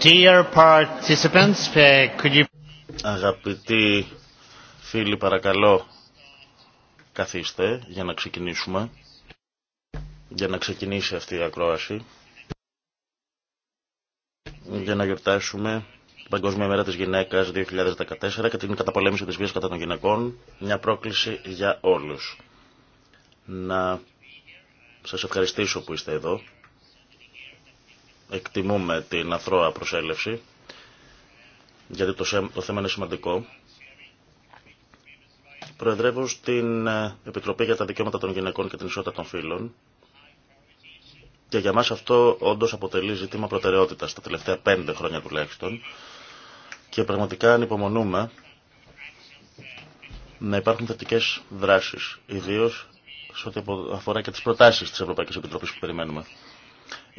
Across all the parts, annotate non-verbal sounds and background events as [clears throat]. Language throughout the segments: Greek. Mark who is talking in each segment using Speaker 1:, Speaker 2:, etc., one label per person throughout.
Speaker 1: Uh,
Speaker 2: Αγαπητοί φίλοι, παρακαλώ, καθίστε για να ξεκινήσουμε, για να ξεκινήσει αυτή η ακρόαση, για να γιορτάσουμε την Παγκόσμια Μέρα της Γυναίκας 2014 και την καταπολέμηση της βίας κατά των γυναικών, μια πρόκληση για όλους. Να σας ευχαριστήσω που είστε εδώ εκτιμούμε την αθρώα προσέλευση, γιατί το θέμα είναι σημαντικό. Προεδρεύω στην ε, Επιτροπή για τα Δικαιώματα των Γυναικών και την Ισότητα των Φύλων και για μας αυτό όντως αποτελεί ζήτημα προτεραιότητας τα τελευταία πέντε χρόνια τουλάχιστον και πραγματικά ανυπομονούμε να υπάρχουν θετικές δράσεις, ιδίως σε ό,τι αφορά και τις προτάσεις της Ευρωπαϊκής Επιτροπής που περιμένουμε.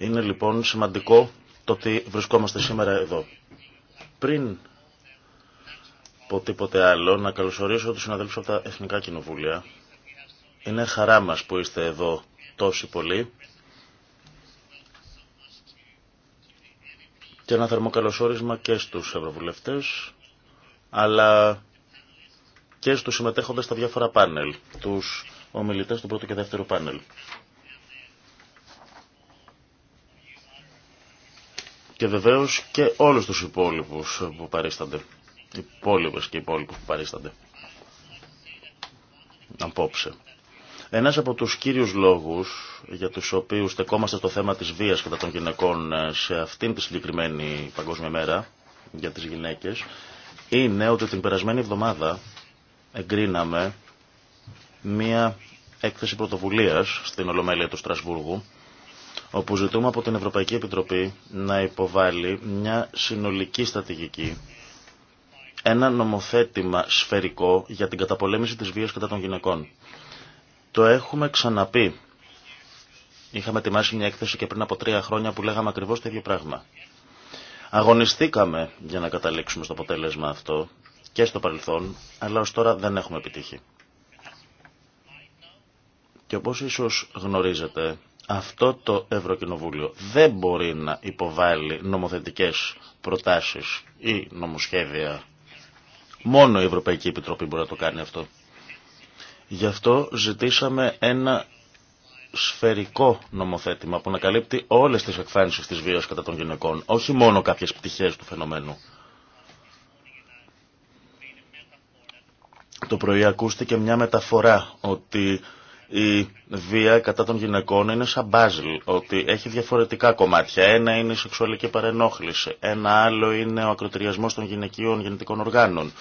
Speaker 2: Είναι λοιπόν σημαντικό το ότι βρισκόμαστε σήμερα εδώ. Πριν πω τίποτε άλλο, να καλωσορίσω τους συναδέλφους από τα Εθνικά Κοινοβούλια. Είναι χαρά μας που είστε εδώ τόσοι πολλοί. Και ένα θερμοκαλωσόρισμα και στους ευρωβουλευτές, αλλά και στους συμμετέχοντες στα διάφορα πάνελ, τους ομιλητές του πρώτου και δεύτερου πάνελ. και βεβαίως και όλους τους υπόλοιπους που παρίστανται. Υπόλοιπες και υπόλοιπους που παρίστανται. Απόψε. Ένας από τους κύριους λόγους για τους οποίους στεκόμαστε στο θέμα της βίας κατά των γυναικών ε, σε αυτήν τη συγκεκριμένη παγκόσμια μέρα για τις γυναίκες είναι ότι την περασμένη εβδομάδα εγκρίναμε μία έκθεση πρωτοβουλίας στην Ολομέλεια του Στρασβούργου όπου ζητούμε από την Ευρωπαϊκή Επιτροπή να υποβάλει μια συνολική στρατηγική, ένα νομοθέτημα σφαιρικό για την καταπολέμηση της βίας κατά των γυναικών. Το έχουμε ξαναπεί. Είχαμε ετοιμάσει μια έκθεση και πριν από τρία χρόνια που λέγαμε ακριβώς το ίδιο πράγμα. Αγωνιστήκαμε για να καταλήξουμε στο αποτέλεσμα αυτό και στο παρελθόν, αλλά ως τώρα δεν έχουμε επιτύχει. Και όπως ίσως γνωρίζετε, αυτό το Ευρωκοινοβούλιο δεν μπορεί να υποβάλει νομοθετικές προτάσεις ή νομοσχέδια. Μόνο η Ευρωπαϊκή Επιτροπή μπορεί να το κάνει αυτό. Γι' αυτό ζητήσαμε ένα σφαιρικό νομοθέτημα που να καλύπτει όλες τις εκφάνσεις της βίας κατά των γυναικών, όχι μόνο κάποιες πτυχές του φαινομένου. Το πρωί ακούστηκε μια μεταφορά ότι η βία κατά των γυναικών είναι σαν μπάζλ, ότι έχει διαφορετικά κομμάτια. Ένα είναι η σεξουαλική παρενόχληση, ένα άλλο είναι ο ακροτηριασμός των γυναικείων γεννητικών οργάνων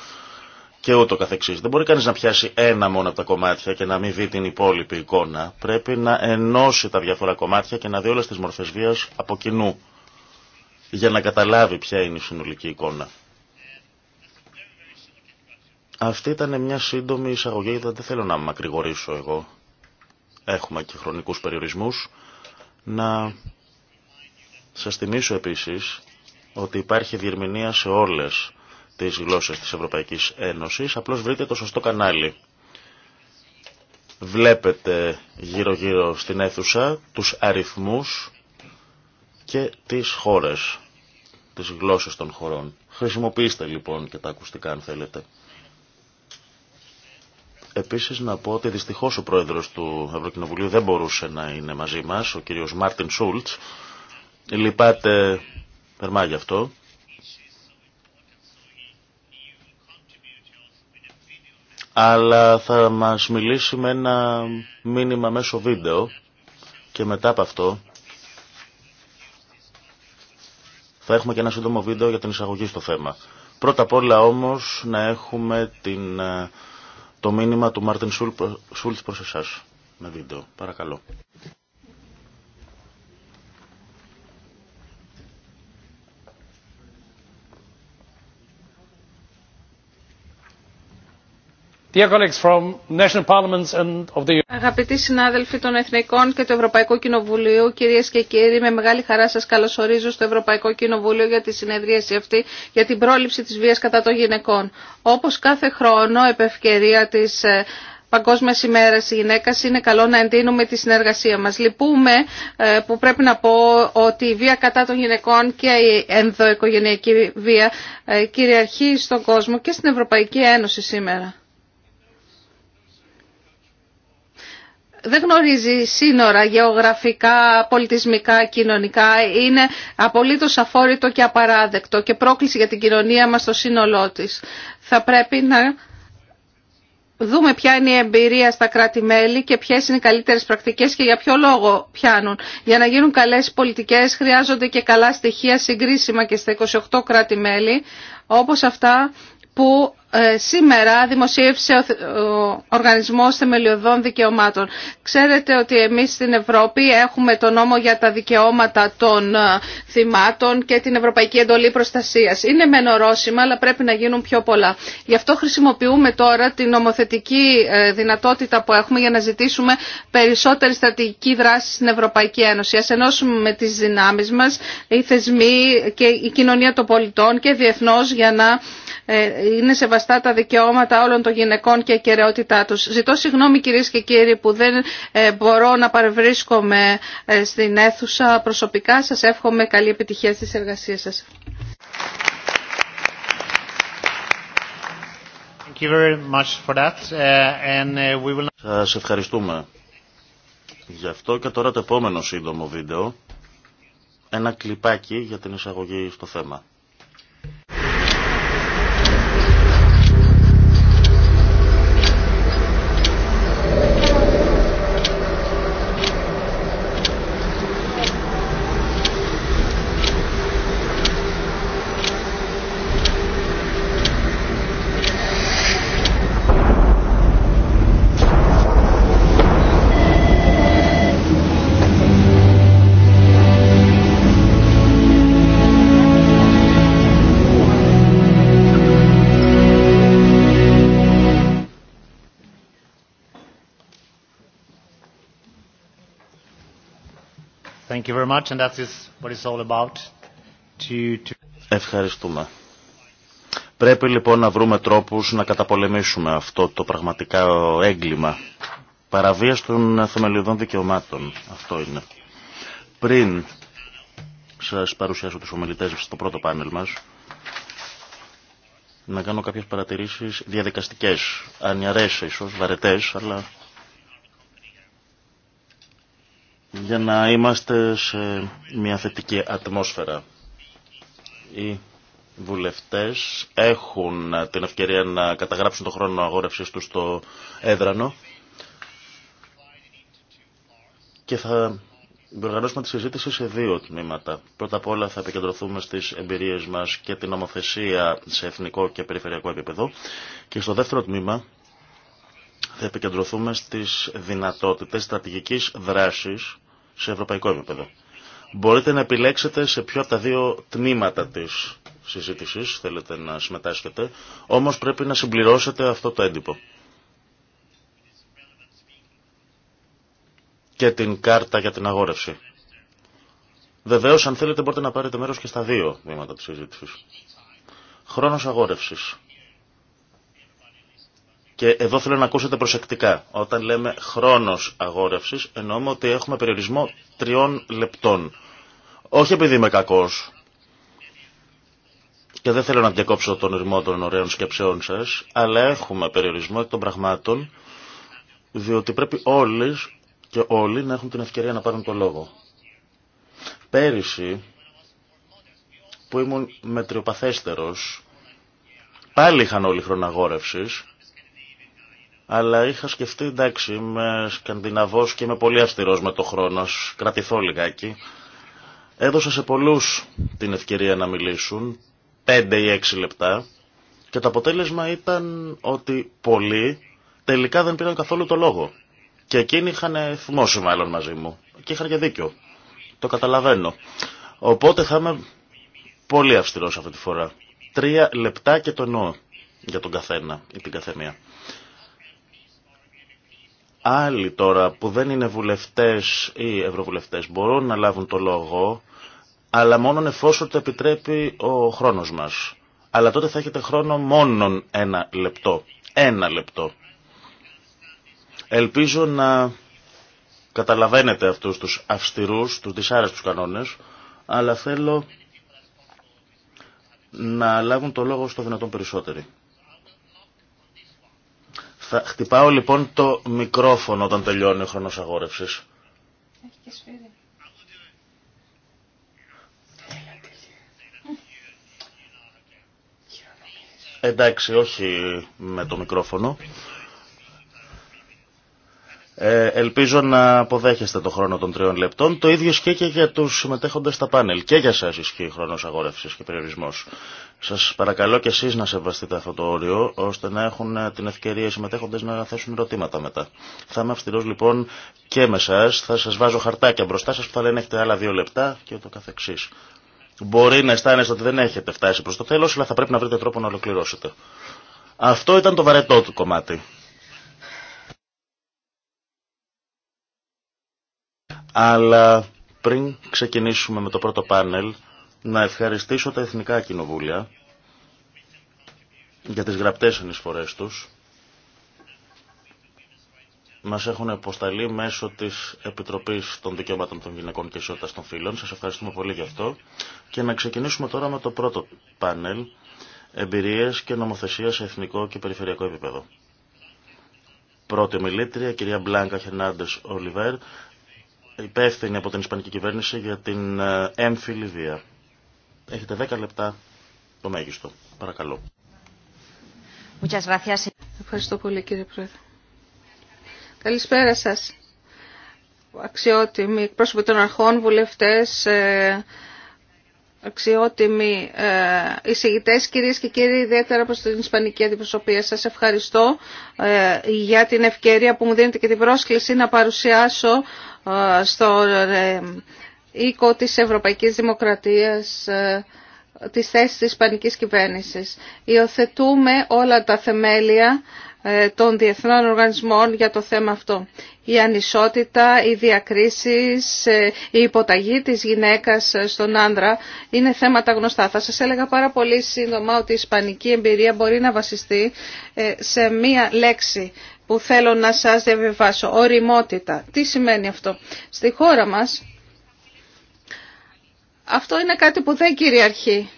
Speaker 2: και ούτω καθεξής. Δεν μπορεί κανείς να πιάσει ένα μόνο από τα κομμάτια και να μην δει την υπόλοιπη εικόνα. Πρέπει να ενώσει τα διάφορα κομμάτια και να δει όλες τις μορφές βίας από κοινού για να καταλάβει ποια είναι η συνολική εικόνα. Αυτή ήταν μια σύντομη εισαγωγή, δεν θέλω να μακρηγορήσω εγώ έχουμε και χρονικούς περιορισμούς. Να σας θυμίσω επίσης ότι υπάρχει διερμηνία σε όλες τις γλώσσες της Ευρωπαϊκής Ένωσης. Απλώς βρείτε το σωστό κανάλι. Βλέπετε γύρω-γύρω στην αίθουσα τους αριθμούς και τις χώρες, τις γλώσσες των χωρών. Χρησιμοποιήστε λοιπόν και τα ακουστικά αν θέλετε. Επίση να πω ότι δυστυχώ ο πρόεδρο του Ευρωκοινοβουλίου δεν μπορούσε να είναι μαζί μα, ο κύριο Μάρτιν Σούλτ. Λυπάται θερμά γι' αυτό. Αλλά θα μας μιλήσει με ένα μήνυμα μέσω βίντεο και μετά από αυτό θα έχουμε και ένα σύντομο βίντεο για την εισαγωγή στο θέμα. Πρώτα απ' όλα όμως να έχουμε την ε, το μήνυμα του Μάρτιν Σούλτ προς εσάς με βίντεο. Παρακαλώ.
Speaker 3: Αγαπητοί συνάδελφοι των Εθνικών και του Ευρωπαϊκού Κοινοβουλίου, κυρίε και κύριοι, με μεγάλη χαρά σα καλωσορίζω στο Ευρωπαϊκό Κοινοβούλιο για τη συνεδρίαση αυτή για την πρόληψη τη βία κατά των γυναικών. Όπω κάθε χρόνο, επ' ευκαιρία τη ε, Παγκόσμια ημέρα τη γυναίκα, είναι καλό να εντείνουμε τη συνεργασία μα. Λυπούμε ε, που πρέπει να πω ότι η βία κατά των γυναικών και η ενδοοικογενειακή βία ε, κυριαρχεί στον κόσμο και στην Ευρωπαϊκή Ένωση σήμερα. δεν γνωρίζει σύνορα γεωγραφικά, πολιτισμικά, κοινωνικά. Είναι απολύτως αφόρητο και απαράδεκτο και πρόκληση για την κοινωνία μας στο σύνολό της. Θα πρέπει να δούμε ποια είναι η εμπειρία στα κράτη-μέλη και ποιες είναι οι καλύτερες πρακτικές και για ποιο λόγο πιάνουν. Για να γίνουν καλές πολιτικές χρειάζονται και καλά στοιχεία συγκρίσιμα και στα 28 κράτη-μέλη, όπως αυτά που ε, σήμερα δημοσίευσε ο Οργανισμός Θεμελιωδών Δικαιωμάτων. Ξέρετε ότι εμείς στην Ευρώπη έχουμε το νόμο για τα δικαιώματα των ε, θυμάτων και την Ευρωπαϊκή Εντολή Προστασίας. Είναι μενορόσημα, αλλά πρέπει να γίνουν πιο πολλά. Γι' αυτό χρησιμοποιούμε τώρα την νομοθετική ε, δυνατότητα που έχουμε για να ζητήσουμε περισσότερη στρατηγική δράση στην Ευρωπαϊκή Ένωση. Ας ενώσουμε με τις δυνάμεις μας οι θεσμοί και η κοινωνία των πολιτών και διεθνώς για να είναι σε σεβαστά τα δικαιώματα όλων των γυναικών και η κεραιότητά τους. Ζητώ συγγνώμη κυρίες και κύριοι που δεν ε, μπορώ να παρευρίσκομαι ε, στην αίθουσα προσωπικά. Σας εύχομαι καλή επιτυχία στις εργασίες σας.
Speaker 2: Σας ευχαριστούμε. Γι' αυτό και τώρα το επόμενο σύντομο βίντεο, ένα κλιπάκι για την εισαγωγή στο θέμα. Ευχαριστούμε. Πρέπει λοιπόν να βρούμε τρόπους να καταπολεμήσουμε αυτό το πραγματικά έγκλημα. Παραβίαση των θεμελιωδών δικαιωμάτων. Αυτό είναι. Πριν σας παρουσιάσω τους ομιλητές στο πρώτο πάνελ μας, να κάνω κάποιες παρατηρήσεις διαδικαστικές, ανιαρές ίσως, βαρετές, αλλά για να είμαστε σε μια θετική ατμόσφαιρα. Οι βουλευτές έχουν την ευκαιρία να καταγράψουν το χρόνο αγόρευσης τους στο έδρανο και θα διοργανώσουμε τη συζήτηση σε δύο τμήματα. Πρώτα απ' όλα θα επικεντρωθούμε στις εμπειρίες μας και την νομοθεσία σε εθνικό και περιφερειακό επίπεδο και στο δεύτερο τμήμα θα επικεντρωθούμε στις δυνατότητες στρατηγικής δράσης σε ευρωπαϊκό επίπεδο. Μπορείτε να επιλέξετε σε ποιο από τα δύο τμήματα της συζήτησης θέλετε να συμμετάσχετε, όμως πρέπει να συμπληρώσετε αυτό το έντυπο. Και την κάρτα για την αγόρευση. Βεβαίως, αν θέλετε, μπορείτε να πάρετε μέρος και στα δύο τμήματα της συζήτησης. Χρόνος αγόρευσης. Και εδώ θέλω να ακούσετε προσεκτικά. Όταν λέμε χρόνος αγόρευσης, εννοούμε ότι έχουμε περιορισμό τριών λεπτών. Όχι επειδή είμαι κακός, και δεν θέλω να διακόψω τον ρημό των ωραίων σκεψεών σας, αλλά έχουμε περιορισμό των πραγμάτων, διότι πρέπει όλοι και όλοι να έχουν την ευκαιρία να πάρουν το λόγο. Πέρυσι, που ήμουν μετριοπαθέστερος, πάλι είχαν όλοι αγόρευσης, αλλά είχα σκεφτεί, εντάξει, είμαι σκανδιναβός και είμαι πολύ αυστηρός με το χρόνο, ας κρατηθώ λιγάκι. Έδωσα σε πολλούς την ευκαιρία να μιλήσουν, πέντε ή έξι λεπτά, και το αποτέλεσμα ήταν ότι πολλοί τελικά δεν πήραν καθόλου το λόγο. Και εκείνοι είχαν θυμώσει μάλλον μαζί μου. Και είχαν και δίκιο. Το καταλαβαίνω. Οπότε θα είμαι πολύ αυστηρός αυτή τη φορά. Τρία λεπτά και το εννοώ για τον καθένα ή την καθεμία. Άλλοι τώρα που δεν είναι βουλευτές ή ευρωβουλευτές μπορούν να λάβουν το λόγο, αλλά μόνον εφόσον το επιτρέπει ο χρόνος μας. Αλλά τότε θα έχετε χρόνο μόνον ένα λεπτό. Ένα λεπτό. Ελπίζω να καταλαβαίνετε αυτούς τους αυστηρούς, τους δυσάρεστους κανόνες, αλλά θέλω να λάβουν το λόγο στο δυνατόν περισσότεροι. Θα χτυπάω λοιπόν το μικρόφωνο όταν τελειώνει ο χρόνος αγόρευσης. Έχει Εντάξει, όχι με το μικρόφωνο. Ε, ελπίζω να αποδέχεστε το χρόνο των τριών λεπτών. Το ίδιο ισχύει και για τους συμμετέχοντες στα πάνελ. Και για σας ισχύει χρόνος αγόρευσης και περιορισμός. Σας παρακαλώ και εσείς να σεβαστείτε αυτό το όριο, ώστε να έχουν ε, την ευκαιρία οι συμμετέχοντες να θέσουν ερωτήματα μετά. Θα είμαι αυστηρός λοιπόν και με εσάς. Θα σας βάζω χαρτάκια μπροστά σας που θα λένε έχετε άλλα δύο λεπτά και ούτω καθεξής. Μπορεί να αισθάνεστε ότι δεν έχετε φτάσει προς το τέλος, αλλά θα πρέπει να βρείτε τρόπο να ολοκληρώσετε. Αυτό ήταν το βαρετό του κομμάτι. Αλλά πριν ξεκινήσουμε με το πρώτο πάνελ, να ευχαριστήσω τα Εθνικά Κοινοβούλια για τις γραπτές ενισφορές τους. Μας έχουν αποσταλεί μέσω της Επιτροπής των Δικαιωμάτων των Γυναικών και Ισότητας των Φίλων. Σας ευχαριστούμε πολύ γι' αυτό. Και να ξεκινήσουμε τώρα με το πρώτο πάνελ, εμπειρίες και νομοθεσία σε εθνικό και περιφερειακό επίπεδο. Πρώτη μιλήτρια, κυρία Μπλάνκα Χερνάντες Ολιβέρ, υπεύθυνη από την Ισπανική κυβέρνηση για την ε, έμφυλη βία. Έχετε 10 λεπτά το μέγιστο. Παρακαλώ.
Speaker 3: Ευχαριστώ πολύ κύριε Πρόεδρε. Καλησπέρα σας. Αξιότιμοι εκπρόσωποι των αρχών, βουλευτές, ε, αξιότιμοι ε, εισηγητές, κυρίες και κύριοι, ιδιαίτερα προς την Ισπανική Αντιπροσωπεία. Σας ευχαριστώ για την ευκαιρία που μου δίνετε και την πρόσκληση να παρουσιάσω ε, στο ε, οίκο της Ευρωπαϊκής Δημοκρατίας ε, της θέσης της Ισπανικής Κυβέρνησης. Υιοθετούμε όλα τα θεμέλια των διεθνών οργανισμών για το θέμα αυτό. Η ανισότητα, οι διακρίσεις, η υποταγή της γυναίκας στον άντρα είναι θέματα γνωστά. Θα σας έλεγα πάρα πολύ σύντομα ότι η ισπανική εμπειρία μπορεί να βασιστεί σε μία λέξη που θέλω να σας διαβιβάσω. Οριμότητα. Τι σημαίνει αυτό. Στη χώρα μας αυτό είναι κάτι που δεν κυριαρχεί.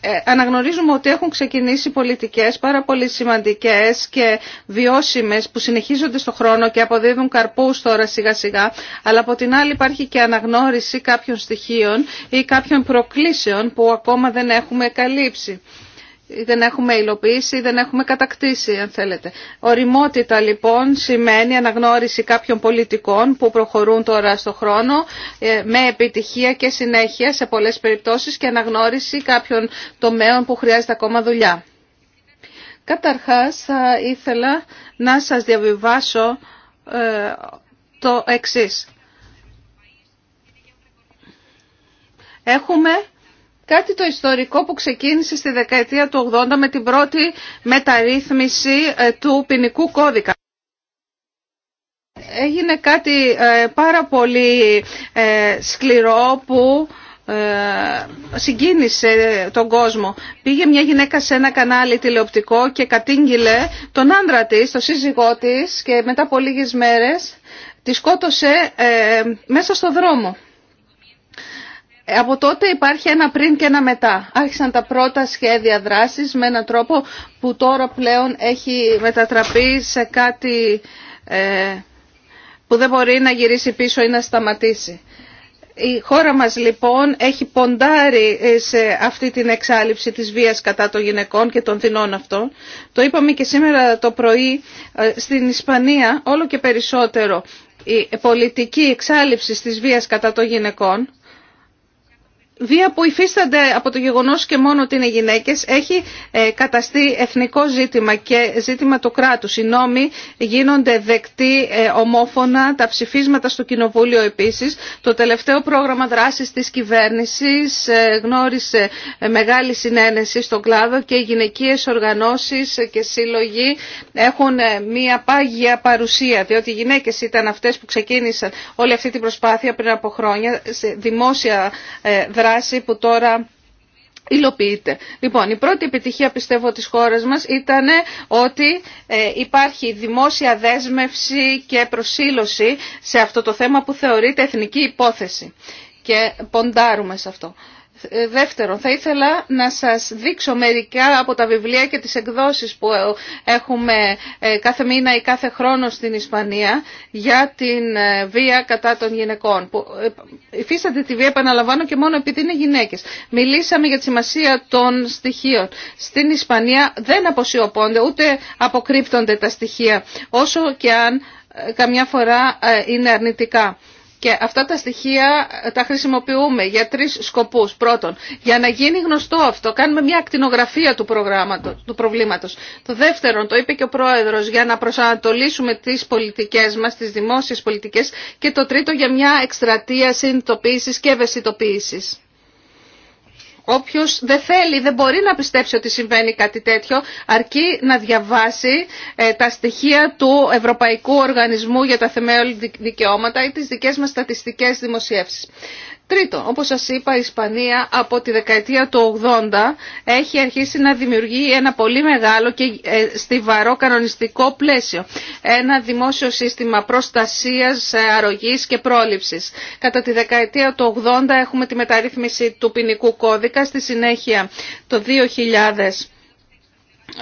Speaker 3: Ε, αναγνωρίζουμε ότι έχουν ξεκινήσει πολιτικές πάρα πολύ σημαντικές και βιώσιμες που συνεχίζονται στο χρόνο και αποδίδουν καρπούς τώρα σιγά σιγά αλλά από την άλλη υπάρχει και αναγνώριση κάποιων στοιχείων ή κάποιων προκλήσεων που ακόμα δεν έχουμε καλύψει δεν έχουμε υλοποιήσει δεν έχουμε κατακτήσει, αν θέλετε. Οριμότητα λοιπόν σημαίνει αναγνώριση κάποιων πολιτικών που προχωρούν τώρα στο χρόνο ε, με επιτυχία και συνέχεια σε πολλές περιπτώσεις και αναγνώριση κάποιων τομέων που χρειάζεται ακόμα δουλειά. Καταρχάς θα ήθελα να σας διαβιβάσω ε, το εξής. Έχουμε Κάτι το ιστορικό που ξεκίνησε στη δεκαετία του 80 με την πρώτη μεταρρύθμιση ε, του ποινικού κώδικα. Έγινε κάτι ε, πάρα πολύ ε, σκληρό που συγκίνησε τον κόσμο. Πήγε μια γυναίκα σε ένα κανάλι τηλεοπτικό και κατήγγειλε τον άντρα της, τον σύζυγό της και μετά από λίγες μέρες τη σκότωσε μέσα στο δρόμο. Ε, από τότε υπάρχει ένα πριν και ένα μετά. Άρχισαν τα πρώτα σχέδια δράσης με έναν τρόπο που τώρα πλέον έχει μετατραπεί σε κάτι ε, που δεν μπορεί να γυρίσει πίσω ή να σταματήσει. Η χώρα μας λοιπόν έχει ποντάρει ε, σε αυτή την εξάλληψη της βίας κατά των γυναικών και των θυνών αυτών. Το είπαμε και σήμερα το πρωί στην Ισπανία όλο και περισσότερο η πολιτική εξάλληψη της βίας κατά των γυναικών βία που υφίστανται από το γεγονός και μόνο ότι είναι γυναίκες έχει ε, καταστεί εθνικό ζήτημα και ζήτημα του κράτους. Οι νόμοι γίνονται δεκτοί ε, ομόφωνα, τα ψηφίσματα στο Κοινοβούλιο επίσης. Το τελευταίο πρόγραμμα δράσης της κυβέρνησης ε, γνώρισε μεγάλη συνένεση στον κλάδο και οι γυναικείες οργανώσεις και σύλλογοι έχουν μία πάγια παρουσία, διότι οι γυναίκες ήταν αυτές που ξεκίνησαν όλη αυτή την προσπάθεια πριν από χρόνια δημόσια που τώρα υλοποιείται. Λοιπόν, η πρώτη επιτυχία πιστεύω της χώρας μας ήταν ότι ε, υπάρχει δημόσια δέσμευση και προσήλωση σε αυτό το θέμα που θεωρείται εθνική υπόθεση και ποντάρουμε σε αυτό. Ε, δεύτερον, θα ήθελα να σας δείξω μερικά από τα βιβλία και τις εκδόσεις που ε, έχουμε ε, κάθε μήνα ή κάθε χρόνο στην Ισπανία για την βία κατά των γυναικών. υφίσταται τη βία, επαναλαμβάνω, και μόνο επειδή είναι γυναίκες. Μιλήσαμε για τη σημασία των στοιχείων. Στην Ισπανία δεν αποσιωπώνται, ούτε αποκρύπτονται τα στοιχεία, όσο και αν καμιά φορά είναι αρνητικά. Και αυτά τα στοιχεία ε, τα χρησιμοποιούμε για τρεις σκοπούς. Πρώτον, για να γίνει γνωστό αυτό, κάνουμε μια ακτινογραφία του, προγράμματος, του προβλήματος. Το δεύτερον, το είπε και ο Πρόεδρος, για να προσανατολίσουμε τις πολιτικές μας, τις δημόσιες πολιτικές. Και το τρίτο, για μια εκστρατεία συνειδητοποίησης και ευαισθητοποίησης. Όποιος δεν θέλει, δεν μπορεί να πιστέψει ότι συμβαίνει κάτι τέτοιο, αρκεί να διαβάσει ε, τα στοιχεία του Ευρωπαϊκού Οργανισμού για τα Θεμέλια Δικαιώματα ή τις δικές μας στατιστικές δημοσίευσεις. Τρίτον, όπως σας είπα, η Ισπανία από τη δεκαετία του 80 έχει αρχίσει να δημιουργεί ένα πολύ μεγάλο και ε, στιβαρό κανονιστικό πλαίσιο. Ένα δημόσιο σύστημα προστασίας, ε, αρρωγής και πρόληψης. Κατά τη δεκαετία του 80 έχουμε τη μεταρρύθμιση του ποινικού κώδικα, στη συνέχεια το 2000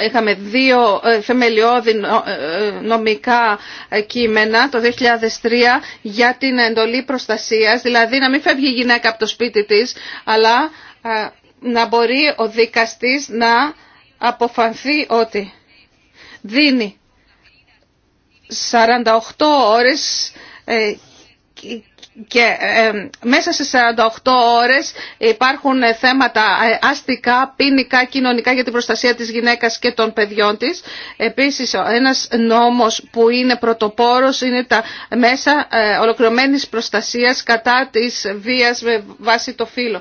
Speaker 3: είχαμε δύο ε, θεμελιώδη ε, νομικά κείμενα το 2003 για την εντολή προστασίας, δηλαδή να μην φεύγει η γυναίκα από το σπίτι της, αλλά ε, να μπορεί ο δικαστής να αποφανθεί ότι δίνει 48 ώρες και ε, ε, μέσα σε 48 ώρες υπάρχουν ε, θέματα αστικά, ποινικά, κοινωνικά για την προστασία της γυναίκας και των παιδιών της. Επίσης ένας νόμος που είναι πρωτοπόρος είναι τα μέσα ε, ολοκληρωμένης προστασίας κατά της βίας με βάση το φύλλο.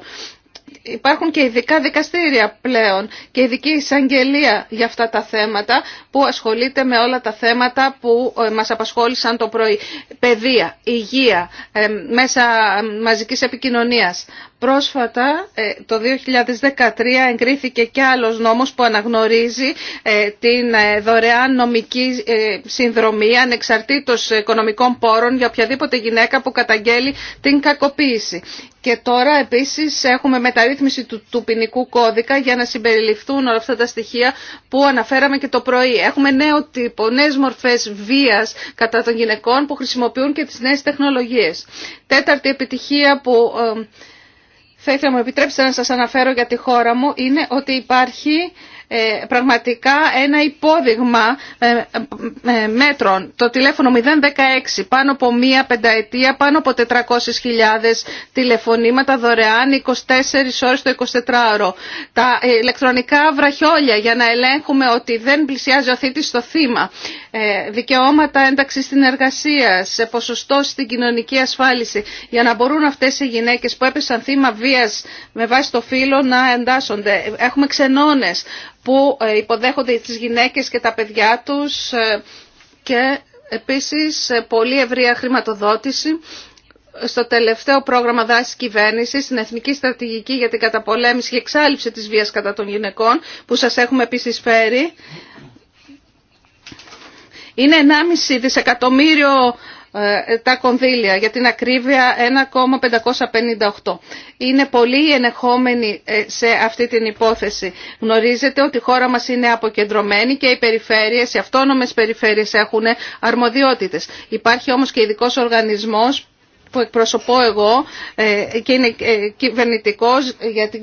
Speaker 3: Υπάρχουν και ειδικά δικαστήρια πλέον και ειδική εισαγγελία για αυτά τα θέματα που ασχολείται με όλα τα θέματα που ε, μας απασχόλησαν το πρωί. Παιδεία, υγεία, ε, μέσα ε, μαζικής επικοινωνίας. Πρόσφατα, ε, το 2013, εγκρίθηκε και άλλος νόμος που αναγνωρίζει ε, την ε, δωρεάν νομική συνδρομή ανεξαρτήτως οικονομικών πόρων για οποιαδήποτε γυναίκα που καταγγέλει την κακοποίηση. Και τώρα επίσης έχουμε μεταρρύθμιση του, του ποινικού κώδικα για να συμπεριληφθούν όλα αυτά τα στοιχεία που αναφέραμε και το πρωί. Έχουμε νέο τύπο, νέες μορφές βίας κατά των γυναικών που χρησιμοποιούν και τις νέες τεχνολογίες. Τέταρτη επιτυχία που θα ήθελα να μου επιτρέψετε να σας αναφέρω για τη χώρα μου είναι ότι υπάρχει ε, πραγματικά ένα υπόδειγμα ε, ε, μέτρων. Το τηλέφωνο 016 πάνω από μία πενταετία, πάνω από 400.000 τηλεφωνήματα δωρεάν 24 ώρες το 24ωρο. Τα ηλεκτρονικά βραχιόλια για να ελέγχουμε ότι δεν πλησιάζει ο θήτης στο θύμα. Δικαιώματα ένταξη στην εργασία, σε ποσοστό στην κοινωνική ασφάλιση για να μπορούν αυτές οι γυναίκες που έπεσαν θύμα βίας με βάση το φύλλο να εντάσσονται. Έχουμε ξενώνες που ε, υποδέχονται τις γυναίκες και τα παιδιά τους ε, και επίσης ε, πολύ ευρεία χρηματοδότηση στο τελευταίο πρόγραμμα δάση κυβέρνηση, στην Εθνική Στρατηγική για την Καταπολέμηση και Εξάλληψη της Βίας κατά των Γυναικών, που σας έχουμε επίσης φέρει. Είναι 1,5 δισεκατομμύριο ε, τα κονδύλια, για την ακρίβεια 1,558. Είναι πολύ ενεχόμενοι ε, σε αυτή την υπόθεση. Γνωρίζετε ότι η χώρα μας είναι αποκεντρωμένη και οι περιφέρειες, οι αυτόνομες περιφέρειες έχουν αρμοδιότητες. Υπάρχει όμως και ειδικό οργανισμός που εκπροσωπώ εγώ ε, και είναι κυβερνητικός για την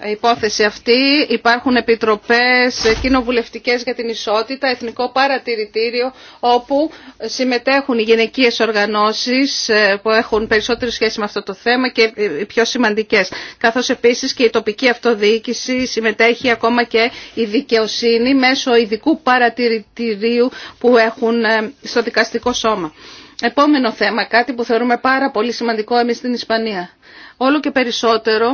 Speaker 3: υπόθεση αυτή. Υπάρχουν επιτροπές κοινοβουλευτικές για την ισότητα, εθνικό παρατηρητήριο, όπου συμμετέχουν οι γυναικείες οργανώσεις ε, που έχουν περισσότερη σχέση με αυτό το θέμα και οι πιο σημαντικές. Καθώς επίσης και η τοπική αυτοδιοίκηση συμμετέχει ακόμα και η δικαιοσύνη μέσω ειδικού παρατηρητηρίου που έχουν ε, στο δικαστικό σώμα. Επόμενο θέμα, κάτι που θεωρούμε πάρα πολύ σημαντικό εμείς στην Ισπανία. Όλο και περισσότερο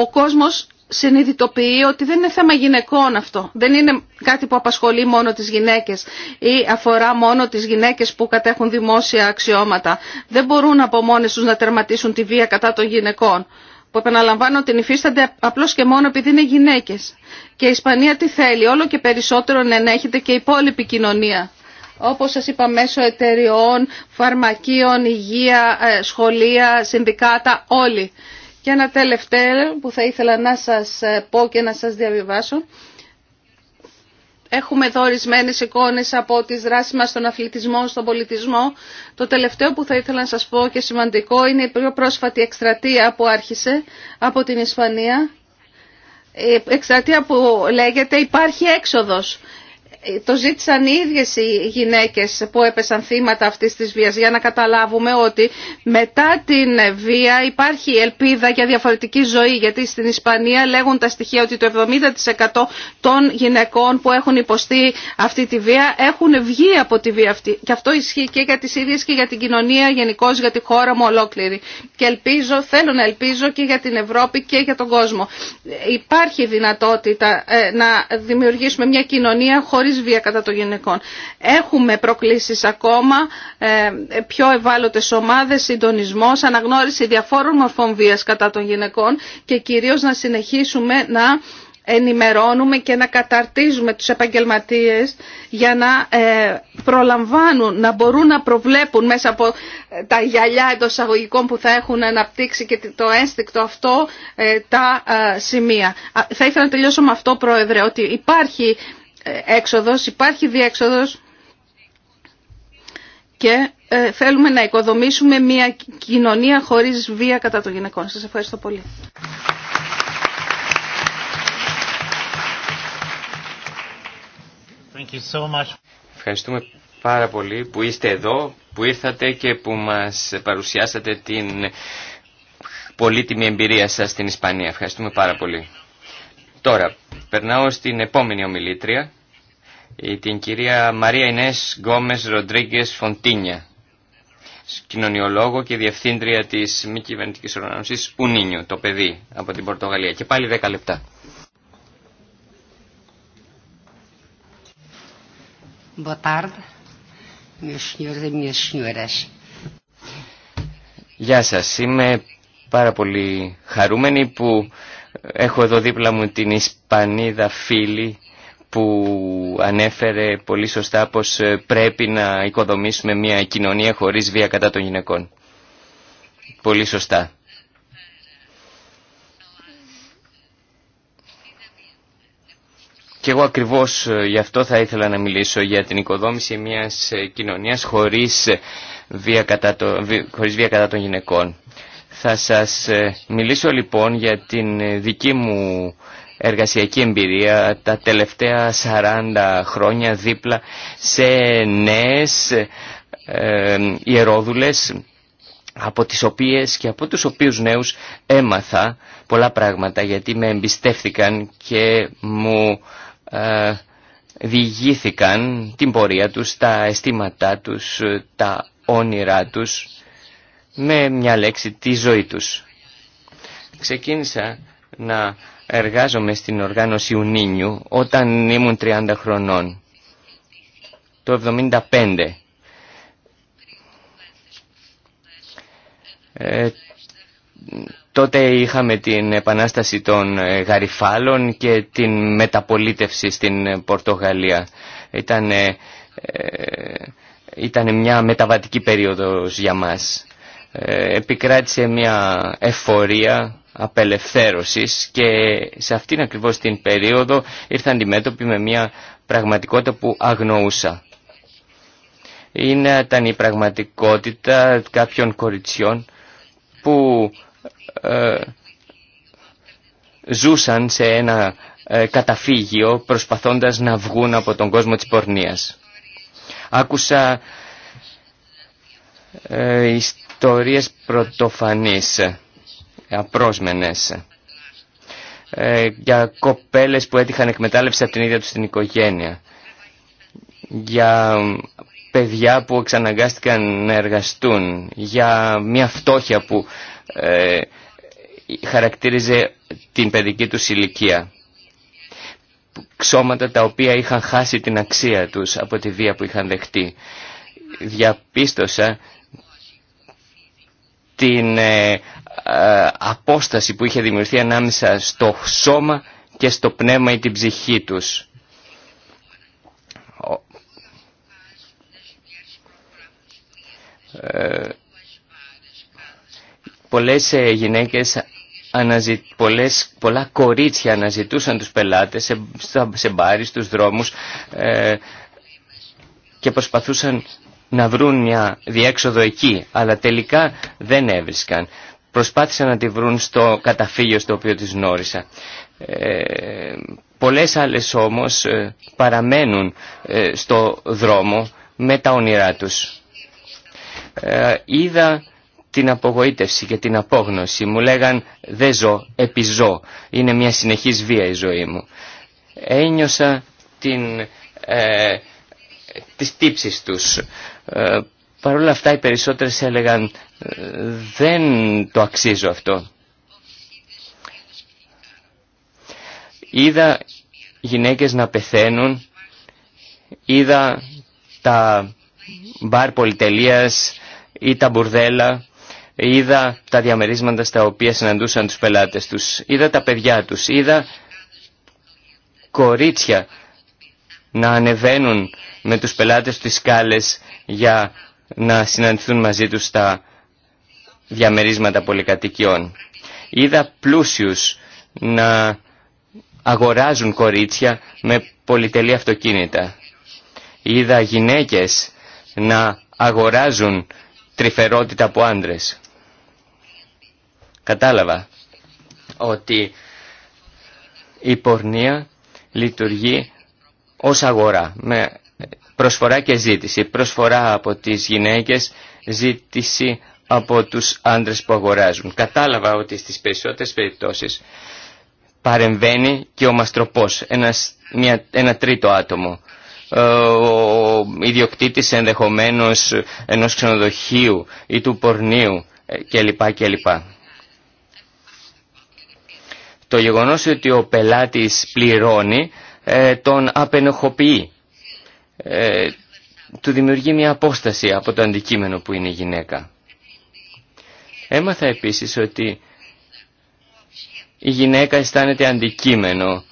Speaker 3: ο κόσμος συνειδητοποιεί ότι δεν είναι θέμα γυναικών αυτό. Δεν είναι κάτι που απασχολεί μόνο τις γυναίκες ή αφορά μόνο τις γυναίκες που κατέχουν δημόσια αξιώματα. Δεν μπορούν από μόνες τους να τερματίσουν τη βία κατά των γυναικών που επαναλαμβάνω την υφίστανται απλώς και μόνο επειδή είναι γυναίκες. Και η Ισπανία τι θέλει, όλο και περισσότερο να ενέχεται και η υπόλοιπη κοινωνία. Όπως σας είπα, μέσω εταιριών, φαρμακείων, υγεία, ε, σχολεία, συνδικάτα, όλοι. Για ένα τελευταίο που θα ήθελα να σας ε, πω και να σας διαβιβάσω. Έχουμε εδώ ορισμένε εικόνε από τι δράσει μα στον αθλητισμό, στον πολιτισμό. Το τελευταίο που θα ήθελα να σα πω και σημαντικό είναι η πιο πρόσφατη εκστρατεία που άρχισε από την Ισπανία. Ε, εκστρατεία που λέγεται Υπάρχει έξοδο το ζήτησαν οι ίδιες οι γυναίκες που έπεσαν θύματα αυτής της βίας για να καταλάβουμε ότι μετά την βία υπάρχει ελπίδα για διαφορετική ζωή γιατί στην Ισπανία λέγουν τα στοιχεία ότι το 70% των γυναικών που έχουν υποστεί αυτή τη βία έχουν βγει από τη βία αυτή και αυτό ισχύει και για τις ίδιες και για την κοινωνία γενικώ για τη χώρα μου ολόκληρη και ελπίζω, θέλω να ελπίζω και για την Ευρώπη και για τον κόσμο υπάρχει δυνατότητα ε, να δημιουργήσουμε μια κοινωνία χωρίς χωρίς βία κατά των γυναικών. Έχουμε προκλήσεις ακόμα, ε, πιο ευάλωτες ομάδες, συντονισμός, αναγνώριση διαφόρων μορφών βίας κατά των γυναικών και κυρίως να συνεχίσουμε να ενημερώνουμε και να καταρτίζουμε τους επαγγελματίες για να ε, προλαμβάνουν, να μπορούν να προβλέπουν μέσα από ε, τα γυαλιά εντός αγωγικών που θα έχουν αναπτύξει και το ένστικτο αυτό τα σημεία. Θα ήθελα να τελειώσω με αυτό, Πρόεδρε, ότι υπάρχει έξοδος, υπάρχει διέξοδος και ε, θέλουμε να οικοδομήσουμε μια κοινωνία χωρίς βία κατά των γυναικών. Σας ευχαριστώ πολύ.
Speaker 4: Ευχαριστούμε πάρα πολύ που είστε εδώ, που ήρθατε και που μας παρουσιάσατε την πολύτιμη εμπειρία σας στην Ισπανία. Ευχαριστούμε πάρα πολύ. Τώρα, περνάω στην επόμενη ομιλήτρια ε, την κυρία Μαρία Ινές Γκόμες Ροντρίγκες Φοντίνια, κοινωνιολόγο και διευθύντρια της μη κυβερνητικής οργανωσής Ουνίνιο το παιδί από την Πορτογαλία. Και πάλι 10 λεπτά. E Γεια σας, είμαι πάρα πολύ χαρούμενη που έχω εδώ δίπλα μου την Ισπανίδα φίλη που ανέφερε πολύ σωστά πως ε, πρέπει να οικοδομήσουμε μια κοινωνία χωρίς βία κατά των γυναικών. Πολύ σωστά. Και εγώ ακριβώς ε, γι' αυτό θα ήθελα να μιλήσω για την οικοδόμηση μιας ε, κοινωνίας χωρίς βία κατά, κατά των γυναικών. Θα σας μιλήσω λοιπόν για την δική μου εργασιακή εμπειρία τα τελευταία 40 χρόνια δίπλα σε νέες ε, ιερόδουλες από τις οποίες και από τους οποίους νέους έμαθα πολλά πράγματα γιατί με εμπιστεύθηκαν και μου ε, διηγήθηκαν την πορεία τους, τα αισθήματά τους, τα όνειρά τους με μια λέξη τη ζωή τους. Ξεκίνησα να εργάζομαι στην οργάνωση Ουνίνιου όταν ήμουν 30 χρονών, το 75. Ε, τότε είχαμε την επανάσταση των ε, γαριφάλων και την μεταπολίτευση στην Πορτογαλία. Ήταν, ε, ήταν μια μεταβατική περίοδος για μας. Ε, επικράτησε μια εφορία απελευθέρωσης και σε αυτήν ακριβώς την περίοδο ήρθαν αντιμέτωποι με μια πραγματικότητα που αγνοούσα. Είναι, ήταν η πραγματικότητα κάποιων κοριτσιών που ε, ζούσαν σε ένα ε, καταφύγιο προσπαθώντας να βγουν από τον κόσμο της πορνείας. Άκουσα ε, ιστορίες πρωτοφανείς απρόσμενες ε, για κοπέλες που έτυχαν εκμετάλλευση από την ίδια τους την οικογένεια για παιδιά που εξαναγκάστηκαν να εργαστούν για μια φτώχεια που ε, χαρακτήριζε την παιδική τους ηλικία ξώματα τα οποία είχαν χάσει την αξία τους από τη βία που είχαν δεχτεί διαπίστωσα την ε, ε, απόσταση που είχε δημιουργηθεί ανάμεσα στο σώμα και στο πνεύμα ή την ψυχή τους. Ε, πολλές ε, γυναίκες, αναζη, πολλά κορίτσια αναζητούσαν τους πελάτες σε, σε μπάρι, στους δρόμους ε, και προσπαθούσαν να βρουν μια διέξοδο εκεί, αλλά τελικά δεν έβρισκαν. Προσπάθησα να τη βρουν στο καταφύγιο στο οποίο τις γνώρισα. Ε, πολλές άλλες όμως ε, παραμένουν ε, στο δρόμο με τα όνειρά τους. Ε, είδα την απογοήτευση και την απόγνωση. Μου λέγαν δεν ζω, επιζώ. Είναι μια συνεχής βία η ζωή μου. Ένιωσα την, ε, τις τύψεις τους. Παρ' όλα αυτά οι περισσότερες έλεγαν «Ε, δεν το αξίζω αυτό. Είδα γυναίκες να πεθαίνουν, είδα τα μπαρ πολυτελείας ή τα μπουρδέλα, είδα τα διαμερίσματα στα οποία συναντούσαν τους πελάτες τους, είδα τα παιδιά τους, είδα κορίτσια να ανεβαίνουν με τους πελάτες τους σκάλες για να συναντηθούν μαζί τους στα διαμερίσματα πολυκατοικιών. Είδα πλούσιους να αγοράζουν κορίτσια με πολυτελή αυτοκίνητα. Είδα γυναίκες να αγοράζουν τρυφερότητα από άντρες. Κατάλαβα ότι η πορνεία λειτουργεί ως αγορά με προσφορά και ζήτηση. Προσφορά από τις γυναίκες, ζήτηση από τους άντρες που αγοράζουν. Κατάλαβα ότι στις περισσότερες περιπτώσεις παρεμβαίνει και ο μαστροπός, ένας, μια, ένα τρίτο άτομο. Ε, ο ιδιοκτήτης ενδεχομένως ενός ξενοδοχείου ή του πορνίου ε, κλπ. κλπ. Το γεγονός ότι ο πελάτης πληρώνει ε, τον απενοχοποιεί ε, του δημιουργεί μια απόσταση από το αντικείμενο που είναι η γυναίκα. Έμαθα επίσης ότι η γυναίκα αισθάνεται αντικείμενο,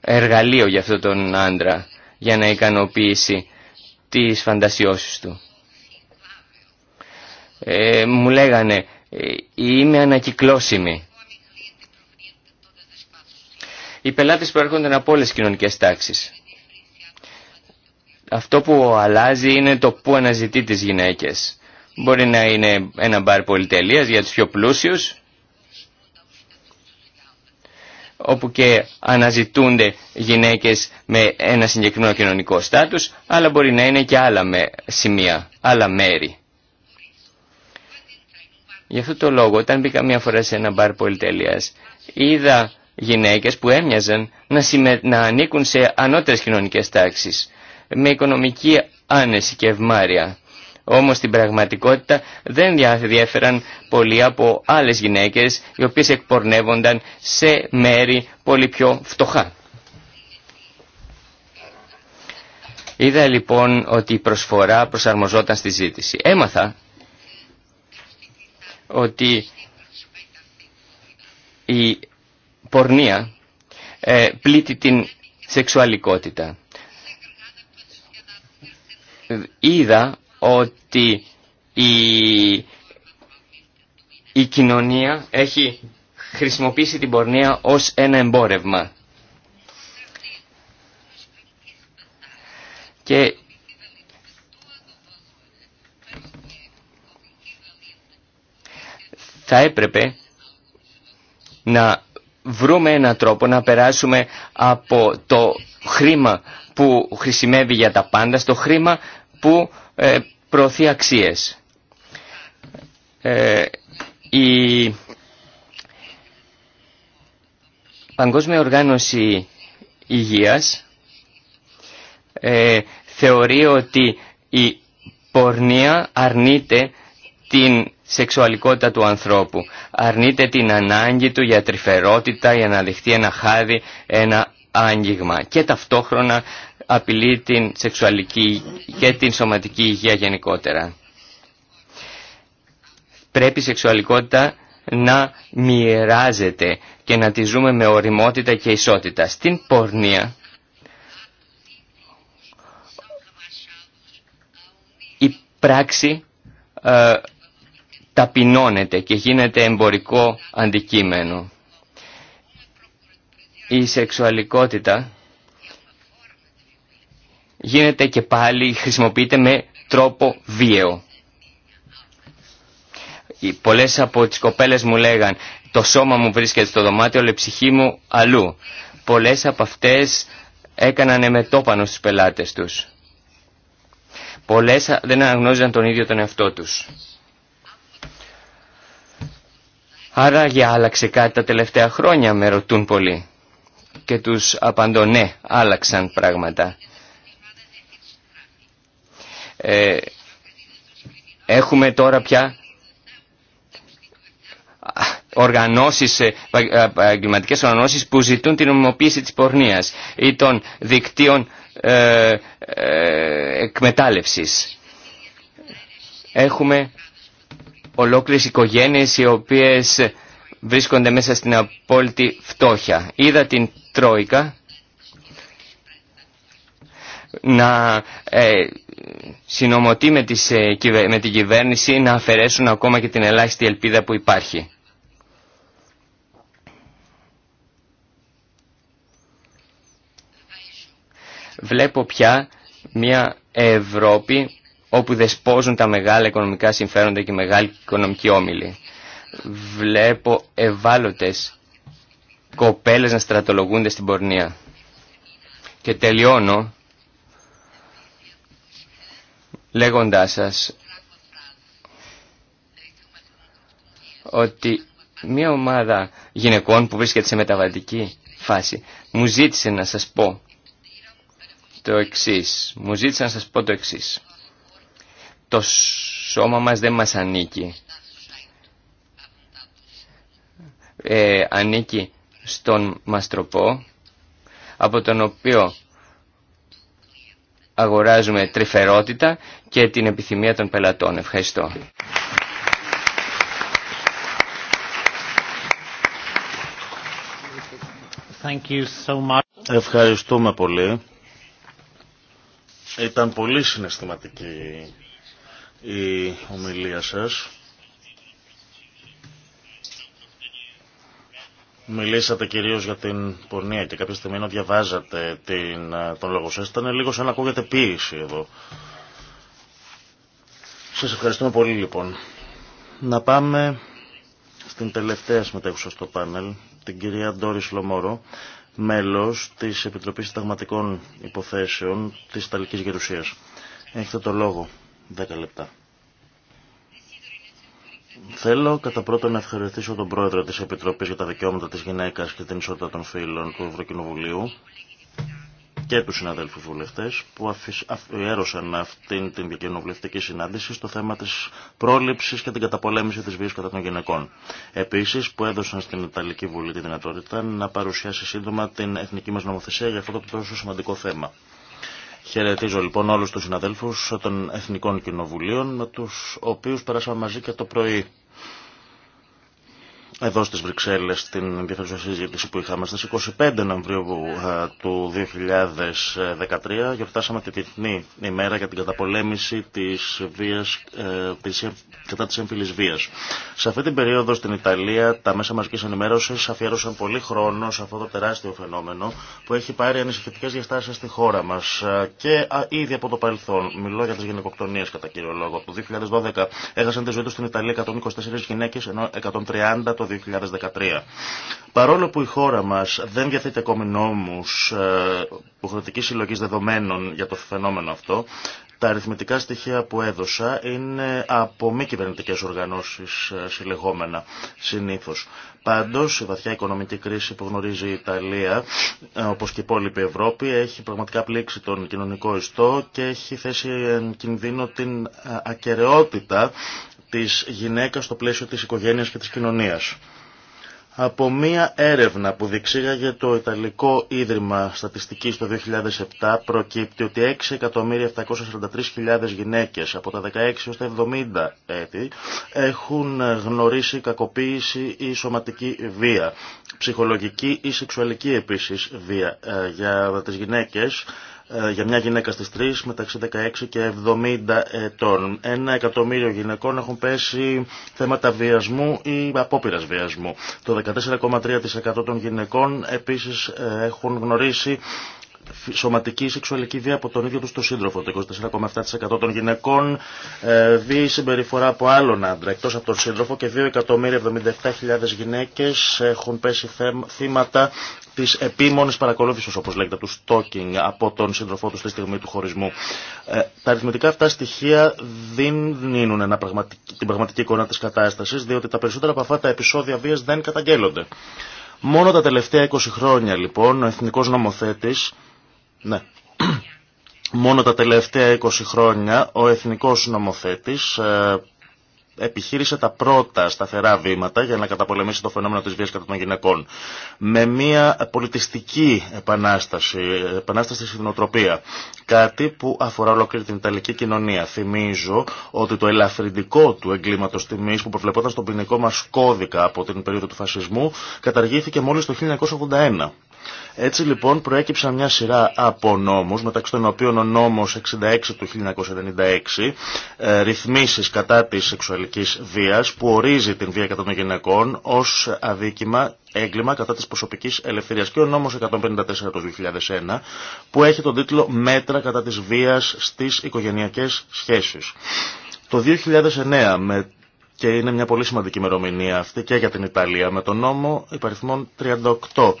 Speaker 4: εργαλείο για αυτόν τον άντρα, για να ικανοποιήσει τις φαντασιώσεις του. Ε, μου λέγανε, ε, είμαι ανακυκλώσιμη. Οι πελάτες έρχονται από όλες τις κοινωνικές τάξεις. Αυτό που αλλάζει είναι το που αναζητεί τις γυναίκες. Μπορεί να είναι ένα μπαρ πολυτελείας για τους πιο πλούσιους, όπου και αναζητούνται γυναίκες με ένα συγκεκριμένο κοινωνικό στάτους, αλλά μπορεί να είναι και άλλα σημεία, άλλα μέρη. Γι' αυτό το λόγο, όταν μπήκα μια φορά σε ένα μπαρ πολυτελείας, είδα γυναίκες που έμοιαζαν να, να ανήκουν σε ανώτερες κοινωνικές τάξεις με οικονομική άνεση και ευμάρεια. Όμως στην πραγματικότητα δεν διέφεραν πολλοί από άλλες γυναίκες οι οποίες εκπορνεύονταν σε μέρη πολύ πιο φτωχά. Είδα λοιπόν ότι η προσφορά προσαρμοζόταν στη ζήτηση. Έμαθα ότι η πορνεία ε, πλήττει την σεξουαλικότητα είδα ότι η, η κοινωνία έχει χρησιμοποιήσει την πορνεία ως ένα εμπόρευμα. Και θα έπρεπε να βρούμε έναν τρόπο να περάσουμε από το χρήμα που χρησιμεύει για τα πάντα στο χρήμα που ε, προωθεί αξίες. Ε, η Παγκόσμια Οργάνωση Υγείας ε, θεωρεί ότι η πορνεία αρνείται την σεξουαλικότητα του ανθρώπου. Αρνείται την ανάγκη του για τρυφερότητα, για να δεχτεί ένα χάδι, ένα άγγιγμα. Και ταυτόχρονα απειλεί την σεξουαλική και την σωματική υγεία γενικότερα. Πρέπει η σεξουαλικότητα να μοιράζεται και να τη ζούμε με οριμότητα και ισότητα. Στην πορνεία η πράξη ε, ταπεινώνεται και γίνεται εμπορικό αντικείμενο. Η σεξουαλικότητα γίνεται και πάλι, χρησιμοποιείται με τρόπο βίαιο. Πολλές από τις κοπέλες μου λέγαν το σώμα μου βρίσκεται στο δωμάτιο, αλλά η ψυχή μου αλλού. Πολλές από αυτές έκαναν εμετόπανο στους πελάτες τους. Πολλές δεν αναγνώριζαν τον ίδιο τον εαυτό τους. Άρα για άλλαξε κάτι τα τελευταία χρόνια με ρωτούν πολλοί. Και τους απαντώ ναι, άλλαξαν πράγματα. Ε, έχουμε τώρα πια οργανώσεις, επαγγελματικές ε, οργανώσεις που ζητούν την ομοποίηση της πορνείας ή των δικτύων ε, ε, εκμετάλλευσης. Έχουμε ολόκληρες οικογένειες οι οποίες βρίσκονται μέσα στην απόλυτη φτώχεια. Είδα την Τρόικα να ε, συνομωτεί με, τις, ε, με την κυβέρνηση να αφαιρέσουν ακόμα και την ελάχιστη ελπίδα που υπάρχει. Βλέπω πια μια Ευρώπη όπου δεσπόζουν τα μεγάλα οικονομικά συμφέροντα και μεγάλη μεγάλοι οικονομικοί όμιλοι. Βλέπω ευάλωτες κοπέλες να στρατολογούνται στην πορνεία. Και τελειώνω λέγοντάς σας ότι μια ομάδα γυναικών που βρίσκεται σε μεταβατική φάση μου ζήτησε να σας πω το εξής. Μου ζήτησε να σας πω το εξής. Το σώμα μας δεν μας ανήκει. Ε, ανήκει στον μαστροπό από τον οποίο αγοράζουμε τρυφερότητα και την επιθυμία των πελατών. Ευχαριστώ.
Speaker 2: Thank you so much. Ευχαριστούμε πολύ. Ήταν πολύ συναισθηματική η ομιλία σας. Μιλήσατε κυρίω για την πορνεία και κάποια στιγμή να διαβάζατε την, τον λόγο σας. ήταν λίγο σαν να ακούγεται ποιήση εδώ. Σας ευχαριστούμε πολύ λοιπόν. Να πάμε στην τελευταία συμμετέχουσα στο πάνελ, την κυρία Ντόρι Λομόρο, μέλος της Επιτροπής Συνταγματικών Υποθέσεων της Ιταλικής Γερουσίας. Έχετε το λόγο. 10 λεπτά. Θέλω κατά πρώτον να ευχαριστήσω τον πρόεδρο της Επιτροπής για τα Δικαιώματα της Γυναίκας και την Ισότητα των Φίλων του Ευρωκοινοβουλίου και τους συναδέλφους βουλευτές που αφιέρωσαν αυτήν την κοινοβουλευτική συνάντηση στο θέμα της πρόληψης και την καταπολέμηση της βίας κατά των γυναικών. Επίσης που έδωσαν στην Ιταλική Βουλή τη δυνατότητα να παρουσιάσει σύντομα την εθνική μας νομοθεσία για αυτό το τόσο σημαντικό θέμα. Χαιρετίζω λοιπόν όλους τους συναδέλφους των Εθνικών Κοινοβουλίων με τους οποίους περάσαμε μαζί και το πρωί εδώ στις Βρυξέλλες στην ενδιαφέρουσα συζήτηση που είχαμε στις 25 Νοεμβρίου ε, του 2013 γιορτάσαμε τη διεθνή ημέρα για την καταπολέμηση της βίας, ε, της, κατά της έμφυλης βίας. Σε αυτή την περίοδο στην Ιταλία τα μέσα μαζικής ενημέρωση αφιέρωσαν πολύ χρόνο σε αυτό το τεράστιο φαινόμενο που έχει πάρει ανησυχητικέ διαστάσει στη χώρα μας ε, και ήδη από το παρελθόν. Μιλώ για τις γυναικοκτονίες κατά κύριο λόγο. Το 2012 έχασαν τη ζωή του στην Ιταλία 124 γυναίκες ενώ 130 το 2013. Παρόλο που η χώρα μας δεν διαθέτει ακόμη νόμους ε, υποχρεωτικής συλλογής δεδομένων για το φαινόμενο αυτό, τα αριθμητικά στοιχεία που έδωσα είναι από μη κυβερνητικέ οργανώσεις ε, συλλεγόμενα συνήθως. Πάντως η βαθιά οικονομική κρίση που γνωρίζει η Ιταλία, ε, όπως και η υπόλοιπη Ευρώπη, έχει πραγματικά πλήξει τον κοινωνικό ιστό και έχει θέσει εν κινδύνο την ακαιρεότητα της γυναίκας στο πλαίσιο της οικογένειας και της κοινωνίας. Από μία έρευνα που διεξήγαγε το Ιταλικό Ίδρυμα Στατιστικής το 2007 προκύπτει ότι 6.743.000 γυναίκες από τα 16 έως τα 70 έτη έχουν γνωρίσει κακοποίηση ή σωματική βία, ψυχολογική ή σεξουαλική επίσης βία. Ε, για τις γυναίκες ε, για μια γυναίκα στις 3 μεταξύ 16 και 70 ετών. Ένα εκατομμύριο γυναικών έχουν πέσει θέματα βιασμού ή απόπειρα βιασμού. Το 14,3% των γυναικών επίσης ε, έχουν γνωρίσει σωματική ή σεξουαλική βία από τον ίδιο του τον σύντροφο. Το 24,7% των γυναικών ε, δει συμπεριφορά από άλλον άντρα εκτός από τον σύντροφο και 2.077.000 γυναίκες έχουν πέσει θύματα Τη επίμονη παρακολούθηση, όπως λέγεται, του stalking από τον σύντροφό του στη στιγμή του χωρισμού. Ε, τα αριθμητικά αυτά στοιχεία δεν δίνουν ένα την πραγματική εικόνα τη κατάστασης διότι τα περισσότερα από αυτά τα επεισόδια βίας δεν καταγγέλλονται. Μόνο τα τελευταία 20 χρόνια λοιπόν ο εθνικό νομοθέτη. ναι, [clears throat] μόνο τα τελευταία 20 χρόνια ο εθνικός νομοθέτης ε, επιχείρησε τα πρώτα σταθερά βήματα για να καταπολεμήσει το φαινόμενο της βίας κατά των γυναικών. Με μια πολιτιστική επανάσταση, επανάσταση στην νοοτροπία. Κάτι που αφορά ολόκληρη την Ιταλική κοινωνία. Θυμίζω ότι το ελαφρυντικό του εγκλήματος τιμής που προβλεπόταν στον ποινικό μας κώδικα από την περίοδο του φασισμού καταργήθηκε μόλις το 1981. Έτσι λοιπόν προέκυψαν μια σειρά από νόμους, μεταξύ των οποίων ο νόμος 66 του 1996, ε, ρυθμίσεις κατά της σεξουαλικής βίας, που ορίζει την βία κατά των γυναικών ως αδίκημα έγκλημα κατά της προσωπικής ελευθερίας και ο νόμος 154 του 2001 που έχει τον τίτλο «Μέτρα κατά της βίας στις οικογενειακές σχέσεις». Το 2009 με και είναι μια πολύ σημαντική ημερομηνία αυτή και για την Ιταλία με τον νόμο υπαριθμών 38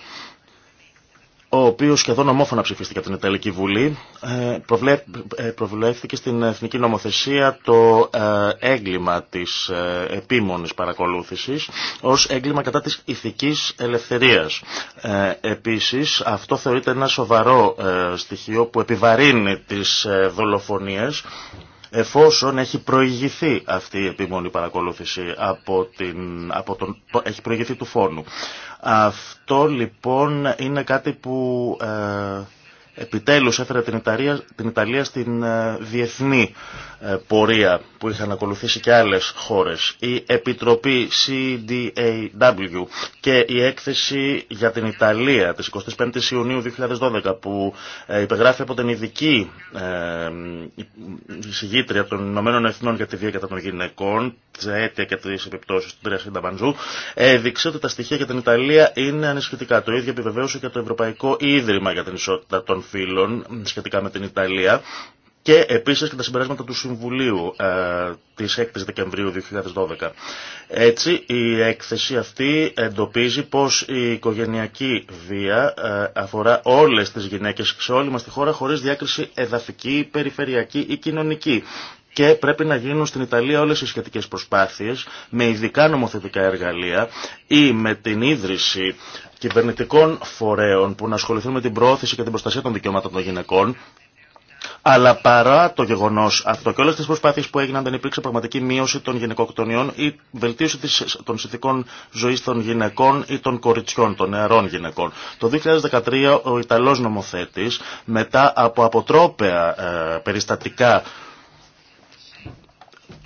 Speaker 2: ο οποίος σχεδόν ομόφωνα ψηφίστηκε από την Ιταλική Βουλή, ε, ε, προβλέφθηκε στην Εθνική Νομοθεσία το ε, έγκλημα της επίμονης παρακολούθησης ως έγκλημα κατά της ηθικής ελευθερίας. Επίσης, αυτό θεωρείται ένα σοβαρό στοιχείο που επιβαρύνει τις δολοφονίες εφόσον έχει προηγηθεί αυτή η επίμονη παρακολούθηση από, την, από τον, έχει προηγηθεί του φόνου. Αυτό λοιπόν είναι κάτι που ε, Επιτέλους έφερε την, Ιταλία την Ιταλία στην ε, διεθνή ε, πορεία που είχαν ακολουθήσει και άλλες χώρες. Η Επιτροπή CDAW και η έκθεση για την Ιταλία της 25ης Ιουνίου 2012 που ε, υπεγράφει από την ειδική συγγήτρια των Ηνωμένων Εθνών για τη Βία κατά των Γυναικών, της αίτια και τις επιπτώσεις του Τρία Μπαντζού, έδειξε ότι τα στοιχεία για την Ιταλία είναι ανισχυτικά. Το ίδιο επιβεβαίωσε και το Ευρωπαϊκό Ίδρυμα για την Ισότητα των φίλων σχετικά με την Ιταλία και επίσης και τα συμπεράσματα του Συμβουλίου ε, της 6 Δεκεμβρίου 2012. Έτσι, η έκθεση αυτή εντοπίζει πως η οικογενειακή βία ε, αφορά όλες τις γυναίκες σε όλη μας τη χώρα χωρίς διάκριση εδαφική, περιφερειακή ή κοινωνική και πρέπει να γίνουν στην Ιταλία όλες οι σχετικές προσπάθειες με ειδικά νομοθετικά εργαλεία ή με την ίδρυση κυβερνητικών φορέων που να ασχοληθούν με την προώθηση και την προστασία των δικαιωμάτων των γυναικών αλλά παρά το γεγονό αυτό και όλε τι προσπάθειε που έγιναν, δεν υπήρξε πραγματική μείωση των γυναικοκτονιών ή βελτίωση των συνθηκών ζωή των γυναικών ή των κοριτσιών, των νεαρών γυναικών. Το 2013 ο Ιταλό νομοθέτη, μετά από αποτρόπαια ε, περιστατικά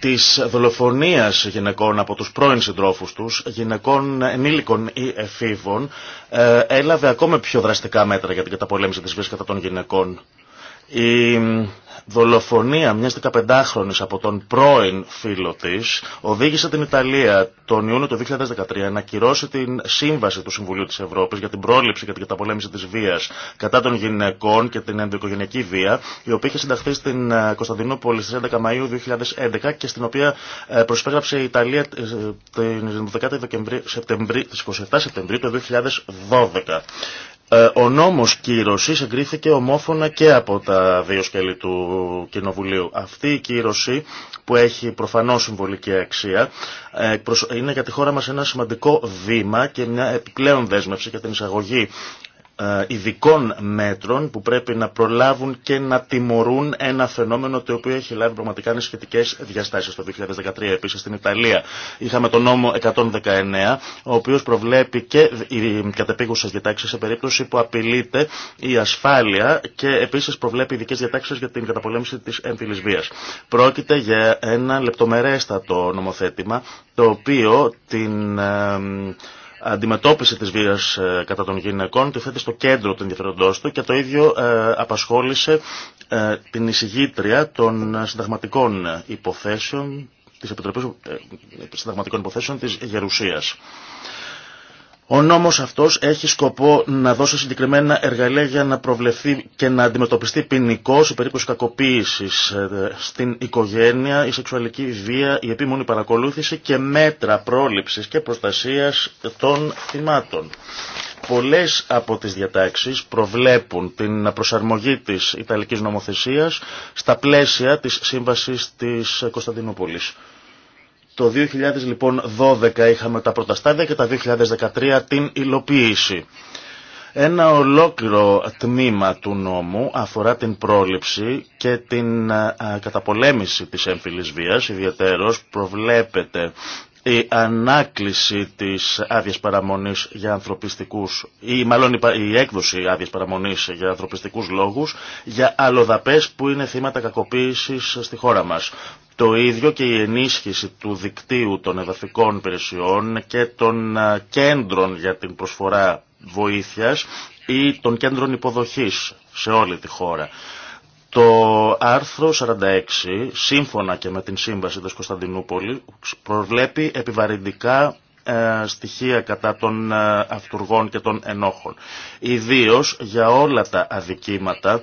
Speaker 2: της δολοφονίας γυναικών από τους πρώην συντρόφους τους, γυναικών ενήλικων ή εφήβων, ε, έλαβε ακόμα πιο δραστικά μέτρα για την καταπολέμηση της βίας κατά των γυναικών. Η δολοφονία μιας 15χρονης από τον πρώην φίλο της οδήγησε την Ιταλία τον Ιούνιο του 2013 να κυρώσει την σύμβαση του Συμβουλίου της Ευρώπης για την πρόληψη και την καταπολέμηση της βίας κατά των γυναικών και την ενδοοικογενειακή βία η οποία είχε συνταχθεί στην ε, Κωνσταντινούπολη στις 11 Μαΐου 2011 και στην οποία ε, προσπέγραψε η Ιταλία ε, την 27 Σεπτεμβρίου του 2012. Ε, ο νόμος κύρωσης εγκρίθηκε ομόφωνα και από τα δύο σκέλη του Κοινοβουλίου. Αυτή η κύρωση που έχει προφανώς συμβολική αξία ε, είναι για τη χώρα μας ένα σημαντικό βήμα και μια επιπλέον δέσμευση για την εισαγωγή ε, ειδικών μέτρων που πρέπει να προλάβουν και να τιμωρούν ένα φαινόμενο το οποίο έχει λάβει πραγματικά ανησυχητικέ διαστάσει. Το 2013 επίση στην Ιταλία είχαμε τον νόμο 119, ο οποίο προβλέπει και κατεπίγουσε διατάξει σε περίπτωση που απειλείται η ασφάλεια και επίση προβλέπει ειδικέ διατάξει για την καταπολέμηση τη έμφυλη βία. Πρόκειται για ένα λεπτομερέστατο νομοθέτημα το οποίο την ε, αντιμετώπιση της βίας ε, κατά των γυναικών τη θέτει στο κέντρο του ενδιαφέροντός του και το ίδιο ε, απασχόλησε ε, την εισηγήτρια των συνταγματικών υποθέσεων της Επιτροπής Συνταγματικών Υποθέσεων της Γερουσίας. Ο νόμος αυτός έχει σκοπό να δώσει συγκεκριμένα εργαλεία για να προβλεφθεί και να αντιμετωπιστεί ποινικό η περίπτωση κακοποίησης ε, στην οικογένεια, η σεξουαλική βία, η επίμονη παρακολούθηση και μέτρα πρόληψης και προστασίας των θυμάτων. Πολλές από τις διατάξεις προβλέπουν την προσαρμογή της Ιταλικής νομοθεσίας στα πλαίσια της Σύμβασης της Κωνσταντινούπολης. Το 2012 λοιπόν 12 είχαμε τα πρώτα στάδια και τα 2013 την υλοποίηση. Ένα ολόκληρο τμήμα του νόμου αφορά την πρόληψη και την καταπολέμηση της έμφυλης βίας, ιδιαίτερος προβλέπεται η ανάκληση της άδεια παραμονής για ανθρωπιστικούς ή μάλλον η έκδοση άδεια παραμονής για ανθρωπιστικούς λόγους για αλλοδαπές που είναι θύματα κακοποίησης στη χώρα μας. Το ίδιο και η ενίσχυση του δικτύου των εδαφικών υπηρεσιών και των ε, κέντρων για την προσφορά βοήθειας ή των κέντρων υποδοχής σε όλη τη χώρα. Το άρθρο 46, σύμφωνα και με την σύμβαση της Κωνσταντινούπολη, προβλέπει επιβαρυντικά ε, στοιχεία κατά των ε, αυτουργών και των ενόχων. Ιδίως για όλα τα αδικήματα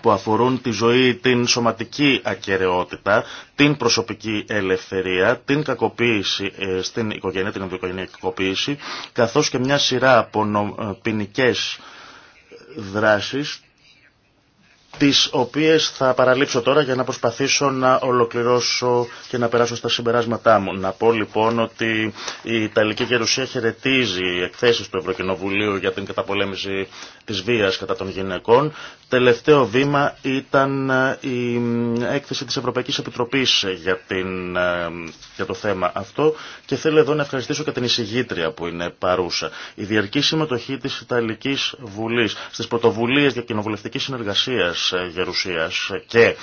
Speaker 2: που αφορούν τη ζωή, την σωματική ακαιρεότητα, την προσωπική ελευθερία, την κακοποίηση ε, στην οικογένεια, την ενδοοικογενειακή κακοποίηση, καθώς και μια σειρά από ποινικέ δράσεις, τις οποίες θα παραλείψω τώρα για να προσπαθήσω να ολοκληρώσω και να περάσω στα συμπεράσματά μου. Να πω λοιπόν ότι η Ιταλική Γερουσία χαιρετίζει εκθέσεις του Ευρωκοινοβουλίου για την καταπολέμηση της βίας κατά των γυναικών Τελευταίο βήμα ήταν ε, η έκθεση της Ευρωπαϊκής Επιτροπής για, την, ε, για το θέμα αυτό και θέλω εδώ να ευχαριστήσω και την εισηγήτρια που είναι παρούσα. Η διαρκή συμμετοχή της Ιταλικής Βουλής στις πρωτοβουλίες για κοινοβουλευτική συνεργασία ε, Γερουσίας και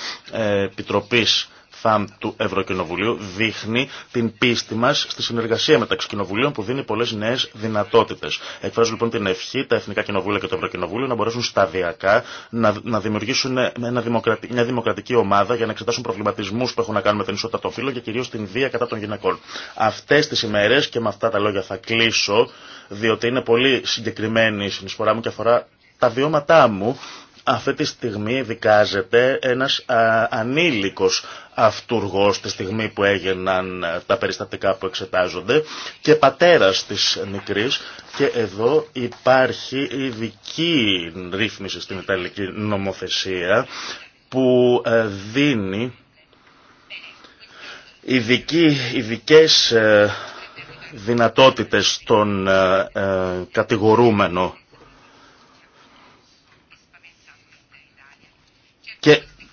Speaker 2: Επιτροπής θα, του Ευρωκοινοβουλίου δείχνει την πίστη μα στη συνεργασία μεταξύ κοινοβουλίων που δίνει πολλέ νέε δυνατότητε. Εκφράζω λοιπόν την ευχή τα Εθνικά Κοινοβούλια και το Ευρωκοινοβούλιο να μπορέσουν σταδιακά να, να δημιουργήσουν ένα δημοκρατι... μια δημοκρατική ομάδα για να εξετάσουν προβληματισμού που έχουν να κάνουν με την ισότητα των φύλων και κυρίω την βία κατά των γυναικών. Αυτέ τι ημέρε και με αυτά τα λόγια θα κλείσω, διότι είναι πολύ συγκεκριμένη η συνεισφορά μου και αφορά τα βιώματά μου αυτή τη στιγμή δικάζεται ένας α, ανήλικος αυτούργος τη στιγμή που έγιναν ε, τα περιστατικά που εξετάζονται και πατέρας της μικρής και εδώ υπάρχει ειδική ρύθμιση στην Ιταλική νομοθεσία που ε, δίνει ειδική, ειδικές ε, δυνατότητες στον κατηγορούμενο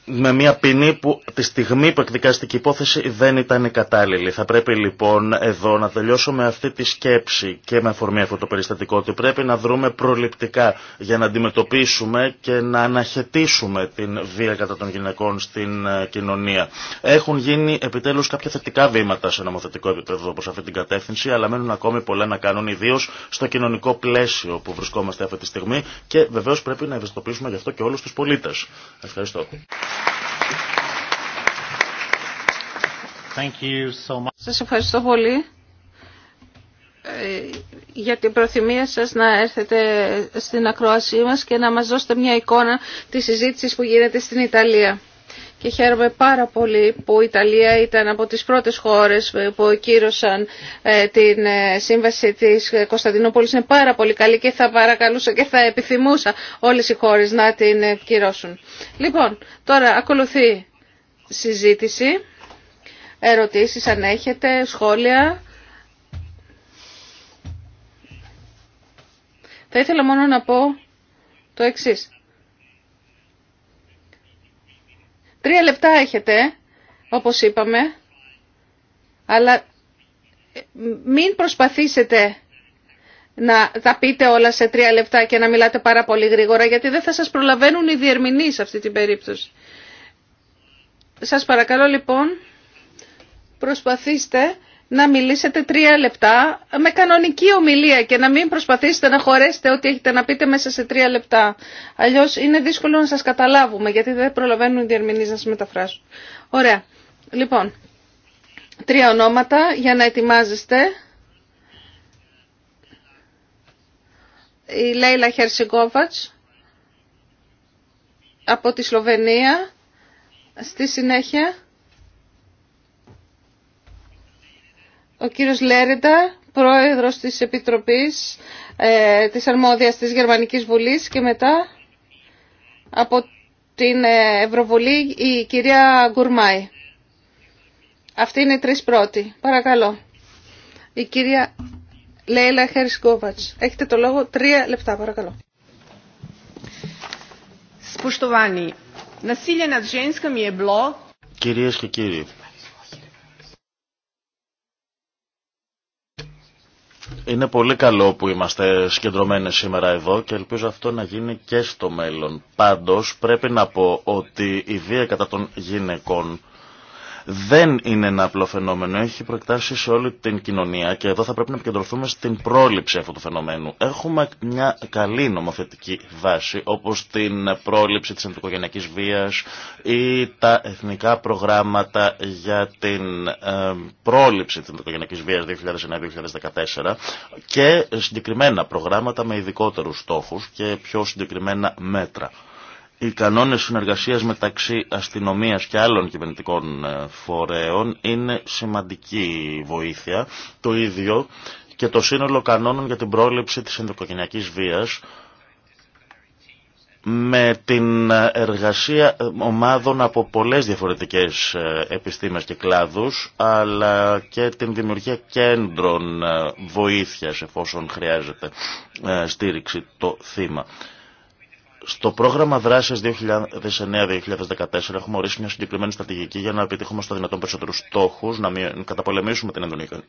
Speaker 2: με μια ποινή που τη στιγμή που εκδικάστηκε η υπόθεση δεν ήταν η κατάλληλη. Θα πρέπει λοιπόν εδώ να τελειώσω με αυτή τη σκέψη και με αφορμή αυτό το περιστατικό ότι πρέπει να δρούμε προληπτικά για να αντιμετωπίσουμε και να αναχαιτήσουμε την βία κατά των γυναικών στην ε, κοινωνία. Έχουν γίνει επιτέλου κάποια θετικά βήματα σε νομοθετικό επίπεδο προς αυτή την κατεύθυνση, αλλά μένουν ακόμη πολλά να κάνουν, ιδίω στο κοινωνικό πλαίσιο που βρισκόμαστε αυτή τη στιγμή και βεβαίω πρέπει να ευαισθητοποιήσουμε γι' αυτό και όλου του πολίτε. Ευχαριστώ. Thank Σας
Speaker 3: ευχαριστώ πολύ ε, για την προθυμία σας να έρθετε στην ακρόασή μας και να μας δώσετε μια εικόνα της συζήτησης που γίνεται στην Ιταλία και χαίρομαι πάρα πολύ που η Ιταλία ήταν από τις πρώτες χώρες που κύρωσαν ε, την ε, σύμβαση της Κωνσταντινούπολης. Είναι πάρα πολύ καλή και θα παρακαλούσα και θα επιθυμούσα όλες οι χώρες να την κυρώσουν. Λοιπόν, τώρα ακολουθεί συζήτηση, ερωτήσεις αν έχετε, σχόλια. Θα ήθελα μόνο να πω το εξής. Τρία λεπτά έχετε, όπως είπαμε, αλλά ε, μην προσπαθήσετε να τα πείτε όλα σε τρία λεπτά και να μιλάτε πάρα πολύ γρήγορα, γιατί δεν θα σας προλαβαίνουν οι διερμηνείς σε αυτή την περίπτωση. Σας παρακαλώ λοιπόν, προσπαθήστε να μιλήσετε τρία λεπτά με κανονική ομιλία και να μην προσπαθήσετε να χωρέσετε ό,τι έχετε να πείτε μέσα σε τρία λεπτά. Αλλιώς είναι δύσκολο να σας καταλάβουμε γιατί δεν προλαβαίνουν οι διερμηνεί να σα μεταφράσουν. Ωραία. Λοιπόν, τρία ονόματα για να ετοιμάζεστε. Η Λέιλα Χερσικόβατ. από τη Σλοβενία. Στη συνέχεια ο κύριος Λέριντα, πρόεδρος της Επιτροπής ε, της Αρμόδιας της Γερμανικής Βουλής και μετά από την ε, Ευρωβουλή η κυρία Γκουρμάη. Αυτή είναι οι τρεις πρώτοι. Παρακαλώ. Η κυρία Λέιλα Χερσκόβατς. Έχετε το λόγο. Τρία λεπτά παρακαλώ.
Speaker 2: Κυρίες και κύριοι, Είναι πολύ καλό που είμαστε συγκεντρωμένοι σήμερα εδώ και ελπίζω αυτό να γίνει και στο μέλλον. Πάντως πρέπει να πω ότι η βία κατά των γυναικών δεν είναι ένα απλό φαινόμενο. Έχει προεκτάσει σε όλη την κοινωνία και εδώ θα πρέπει να επικεντρωθούμε στην πρόληψη αυτού του φαινομένου. Έχουμε μια καλή νομοθετική βάση όπως την πρόληψη της αντικογενειακής βίας ή τα εθνικά προγράμματα για την ε, πρόληψη της αντικογενειακής βίας 2009-2014 και συγκεκριμένα προγράμματα με ειδικότερου στόχου και πιο συγκεκριμένα μέτρα. Οι κανόνες συνεργασίας μεταξύ αστυνομίας και άλλων κυβερνητικών ε, φορέων είναι σημαντική βοήθεια. Το ίδιο και το σύνολο κανόνων για την πρόληψη της ενδοκογενειακής βίας με την εργασία ομάδων από πολλές διαφορετικές ε, επιστήμες και κλάδους, αλλά και την δημιουργία κέντρων ε, βοήθειας εφόσον χρειάζεται στήριξη το θύμα. Στο πρόγραμμα δράση 2009-2014 έχουμε ορίσει μια συγκεκριμένη στρατηγική για να επιτύχουμε στο δυνατόν περισσότερου στόχου, να μην καταπολεμήσουμε την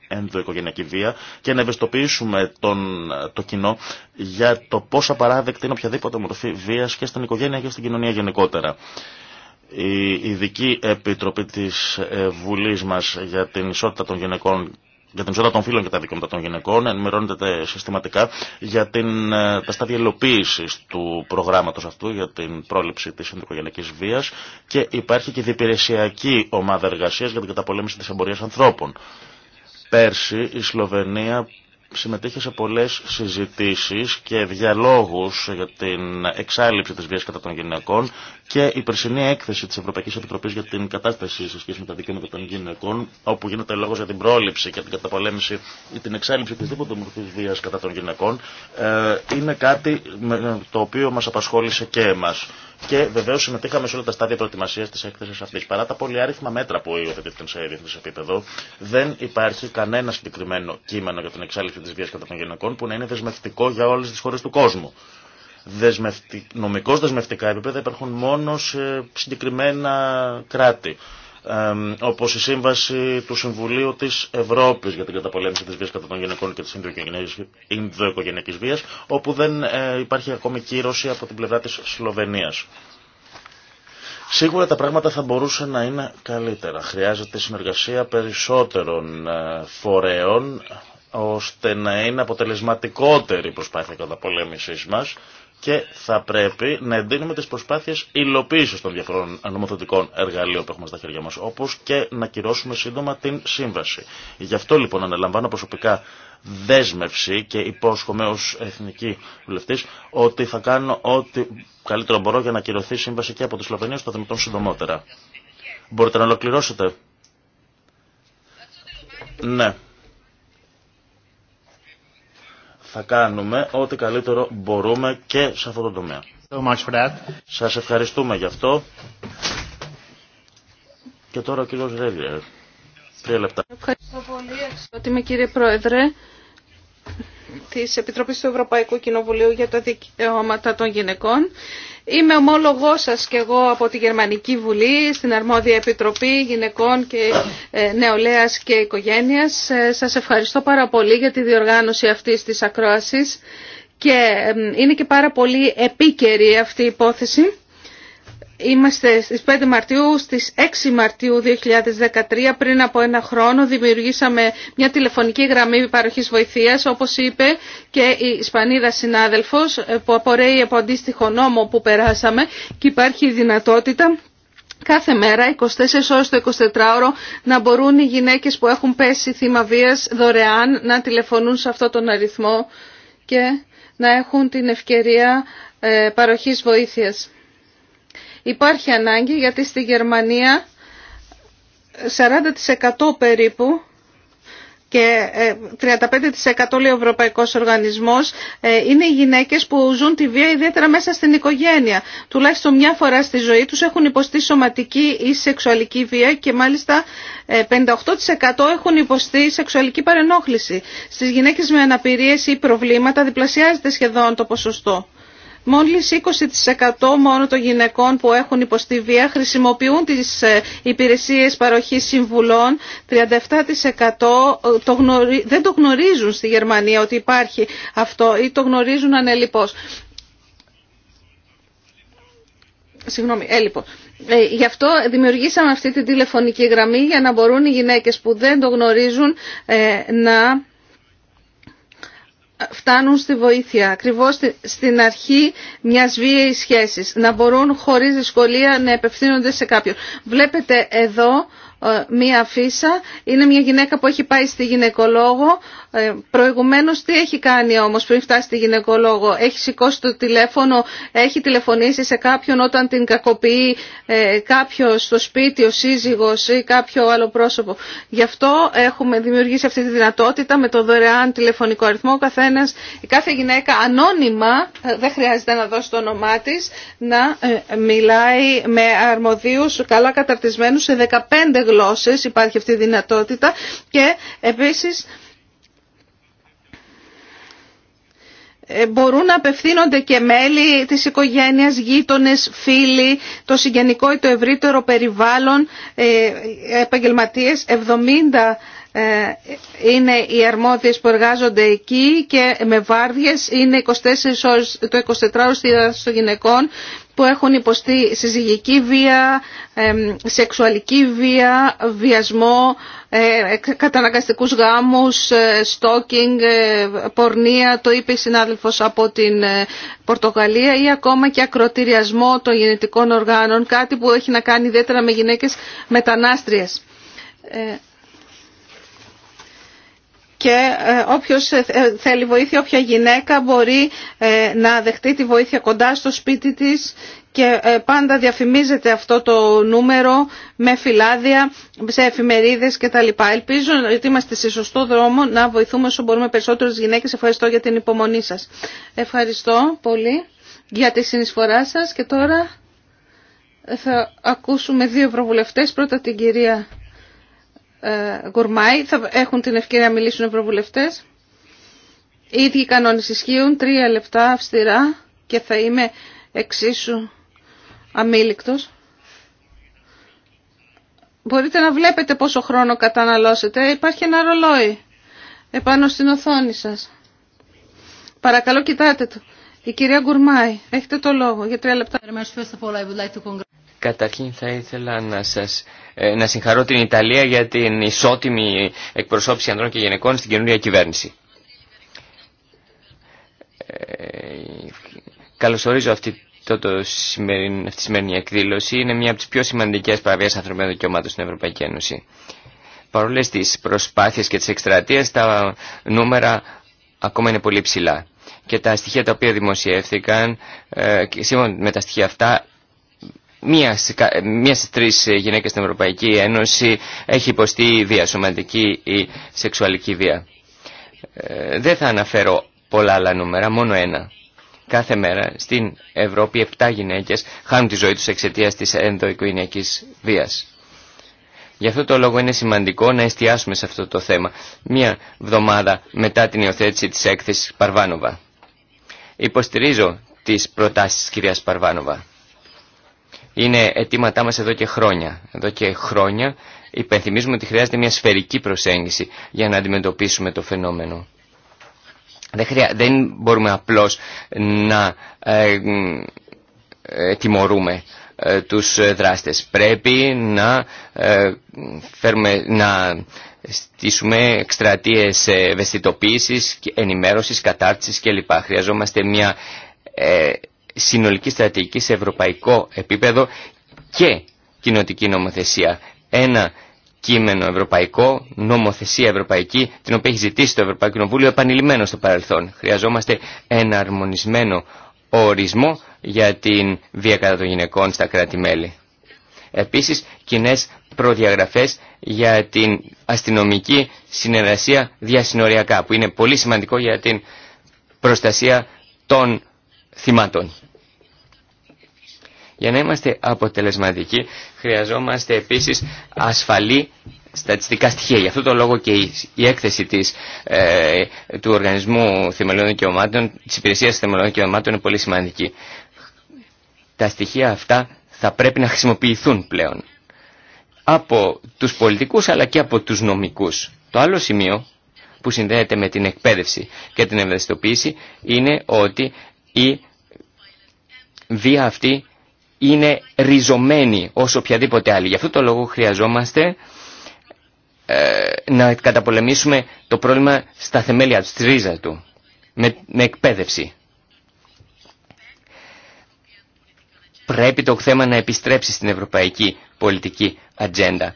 Speaker 2: ενδοοικογενειακή βία και να ευαισθητοποιήσουμε τον, το κοινό για το πόσο απαράδεκτη είναι οποιαδήποτε μορφή βία και στην οικογένεια και στην κοινωνία γενικότερα. Η Ειδική Επιτροπή τη ε, Βουλή μα για την Ισότητα των Γυναικών για την ζωή των φίλων και τα δικαιώματα των γυναικών, ενημερώνεται συστηματικά για την, ε, τα στάδια υλοποίηση του προγράμματο αυτού για την πρόληψη της ενδοικογενειακή βίας και υπάρχει και διπηρεσιακή ομάδα εργασία για την καταπολέμηση της εμπορία ανθρώπων. Πέρσι η Σλοβενία συμμετείχε σε πολλές συζητήσεις και διαλόγους για την εξάλληψη της βίας κατά των γυναικών και η περσινή έκθεση της Ευρωπαϊκής Επιτροπής για την κατάσταση σε σχέση με τα δικαιώματα των γυναικών όπου γίνεται λόγος για την πρόληψη και την καταπολέμηση ή την εξάλληψη τίποτα μορφής βίας κατά των γυναικών ε, είναι κάτι το οποίο μας απασχόλησε και εμάς και βεβαίω συμμετείχαμε σε όλα τα στάδια προετοιμασία τη έκθεση αυτή. Παρά τα πολυάριθμα μέτρα που υιοθετήθηκαν σε διεθνέ επίπεδο, δεν υπάρχει κανένα συγκεκριμένο κείμενο για την εξάλληψη τη βία κατά των γυναικών που να είναι δεσμευτικό για όλε τι χώρε του κόσμου. Δεσμευτι... Νομικώ δεσμευτικά επίπεδα υπάρχουν μόνο σε συγκεκριμένα κράτη όπως η Σύμβαση του Συμβουλίου της Ευρώπης για την καταπολέμηση της βίας κατά των γυναικών και της Ινδοοικογενειακής βίας, όπου δεν ε, υπάρχει ακόμη κύρωση από την πλευρά της Σλοβενίας. Σίγουρα τα πράγματα θα μπορούσαν να είναι καλύτερα. Χρειάζεται συνεργασία περισσότερων ε, φορέων, ώστε να είναι αποτελεσματικότερη η προσπάθεια καταπολέμησής μας και θα πρέπει να εντείνουμε τις προσπάθειες υλοποίησης των διαφορών νομοθετικών εργαλείων που έχουμε στα χέρια μας, όπως και να κυρώσουμε σύντομα την σύμβαση. Γι' αυτό λοιπόν αναλαμβάνω προσωπικά δέσμευση και υπόσχομαι ως εθνική βουλευτής ότι θα κάνω ό,τι καλύτερο μπορώ για να κυρωθεί σύμβαση και από τη Σλοβενία στο δυνατόν συντομότερα. Μπορείτε να ολοκληρώσετε. Ναι θα κάνουμε ό,τι καλύτερο μπορούμε και σε αυτό το τομέα. So much for Σας ευχαριστούμε γι' αυτό. Και τώρα ο κύριος Ρέβιερ. Τρία λεπτά.
Speaker 5: Ευχαριστώ πολύ, Είμαι
Speaker 3: κύριε Πρόεδρε της Επιτροπής του Ευρωπαϊκού Κοινοβουλίου για τα Δικαιώματα των Γυναικών. Είμαι ομόλογό σας και εγώ από τη Γερμανική Βουλή, στην Αρμόδια Επιτροπή Γυναικών και ε, Νεολαίας και Οικογένειας. Ε, Σα ευχαριστώ πάρα πολύ για τη διοργάνωση αυτής της ακρόασης και ε, είναι και πάρα πολύ επίκαιρη αυτή η υπόθεση Είμαστε στις 5 Μαρτίου, στις 6 Μαρτίου 2013, πριν από ένα χρόνο, δημιουργήσαμε μια τηλεφωνική γραμμή παροχής βοηθείας, όπως είπε και η Ισπανίδα συνάδελφος, που απορρέει από αντίστοιχο νόμο που περάσαμε και υπάρχει η δυνατότητα κάθε μέρα, 24 ώρες το 24ωρο, να μπορούν οι γυναίκες που έχουν πέσει θύμα βίας δωρεάν να τηλεφωνούν σε αυτόν τον αριθμό και να έχουν την ευκαιρία ε, παροχής βοήθειας υπάρχει ανάγκη γιατί στη Γερμανία 40% περίπου και 35% ε, λέει ο Ευρωπαϊκός Οργανισμός ε, είναι οι γυναίκες που ζουν τη βία ιδιαίτερα μέσα στην οικογένεια. Τουλάχιστον μια φορά στη ζωή τους έχουν υποστεί σωματική ή σεξουαλική βία και μάλιστα 58% ε, έχουν υποστεί σεξουαλική παρενόχληση. Στις γυναίκες με αναπηρίες ή προβλήματα διπλασιάζεται σχεδόν το ποσοστό. Μόλις 20% μόνο των γυναικών που έχουν υποστεί χρησιμοποιούν τις ε, υπηρεσίες παροχής συμβουλών. 37% ε, το δεν το γνωρίζουν στη Γερμανία ότι υπάρχει αυτό ή το γνωρίζουν ανελιπώς. Συγγνώμη, Ε, Γι' αυτό δημιουργήσαμε αυτή τη τηλεφωνική γραμμή για να μπορούν οι γυναίκες που δεν το γνωρίζουν ε, να φτάνουν στη βοήθεια, ακριβώς στην αρχή μιας βίαιης σχέσης, να μπορούν χωρίς δυσκολία να επευθύνονται σε κάποιον. Βλέπετε εδώ ε, μία φύσα, είναι μια γυναίκα που έχει πάει στη γυναικολόγο ε, Προηγουμένω τι έχει κάνει όμω πριν φτάσει στη γυναικολόγο. Έχει σηκώσει το τηλέφωνο, έχει τηλεφωνήσει σε κάποιον όταν την κακοποιεί ε, κάποιο στο σπίτι, ο σύζυγο ή κάποιο άλλο πρόσωπο. Γι' αυτό έχουμε δημιουργήσει αυτή τη δυνατότητα με το δωρεάν τηλεφωνικό αριθμό. Καθένας, η κάθε γυναίκα ανώνυμα, ε, δεν χρειάζεται να δώσει το όνομά τη, να μιλάει με αρμοδίου, καλά καταρτισμένου, σε 15 γλώσσε Υπάρχει αυτή η δυνατότητα και επίσης Ε, μπορούν να απευθύνονται και μέλη της οικογένειας, γείτονες, φίλοι, το συγγενικό ή το ευρύτερο περιβάλλον, ε, επαγγελματίες, 70 ε, είναι οι αρμόδιες που εργάζονται εκεί και με βάρδιες είναι 24 ώρες, το 24 ώρο των γυναικών που έχουν υποστεί συζυγική βία, σεξουαλική βία, βιασμό, ε, καταναγκαστικούς γάμους, στόκινγκ, ε, ε, πορνεία, το είπε η συνάδελφος από την Πορτογαλία ή ακόμα και ακροτηριασμό των γενετικών οργάνων, κάτι που έχει να κάνει ιδιαίτερα με γυναίκες μετανάστριες και ε, όποιος ε, ε, θέλει βοήθεια, όποια γυναίκα μπορεί να δεχτεί τη βοήθεια κοντά στο σπίτι της και πάντα διαφημίζεται αυτό το νούμερο με φυλάδια σε εφημερίδες κτλ. Ελπίζω ότι είμαστε σε σωστό δρόμο να βοηθούμε όσο μπορούμε περισσότερες γυναίκες. Ευχαριστώ για την υπομονή σας. Ευχαριστώ πολύ για τη συνεισφορά σας και τώρα θα ακούσουμε δύο ευρωβουλευτές. Πρώτα την κυρία ε, γκουρμάι, θα έχουν την ευκαιρία να μιλήσουν οι προβουλευτές. Οι ίδιοι κανόνες ισχύουν, τρία λεπτά αυστηρά και θα είμαι εξίσου αμήλικτος. Μπορείτε να βλέπετε πόσο χρόνο καταναλώσετε. Υπάρχει ένα ρολόι επάνω στην οθόνη σας. Παρακαλώ κοιτάτε το. Η κυρία Γκουρμάη, έχετε το λόγο για τρία λεπτά.
Speaker 4: Καταρχήν θα ήθελα να σας ε, να συγχαρώ την Ιταλία για την ισότιμη εκπροσώπηση ανδρών και γυναικών στην καινούργια κυβέρνηση. Ε, καλωσορίζω αυτή το, το αυτή σημερινή εκδήλωση είναι μια από τις πιο σημαντικές παραβίες ανθρωπίνων δικαιωμάτων στην Ευρωπαϊκή Ένωση. Παρόλε τις προσπάθειες και τις εκστρατείες τα νούμερα ακόμα είναι πολύ ψηλά. Και τα στοιχεία τα οποία δημοσιεύθηκαν, ε, σύμφωνα με τα στοιχεία αυτά, μία, μία στις τρεις ε, γυναίκες στην Ευρωπαϊκή Ένωση έχει υποστεί βία, σωματική ή σεξουαλική βία. Ε, δεν θα αναφέρω πολλά άλλα νούμερα, μόνο ένα. Κάθε μέρα στην Ευρώπη 7 γυναίκες χάνουν τη ζωή τους εξαιτίας της ενδοοικογενειακής βίας. Γι' αυτό το λόγο είναι σημαντικό να εστιάσουμε σε αυτό το θέμα. Μία βδομάδα μετά την υιοθέτηση της έκθεσης Παρβάνοβα. Υποστηρίζω τις προτάσεις της κυρίας Παρβάνοβα. Είναι αιτήματά μας εδώ και χρόνια. Εδώ και χρόνια υπενθυμίζουμε ότι χρειάζεται μια σφαιρική προσέγγιση για να αντιμετωπίσουμε το φαινόμενο. Δεν, δεν μπορούμε απλώς να ε, τιμωρούμε ε, τους δράστες. Πρέπει να, ε, φέρουμε, να στήσουμε εκστρατείες ευαισθητοποίησης, ενημέρωσης, κατάρτισης κλπ. Χρειαζόμαστε μια ε, συνολική στρατηγική σε ευρωπαϊκό επίπεδο και κοινοτική νομοθεσία. Ένα κείμενο ευρωπαϊκό, νομοθεσία ευρωπαϊκή, την οποία έχει ζητήσει το Ευρωπαϊκό Κοινοβούλιο επανειλημμένο στο παρελθόν. Χρειαζόμαστε ένα αρμονισμένο ορισμό για την βία κατά των γυναικών στα κράτη-μέλη. Επίσης, κοινέ προδιαγραφές για την αστυνομική συνεργασία διασυνοριακά, που είναι πολύ σημαντικό για την προστασία των θυμάτων. Για να είμαστε αποτελεσματικοί χρειαζόμαστε επίσης ασφαλή στατιστικά στοιχεία. Γι' αυτό το λόγο και η, έκθεση της, ε, του Οργανισμού Θεμελιών Δικαιωμάτων, της Υπηρεσίας Θεμελιών Δικαιωμάτων είναι πολύ σημαντική. Τα στοιχεία αυτά θα πρέπει να χρησιμοποιηθούν πλέον από τους πολιτικούς αλλά και από τους νομικούς. Το άλλο σημείο που συνδέεται με την εκπαίδευση και την ευαισθητοποίηση είναι ότι η βία αυτή είναι ριζωμένη όσο οποιαδήποτε άλλη. Γι' αυτό το λόγο χρειαζόμαστε ε, να καταπολεμήσουμε το πρόβλημα στα θεμέλια του, στη ρίζα του, με, με εκπαίδευση. Πρέπει το θέμα να επιστρέψει στην ευρωπαϊκή πολιτική ατζέντα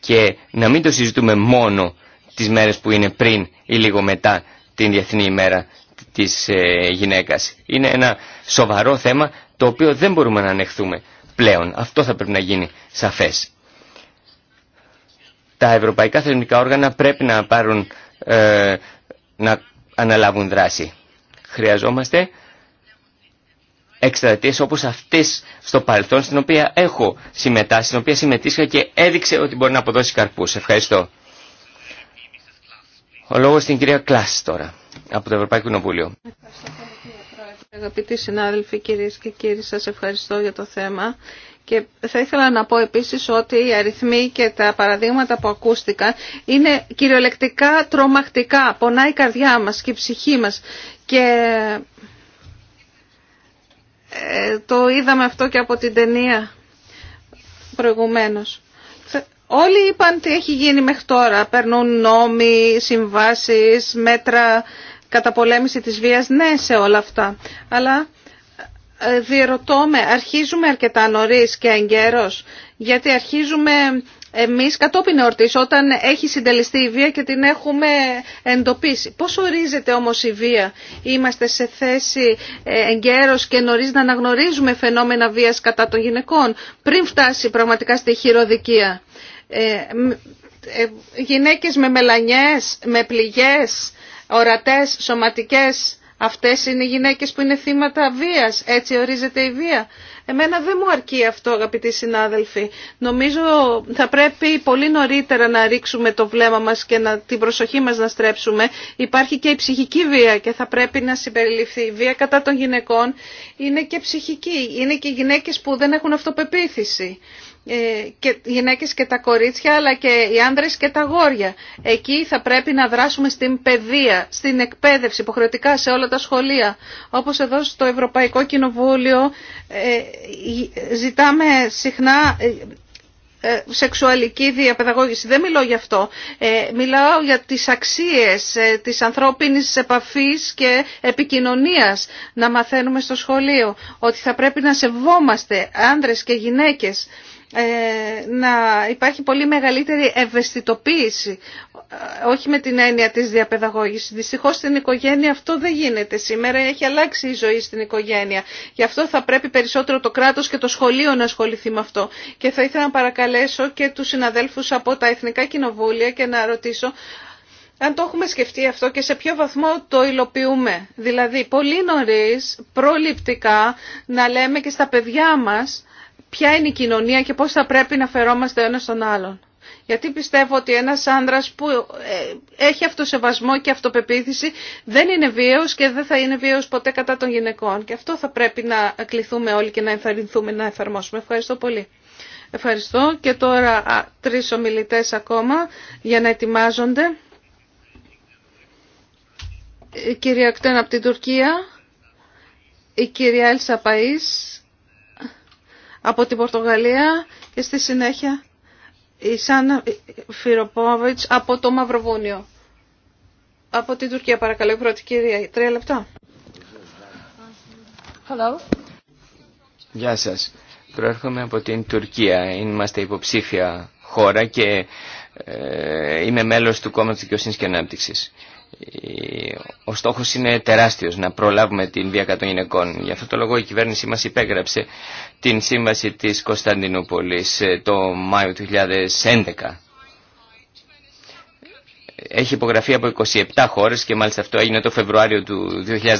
Speaker 4: και να μην το συζητούμε μόνο τις μέρες που είναι πριν ή λίγο μετά την Διεθνή ημέρα της ε, γυναίκας. Είναι ένα σοβαρό θέμα το οποίο δεν μπορούμε να ανεχθούμε πλέον. Αυτό θα πρέπει να γίνει σαφές. Τα ευρωπαϊκά θεσμικά όργανα πρέπει να πάρουν, ε, να αναλάβουν δράση. Χρειαζόμαστε εκστρατείε όπως αυτές στο παρελθόν, στην οποία έχω συμμετάσχει, στην οποία συμμετείχα και έδειξε ότι μπορεί να αποδώσει καρπούς. Ευχαριστώ. Ο λόγος στην κυρία Κλάς τώρα, από το Ευρωπαϊκό Κοινοβούλιο.
Speaker 3: Αγαπητοί συνάδελφοι, κυρίες και κύριοι, σας ευχαριστώ για το θέμα. Και θα ήθελα να πω επίσης ότι οι αριθμοί και τα παραδείγματα που ακούστηκαν είναι κυριολεκτικά τρομακτικά. Πονάει η καρδιά μας και η ψυχή μας. Και ε, το είδαμε αυτό και από την ταινία προηγουμένως. Όλοι είπαν τι έχει γίνει μέχρι τώρα. Περνούν νόμοι, συμβάσεις, μέτρα καταπολέμηση της βίας, ναι σε όλα αυτά. Αλλά ε, διερωτώ αρχίζουμε αρκετά νωρίς και εγκαίρως, γιατί αρχίζουμε εμείς κατόπιν εορτής, όταν έχει συντελεστεί η βία και την έχουμε εντοπίσει. Πώς ορίζεται όμως η βία, είμαστε σε θέση ε, εγκαίρως και νωρίς να αναγνωρίζουμε φαινόμενα βίας κατά των γυναικών, πριν φτάσει πραγματικά στη χειροδικία. Ε, γυναίκες με μελανιές, με πληγές, ορατές, σωματικές, αυτές είναι οι γυναίκες που είναι θύματα βίας. Έτσι ορίζεται η βία. Εμένα δεν μου αρκεί αυτό αγαπητοί συνάδελφοι. Νομίζω θα πρέπει πολύ νωρίτερα να ρίξουμε το βλέμμα μας και να, την προσοχή μας να στρέψουμε. Υπάρχει και η ψυχική βία και θα πρέπει να συμπεριληφθεί. Η βία κατά των γυναικών είναι και ψυχική. Είναι και οι γυναίκες που δεν έχουν αυτοπεποίθηση. Ε, και γυναίκες και τα κορίτσια αλλά και οι άνδρες και τα γόρια. Εκεί θα πρέπει να δράσουμε στην παιδεία, στην εκπαίδευση υποχρεωτικά σε όλα τα σχολεία. Όπως εδώ στο Ευρωπαϊκό Κοινοβούλιο ε, ζητάμε συχνά ε, σεξουαλική διαπαιδαγώγηση. Δεν μιλώ γι' αυτό. μιλάω για τις αξίες της ανθρώπινης επαφής και επικοινωνίας να μαθαίνουμε στο σχολείο. Ότι θα πρέπει να σεβόμαστε άνδρες και γυναίκες ε, να υπάρχει πολύ μεγαλύτερη ευαισθητοποίηση, ε, όχι με την έννοια της διαπαιδαγώγησης. Δυστυχώς στην οικογένεια αυτό δεν γίνεται. Σήμερα έχει αλλάξει η ζωή στην οικογένεια. Γι' αυτό θα πρέπει περισσότερο το κράτος και το σχολείο να ασχοληθεί με αυτό. Και θα ήθελα να παρακαλέσω και τους συναδέλφους από τα Εθνικά Κοινοβούλια και να ρωτήσω αν το έχουμε σκεφτεί αυτό και σε ποιο βαθμό το υλοποιούμε. Δηλαδή, πολύ νωρί προληπτικά, να λέμε και στα παιδιά μας ποια είναι η κοινωνία και πώς θα πρέπει να φερόμαστε ο ένας τον άλλον. Γιατί πιστεύω ότι ένας άνδρας που ε, έχει αυτοσεβασμό και αυτοπεποίθηση δεν είναι βίαιος και δεν θα είναι βίαιος ποτέ κατά των γυναικών. Και αυτό θα πρέπει να κληθούμε όλοι και να ενθαρρυνθούμε να εφαρμόσουμε. Ευχαριστώ πολύ. Ευχαριστώ και τώρα τρεις ομιλητές ακόμα για να ετοιμάζονται. Η κυρία Κτένα από την Τουρκία, η κυρία Έλσα Παΐς από την Πορτογαλία και στη συνέχεια η Σάννα Φιροπόβιτς από το Μαυροβούνιο. Από την Τουρκία παρακαλώ, η πρώτη κυρία. Τρία λεπτά.
Speaker 2: Hello.
Speaker 4: Γεια σας. Προέρχομαι από την Τουρκία. Είμαστε υποψήφια χώρα και ε, είμαι μέλος του Κόμματος Δικαιοσύνης και Ανάπτυξης ο στόχος είναι τεράστιος να προλάβουμε την βία κατά των γυναικών. Γι' αυτό το λόγο η κυβέρνησή μας υπέγραψε την σύμβαση της Κωνσταντινούπολης ε, το Μάιο του 2011. Έχει υπογραφεί από 27 χώρες και μάλιστα αυτό έγινε το Φεβρουάριο του 2013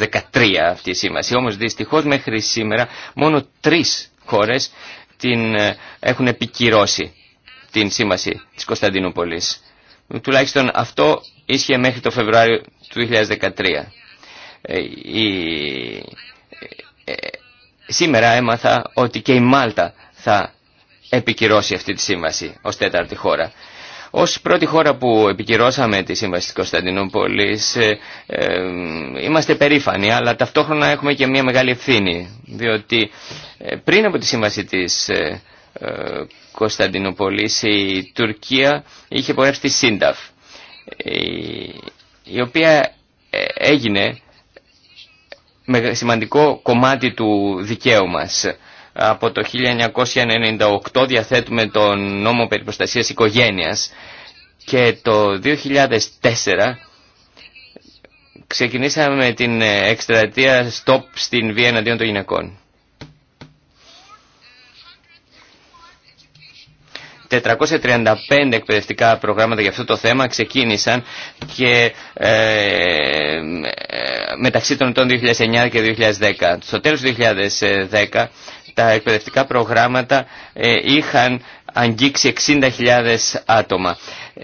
Speaker 4: αυτή η σύμβαση. Όμως δυστυχώς μέχρι σήμερα μόνο τρεις χώρες την ε, έχουν επικυρώσει την σύμβαση της Κωνσταντινούπολης. Τουλάχιστον αυτό ίσχυε μέχρι το Φεβρουάριο του 2013. Ε, ε, ε, σήμερα έμαθα ότι και η Μάλτα θα επικυρώσει αυτή τη σύμβαση ως τέταρτη χώρα. Ως πρώτη χώρα που επικυρώσαμε τη σύμβαση της Κωνσταντινούπολης είμαστε περήφανοι αλλά ταυτόχρονα έχουμε και μια μεγάλη ευθύνη διότι πριν από τη σύμβαση της Κωνσταντινούπολης η Τουρκία είχε πορεύσει τη ΣΥΝΤΑΦ η οποία ε, έγινε με σημαντικό κομμάτι του δικαίου μας. Από το 1998 διαθέτουμε τον νόμο περί προστασίας οικογένειας και το 2004 ξεκινήσαμε την ε, εκστρατεία stop στην βία εναντίον των γυναικών. 435 εκπαιδευτικά προγράμματα για αυτό το θέμα ξεκίνησαν και ε, ε, μεταξύ των 2009 και 2010. Στο τέλος του 2010 τα εκπαιδευτικά προγράμματα ε, είχαν αγγίξει 60.000 άτομα.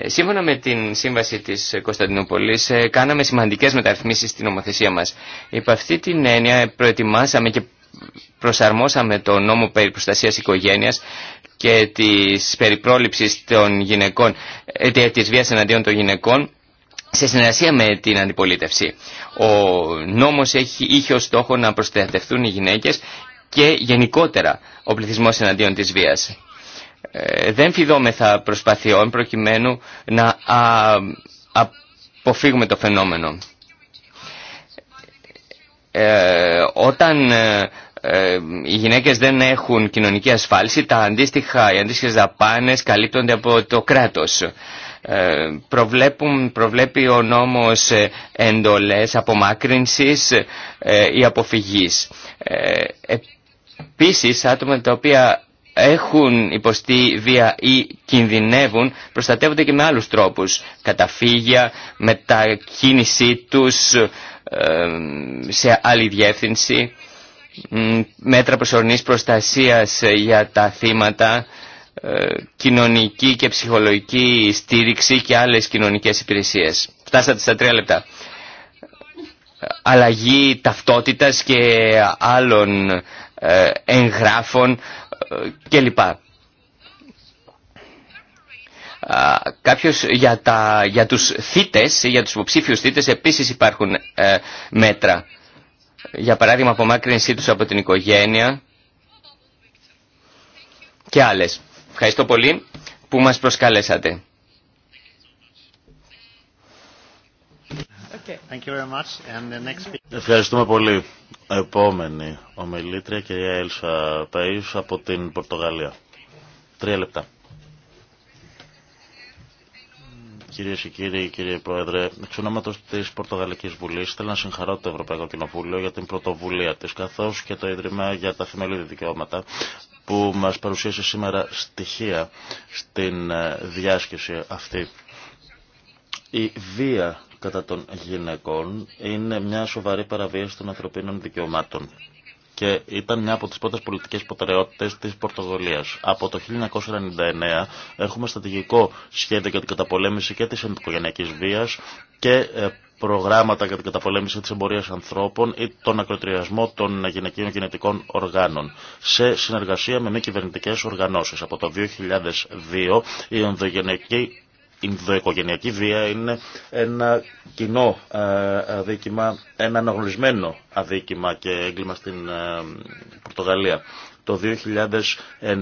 Speaker 4: Σύμφωνα με την σύμβαση της Κωνσταντινούπολης, κάναμε σημαντικές μεταρρυθμίσεις στην ομοθεσία μας. Υπ' αυτή την έννοια προετοιμάσαμε και προσαρμόσαμε το νόμο περί προστασίας οικογένειας και της περιπρόληψης των γυναικών, ε, της βίας εναντίον των γυναικών σε συνεργασία με την αντιπολίτευση. Ο νόμος έχει, είχε ως στόχο να προστατευτούν οι γυναίκες και γενικότερα ο πληθυσμός εναντίον της βίας. Ε, δεν φιδόμεθα προσπαθειών προκειμένου να α, αποφύγουμε το φαινόμενο. Ε, όταν ε, ε, οι γυναίκες δεν έχουν κοινωνική ασφάλιση, τα αντίστοιχα, οι αντίστοιχες δαπάνες καλύπτονται από το κράτος. Ε, προβλέπουν, προβλέπει ο νόμος ε, εντολές απομάκρυνσης ή αποφυγής. Επίσης, άτομα τα οποία έχουν υποστεί βία ή κινδυνεύουν, προστατεύονται και με άλλους τρόπους. Καταφύγια, μετακίνησή τους σε άλλη διεύθυνση μέτρα προσωρινής προστασίας ε, για τα θύματα, ε, κοινωνική και ψυχολογική στήριξη και άλλες κοινωνικές υπηρεσίες. Φτάσατε στα τρία λεπτά. Αλλαγή ταυτότητας και άλλων ε, εγγράφων κλπ. Κάποιος για, τα, για τους θύτες, για τους υποψήφιους θύτες επίσης υπάρχουν μέτρα για παράδειγμα απομάκρυνσή τους από την οικογένεια και άλλες. Ευχαριστώ πολύ που μας προσκαλέσατε.
Speaker 2: Ευχαριστούμε πολύ. Επόμενη ομιλήτρια, κυρία Έλσα Παΐς από την Πορτογαλία. Τρία λεπτά. Κυρίε και κύριοι, κύριε Πρόεδρε, εξ ονόματο τη Πορτογαλική Βουλή, θέλω να συγχαρώ το Ευρωπαϊκό Κοινοβούλιο για την πρωτοβουλία τη, καθώ και το Ίδρυμα για τα Θεμελιώδη Δικαιώματα, που μα παρουσίασε σήμερα στοιχεία στην ε, διάσκεψη αυτή. Η βία κατά των γυναικών είναι μια σοβαρή παραβίαση των ανθρωπίνων δικαιωμάτων και ήταν μια από τις πρώτες πολιτικές προτεραιότητες της Πορτογαλίας. Από το 1999 έχουμε στρατηγικό σχέδιο για την καταπολέμηση και της ενδοικογενειακής βίας και ε, προγράμματα για την καταπολέμηση της εμπορίας ανθρώπων ή τον ακροτηριασμό των γυναικείων γενετικών οργάνων σε συνεργασία με μη κυβερνητικέ οργανώσεις. Από το 2002 η ενδογενειακή η ενδοοικογενειακή βία είναι ένα κοινό ε, αδίκημα, ένα αναγνωρισμένο αδίκημα και έγκλημα στην ε, Πορτογαλία. Το 2009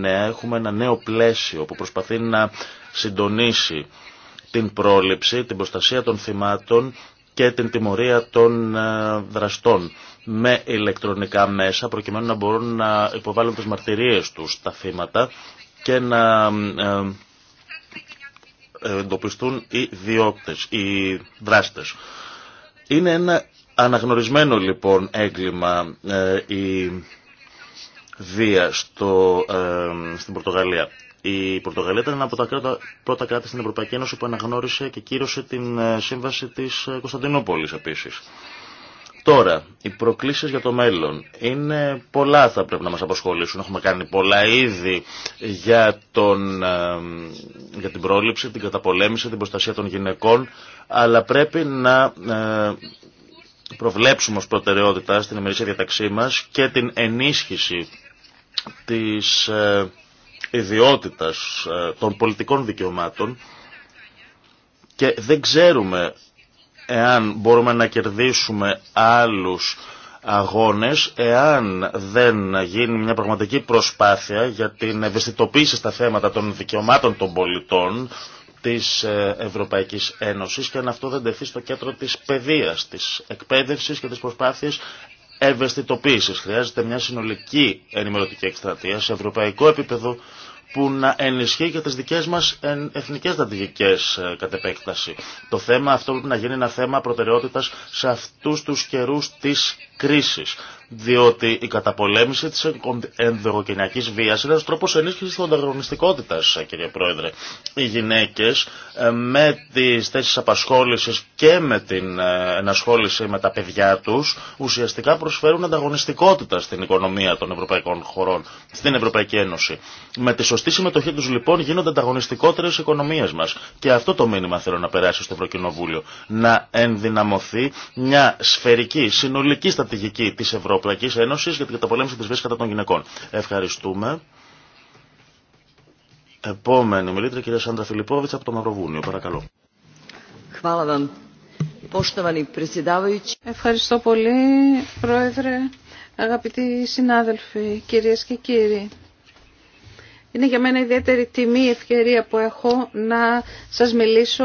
Speaker 2: έχουμε ένα νέο πλαίσιο που προσπαθεί να συντονίσει την πρόληψη, την προστασία των θυμάτων και την τιμωρία των ε, δραστών με ηλεκτρονικά μέσα προκειμένου να μπορούν να υποβάλουν τις μαρτυρίες τους τα θύματα και να εντοπιστούν οι διώκτες, οι δράστες. Είναι ένα αναγνωρισμένο λοιπόν έγκλημα ε, η βία ε, στην Πορτογαλία. Η Πορτογαλία ήταν ένα από τα πρώτα κράτη στην Ευρωπαϊκή Ένωση που αναγνώρισε και κύρωσε την ε, σύμβαση της Κωνσταντινούπολης επίσης. Τώρα, οι προκλήσεις για το μέλλον είναι πολλά θα πρέπει να μας αποσχολήσουν. Έχουμε κάνει πολλά ήδη για, τον, για την πρόληψη, την καταπολέμηση, την προστασία των γυναικών, αλλά πρέπει να προβλέψουμε ως προτεραιότητα στην ημερήσια διαταξή μας και την ενίσχυση της ε, ιδιότητας ε, των πολιτικών δικαιωμάτων και δεν ξέρουμε εάν μπορούμε να κερδίσουμε άλλους αγώνες, εάν δεν γίνει μια πραγματική προσπάθεια για την ευαισθητοποίηση στα θέματα των δικαιωμάτων των πολιτών, της ε, Ευρωπαϊκής Ένωσης και αν αυτό δεν τεθεί στο κέντρο της παιδείας, της εκπαίδευσης και της προσπάθειας ευαισθητοποίησης. Χρειάζεται μια συνολική ενημερωτική εκστρατεία σε ευρωπαϊκό επίπεδο, που να ενισχύει και τις δικές μας εθνικές στρατηγικές ε, κατ' επέκταση. Το θέμα αυτό πρέπει να γίνει ένα θέμα προτεραιότητας σε αυτούς τους καιρούς της διότι η καταπολέμηση της ενδοκενειακής βίας είναι ένας τρόπος ενίσχυσης της ανταγωνιστικότητας, ε, κύριε Πρόεδρε. Οι γυναίκες ε, με τις θέσεις απασχόλησης και με την ε, ενασχόληση με τα παιδιά τους ουσιαστικά προσφέρουν ανταγωνιστικότητα στην οικονομία των ευρωπαϊκών χωρών, στην Ευρωπαϊκή Ένωση. Με τη σωστή συμμετοχή τους λοιπόν γίνονται ανταγωνιστικότερες οι οικονομίες μας. Και αυτό το μήνυμα θέλω να περάσει στο Ευρωκοινοβούλιο. Να ενδυναμωθεί μια σφαιρική, συνολική στρατηγική της Ευρωπαϊκής Ένωσης για την καταπολέμηση της βίας κατά των γυναικών. Ευχαριστούμε. Επόμενη μιλήτρια, κυρία Σάντρα Φιλιππόβιτς από το Μαυροβούνιο. Παρακαλώ.
Speaker 3: Ευχαριστώ πολύ, Πρόεδρε, αγαπητοί συνάδελφοι, κυρίες και κύριοι. Είναι για μένα ιδιαίτερη τιμή ευκαιρία που έχω να σας μιλήσω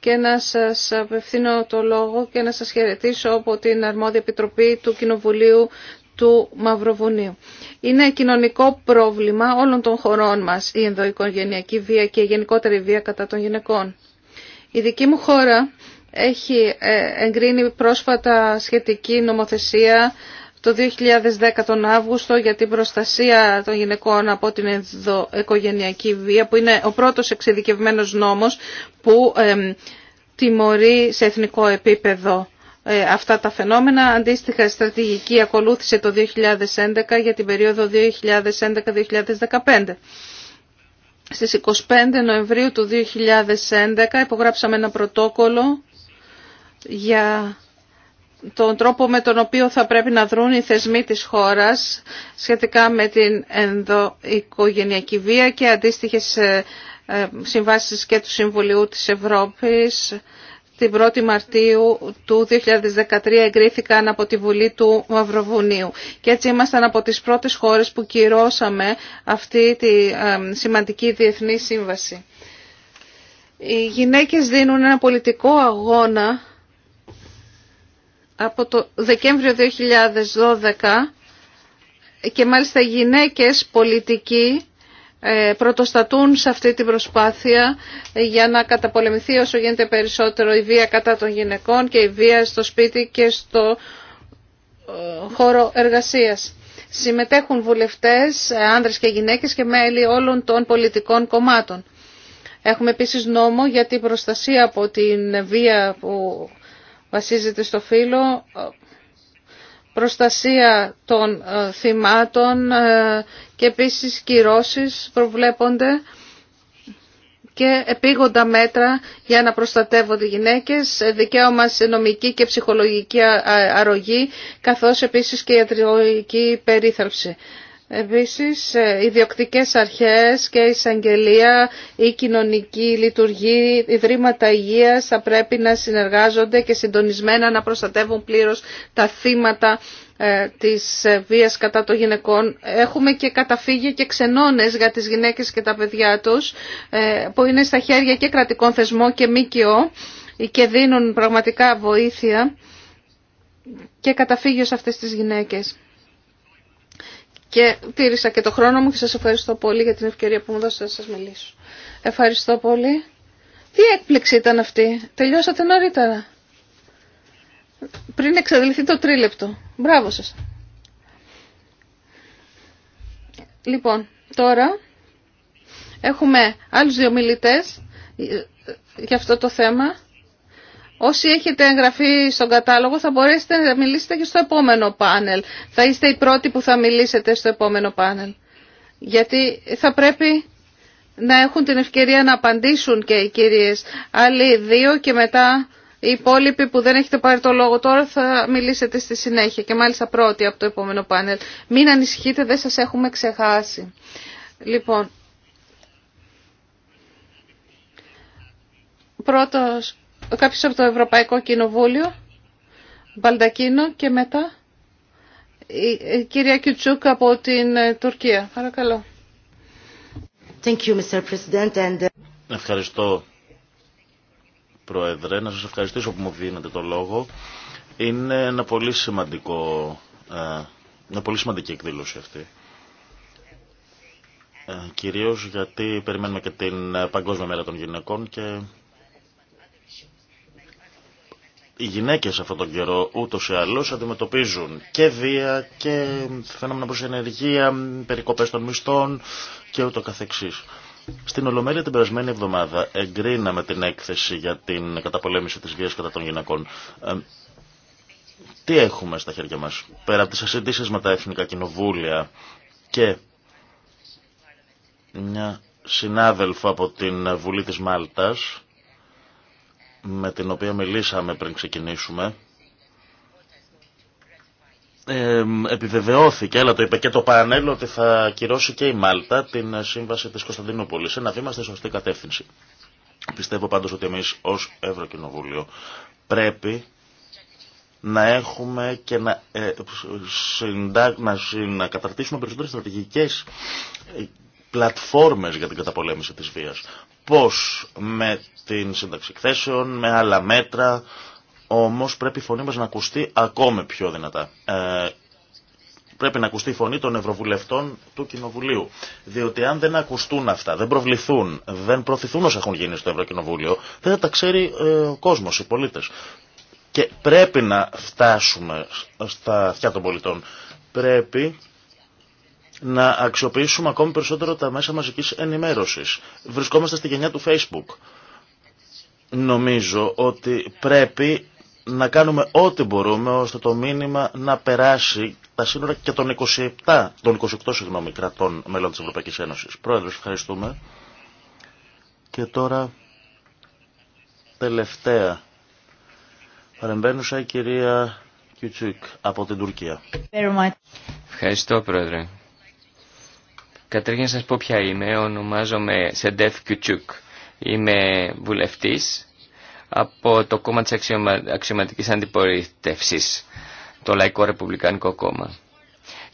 Speaker 3: και να σας απευθύνω το λόγο και να σας χαιρετήσω από την Αρμόδια Επιτροπή του Κοινοβουλίου του Μαυροβουνίου. Είναι κοινωνικό πρόβλημα όλων των χωρών μας η ενδοοικογενειακή βία και η γενικότερη βία κατά των γυναικών. Η δική μου χώρα έχει ε, εγκρίνει πρόσφατα σχετική νομοθεσία το 2010 τον Αύγουστο για την προστασία των γυναικών από την οικογενειακή βία που είναι ο πρώτος εξειδικευμένος νόμος που τιμωρεί σε εθνικό επίπεδο ε, αυτά τα φαινόμενα. Αντίστοιχα η στρατηγική ακολούθησε το 2011 για την περίοδο 2011-2015. Στις 25 Νοεμβρίου του 2011 υπογράψαμε ένα πρωτόκολλο για τον τρόπο με τον οποίο θα πρέπει να δρουν οι θεσμοί της χώρας σχετικά με την ενδοοικογενειακή βία και αντίστοιχες ε, ε, συμβάσεις και του Συμβουλίου της Ευρώπης. Την 1η Μαρτίου του 2013 εγκρίθηκαν από τη Βουλή του Μαυροβουνίου. Και έτσι ήμασταν από τις πρώτες χώρες που κυρώσαμε αυτή τη ε, σημαντική διεθνή σύμβαση. Οι γυναίκες δίνουν ένα πολιτικό αγώνα από το Δεκέμβριο 2012 και μάλιστα γυναίκες πολιτικοί ε, πρωτοστατούν σε αυτή την προσπάθεια για να καταπολεμηθεί όσο γίνεται περισσότερο η βία κατά των γυναικών και η βία στο σπίτι και στο ε, χώρο εργασίας. Συμμετέχουν βουλευτές, ε, άνδρες και γυναίκες και μέλη όλων των πολιτικών κομμάτων. Έχουμε επίσης νόμο για την προστασία από την βία που βασίζεται στο φύλλο, προστασία των ε, θυμάτων ε, και επίσης κυρώσεις προβλέπονται και επίγοντα μέτρα για να προστατεύονται οι γυναίκες, δικαίωμα σε νομική και ψυχολογική ε, αρρωγή, καθώς επίσης και ιατρική περίθαλψη. Επίσης, ε, οι αρχές και η εισαγγελία, η κοινωνική λειτουργή, ιδρύματα υγείας θα πρέπει να συνεργάζονται και συντονισμένα να προστατεύουν πλήρως τα θύματα ε, της ε, βίας κατά των γυναικών. Έχουμε και καταφύγια και ξενώνες για τις γυναίκες και τα παιδιά τους που είναι στα χέρια και κρατικών θεσμών και ΜΚΟ και δίνουν πραγματικά βοήθεια και καταφύγιο σε αυτές τις γυναίκες. Και τήρησα και το χρόνο μου και σας ευχαριστώ πολύ για την ευκαιρία που μου δώσατε να σας μιλήσω. Ευχαριστώ πολύ. Τι έκπληξη ήταν αυτή. Τελειώσατε νωρίτερα. Πριν εξαντληθεί το τρίλεπτο. Μπράβο σας. Λοιπόν, τώρα έχουμε άλλους δύο μιλητές για αυτό το θέμα. Όσοι έχετε εγγραφεί στον κατάλογο θα μπορέσετε να μιλήσετε και στο επόμενο πάνελ. Θα είστε οι πρώτοι που θα μιλήσετε στο επόμενο πάνελ. Γιατί θα πρέπει να έχουν την ευκαιρία να απαντήσουν και οι κυρίες. Άλλοι δύο και μετά οι υπόλοιποι που δεν έχετε πάρει το λόγο τώρα θα μιλήσετε στη συνέχεια και μάλιστα πρώτοι από το επόμενο πάνελ. Μην ανησυχείτε, δεν σας έχουμε ξεχάσει. Λοιπόν, πρώτος κάποιος από το Ευρωπαϊκό Κοινοβούλιο, Μπαλντακίνο και μετά η κυρία Κιουτσούκ από την ε, Τουρκία. Παρακαλώ.
Speaker 6: Thank you, Mr. President, ε,
Speaker 2: Ευχαριστώ, Πρόεδρε. Να σας ευχαριστήσω που μου δίνετε το λόγο. Είναι ένα πολύ σημαντικό, ε, μια πολύ σημαντική εκδήλωση αυτή. Κυρίως γιατί περιμένουμε και την Παγκόσμια Μέρα των Γυναικών και οι γυναίκες αυτόν τον καιρό ούτως ή άλλως αντιμετωπίζουν και βία και φαινόμενα προς ενεργεία, περικοπές των μισθών και ούτω καθεξής. Στην Ολομέλεια την περασμένη εβδομάδα εγκρίναμε την έκθεση για την καταπολέμηση της βίας κατά των γυναικών. Ε, τι έχουμε στα χέρια μας, πέρα από τις ασυντήσεις με τα εθνικά κοινοβούλια και μια συνάδελφο από την Βουλή της Μάλτας, με την οποία μιλήσαμε πριν ξεκινήσουμε επιβεβαιώθηκε, αλλά το είπε και το πανέλ, ότι θα κυρώσει και η Μάλτα την σύμβαση της Κωνσταντινούπολης. Ένα βήμα στη σωστή κατεύθυνση. Πιστεύω πάντως ότι εμείς ως Ευρωκοινοβούλιο πρέπει να έχουμε και να, ε, να, καταρτήσουμε περισσότερες στρατηγικές ε, πλατφόρμες για την καταπολέμηση της βίας πώς με την σύνταξη εκθέσεων, με άλλα μέτρα, όμως πρέπει η φωνή μας να ακουστεί ακόμη πιο δυνατά. Ε, πρέπει να ακουστεί η φωνή των Ευρωβουλευτών του Κοινοβουλίου. Διότι αν δεν ακουστούν αυτά, δεν προβληθούν, δεν προωθηθούν όσα έχουν γίνει στο Ευρωκοινοβούλιο, δεν θα τα ξέρει ε, ο κόσμος, οι πολίτες. Και πρέπει να φτάσουμε στα αυτιά των πολιτών. Πρέπει να αξιοποιήσουμε ακόμη περισσότερο τα μέσα μαζικής ενημέρωσης. Βρισκόμαστε στη γενιά του Facebook. Νομίζω ότι πρέπει να κάνουμε ό,τι μπορούμε ώστε το μήνυμα να περάσει τα σύνορα και των 27, των 28 συγγνώμη, κρατών μέλων της Ευρωπαϊκής Ένωσης. Πρόεδρος, ευχαριστούμε. Και τώρα τελευταία παρεμβαίνουσα η
Speaker 4: κυρία Κιουτσίκ από την Τουρκία. Ευχαριστώ, Πρόεδρε. Καταρχήν να σας πω ποια είμαι. Ονομάζομαι Σεντεφ Κιουτσούκ. Είμαι βουλευτής από το κόμμα της αξιωματικής αντιπολιτευσής, το Λαϊκό Ρεπουμπλικανικό Κόμμα.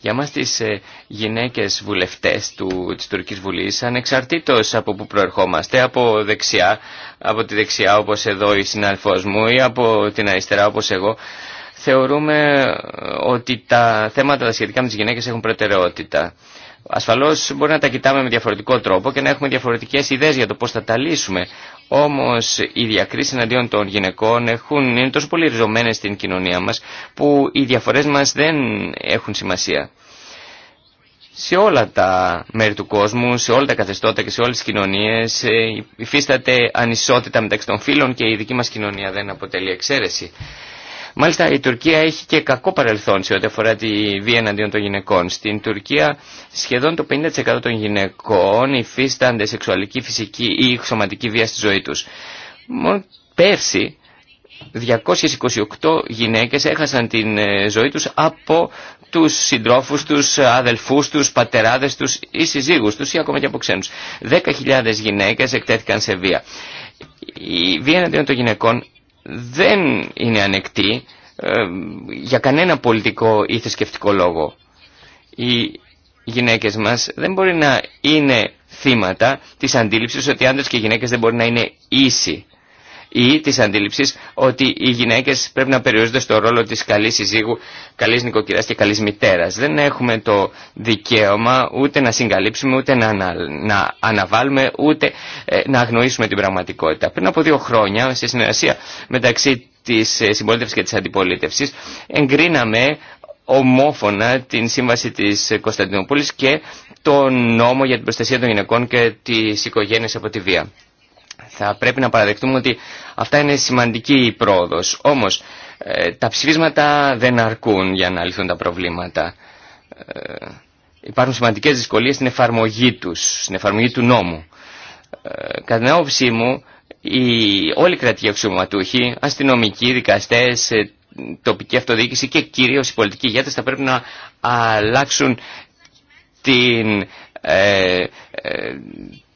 Speaker 4: Για μας τις ε, γυναίκες βουλευτές του, της Τουρκικής Βουλής, ανεξαρτήτως από που προερχόμαστε, από δεξιά, από τη δεξιά όπως εδώ η συναλφός μου ή από την αριστερά όπως εγώ, θεωρούμε ότι τα θέματα τα σχετικά με τις γυναίκες έχουν προτεραιότητα. Ασφαλώς μπορεί να τα κοιτάμε με διαφορετικό τρόπο και να έχουμε διαφορετικές ιδέες για το πώς θα τα λύσουμε. Όμως οι διακρίσεις εναντίον των γυναικών έχουν, είναι τόσο πολύ ριζωμένες στην κοινωνία μας που οι διαφορές μας δεν έχουν σημασία. Σε όλα τα μέρη του κόσμου, σε όλα τα καθεστώτα και σε όλες τις κοινωνίες ε, υφίσταται ανισότητα μεταξύ των φύλων και η δική μας κοινωνία δεν αποτελεί εξαίρεση. Μάλιστα η Τουρκία έχει και κακό παρελθόν σε ό,τι αφορά τη βία εναντίον των γυναικών. Στην Τουρκία σχεδόν το 50% των γυναικών υφίστανται σεξουαλική, φυσική ή σωματική βία στη ζωή τους. Μόνο πέρσι 228 γυναίκες έχασαν την ε, ζωή τους από τους συντρόφους τους, αδελφούς τους, πατεράδες τους ή συζύγους τους ή ακόμα και από ξένους. 10.000 γυναίκες εκτέθηκαν σε βία. Η βία εναντίον των γυναικών δεν είναι ανεκτή ε, για κανένα πολιτικό ή θρησκευτικό λόγο. Οι γυναίκες μας δεν μπορεί να είναι θύματα της αντίληψης ότι άντρες και γυναίκες δεν μπορεί να είναι ίσοι ή της αντίληψης ότι οι γυναίκες πρέπει να περιορίζονται στο ρόλο της καλής συζύγου, καλής νοικοκυράς και καλής μητέρας. Δεν έχουμε το δικαίωμα ούτε να συγκαλύψουμε, ούτε να, να αναβάλουμε, ούτε ε, να αγνοήσουμε την πραγματικότητα. Πριν από δύο χρόνια, σε συνεργασία μεταξύ της ε, συμπολίτευσης και της αντιπολίτευσης, εγκρίναμε ομόφωνα την σύμβαση της Κωνσταντινούπολης και τον νόμο για την προστασία των γυναικών και της οικογένειας από τη βία θα πρέπει να παραδεχτούμε ότι αυτά είναι σημαντική πρόοδος. Όμως ε, τα ψηφίσματα δεν αρκούν για να λυθούν τα προβλήματα. Ε, υπάρχουν σημαντικές δυσκολίες στην εφαρμογή τους, στην εφαρμογή του νόμου. Ε, κατά την άποψή μου, η όλοι οι κρατικοί αξιωματούχοι, αστυνομικοί, δικαστές, τοπική αυτοδιοίκηση και κυρίως οι πολιτικοί ηγέτες θα πρέπει να αλλάξουν την,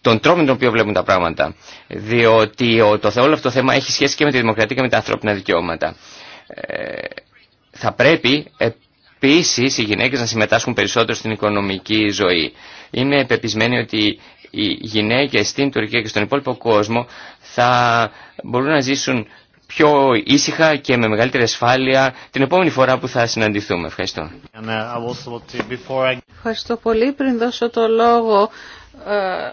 Speaker 4: τον τρόπο με τον οποίο βλέπουν τα πράγματα. Διότι το, όλο αυτό το θέμα έχει σχέση και με τη δημοκρατία και με τα ανθρώπινα δικαιώματα. Ε, θα πρέπει επίση οι γυναίκε να συμμετάσχουν περισσότερο στην οικονομική ζωή. Είμαι πεπισμένη ότι οι γυναίκε στην Τουρκία και στον υπόλοιπο κόσμο θα μπορούν να ζήσουν πιο ήσυχα και με μεγαλύτερη ασφάλεια την επόμενη φορά που θα συναντηθούμε. Ευχαριστώ.
Speaker 1: Uh, ευχαριστώ πολύ.
Speaker 3: Πριν δώσω το λόγο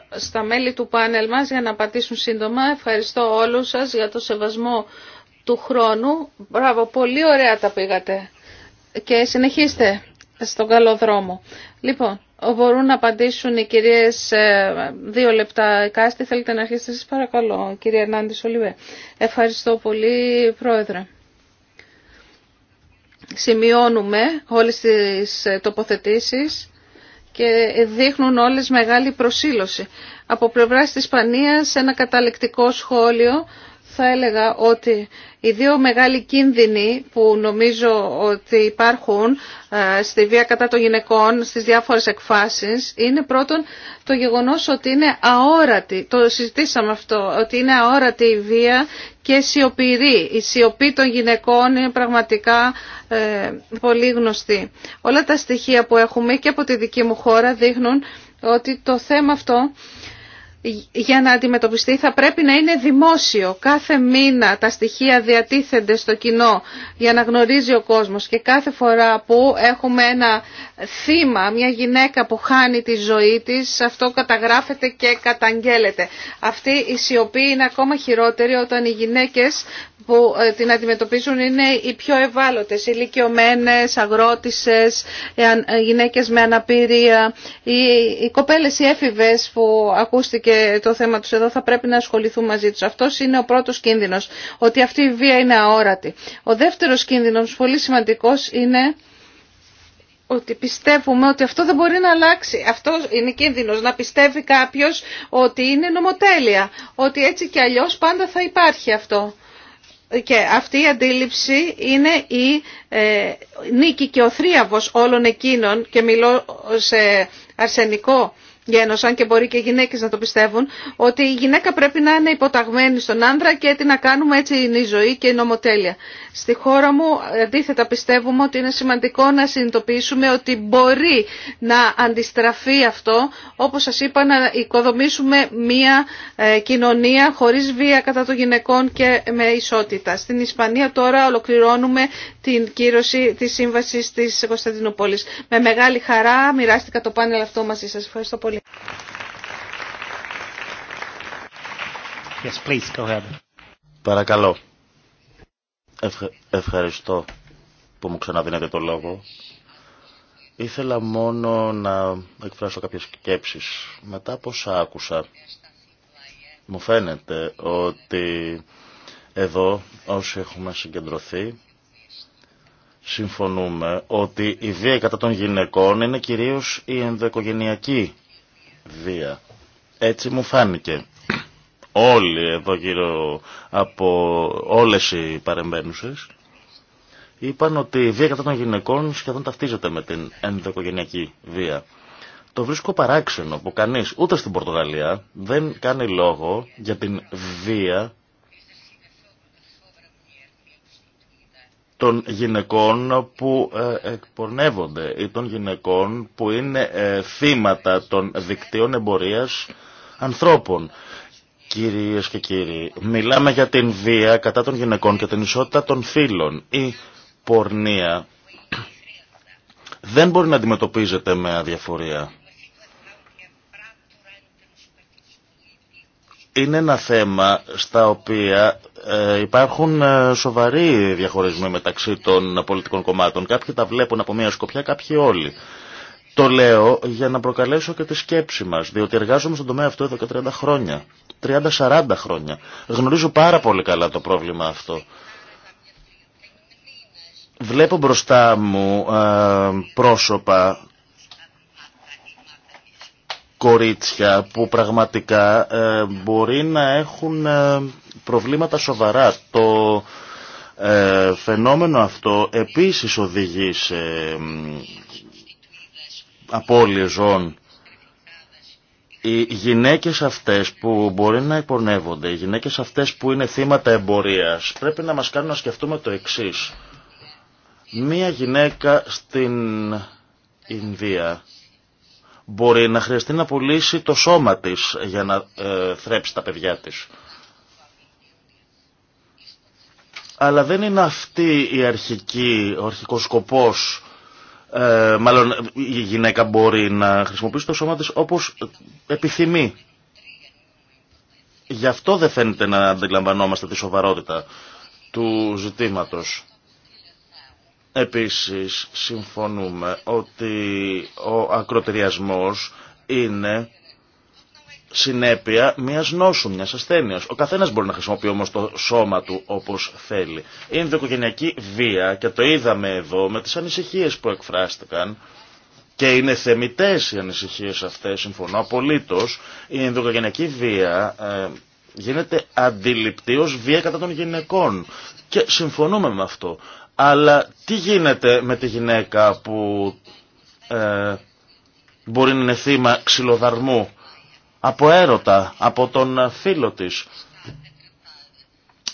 Speaker 3: ε, στα μέλη του πάνελ μας για να πατήσουν σύντομα. Ευχαριστώ όλους σας για το σεβασμό του χρόνου. Μπράβο, πολύ ωραία τα πήγατε και συνεχίστε στον καλό δρόμο. Λοιπόν, μπορούν να απαντήσουν οι κυρίες ε, δύο λεπτά Κάστη, Θέλετε να αρχίσετε σας παρακαλώ, κυρία Ερνάντης Ολιβέ. Ευχαριστώ πολύ, Πρόεδρε. Σημειώνουμε όλες τις τοποθετήσεις και δείχνουν όλες μεγάλη προσήλωση. Από πλευράς της Ισπανίας ένα καταλεκτικό σχόλιο θα έλεγα ότι οι δύο μεγάλοι κίνδυνοι που νομίζω ότι υπάρχουν ε, στη βία κατά των γυναικών στις διάφορες εκφάσεις είναι πρώτον το γεγονός ότι είναι αόρατη, το συζητήσαμε αυτό, ότι είναι αόρατη η βία και σιωπηρή. Η σιωπή των γυναικών είναι πραγματικά ε, πολύ γνωστή. Όλα τα στοιχεία που έχουμε και από τη δική μου χώρα δείχνουν ότι το θέμα αυτό για να αντιμετωπιστεί θα πρέπει να είναι δημόσιο. Κάθε μήνα τα στοιχεία διατίθενται στο κοινό για να γνωρίζει ο κόσμος και κάθε φορά που έχουμε ένα θύμα, μια γυναίκα που χάνει τη ζωή της, αυτό καταγράφεται και καταγγέλλεται. Αυτή η σιωπή είναι ακόμα χειρότερη όταν οι γυναίκες που ε, την αντιμετωπίζουν είναι οι πιο ευάλωτες, ηλικιωμένε, αγρότησες, ε, γυναίκες με αναπηρία, οι κοπέλες οι έφηβες που ακούστηκε το θέμα τους εδώ θα πρέπει να ασχοληθούν μαζί τους. Αυτός είναι ο πρώτος κίνδυνος, ότι αυτή η βία είναι αόρατη. Ο δεύτερος κίνδυνος, πολύ σημαντικός, είναι ότι πιστεύουμε ότι αυτό δεν μπορεί να αλλάξει. Αυτό είναι κίνδυνος, να πιστεύει κάποιο ότι είναι νομοτέλεια, ότι έτσι και αλλιώ πάντα θα υπάρχει αυτό. Και αυτή η αντίληψη είναι η ε, νίκη και ο θρίαβος όλων εκείνων και μιλώ σε αρσενικό γένος, αν και μπορεί και οι γυναίκες να το πιστεύουν, ότι η γυναίκα πρέπει να είναι υποταγμένη στον άνδρα και έτσι να κάνουμε έτσι είναι η ζωή και η νομοτέλεια. Στη χώρα μου αντίθετα πιστεύουμε ότι είναι σημαντικό να συνειδητοποιήσουμε ότι μπορεί να αντιστραφεί αυτό, όπως σας είπα να οικοδομήσουμε μια ε, κοινωνία χωρίς βία κατά των γυναικών και με ισότητα. Στην Ισπανία τώρα ολοκληρώνουμε την κύρωση της σύμβασης της Κωνσταντινούπολης. Με μεγάλη χαρά μοιράστηκα το πάνελ αυτό μαζί σας. Ευχαριστώ πολύ πολύ.
Speaker 2: Yes, please, go ahead. Παρακαλώ. Ευχαριστώ που μου ξαναδίνετε το λόγο. Ήθελα μόνο να εκφράσω κάποιες σκέψεις. Μετά από όσα άκουσα, μου φαίνεται ότι εδώ όσοι έχουμε συγκεντρωθεί συμφωνούμε ότι η βία κατά των γυναικών είναι κυρίως η ενδοοικογενειακή βία. Έτσι μου φάνηκε. Όλοι εδώ γύρω από όλες οι παρεμβαίνουσες είπαν ότι η βία κατά των γυναικών σχεδόν ταυτίζεται με την ενδοοικογενειακή βία. Το βρίσκω παράξενο που κανείς ούτε στην Πορτογαλία δεν κάνει λόγο για την βία των γυναικών που ε, εκπορνεύονται ή των γυναικών που είναι ε, θύματα των δικτύων εμπορίας ανθρώπων. Κυρίες και κύριοι, μιλάμε για την βία κατά των γυναικών και την ισότητα των φίλων Η πορνεία δεν μπορεί να αντιμετωπίζεται με αδιαφορία. είναι ένα θέμα στα οποία ε, υπάρχουν ε, σοβαροί διαχωρισμοί μεταξύ των πολιτικών κομμάτων. Κάποιοι τα βλέπουν από μία σκοπιά, κάποιοι όλοι. Το λέω για να προκαλέσω και τη σκέψη μας, διότι εργάζομαι στον τομέα αυτό εδώ και 30 χρόνια. 30-40 χρόνια. Γνωρίζω πάρα πολύ καλά το πρόβλημα αυτό. Βλέπω μπροστά μου ε, πρόσωπα κορίτσια που πραγματικά ε, μπορεί να έχουν ε, προβλήματα σοβαρά. Το ε, φαινόμενο αυτό επίσης οδηγεί σε απώλειες ζώων. Οι γυναίκες αυτές που μπορεί να υπονεύονται, οι γυναίκες αυτές που είναι θύματα εμπορίας, πρέπει να μας κάνουν να σκεφτούμε το εξής. Μία γυναίκα στην Ινδία μπορεί να χρειαστεί να πουλήσει το σώμα της για να ε, θρέψει τα παιδιά της. Αλλά δεν είναι αυτή η αρχική, ο αρχικός σκοπός. Ε, μάλλον η γυναίκα μπορεί να χρησιμοποιήσει το σώμα της όπως επιθυμεί. Γι' αυτό δεν φαίνεται να αντιλαμβανόμαστε τη σοβαρότητα του ζητήματος. Επίσης συμφωνούμε ότι ο ακροτηριασμός είναι συνέπεια μιας νόσου, μιας ασθένειας. Ο καθένας μπορεί να χρησιμοποιεί όμως το σώμα του όπως θέλει. Η ενδοκογενειακή βία και το είδαμε εδώ με τις ανησυχίες που εκφράστηκαν και είναι θεμητές οι ανησυχίες αυτές, συμφωνώ απολύτως, η ενδοκογενειακή βία ε, γίνεται αντιληπτή ως βία κατά των γυναικών. Και συμφωνούμε με αυτό. Αλλά τι γίνεται με τη γυναίκα που ε, μπορεί να είναι θύμα ξυλοδαρμού από έρωτα, από τον φίλο της,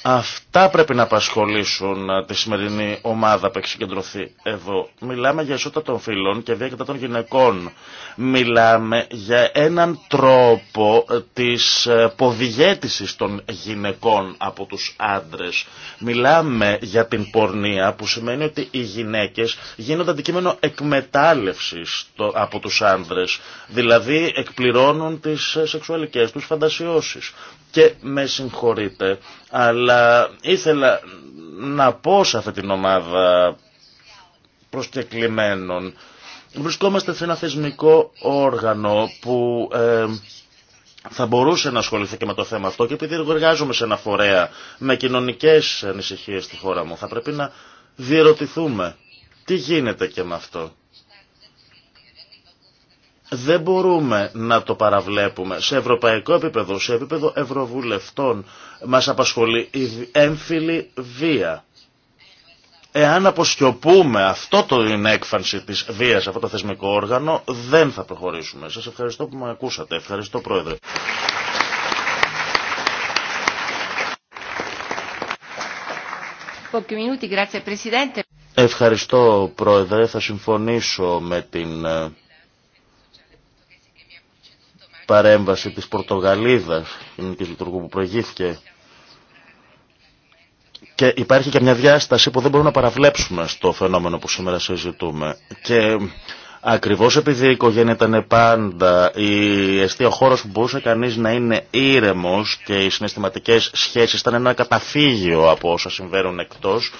Speaker 2: Αυτά πρέπει να απασχολήσουν τη σημερινή ομάδα που έχει συγκεντρωθεί εδώ. Μιλάμε για ισότητα των φύλων και διάκριτα των γυναικών. Μιλάμε για έναν τρόπο ε, της ε, ποδηγέτησης των γυναικών από τους άντρες. Μιλάμε για την πορνεία που σημαίνει ότι οι γυναίκες γίνονται αντικείμενο εκμετάλλευσης από τους άντρες. Δηλαδή εκπληρώνουν τις ε, σεξουαλικές τους φαντασιώσεις. Και με συγχωρείτε, αλλά ήθελα να πω σε αυτή την ομάδα προσκεκλημένων. Βρισκόμαστε σε ένα θεσμικό όργανο που ε, θα μπορούσε να ασχοληθεί και με το θέμα αυτό και επειδή εργάζομαι σε ένα φορέα με κοινωνικές ανησυχίες στη χώρα μου θα πρέπει να διερωτηθούμε τι γίνεται και με αυτό δεν μπορούμε να το παραβλέπουμε. Σε ευρωπαϊκό επίπεδο, σε επίπεδο ευρωβουλευτών, μας απασχολεί η έμφυλη βία. Εάν αποσκιοπούμε αυτό το είναι έκφανση της βίας, αυτό το θεσμικό όργανο, δεν θα προχωρήσουμε. Σας ευχαριστώ που με ακούσατε. Ευχαριστώ Πρόεδρε. Ευχαριστώ Πρόεδρε. Θα συμφωνήσω με την ε, παρέμβαση της Πορτογαλίδας, κοινωνικής λειτουργού που προηγήθηκε. Και υπάρχει και μια διάσταση που δεν μπορούμε να παραβλέψουμε στο φαινόμενο που σήμερα συζητούμε. Και Ακριβώς επειδή η οικογένεια ήταν πάντα η αιστεία χώρος που μπορούσε κανείς να είναι ήρεμος και οι συναισθηματικές σχέσεις ήταν ένα καταφύγιο από όσα συμβαίνουν εκτός,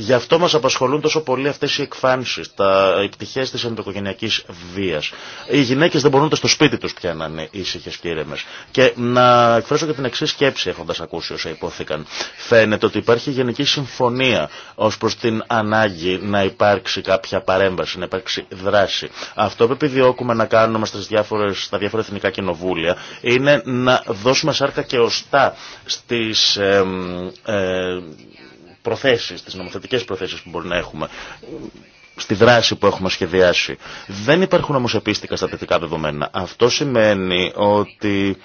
Speaker 2: Γι' αυτό μας απασχολούν τόσο πολύ αυτές οι εκφάνσεις, τα, οι πτυχές της ενδοκογενειακής βίας. Οι γυναίκες δεν μπορούν ούτε στο σπίτι τους πια να είναι ήσυχες και ήρεμες. Και να εκφράσω και την εξή σκέψη έχοντας ακούσει όσα υπόθηκαν. Φαίνεται ότι υπάρχει γενική συμφωνία ως προς την ανάγκη να υπάρξει κάποια παρέμβαση, να υπάρξει δράση. Αυτό που επιδιώκουμε να κάνουμε στα διάφορα εθνικά κοινοβούλια είναι να δώσουμε σάρκα και οστά στις, ε, προθέσεις, τις νομοθετικές προθέσεις που μπορεί να έχουμε στη δράση που έχουμε σχεδιάσει. Δεν υπάρχουν όμως επίστηκα στατιστικά δεδομένα. Αυτό σημαίνει ότι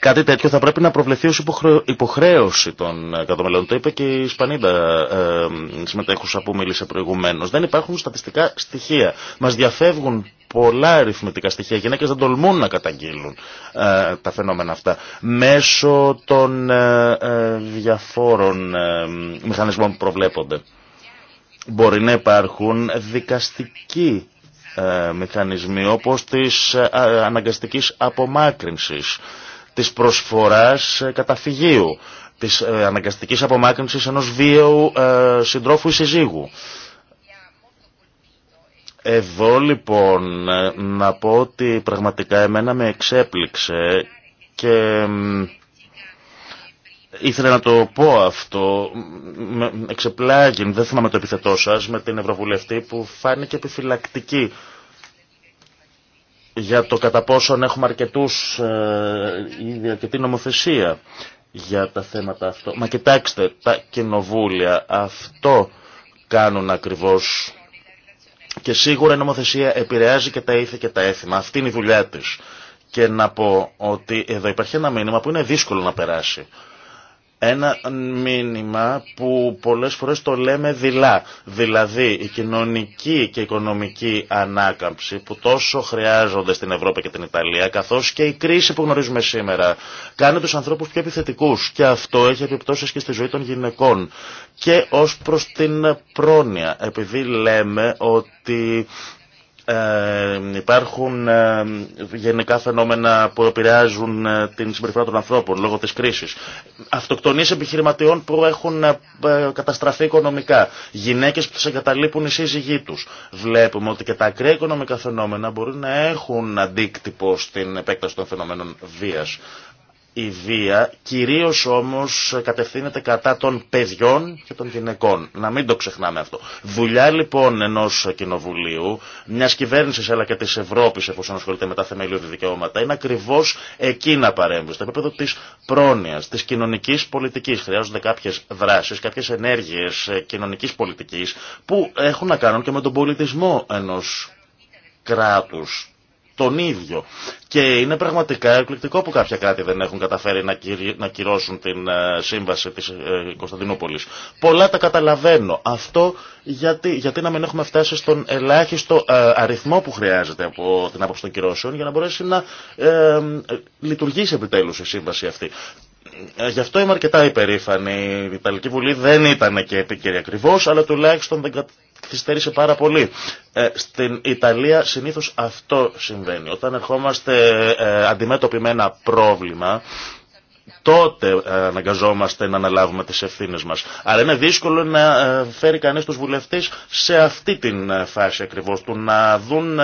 Speaker 2: Κάτι τέτοιο θα πρέπει να προβλεφθεί ως υποχρέωση των κατομελών. Το είπε και η Ισπανίδα ε, συμμετέχουσα που μίλησε προηγουμένω. Δεν υπάρχουν στατιστικά στοιχεία. Μας διαφεύγουν πολλά αριθμητικά στοιχεία. Οι γυναίκε δεν τολμούν να καταγγείλουν ε, τα φαινόμενα αυτά. Μέσω των ε, ε, διαφόρων μηχανισμών που προβλέπονται. Μπορεί να υπάρχουν δικαστικοί μηχανισμοί όπως της αναγκαστικής απομάκρυνσης της προσφοράς ε, καταφυγίου, της ε, αναγκαστικής απομάκρυνσης ενός βίαιου ε, συντρόφου ή συζύγου. Εδώ λοιπόν να πω ότι πραγματικά εμένα με εξέπληξε και ήθελα να το πω αυτό, εξεπλάγει, δεν θυμάμαι το επιθετό σας, με την Ευρωβουλευτή που φάνηκε επιφυλακτική για το κατά πόσον έχουμε αρκετούς, ε, αρκετή νομοθεσία για τα θέματα αυτό. Μα κοιτάξτε, τα κοινοβούλια αυτό κάνουν ακριβώς και σίγουρα η νομοθεσία επηρεάζει και τα ήθη και τα έθιμα. Αυτή είναι η δουλειά της. Και να πω ότι εδώ υπάρχει ένα μήνυμα που είναι δύσκολο να περάσει. Ένα μήνυμα που πολλές φορές το λέμε δειλά. Δηλαδή η κοινωνική και οικονομική ανάκαμψη που τόσο χρειάζονται στην Ευρώπη και την Ιταλία καθώς και η κρίση που γνωρίζουμε σήμερα κάνει τους ανθρώπους πιο επιθετικούς και αυτό έχει επιπτώσεις και στη ζωή των γυναικών και ως προς την πρόνοια επειδή λέμε ότι ε, υπάρχουν ε, γενικά φαινόμενα που επηρεάζουν ε, την συμπεριφορά των ανθρώπων λόγω της κρίσης. Αυτοκτονίες επιχειρηματιών που έχουν καταστραφεί οικονομικά. Γυναίκες που τις εγκαταλείπουν οι σύζυγοί τους. Βλέπουμε ότι και τα ακραία οικονομικά φαινόμενα μπορεί να έχουν αντίκτυπο στην επέκταση των φαινομένων βίας η βία κυρίως όμως κατευθύνεται κατά των παιδιών και των γυναικών. Να μην το ξεχνάμε αυτό. Δουλειά λοιπόν ενός κοινοβουλίου, μιας κυβέρνησης αλλά και της Ευρώπης εφόσον ασχολείται με τα θεμελιώδη δικαιώματα είναι ακριβώς εκεί να παρέμβει. Στο επίπεδο της πρόνοιας, της κοινωνικής πολιτικής χρειάζονται κάποιες δράσεις, κάποιες ενέργειες κοινωνικής πολιτικής που έχουν να κάνουν και με τον πολιτισμό ενός κράτους τον ίδιο. Και είναι πραγματικά εκπληκτικό που κάποια κράτη δεν έχουν καταφέρει να, να κυρώσουν την ε, σύμβαση της ε, Κωνσταντινούπολης. Πολλά τα καταλαβαίνω. Αυτό γιατί, γιατί να μην έχουμε φτάσει στον ελάχιστο ε, αριθμό που χρειάζεται από την άποψη των κυρώσεων για να μπορέσει να λειτουργήσει επιτέλους η σύμβαση αυτή γι' αυτό είμαι αρκετά υπερήφανη. Η Ιταλική Βουλή δεν ήταν και επίκαιρη ακριβώ, αλλά τουλάχιστον δεν καθυστερήσε πάρα πολύ. Ε, στην Ιταλία συνήθω αυτό συμβαίνει. Όταν ερχόμαστε ε, αντιμέτωποι με ένα πρόβλημα, τότε ε, αναγκαζόμαστε να αναλάβουμε τις ευθύνες μας. Αλλά είναι δύσκολο να ε, φέρει κανείς τους βουλευτές σε αυτή την ε, φάση ακριβώς του να, δουν,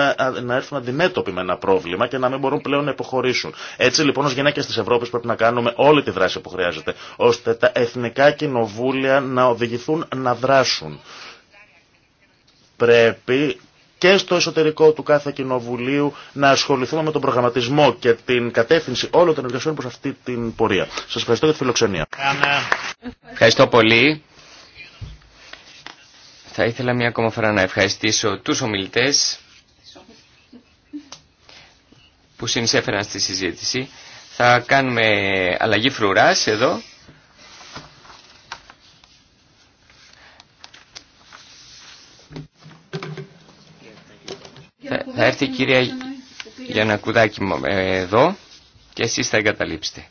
Speaker 2: να έρθουν αντιμέτωποι με ένα πρόβλημα και να μην μπορούν πλέον να υποχωρήσουν. Έτσι λοιπόν ως γυναίκες της Ευρώπης πρέπει να κάνουμε όλη τη δράση που χρειάζεται ώστε τα εθνικά κοινοβούλια να οδηγηθούν να δράσουν πρέπει και στο εσωτερικό του κάθε κοινοβουλίου να ασχοληθούμε με τον προγραμματισμό και την κατεύθυνση όλων των εργασιών προς αυτή την
Speaker 4: πορεία. Σας ευχαριστώ για τη φιλοξενία. Ευχαριστώ πολύ. Θα ήθελα μια ακόμα φορά να ευχαριστήσω τους ομιλητές που συνεισέφεραν στη συζήτηση. Θα κάνουμε αλλαγή φρουράς εδώ.
Speaker 2: Θα, θα έρθει η κυρία
Speaker 4: κουδάκι ε, εδώ και εσείς θα εγκαταλείψετε.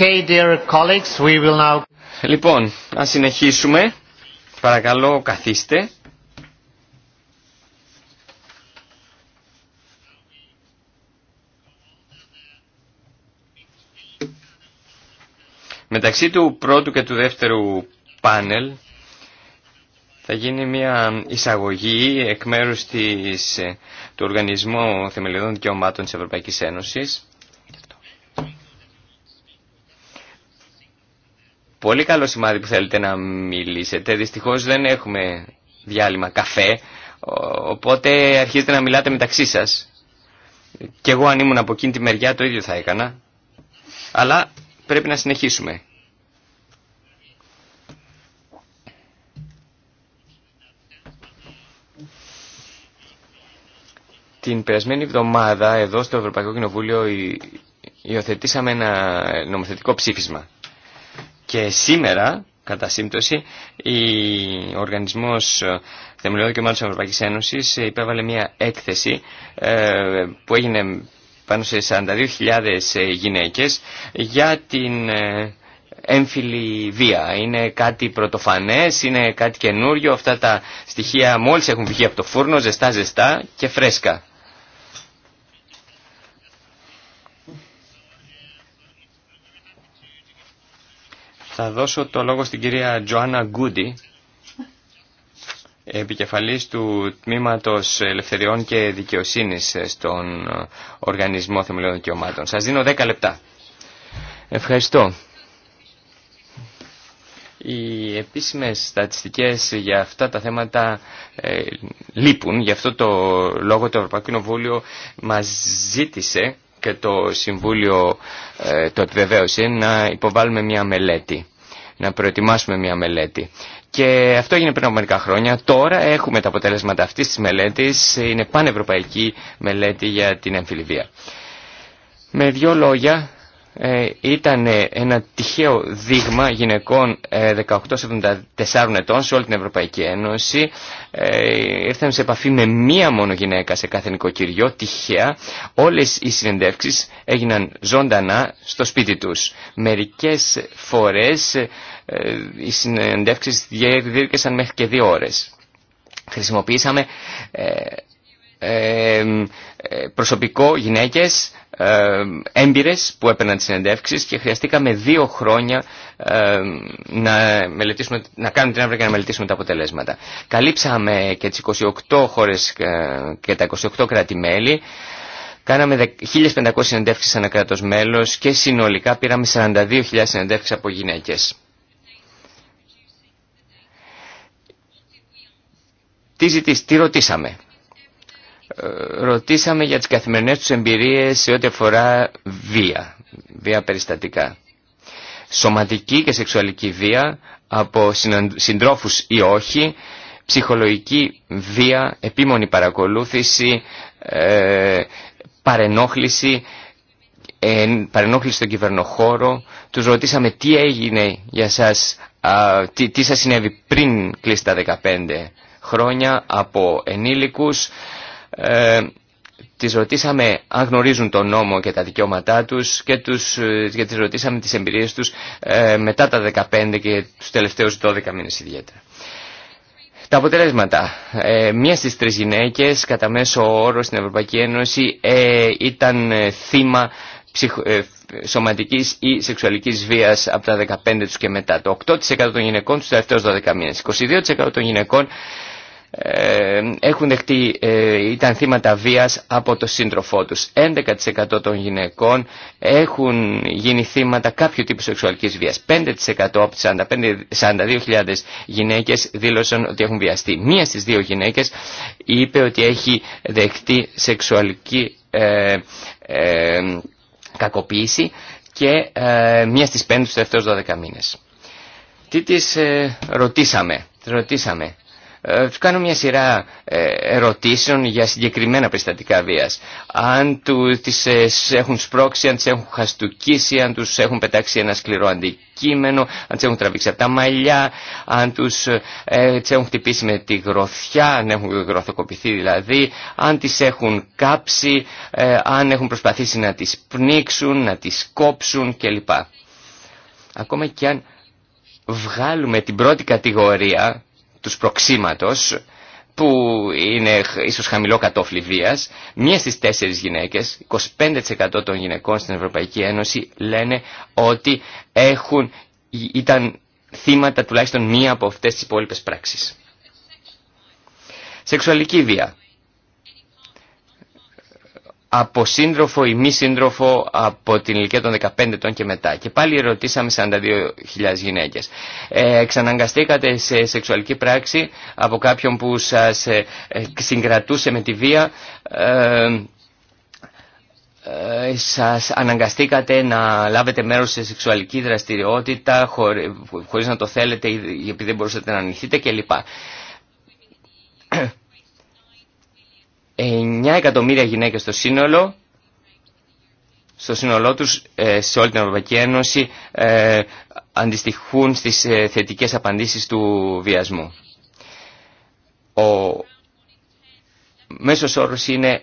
Speaker 4: Okay, dear colleagues, we will now... Λοιπόν, να συνεχίσουμε. Παρακαλώ, καθίστε. Μεταξύ του πρώτου και του δεύτερου πάνελ θα γίνει μια εισαγωγή εκ μέρους της, ε, του Οργανισμού Θεμελιωδών Δικαιωμάτων της Ευρωπαϊκής Ένωσης πολύ καλό σημάδι που θέλετε να μιλήσετε. Δυστυχώς δεν έχουμε διάλειμμα καφέ, οπότε αρχίζετε να μιλάτε μεταξύ σας. Κι εγώ αν ήμουν από εκείνη τη μεριά το ίδιο θα έκανα. Αλλά πρέπει να συνεχίσουμε. Την περασμένη εβδομάδα εδώ στο Ευρωπαϊκό Κοινοβούλιο υιοθετήσαμε ένα νομοθετικό ψήφισμα και σήμερα, κατά σύμπτωση, ο Οργανισμός Θεμελιώδη και Μάλιστα Ευρωπαϊκής Ένωσης ε, υπέβαλε μια έκθεση ε, που έγινε πάνω σε 42.000 ε, γυναίκες για την έμφυλη βία. Είναι κάτι πρωτοφανές, είναι κάτι καινούριο. Αυτά τα στοιχεία μόλις έχουν βγει από το φούρνο, ζεστά-ζεστά και φρέσκα. Θα δώσω το λόγο στην κυρία Τζοάννα Γκούντι, επικεφαλής του Τμήματος Ελευθεριών και Δικαιοσύνης στον Οργανισμό Θεμελιών Δικαιωμάτων. Σας δίνω 10 λεπτά. Ευχαριστώ. Οι επίσημες στατιστικές για αυτά τα θέματα ε, λείπουν. Γι' αυτό το λόγο το Ευρωπαϊκό Κοινοβούλιο μας ζήτησε και το Συμβούλιο ε, το επιβεβαίωσε να υποβάλουμε μια μελέτη να προετοιμάσουμε μια μελέτη. Και αυτό έγινε πριν από μερικά χρόνια. Τώρα έχουμε τα αποτέλεσματα αυτής της μελέτης. Είναι πανευρωπαϊκή μελέτη για την εμφυλιβία. Με δύο λόγια ε, ήταν ε, ένα τυχαίο δείγμα γυναικών 18-74 ε, ετών σε όλη την Ευρωπαϊκή Ένωση. Ήρθαμε σε επαφή με μία μόνο γυναίκα σε κάθε νοικοκυριό, τυχαία. Όλες οι συνεντεύξεις έγιναν ζωντανά στο σπίτι τους. Μερικές φορές οι συνεντεύξεις διήρκεσαν μέχρι και δύο ώρες. Χρησιμοποίησαμε... Ε, προσωπικό, γυναίκες, ε, έμπειρες που έπαιρναν τις συνεντεύξεις και χρειαστήκαμε δύο χρόνια ε, να, μελετήσουμε, να κάνουμε την έρευνα και να μελετήσουμε τα αποτελέσματα. Καλύψαμε και τις 28 χώρες και τα 28 κράτη-μέλη. Κάναμε 1.500 συνεντεύξεις ανά κράτος μέλος και συνολικά πήραμε 42.000 συνεντεύξεις από γυναίκες. Τι, ζητήσαμε; τι ρωτήσαμε ρωτήσαμε για τις καθημερινές τους εμπειρίες σε ό,τι αφορά βία, βία περιστατικά. Σωματική και σεξουαλική βία από συντρόφους ή όχι, ψυχολογική βία, επίμονη παρακολούθηση, ε, παρενόχληση, ε, παρενόχληση στον κυβερνοχώρο. Τους ρωτήσαμε τι έγινε για σας, τι, τι σας συνέβη πριν κλείσει τα 15 χρόνια από ενήλικους, ε, τις ρωτήσαμε αν γνωρίζουν τον νόμο και τα δικαιώματά τους και, τους, ε, και τις ρωτήσαμε τις εμπειρίες τους ε, μετά τα 15 και τους τελευταίους 12 μήνες ιδιαίτερα. Τα αποτελέσματα. Ε, μία στις τρεις γυναίκες κατά μέσο όρο στην Ευρωπαϊκή Ένωση ήταν θύμα ψυχο, σωματικής ή σεξουαλικής βίας από τα 15 τους και μετά. Το 8% των γυναικών τους τελευταίους 12 μήνες. 22% των γυναικών έχουν δεχτεί, ε, ήταν θύματα βίας από το σύντροφό τους. 11% των γυναικών έχουν γίνει θύματα κάποιου τύπου σεξουαλικής βίας. 5% από τις 42.000 γυναίκες δήλωσαν ότι έχουν βιαστεί. Μία στις δύο γυναίκες είπε ότι έχει δεχτεί σεξουαλική ε, ε, κακοποίηση και μία στις πέντε τους τελευταίους 12 μήνες. Τι τις ρωτήσαμε. Τις ρωτήσαμε ε, του κάνω μια σειρά ε, ερωτήσεων για συγκεκριμένα περιστατικά βίας. Αν του, τις ε, έχουν σπρώξει, αν τι έχουν χαστουκίσει, αν τους έχουν πετάξει ένα σκληρό αντικείμενο, αν τι έχουν τραβήξει από τα μαλλιά, αν τους, έχουν χτυπήσει με τη γροθιά, αν έχουν γροθοκοπηθεί δηλαδή, αν τις έχουν κάψει, αν έχουν προσπαθήσει να τις πνίξουν, να τις κόψουν κλπ. Ακόμα και αν βγάλουμε την πρώτη κατηγορία τους προξήματος που είναι ίσως χαμηλό κατόφλι βίας, μία στις τέσσερις γυναίκες, 25% των γυναικών στην Ευρωπαϊκή Ένωση λένε ότι έχουν, ήταν θύματα τουλάχιστον μία από αυτές τις υπόλοιπε πράξεις. Σεξουαλική βία από σύντροφο ή μη σύντροφο από την ηλικία των 15 ετών και μετά. Και πάλι ρωτήσαμε 42.000 γυναίκες. Ε, εξαναγκαστήκατε σε σεξουαλική πράξη από κάποιον που σας ε, συγκρατούσε με τη βία. Ε, ε, σας αναγκαστήκατε να λάβετε μέρος σε σεξουαλική δραστηριότητα χωρί, χωρίς να το θέλετε επειδή δεν μπορούσατε να ανοιχτείτε κλπ. 9 εκατομμύρια γυναίκες στο σύνολο στο σύνολό τους ε, σε όλη την Ευρωπαϊκή Ένωση ε, αντιστοιχούν στις ε, θετικές απαντήσεις του βιασμού. Ο μέσος όρος είναι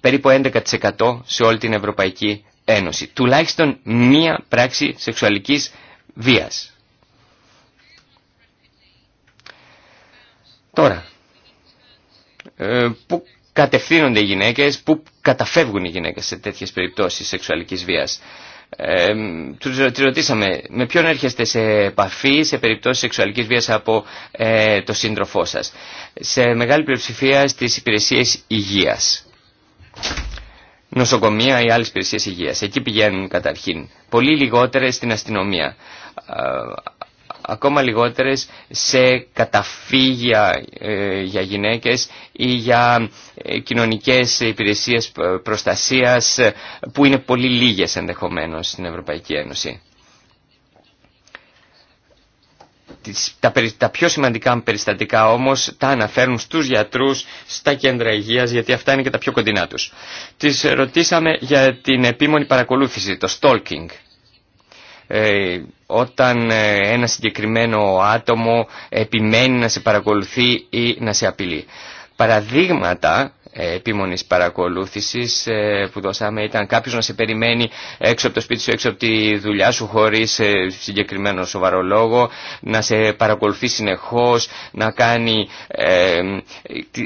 Speaker 4: περίπου 11% σε όλη την Ευρωπαϊκή Ένωση. Τουλάχιστον μία πράξη σεξουαλικής βίας. Τώρα, κατευθύνονται οι γυναίκες, πού καταφεύγουν οι γυναίκες σε τέτοιες περιπτώσεις σεξουαλικής βίας. Ε, ρωτήσαμε με ποιον έρχεστε σε επαφή σε περιπτώσεις σεξουαλικής βίας από ε, το σύντροφό σας. Σε μεγάλη πλειοψηφία στις υπηρεσίες υγείας. Νοσοκομεία ή άλλες υπηρεσίες υγείας. Εκεί πηγαίνουν καταρχήν. Πολύ λιγότερες στην αστυνομία. Ε, ακόμα λιγότερες σε καταφύγια ε, για γυναίκες ή για ε, κοινωνικές υπηρεσίες ε, προστασίας που είναι πολύ λίγες ενδεχομένως στην Ευρωπαϊκή Ένωση. Τα πιο σημαντικά περιστατικά όμως τα αναφέρουν στους γιατρούς, στα κέντρα υγείας, γιατί αυτά είναι και τα πιο κοντινά τους. Τις ρωτήσαμε για την επίμονη παρακολούθηση, το stalking. Ε, όταν ε, ένα συγκεκριμένο άτομο επιμένει να σε παρακολουθεί ή να σε απειλεί. Παραδείγματα ε, επίμονης παρακολούθησης που δώσαμε ήταν κάποιος να σε περιμένει έξω από το σπίτι σου, έξω από τη δουλειά σου χωρίς συγκεκριμένο σοβαρό λόγο, να σε παρακολουθεί συνεχώς, να, κάνει,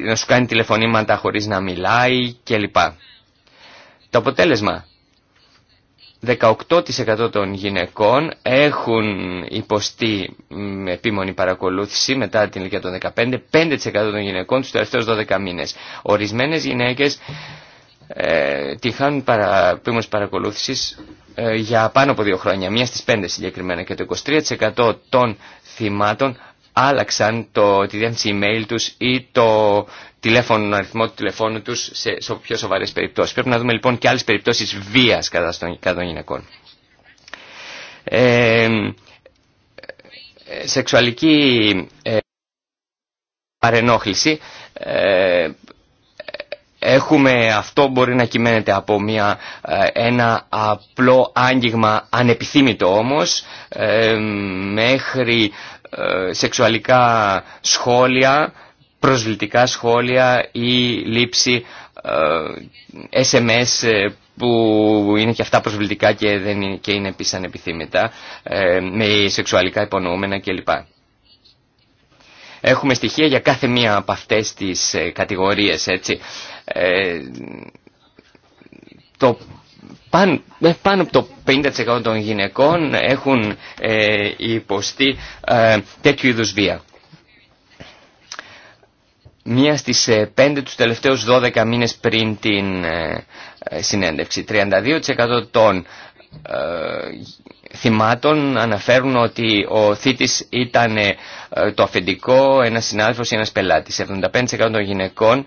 Speaker 4: να σου κάνει τηλεφωνήματα χωρίς να μιλάει κλπ. Το αποτέλεσμα 18% των γυναικών έχουν υποστεί επίμονη παρακολούθηση μετά την ηλικία των 15, 5% των γυναικών τους τελευταίους 12 μήνες. Ορισμένες γυναίκες ε, τυχάνουν παρακολούθηση παρακολούθησης ε, για πάνω από δύο χρόνια, μία στις πέντε συγκεκριμένα και το 23% των θυμάτων άλλαξαν το, τη διεύθυνση email τους ή το τηλέφωνο, αριθμό του τηλεφώνου τους σε, πιο σοβαρές περιπτώσεις. Πρέπει να δούμε λοιπόν και άλλες περιπτώσεις βίας κατά, στον, κατά των γυναικών. Ε, σεξουαλική ε, παρενόχληση ε, Έχουμε αυτό μπορεί να κυμαίνεται από μια, ε, ένα απλό άγγιγμα ανεπιθύμητο όμως μέχρι ε, σεξουαλικά σχόλια, προσβλητικά σχόλια ή λήψη SMS ε, ε, που είναι και αυτά προσβλητικά και, δεν είναι, και είναι επίσης ανεπιθύμητα, με σεξουαλικά υπονοούμενα κλπ. Έχουμε στοιχεία για κάθε μία από αυτές τις κατηγορίες, έτσι. το ε, πάνω, από το 50% των γυναικών έχουν ε, υποστεί ε, τέτοιου είδους βία. Μία στις ε, πέντε τους τελευταίους 12 μήνες πριν την ε, ε συνέντευξη. 32% των θυμάτων αναφέρουν ότι ο θήτης ήταν το αφεντικό, ένας συνάδελφος ή ένας πελάτης. 75% των γυναικών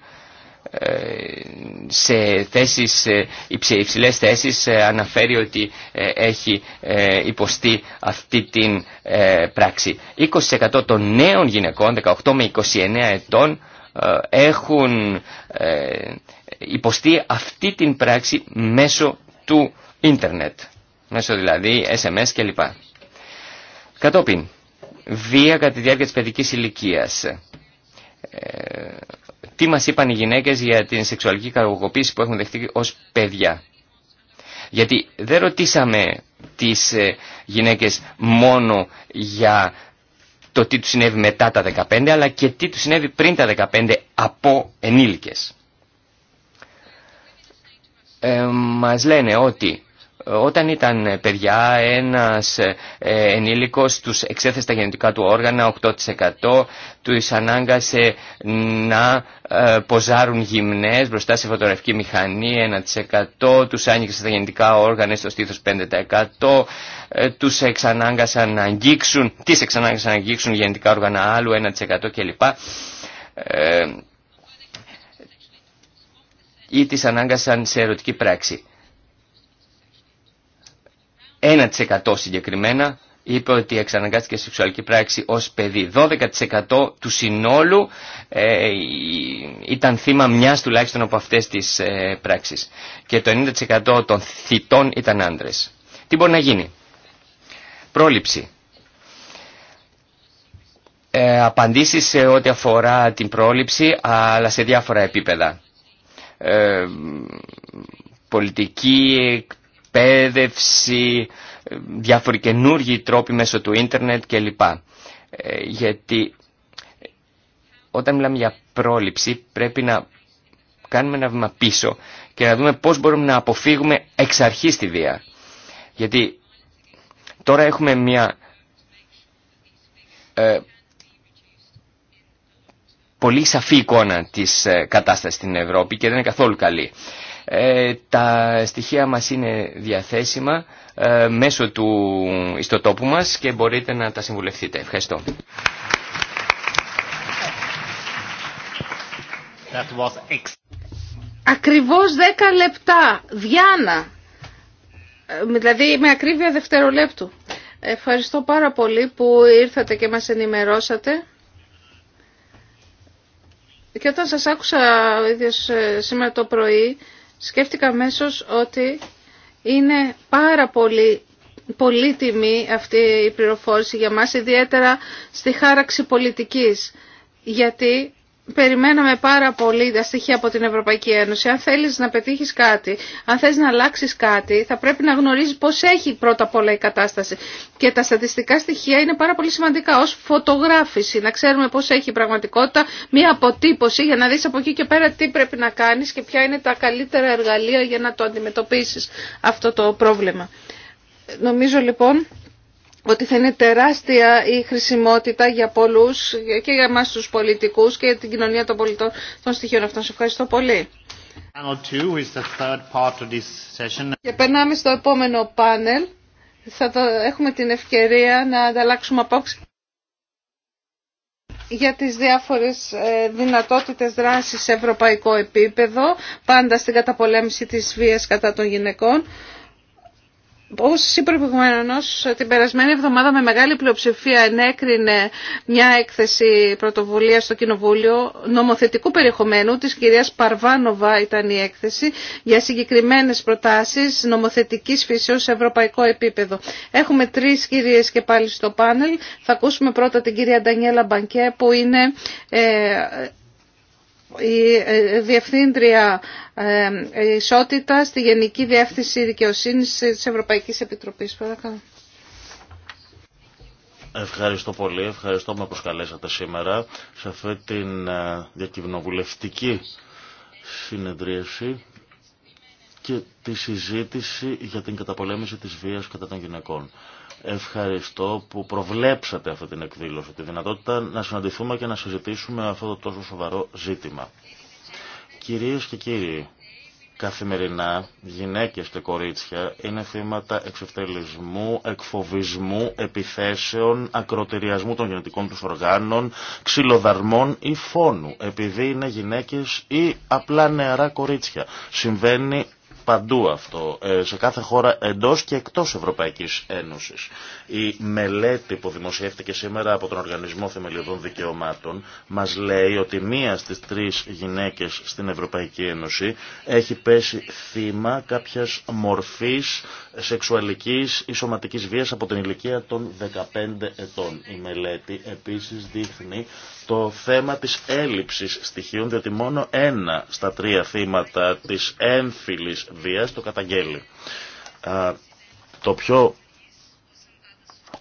Speaker 4: σε θέσεις, υψηλές θέσεις ε, αναφέρει ότι ε, έχει ε, υποστεί αυτή την πράξη. 20% των νέων γυναικών, 18 με 29 ετών, έχουν υποστεί αυτή την πράξη μέσω του ίντερνετ. Μέσω δηλαδή SMS κλπ. Κατόπιν, βία κατά τη διάρκεια της παιδικής ηλικίας τι μας είπαν οι γυναίκες για την σεξουαλική κακοποίηση που έχουν δεχτεί ως παιδιά. Γιατί δεν ρωτήσαμε τις ε, γυναίκες μόνο για το τι του συνέβη μετά τα 15, αλλά και τι του συνέβη πριν τα 15 από ενήλικες. Ε, μας λένε ότι όταν ήταν παιδιά, ένας ε, ενήλικος τους εξέθεσε τα γεννητικά του όργανα 8%, τους ανάγκασε να ε, ποζάρουν γυμνές μπροστά σε φωτογραφική μηχανή 1%, τους άνοιξε τα γεννητικά όργανα στο στήθος 5%, ε, τους εξανάγκασαν να αγγίξουν, τις εξανάγκασαν να αγγίξουν γεννητικά όργανα άλλου 1% κλπ ή τις ανάγκασαν σε ερωτική πράξη. 1% συγκεκριμένα είπε ότι εξαναγκάστηκε σεξουαλική πράξη ως παιδί. 12% του συνόλου ε, ήταν θύμα μιας τουλάχιστον από αυτές τις ε, πράξεις. Και το 90% των θητών ήταν άντρες. Τι μπορεί να γίνει. Πρόληψη. Ε, απαντήσεις σε ό,τι αφορά την πρόληψη, αλλά σε διάφορα επίπεδα. Ε, πολιτική εκπαίδευση, διάφοροι καινούργιοι τρόποι μέσω του ίντερνετ κλπ. Ε, γιατί όταν μιλάμε για πρόληψη πρέπει να κάνουμε ένα βήμα πίσω και να δούμε πώς μπορούμε να αποφύγουμε εξ αρχής τη βία. Γιατί τώρα έχουμε μια ε, πολύ σαφή εικόνα της ε, κατάστασης στην Ευρώπη και δεν είναι καθόλου καλή. Ε, τα στοιχεία μας είναι διαθέσιμα ε, μέσω του ιστοτόπου μας και μπορείτε να τα συμβουλευτείτε. Ευχαριστώ.
Speaker 1: That
Speaker 3: Ακριβώς 10 λεπτά. Διάνα. Ε, δηλαδή με ακρίβεια δευτερολέπτου. Ευχαριστώ πάρα πολύ που ήρθατε και μας ενημερώσατε. Και όταν σας άκουσα ίδιος σήμερα το πρωί, σκέφτηκα αμέσω ότι είναι πάρα πολύ πολύτιμη αυτή η πληροφόρηση για μας, ιδιαίτερα στη χάραξη πολιτικής. Γιατί Περιμέναμε πάρα πολύ τα στοιχεία από την Ευρωπαϊκή Ένωση. Αν θέλει να πετύχει κάτι, αν θες να αλλάξει κάτι, θα πρέπει να γνωρίζει πώ έχει πρώτα απ' όλα η κατάσταση. Και τα στατιστικά στοιχεία είναι πάρα πολύ σημαντικά ω φωτογράφηση, να ξέρουμε πώ έχει η πραγματικότητα, μία αποτύπωση για να δει από εκεί και πέρα τι πρέπει να κάνει και ποια είναι τα καλύτερα εργαλεία για να το αντιμετωπίσει αυτό το πρόβλημα. Νομίζω λοιπόν ότι θα είναι τεράστια η χρησιμότητα για πολλούς και για εμάς τους πολιτικούς και για την κοινωνία των πολιτών των στοιχείων αυτών. Σας ευχαριστώ πολύ. Και περνάμε στο επόμενο πάνελ. Θα το, έχουμε την ευκαιρία να ανταλλάξουμε απόψη για τις διάφορες ε, δυνατότητες δράσης σε ευρωπαϊκό επίπεδο, πάντα στην καταπολέμηση της βίας κατά των γυναικών. Όπω είπα προηγουμένω, την περασμένη εβδομάδα με μεγάλη πλειοψηφία ενέκρινε μια έκθεση πρωτοβουλία στο Κοινοβούλιο νομοθετικού περιεχομένου της κυρίας Παρβάνοβα ήταν η έκθεση για συγκεκριμένες προτάσεις νομοθετικής φύσεως σε ευρωπαϊκό επίπεδο. Έχουμε τρει κυρίες και πάλι στο πάνελ. Θα ακούσουμε πρώτα την κυρία Ντανιέλα Μπανκέ που είναι ε, η ε, Διευθύντρια ε, Ισότητα στη Γενική Διεύθυνση Δικαιοσύνης της Ευρωπαϊκής Επιτροπής.
Speaker 2: Ευχαριστώ πολύ. Ευχαριστώ που με προσκαλέσατε σήμερα σε αυτή την ε, διακυβνοβουλευτική συνεδρίαση και τη συζήτηση για την καταπολέμηση της βίας κατά των γυναικών. Ευχαριστώ που προβλέψατε αυτή την εκδήλωση, τη δυνατότητα να συναντηθούμε και να συζητήσουμε αυτό το τόσο σοβαρό ζήτημα. Κυρίες και κύριοι, καθημερινά γυναίκες και κορίτσια είναι θύματα εξευτελισμού, εκφοβισμού, επιθέσεων, ακροτηριασμού των γενετικών τους οργάνων, ξυλοδαρμών ή φόνου, επειδή είναι γυναίκες ή απλά νεαρά κορίτσια. Συμβαίνει παντού αυτό, ε, σε κάθε χώρα εντός και εκτός Ευρωπαϊκής Ένωσης. Η μελέτη που δημοσιεύτηκε σήμερα από τον Οργανισμό Θεμελιωδών Δικαιωμάτων μας λέει ότι μία στις τρεις γυναίκες στην Ευρωπαϊκή Ένωση έχει πέσει θύμα κάποιας μορφής σεξουαλικής ή σωματικής βίας από την ηλικία των 15 ετών. Η μελέτη επίσης δείχνει το θέμα της έλλειψης στοιχείων, διότι μόνο ένα στα τρία θύματα της έμφυλης Βία το καταγγέλει. Το πιο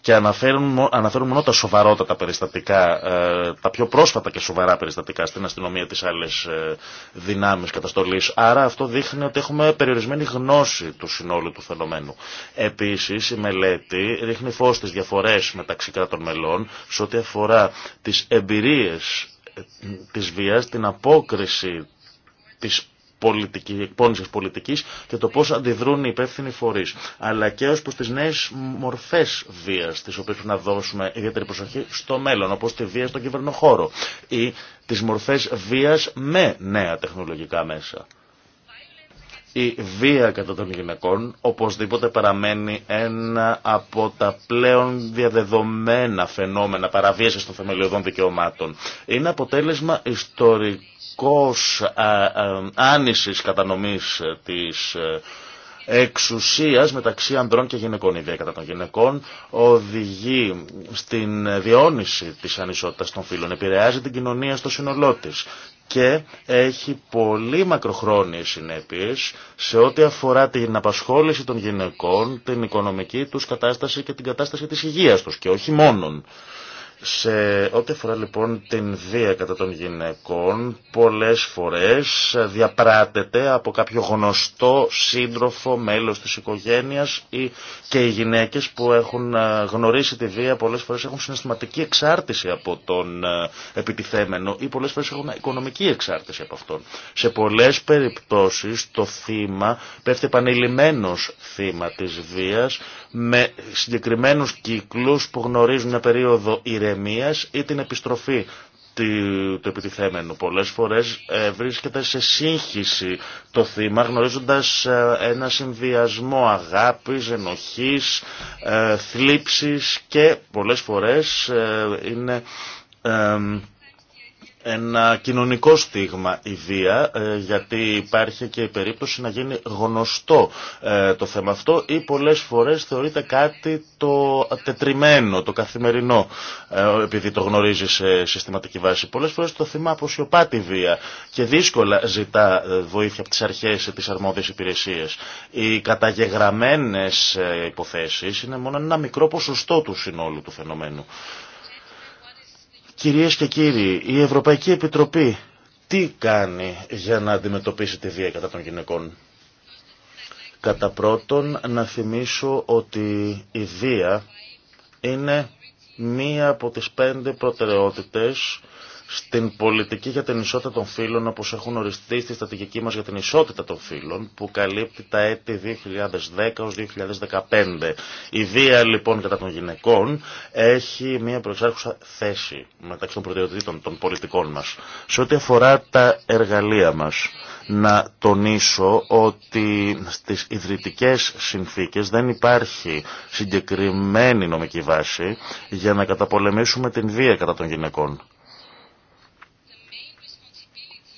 Speaker 2: και αναφέρουν, αναφέρουν μόνο τα σοβαρότατα περιστατικά, ε, τα πιο πρόσφατα και σοβαρά περιστατικά στην αστυνομία της άλλες ε, δυνάμεις καταστολής. Άρα αυτό δείχνει ότι έχουμε περιορισμένη γνώση του συνόλου του φαινομένου. Επίσης η μελέτη ρίχνει φως στις διαφορές μεταξύ κρατών μελών σε ό,τι αφορά τις εμπειρίες ε, της βίας, την απόκριση της πολιτική, εκπόνησης πολιτικής και το πώς αντιδρούν οι υπεύθυνοι φορείς. Αλλά και ως προς τις νέες μορφές βίας, τις οποίες να δώσουμε ιδιαίτερη προσοχή στο μέλλον, όπως τη βία στον κυβερνοχώρο ή τις μορφές βίας με νέα τεχνολογικά μέσα. Η βία κατά των γυναικών οπωσδήποτε παραμένει ένα από τα πλέον διαδεδομένα φαινόμενα παραβίασης των θεμελιωδών δικαιωμάτων. Είναι αποτέλεσμα ιστορικών α, ε, ε, άνησης κατανομής ε, της εξουσίας μεταξύ ανδρών και γυναικών. Η ιδέα των γυναικών οδηγεί στην διόνυση της ανισότητας των φύλων, επηρεάζει την κοινωνία στο σύνολό της και έχει πολύ μακροχρόνιες συνέπειες σε ό,τι αφορά την απασχόληση των γυναικών, την οικονομική τους κατάσταση και την κατάσταση της υγείας τους και όχι μόνον. Σε ό,τι αφορά λοιπόν την βία κατά των γυναικών, πολλές φορές διαπράτεται από κάποιο γνωστό σύντροφο, μέλος της οικογένειας ή και οι γυναίκες που έχουν ε, γνωρίσει τη βία πολλές φορές έχουν συναισθηματική εξάρτηση από τον ε, επιτιθέμενο ή πολλές φορές έχουν οικονομική εξάρτηση από αυτόν. Σε πολλές περιπτώσεις το θύμα πέφτει επανειλημμένος θύμα της βίας με συγκεκριμένους κύκλους που γνωρίζουν μια περίοδο ηρεμίας ή την επιστροφή του επιτιθέμενου. Πολλές φορές ε, βρίσκεται σε σύγχυση το θύμα γνωρίζοντας ε, ένα συνδυασμό αγάπης, ενοχής, ε, θλίψης και πολλές φορές είναι ένα κοινωνικό στίγμα η βία, ε, γιατί υπάρχει και η περίπτωση να γίνει γνωστό ε, το θέμα αυτό ή πολλές φορές θεωρείται κάτι το τετριμένο, το καθημερινό, ε, επειδή το γνωρίζει σε συστηματική βάση. Πολλές φορές το θύμα αποσιωπά τη βία και δύσκολα ζητά βοήθεια από τις αρχές της αρμόδιες υπηρεσίας. Οι καταγεγραμμένες υποθέσεις είναι μόνο ένα μικρό ποσοστό του συνόλου του φαινομένου. Κυρίες και κύριοι, η Ευρωπαϊκή Επιτροπή τι κάνει για να αντιμετωπίσει τη βία κατά των γυναικών. Κατά πρώτον, να θυμίσω ότι η βία είναι μία από τις πέντε προτεραιότητες στην πολιτική για την ισότητα των φύλων όπως έχουν οριστεί στη στρατηγική μας για την ισότητα των φύλων που καλύπτει τα έτη 2010 2015. Η βία λοιπόν κατά των γυναικών έχει μια προεξάρχουσα θέση μεταξύ των προτεραιοτήτων των πολιτικών μας. Σε ό,τι αφορά τα εργαλεία μας, να τονίσω ότι στις ιδρυτικές συνθήκες δεν υπάρχει συγκεκριμένη νομική βάση για να καταπολεμήσουμε την βία κατά των γυναικών.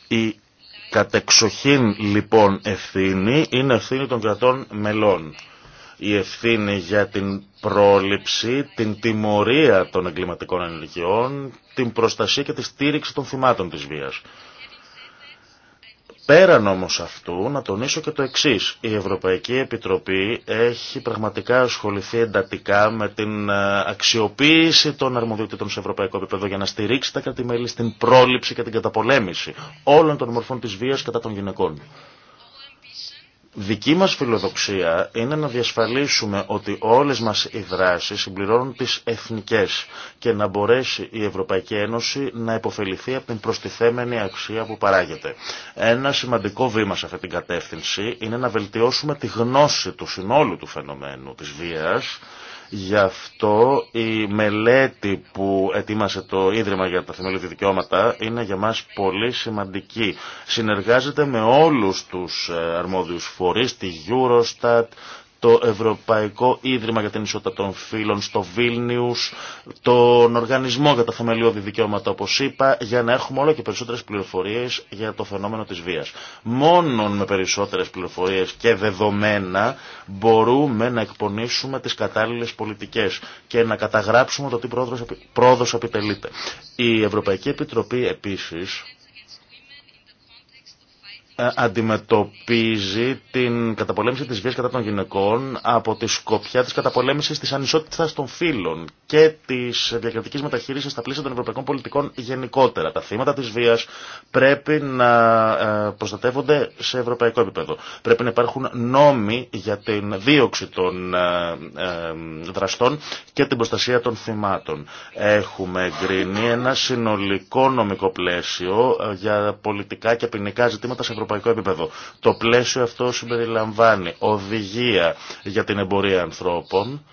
Speaker 2: Η κατεξοχήν λοιπόν ευθύνη είναι ευθύνη των κρατών μελών. Η ευθύνη για την πρόληψη, την τιμωρία των εγκληματικών ενεργειών, την προστασία και τη στήριξη των θυμάτων της βίας. Πέραν όμως αυτού, να τονίσω και το εξής. Η Ευρωπαϊκή Επιτροπή έχει πραγματικά ασχοληθεί εντατικά με την ε, αξιοποίηση των αρμοδιότητων σε ευρωπαϊκό επίπεδο για να στηρίξει τα κρατημέλη στην πρόληψη και την καταπολέμηση όλων των μορφών της βίας κατά των γυναικών. Δική μας φιλοδοξία είναι να διασφαλίσουμε ότι όλες μας οι δράσεις συμπληρώνουν τις εθνικές και να μπορέσει η Ευρωπαϊκή Ένωση να υποφεληθεί από την προστιθέμενη αξία που παράγεται. Ένα σημαντικό βήμα σε αυτή την κατεύθυνση είναι να βελτιώσουμε τη γνώση του συνόλου του φαινομένου της βίας Γι' αυτό η μελέτη που ετοίμασε το Ίδρυμα για τα Θεμελιώδη Δικαιώματα είναι για μας πολύ σημαντική. Συνεργάζεται με όλους τους ε, αρμόδιους φορείς, τη Eurostat, το Ευρωπαϊκό Ίδρυμα για την Ισότητα των Φύλων στο Βίλνιους, τον Οργανισμό για τα Θεμελιώδη Δικαιώματα, όπως είπα, για να έχουμε όλο και περισσότερες πληροφορίες για το φαινόμενο της βίας. Μόνο με περισσότερες πληροφορίες και δεδομένα μπορούμε να εκπονήσουμε τις κατάλληλες πολιτικές και να καταγράψουμε το τι πρόοδος επιτελείται. Η Ευρωπαϊκή Επιτροπή επίσης ε, αντιμετωπίζει την καταπολέμηση της βίας κατά των γυναικών από τη σκοπιά της καταπολέμησης της ανισότητας των φύλων και της διακριτικής μεταχείρισης στα πλαίσια των ευρωπαϊκών πολιτικών γενικότερα. Τα θύματα της βίας πρέπει να ε, προστατεύονται σε ευρωπαϊκό επίπεδο. Πρέπει να υπάρχουν νόμοι για την δίωξη των ε, δραστών και την προστασία των θυμάτων. Έχουμε εγκρίνει ένα συνολικό νομικό πλαίσιο για πολιτικά και ποινικά ζητήματα σε ευρωπαϊκό επίπεδο. Το πλαίσιο αυτό συμπεριλαμβάνει οδηγία για την εμπορία ανθρώπων,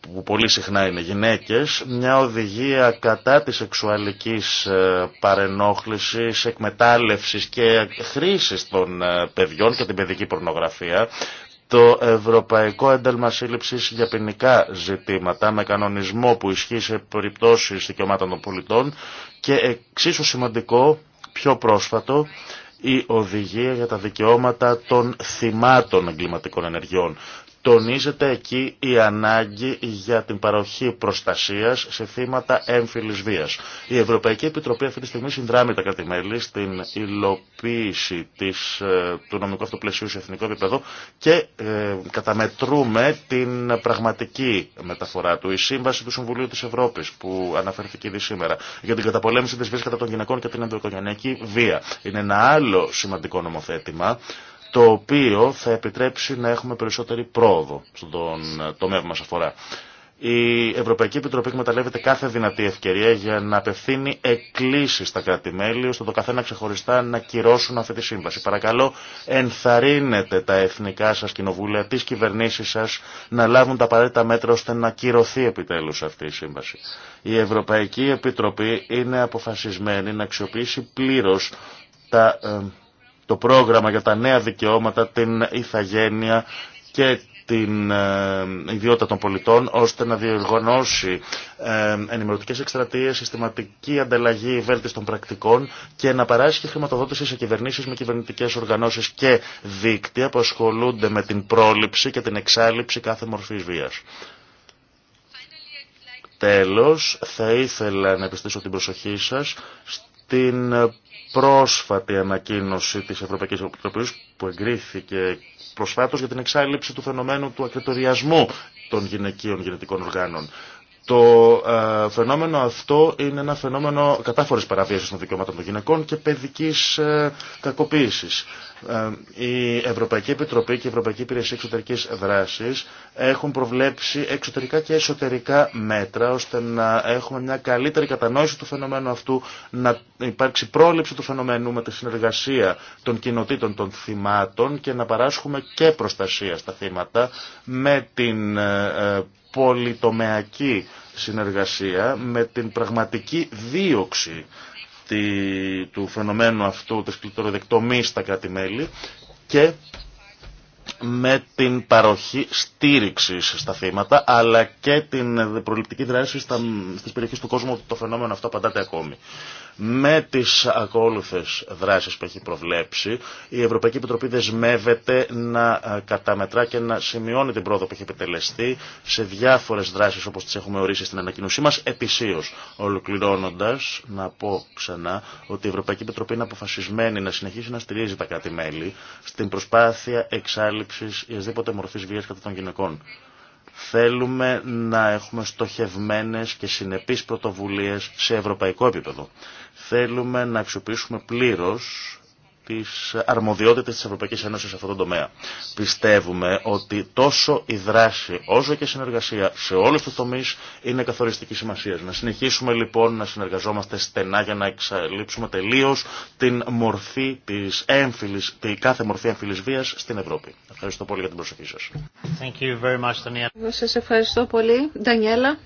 Speaker 2: που πολύ συχνά είναι γυναίκες, μια οδηγία κατά της σεξουαλικής ε, παρενόχλησης, εκμετάλλευσης και χρήσης των ε, παιδιών και την παιδική πορνογραφία, το Ευρωπαϊκό Ένταλμα Σύλληψη για ποινικά ζητήματα με κανονισμό που ισχύει σε περιπτώσει δικαιωμάτων των πολιτών και εξίσου σημαντικό, πιο πρόσφατο, η οδηγία για τα δικαιώματα των θυμάτων εγκληματικών ενεργειών Τονίζεται εκεί η ανάγκη για την παροχή προστασίας σε θύματα έμφυλης βίας. Η Ευρωπαϊκή Επιτροπή αυτή τη στιγμή συνδράμει τα κρατημέλη στην υλοποίηση της, ε, του νομικού αυτοπλαισίου σε εθνικό επίπεδο και ε, καταμετρούμε την πραγματική μεταφορά του. Η Σύμβαση του Συμβουλίου της Ευρώπης που αναφέρθηκε ήδη σήμερα για την καταπολέμηση της βίας κατά των γυναικών και την ενδοοικογενειακή βία. Είναι ένα άλλο σημαντικό νομοθέτημα το οποίο θα επιτρέψει να έχουμε περισσότερη πρόοδο στον τομέα που μας αφορά. Η Ευρωπαϊκή Επιτροπή εκμεταλλεύεται κάθε δυνατή ευκαιρία για να απευθύνει εκκλήσει στα κράτη-μέλη, ώστε το καθένα ξεχωριστά να κυρώσουν αυτή τη σύμβαση. Παρακαλώ, ενθαρρύνετε τα εθνικά σα κοινοβούλια, τι κυβερνήσει σα, να λάβουν τα απαραίτητα μέτρα ώστε να κυρωθεί επιτέλου αυτή η σύμβαση. Η Ευρωπαϊκή Επιτροπή είναι αποφασισμένη να αξιοποιήσει πλήρω τα ε, το πρόγραμμα για τα νέα δικαιώματα, την ηθαγένεια και την ε, ιδιότητα των πολιτών ώστε να διοργανώσει ε, ενημερωτικές εκστρατείες, συστηματική ανταλλαγή βέλτιστων πρακτικών και να παράσχει χρηματοδότηση σε κυβερνήσεις με κυβερνητικές οργανώσεις και δίκτυα που ασχολούνται με την πρόληψη και την εξάλληψη κάθε μορφής βίας. Τέλος, θα ήθελα να επιστήσω την προσοχή σας στην πρόσφατη ανακοίνωση της Ευρωπαϊκής Επιτροπής που εγκρίθηκε προσφάτως για την εξάλληψη του φαινομένου του ακριτοριασμού των γυναικείων γενετικών οργάνων. Το ε, φαινόμενο αυτό είναι ένα φαινόμενο κατάφορης παραβίασης των δικαιωμάτων των γυναικών και παιδικής ε, κακοποίησης. Ε, η Ευρωπαϊκή Επιτροπή και η Ευρωπαϊκή Υπηρεσία Εξωτερικής Δράσης έχουν προβλέψει εξωτερικά και εσωτερικά μέτρα ώστε να έχουμε μια καλύτερη κατανόηση του φαινομένου αυτού, να υπάρξει πρόληψη του φαινομένου με τη συνεργασία των κοινοτήτων των θυμάτων και να παράσχουμε και προστασία στα θύματα με την πολυτομεακή συνεργασία με την πραγματική δίωξη του φαινομένου αυτού της κλειτοροδεκτομής στα κράτη-μέλη και με την παροχή στήριξης στα θύματα αλλά και την προληπτική δράση στα, στις περιοχές του κόσμου το φαινόμενο αυτό απαντάται ακόμη με τις ακόλουθες δράσεις που έχει προβλέψει. Η Ευρωπαϊκή Επιτροπή δεσμεύεται να ε, καταμετρά και να σημειώνει την πρόοδο που έχει επιτελεστεί σε διάφορες δράσεις όπως τις έχουμε ορίσει στην ανακοινωσή μας επισίως. Ολοκληρώνοντας, να πω ξανά ότι η Ευρωπαϊκή Επιτροπή είναι αποφασισμένη να συνεχίσει να στηρίζει τα κράτη-μέλη στην προσπάθεια εξάλληψης οποιασδήποτε μορφής βίας κατά των γυναικών. Θέλουμε να έχουμε στοχευμένες και συνεπείς πρωτοβουλίες σε ευρωπαϊκό επίπεδο. Θέλουμε να αξιοποιήσουμε πλήρως τι αρμοδιότητε της Ευρωπαϊκής Ένωση σε αυτόν τον τομέα. Πιστεύουμε ότι τόσο η δράση όσο και η συνεργασία σε όλου του τομεί είναι καθοριστική σημασία. Να συνεχίσουμε λοιπόν να συνεργαζόμαστε στενά για να εξαλείψουμε τελείω την μορφή της έμφυλης, τη κάθε μορφή έμφυλη βίας στην Ευρώπη. Ευχαριστώ πολύ για την προσοχή σα.
Speaker 1: Σα ευχαριστώ
Speaker 3: πολύ, Ντανιέλα.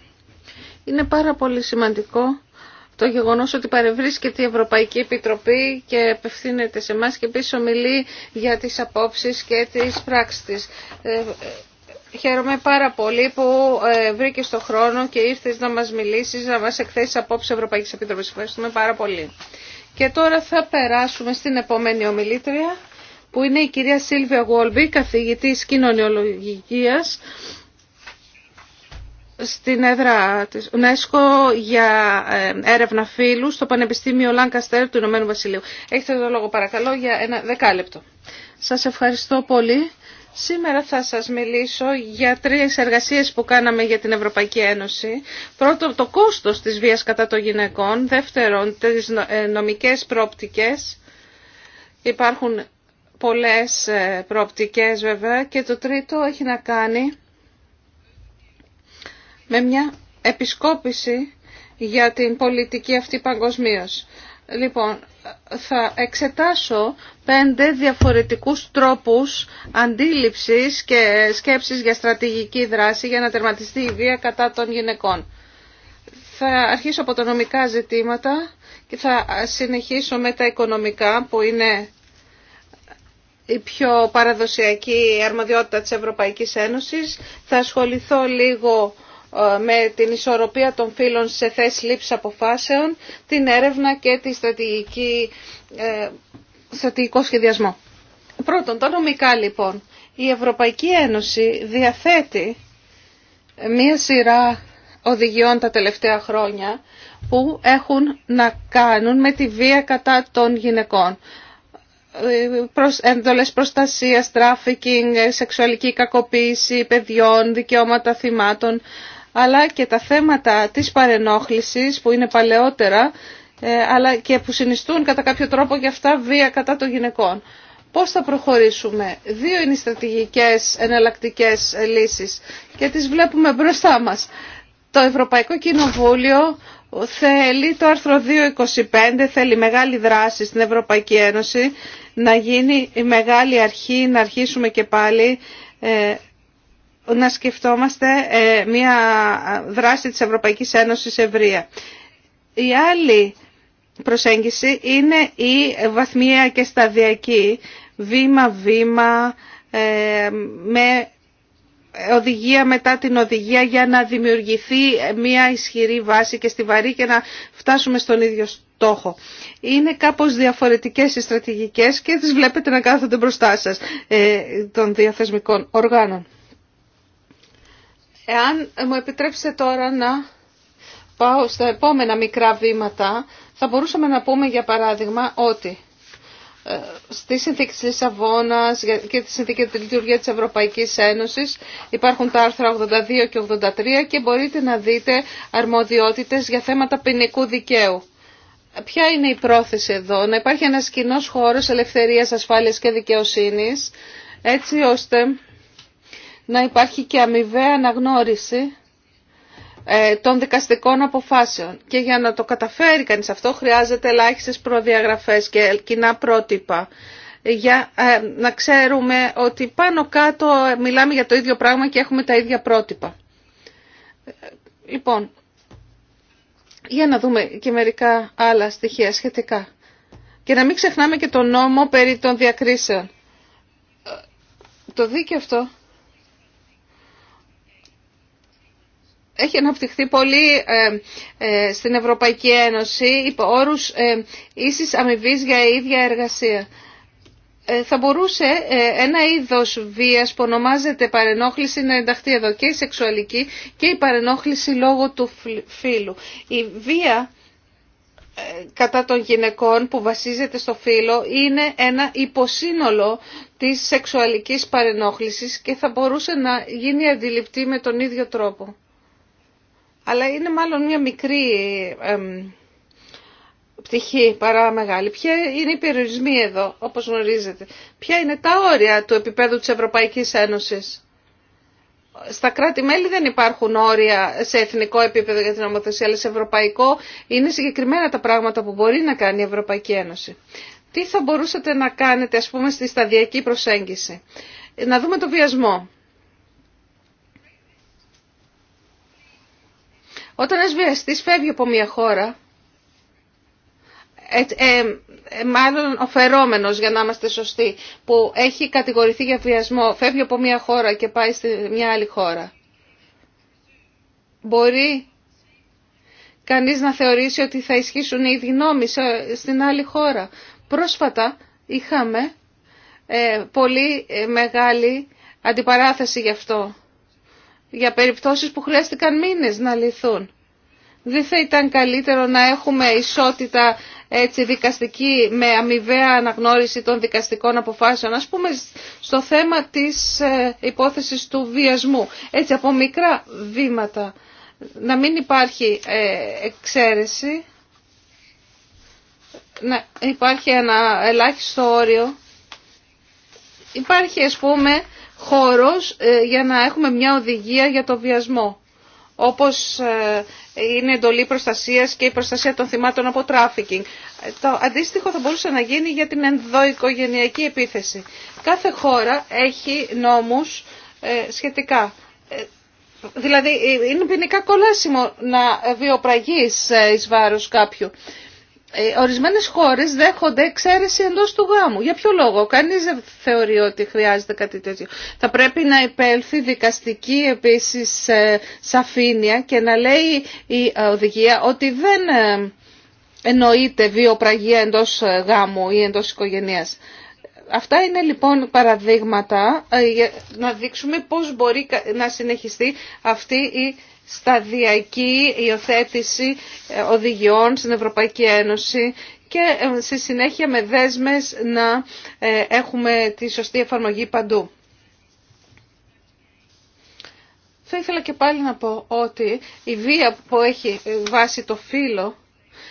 Speaker 3: Είναι πάρα πολύ σημαντικό το γεγονός ότι παρευρίσκεται η Ευρωπαϊκή Επιτροπή και απευθύνεται σε εμά και επίσης ομιλεί για τις απόψεις και τις πράξεις της. Ε, ε, χαίρομαι πάρα πολύ που ε, βρήκε το χρόνο και ήρθε να μας μιλήσει να μας εκθέσεις της Ευρωπαϊκής Επιτροπής. Ευχαριστούμε πάρα πολύ. Και τώρα θα περάσουμε στην επόμενη ομιλήτρια που είναι η κυρία Σίλβια Γουόλμπι, καθηγητής κοινωνιολογίας στην έδρα της UNESCO για ε, έρευνα φύλου στο Πανεπιστήμιο Λάνκαστερ του Ηνωμένου Βασιλείου. Έχετε το λόγο παρακαλώ για ένα δεκάλεπτο. Σας ευχαριστώ πολύ. Σήμερα θα σας μιλήσω για τρεις εργασίες που κάναμε για την Ευρωπαϊκή Ένωση. πρώτο το κόστος της βίας κατά των γυναικών. Δεύτερον, τις ε, νομικές πρόπτικες. Υπάρχουν πολλές ε, πρόπτικες βέβαια. Και το τρίτο έχει να κάνει με μια επισκόπηση για την πολιτική αυτή παγκοσμίω. Λοιπόν, θα εξετάσω πέντε διαφορετικούς τρόπους αντίληψης και σκέψης για στρατηγική δράση για να τερματιστεί η βία κατά των γυναικών. Θα αρχίσω από τα νομικά ζητήματα και θα συνεχίσω με τα οικονομικά που είναι η πιο παραδοσιακή αρμοδιότητα της Ευρωπαϊκής Ένωσης. Θα ασχοληθώ λίγο ε, με την ισορροπία των φύλων σε θέση λήψη αποφάσεων, την έρευνα και τη στρατηγική, ε, στρατηγικό σχεδιασμό. Πρώτον, το νομικά λοιπόν. Η Ευρωπαϊκή Ένωση διαθέτει μία σειρά οδηγιών τα τελευταία χρόνια που έχουν να κάνουν με τη βία κατά των γυναικών. Έντολες προστασίας, τράφικινγκ, σεξουαλική κακοποίηση παιδιών, δικαιώματα θυμάτων αλλά και τα θέματα της παρενόχλησης που είναι παλαιότερα ε, αλλά και που συνιστούν κατά κάποιο τρόπο και αυτά βία κατά των γυναικών. Πώς θα προχωρήσουμε. Δύο είναι οι στρατηγικές εναλλακτικές λύσεις και τις βλέπουμε μπροστά μας. Το Ευρωπαϊκό Κοινοβούλιο θέλει το άρθρο 2.25, θέλει μεγάλη δράση στην Ευρωπαϊκή Ένωση, να γίνει η μεγάλη αρχή, να αρχίσουμε και πάλι ε, να σκεφτόμαστε ε, μια δράση της Ευρωπαϊκής Ένωσης ευρεία. Η άλλη προσέγγιση είναι η βαθμία και σταδιακή, βήμα-βήμα, ε, με οδηγία μετά την οδηγία για να δημιουργηθεί μια ισχυρή βάση και βαρύ και να φτάσουμε στον ίδιο στόχο. Είναι κάπως διαφορετικές οι στρατηγικές και τις βλέπετε να κάθονται μπροστά σας ε, των διαθεσμικών οργάνων. Εάν μου επιτρέψετε τώρα να πάω στα επόμενα μικρά βήματα, θα μπορούσαμε να πούμε για παράδειγμα ότι ε, στη συνθήκη της Λισαβόνας και τη συνθήκη της λειτουργία της Ευρωπαϊκής Ένωσης υπάρχουν τα άρθρα 82 και 83 και μπορείτε να δείτε αρμοδιότητες για θέματα ποινικού δικαίου. Ποια είναι η πρόθεση εδώ, να υπάρχει ένας κοινός χώρος ελευθερίας, ασφάλειας και δικαιοσύνης, έτσι ώστε να υπάρχει και αμοιβαία αναγνώριση ε, των δικαστικών αποφάσεων. Και για να το καταφέρει κανείς αυτό χρειάζεται ελάχιστες προδιαγραφές και κοινά πρότυπα για ε, να ξέρουμε ότι πάνω κάτω ε, μιλάμε για το ίδιο πράγμα και έχουμε τα ίδια πρότυπα. Λοιπόν, για να δούμε και μερικά άλλα στοιχεία σχετικά. Και να μην ξεχνάμε και τον νόμο περί των διακρίσεων. Το δίκαιο αυτό έχει αναπτυχθεί πολύ ε, ε, στην Ευρωπαϊκή Ένωση υπό όρους ε, ίσης αμοιβή για ίδια εργασία. Θα μπορούσε ένα είδος βίας που ονομάζεται παρενόχληση να ενταχθεί εδώ και η σεξουαλική και η παρενόχληση λόγω του φίλου. Η βία κατά των γυναικών που βασίζεται στο φύλλο είναι ένα υποσύνολο της σεξουαλικής παρενόχλησης και θα μπορούσε να γίνει αντιληπτή με τον ίδιο τρόπο αλλά είναι μάλλον μια μικρή εμ, πτυχή παρά μεγάλη. Ποια είναι οι περιορισμοί εδώ, όπως γνωρίζετε. Ποια είναι τα όρια του επίπεδου της Ευρωπαϊκής Ένωσης. Στα κράτη-μέλη δεν υπάρχουν όρια σε εθνικό επίπεδο για την νομοθεσία, αλλά σε ευρωπαϊκό είναι συγκεκριμένα τα πράγματα που μπορεί να κάνει η Ευρωπαϊκή Ένωση. Τι θα μπορούσατε να κάνετε, ας πούμε, στη σταδιακή προσέγγιση. Να δούμε το βιασμό. Όταν ένας βιαστής φεύγει από μια χώρα, ε, ε, ε, μάλλον ο φερόμενος για να είμαστε σωστοί, που έχει κατηγορηθεί για βιασμό, φεύγει από μια χώρα και πάει σε μια άλλη χώρα. Μπορεί κανείς να θεωρήσει ότι θα ισχύσουν οι ίδιοι στην άλλη χώρα. Πρόσφατα είχαμε πολύ μεγάλη αντιπαράθεση γι' αυτό για περιπτώσεις που χρειάστηκαν μήνες να λυθούν. Δεν θα ήταν καλύτερο να έχουμε ισότητα έτσι, δικαστική με αμοιβαία αναγνώριση των δικαστικών αποφάσεων, ας πούμε στο θέμα της ε, υπόθεσης του βιασμού. Έτσι από μικρά βήματα να μην υπάρχει ε, εξαίρεση, να υπάρχει ένα ελάχιστο όριο. Υπάρχει ας πούμε χώρος ε, για να έχουμε μια οδηγία για το βιασμό όπως ε, είναι εντολή προστασίας και η προστασία των θυμάτων από τράφικινγκ. Ε, το αντίστοιχο θα μπορούσε να γίνει για την ενδοοικογενειακή επίθεση. Κάθε χώρα έχει νόμους σχετικά. Δηλαδή είναι ποινικά κολάσιμο να βιοπραγείς εις βάρος κάποιου. Ε, ορισμένες χώρες δέχονται εξαίρεση εντός του γάμου. Για ποιο λόγο. Κανείς δεν θεωρεί ότι χρειάζεται κάτι τέτοιο. Θα πρέπει να υπέλθει δικαστική επίσης ε, σαφήνεια και να λέει η ε, οδηγία ότι δεν εννοείται βιοπραγία εντός γάμου ή εντός οικογενείας. Αυτά είναι λοιπόν παραδείγματα για να δείξουμε πώς μπορεί να συνεχιστεί αυτή η σταδιακή υιοθέτηση ε, οδηγιών στην Ευρωπαϊκή Ένωση και ε, στη συνέχεια με δέσμες να ε, έχουμε τη σωστή εφαρμογή παντού. Θα ήθελα και πάλι να πω ότι η βία που έχει βάσει το φύλλο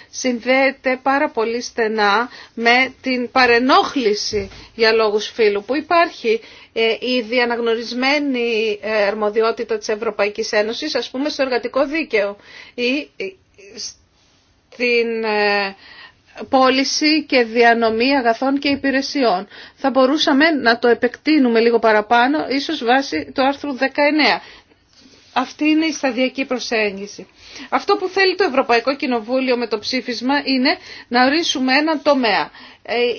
Speaker 3: συνδέεται πάρα πολύ στενά με την παρενόχληση για λόγους φύλου που υπάρχει ε, η διαναγνωρισμένη ε, αρμοδιότητα της Ευρωπαϊκής Ένωσης, ας πούμε στο εργατικό δίκαιο ή ε, στην πώληση και διανομή αγαθών και υπηρεσιών. Θα μπορούσαμε να το επεκτείνουμε λίγο παραπάνω, ίσως βάσει του άρθρου 19. Αυτή είναι η σταδιακή προσέγγιση. Αυτό που θέλει το Ευρωπαϊκό Κοινοβούλιο με το ψήφισμα είναι να ορίσουμε έναν τομέα.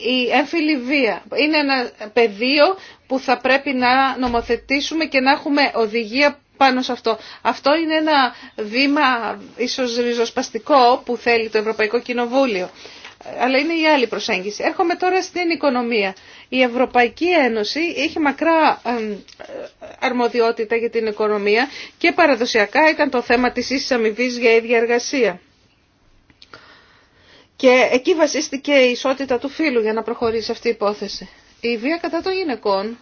Speaker 3: Η έμφυλη βία είναι ένα πεδίο που θα πρέπει να νομοθετήσουμε και να έχουμε οδηγία πάνω σε αυτό. Αυτό είναι ένα βήμα ίσως ριζοσπαστικό που θέλει το Ευρωπαϊκό Κοινοβούλιο. Αλλά είναι η άλλη προσέγγιση. Έρχομαι τώρα στην οικονομία. Η Ευρωπαϊκή Ένωση είχε μακρά αρμοδιότητα για την οικονομία και παραδοσιακά ήταν το θέμα της ίσης αμοιβή για ίδια εργασία. Και εκεί βασίστηκε η ισότητα του φύλου για να προχωρήσει αυτή η υπόθεση. Η βία κατά των γυναικών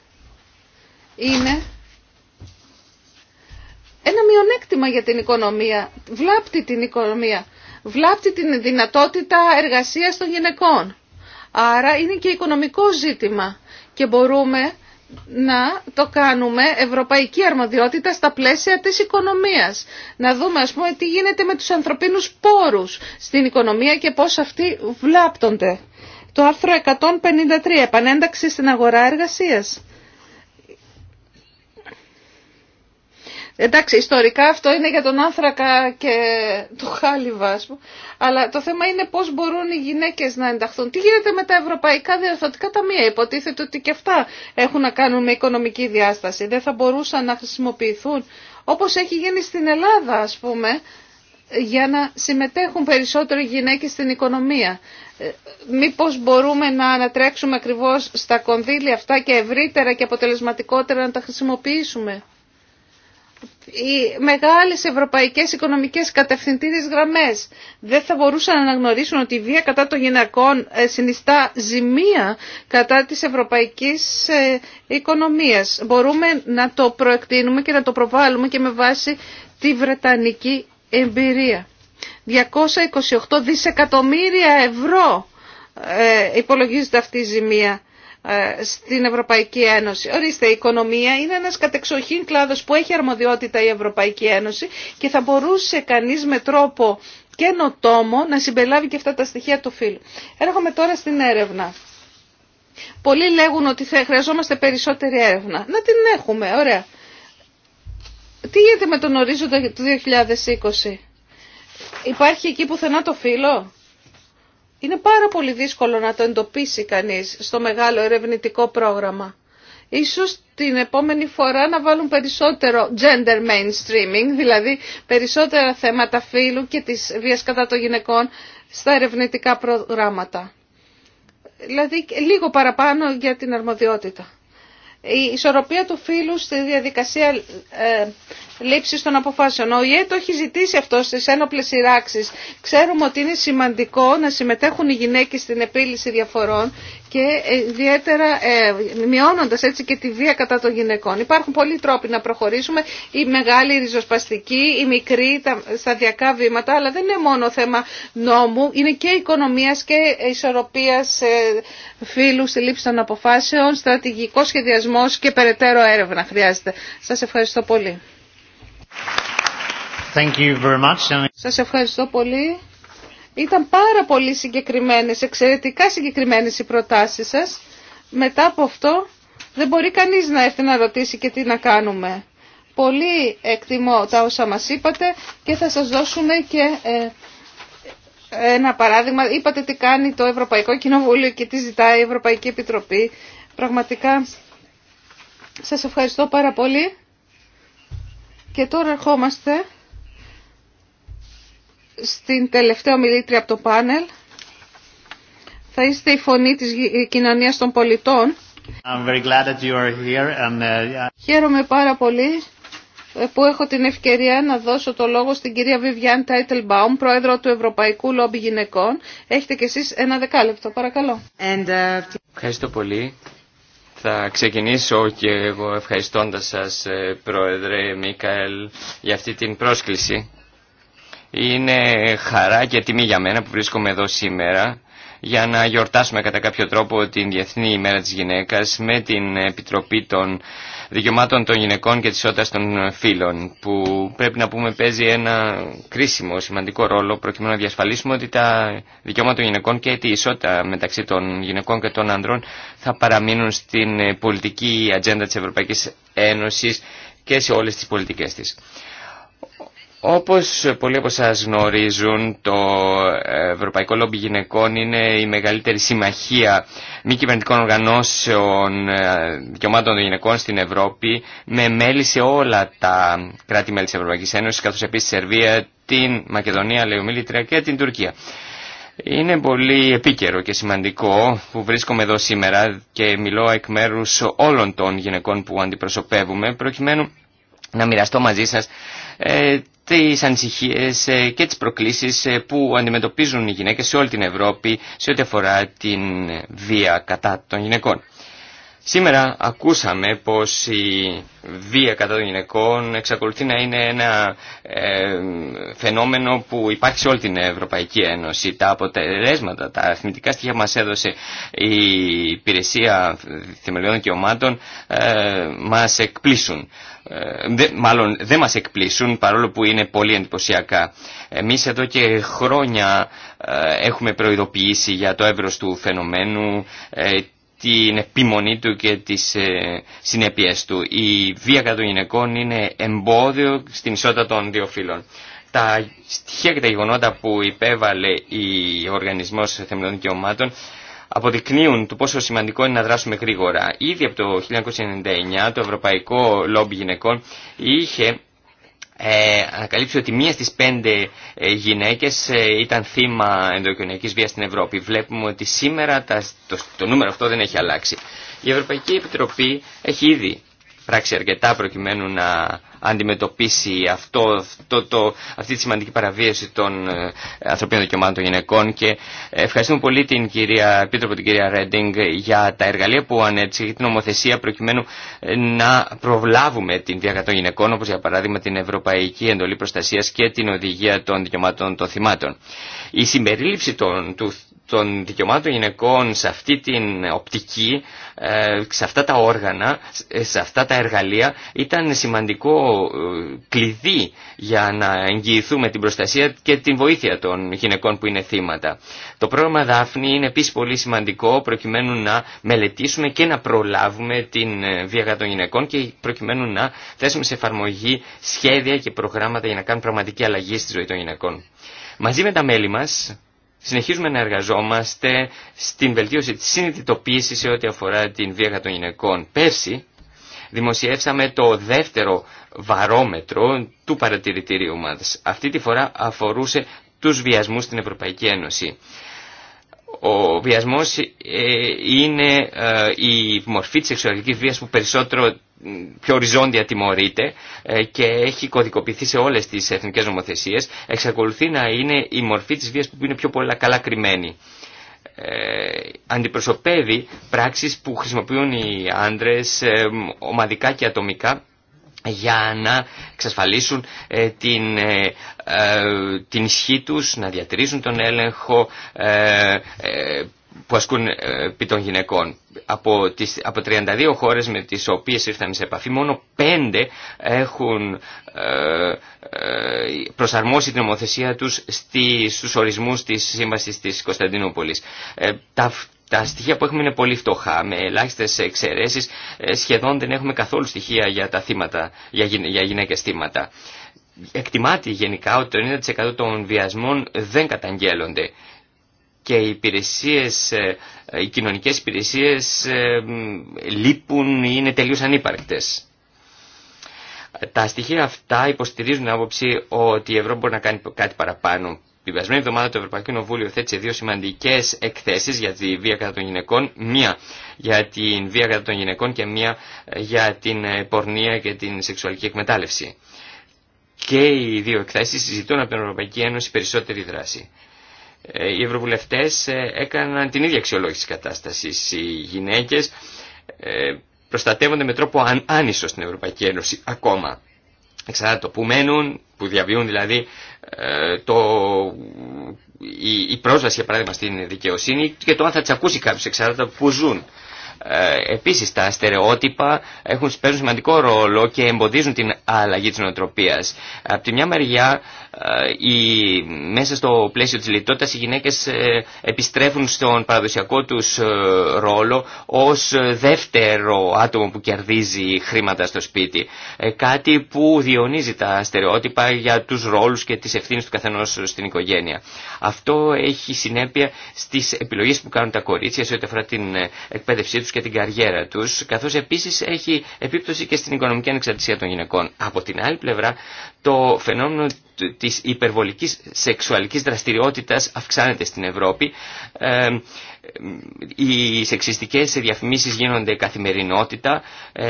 Speaker 3: είναι ένα μειονέκτημα για την οικονομία, βλάπτει την οικονομία, βλάπτει την δυνατότητα εργασίας των γυναικών. Άρα είναι και οικονομικό ζήτημα και μπορούμε να το κάνουμε ευρωπαϊκή αρμοδιότητα στα πλαίσια της οικονομίας. Να δούμε ας πούμε τι γίνεται με τους ανθρωπίνους πόρους στην οικονομία και πώς αυτοί βλάπτονται. Το άρθρο 153, επανένταξη στην αγορά εργασίας. Εντάξει, ιστορικά αυτό είναι για τον άνθρακα και το χάλιβα, Αλλά το θέμα είναι πώς μπορούν οι γυναίκες να ενταχθούν. Τι γίνεται με τα ευρωπαϊκά διορθωτικά ταμεία. Υποτίθεται ότι και αυτά έχουν να κάνουν με οικονομική διάσταση. Δεν θα μπορούσαν να χρησιμοποιηθούν. Όπως έχει γίνει στην Ελλάδα, ας πούμε, για να συμμετέχουν περισσότερο γυναίκες στην οικονομία. Ε, μήπως μπορούμε να ανατρέξουμε ακριβώς στα κονδύλια αυτά και ευρύτερα και αποτελεσματικότερα να τα χρησιμοποιήσουμε. Οι μεγάλες ευρωπαϊκές οικονομικές κατευθυντήριες γραμμές δεν θα μπορούσαν να αναγνωρίσουν ότι η βία κατά των γυναικών ε, συνιστά ζημία κατά της ευρωπαϊκής ε, οικονομίας. Μπορούμε να το προεκτείνουμε και να το προβάλλουμε και με βάση τη Βρετανική εμπειρία. 228 δισεκατομμύρια ευρώ ε, υπολογίζεται αυτή η ζημία ε, στην Ευρωπαϊκή Ένωση. Ορίστε, η οικονομία είναι ένας κατεξοχήν κλάδος που έχει αρμοδιότητα η Ευρωπαϊκή Ένωση και θα μπορούσε κανείς με τρόπο καινοτόμο να συμπελάβει και αυτά τα στοιχεία του φύλου. Έρχομαι τώρα στην έρευνα. Πολλοί λέγουν ότι θα χρειαζόμαστε περισσότερη έρευνα. Να την έχουμε, ωραία. Τι γίνεται με τον ορίζοντα του 2020. Υπάρχει εκεί πουθενά το φύλλο. Είναι πάρα πολύ δύσκολο να το εντοπίσει κανείς στο μεγάλο ερευνητικό πρόγραμμα. Ίσως την επόμενη φορά να βάλουν περισσότερο gender mainstreaming, δηλαδή περισσότερα θέματα φύλου και της βίας κατά των γυναικών στα ερευνητικά προγράμματα. Δηλαδή λίγο παραπάνω για την αρμοδιότητα η ισορροπία του φίλου στη διαδικασία ε, λήψης των αποφάσεων. Ο ΙΕ το έχει ζητήσει αυτό στι ένοπλες σειράξει. Ξέρουμε ότι είναι σημαντικό να συμμετέχουν οι γυναίκες στην επίλυση διαφορών και ε, ιδιαίτερα ε, μειώνοντας έτσι και τη βία κατά των γυναικών. Υπάρχουν πολλοί τρόποι να προχωρήσουμε, η μεγάλη η ριζοσπαστική, η μικρή, τα σταδιακά βήματα, αλλά δεν είναι μόνο θέμα νόμου, είναι και οικονομίας και ισορροπίας ε, φύλου στη λήψη των αποφάσεων, στρατηγικό σχεδιασμός και περαιτέρω έρευνα χρειάζεται. Σας ευχαριστώ πολύ.
Speaker 1: Thank you very much.
Speaker 3: Σας ευχαριστώ πολύ. Ήταν πάρα πολύ συγκεκριμένες, εξαιρετικά συγκεκριμένες οι προτάσεις σας. Μετά από αυτό δεν μπορεί κανείς να έρθει να ρωτήσει και τι να κάνουμε. Πολύ εκτιμώ τα όσα μας είπατε και θα σας δώσουμε και ε, ένα παράδειγμα. Είπατε τι κάνει το Ευρωπαϊκό Κοινοβούλιο και τι ζητάει η Ευρωπαϊκή Επιτροπή. Πραγματικά σας ευχαριστώ πάρα πολύ. Και τώρα ερχόμαστε στην τελευταία ομιλήτρια από το πάνελ. Θα είστε η φωνή της κοινωνίας των πολιτών. Χαίρομαι πάρα πολύ ε, που έχω την ευκαιρία να δώσω το λόγο στην κυρία Βιβιάν Τάιτελμπαουμ, πρόεδρο του Ευρωπαϊκού Λόμπι Γυναικών. Έχετε κι εσείς ένα δεκάλεπτο, παρακαλώ.
Speaker 4: And, uh, Ευχαριστώ πολύ. Θα ξεκινήσω και εγώ ευχαριστώντας σας, ε, Πρόεδρε Μίκαελ, για αυτή την πρόσκληση είναι χαρά και τιμή για μένα που βρίσκομαι εδώ σήμερα για να γιορτάσουμε κατά κάποιο τρόπο την Διεθνή ημέρα της γυναίκας με την Επιτροπή των Δικαιωμάτων των Γυναικών και της Ισότητας των Φίλων που πρέπει να πούμε παίζει ένα κρίσιμο σημαντικό ρόλο προκειμένου να διασφαλίσουμε ότι τα δικαιώματα των γυναικών και η ισότητα μεταξύ των γυναικών και των ανδρών θα παραμείνουν στην πολιτική ατζέντα της Ευρωπαϊκής Ένωσης και σε όλες τις πολιτικές της. Όπως πολλοί από σας γνωρίζουν, το Ευρωπαϊκό Λόμπι Γυναικών είναι η μεγαλύτερη συμμαχία μη κυβερνητικών οργανώσεων ε, δικαιωμάτων των γυναικών στην Ευρώπη, με μέλη σε όλα τα κράτη-μέλη της Ευρωπαϊκής Ένωσης, καθώς επίσης τη Σερβία, την Μακεδονία, Λεωμίλητρια και την Τουρκία. Είναι πολύ επίκαιρο και σημαντικό που βρίσκομαι εδώ σήμερα και μιλώ εκ μέρους όλων των γυναικών που αντιπροσωπεύουμε, προκειμένου να μοιραστώ μαζί σας ε, τις ανησυχίες ε, και τις προκλήσεις ε, που αντιμετωπίζουν οι γυναίκες σε όλη την Ευρώπη σε ό,τι αφορά την ε, βία κατά των γυναικών. Σήμερα ακούσαμε πως η βία κατά των γυναικών εξακολουθεί να είναι ένα ε, φαινόμενο που υπάρχει σε όλη την Ευρωπαϊκή Ένωση. Τα αποτελέσματα, τα αριθμητικά στοιχεία που μας έδωσε η Υπηρεσία Θεμελιών και ε, μας εκπλήσουν. Ε, δε, μάλλον δεν μας εκπλήσουν παρόλο που είναι πολύ εντυπωσιακά. Εμείς εδώ και χρόνια ε, έχουμε προειδοποιήσει για το εύρος του φαινομένου, την επιμονή του και τις ε, συνέπειες του. Η βία κατά των γυναικών είναι εμπόδιο στην ισότητα των δύο φύλων. Τα στοιχεία και τα γεγονότα που υπέβαλε ο Οργανισμός Θεμελιών Δικαιωμάτων αποδεικνύουν το πόσο σημαντικό είναι να δράσουμε γρήγορα. Ήδη από το 1999 το Ευρωπαϊκό Λόμπι Γυναικών είχε ε, ανακαλύψει ότι μία στις πέντε ε, γυναίκες ε, ήταν θύμα ενδοκινιακής βίας στην Ευρώπη. Βλέπουμε ότι σήμερα το, νούμερο αυτό δεν έχει αλλάξει. Η Ευρωπαϊκή Επιτροπή έχει ήδη πράξει αρκετά προκειμένου να αντιμετωπίσει αυτό, το, αυτή τη σημαντική παραβίαση των ε, ανθρωπίνων δικαιωμάτων των γυναικών και ευχαριστούμε πολύ την κυρία Επίτροπο, την κυρία Ρέντινγκ για τα εργαλεία που ανέτσι την νομοθεσία προκειμένου ε, να προβλάβουμε την βία των γυναικών όπως για παράδειγμα την Ευρωπαϊκή Εντολή Προστασίας και την Οδηγία των Δικαιωμάτων των Θυμάτων. Η συμπερίληψη των, του, των δικαιωμάτων γυναικών σε αυτή την οπτική, ε, σε αυτά τα όργανα, σε αυτά τα εργαλεία ήταν σημαντικό ε, κλειδί για να εγγυηθούμε την προστασία και την βοήθεια των γυναικών που είναι θύματα. Το πρόγραμμα Δάφνη είναι επίσης πολύ σημαντικό προκειμένου να μελετήσουμε και να προλάβουμε την ε, βία των γυναικών και προκειμένου να θέσουμε σε εφαρμογή σχέδια και προγράμματα για να κάνουν πραγματική αλλαγή στη ζωή των γυναικών. Μαζί με τα μέλη μας συνεχίζουμε να εργαζόμαστε στην βελτίωση της συνειδητοποίησης σε ό,τι αφορά την βία των γυναικών. Πέρσι δημοσιεύσαμε το δεύτερο βαρόμετρο του παρατηρητήριου μας. Αυτή τη φορά αφορούσε τους βιασμούς στην Ευρωπαϊκή Ένωση. Ο βιασμός ε, είναι ε, η μορφή της σεξουαλικής βίας που περισσότερο πιο οριζόντια τιμωρείται ε, και έχει κωδικοποιηθεί σε όλες τις εθνικές νομοθεσίες. Εξακολουθεί να είναι η μορφή της βίας που είναι πιο πολλά καλά κρυμμένη. Ε, αντιπροσωπεύει πράξεις που χρησιμοποιούν οι άντρες ε, ομαδικά και ατομικά για να εξασφαλίσουν ε, την, την ισχύ τους, να διατηρήσουν τον έλεγχο, που ασκούν ε, επί των γυναικών. Από, τις, από 32 χώρες με τις οποίες ήρθαμε σε επαφή, μόνο 5 έχουν ε, ε, προσαρμόσει την ομοθεσία τους στη, στους ορισμούς της Σύμβασης της Κωνσταντινούπολης. τα, στοιχεία που έχουμε είναι πολύ φτωχά, με ελάχιστες εξαιρέσεις, σχεδόν δεν έχουμε καθόλου στοιχεία για, τα θύματα, για, γυ, για γυναίκες θύματα. Εκτιμάται γενικά ότι το 90% των βιασμών δεν καταγγέλλονται και οι υπηρεσίες, ε, ε, οι κοινωνικές υπηρεσίες ε, λείπουν ή είναι τελείως ανύπαρκτες. Τα στοιχεία αυτά υποστηρίζουν την άποψη ότι η Ευρώπη μπορεί να κάνει κάτι παραπάνω. Την περασμένη εβδομάδα το Ευρωπαϊκό Κοινοβούλιο θέτησε δύο σημαντικέ εκθέσει για τη βία κατά των γυναικών. Μία για την βία κατά των γυναικών και μία για την πορνεία και την σεξουαλική εκμετάλλευση. Και οι δύο εκθέσει ζητούν από την Ευρωπαϊκή Ένωση περισσότερη δράση. Ε, οι ευρωβουλευτές ε, έκαναν την ίδια αξιολόγηση της κατάστασης. Οι γυναίκες ε, προστατεύονται με τρόπο άνισο στην Ευρωπαϊκή Ένωση ακόμα. Εξαρτάται το που μένουν, που διαβιούν δηλαδή το, η, η πρόσβαση για παράδειγμα στην δικαιοσύνη και το αν θα τις ακούσει κάποιος εξαρτάται που ζουν. Ε, επίσης τα στερεότυπα έχουν παίζουν σημαντικό ρόλο και εμποδίζουν την αλλαγή της νοοτροπίας. Από τη μια μεριά η, ε, μέσα στο πλαίσιο της λιτότητας οι γυναίκες ε, επιστρέφουν στον παραδοσιακό τους ρόλο ως δεύτερο άτομο που κερδίζει χρήματα στο σπίτι. Κάτι που διονύζει τα στερεότυπα για τους ρόλους και τις ευθύνες του καθενός στην οικογένεια. Αυτό έχει συνέπεια στις επιλογές που κάνουν τα κορίτσια σε ό,τι αφορά την εκπαίδευσή τους και την καριέρα τους, καθώς επίσης έχει επίπτωση και στην οικονομική ανεξαρτησία των γυναικών. Από την άλλη πλευρά, το φαινόμενο της υπερβολικής σεξουαλικής δραστηριότητας αυξάνεται στην Ευρώπη, ε, οι σεξιστικές διαφημίσεις γίνονται καθημερινότητα ε,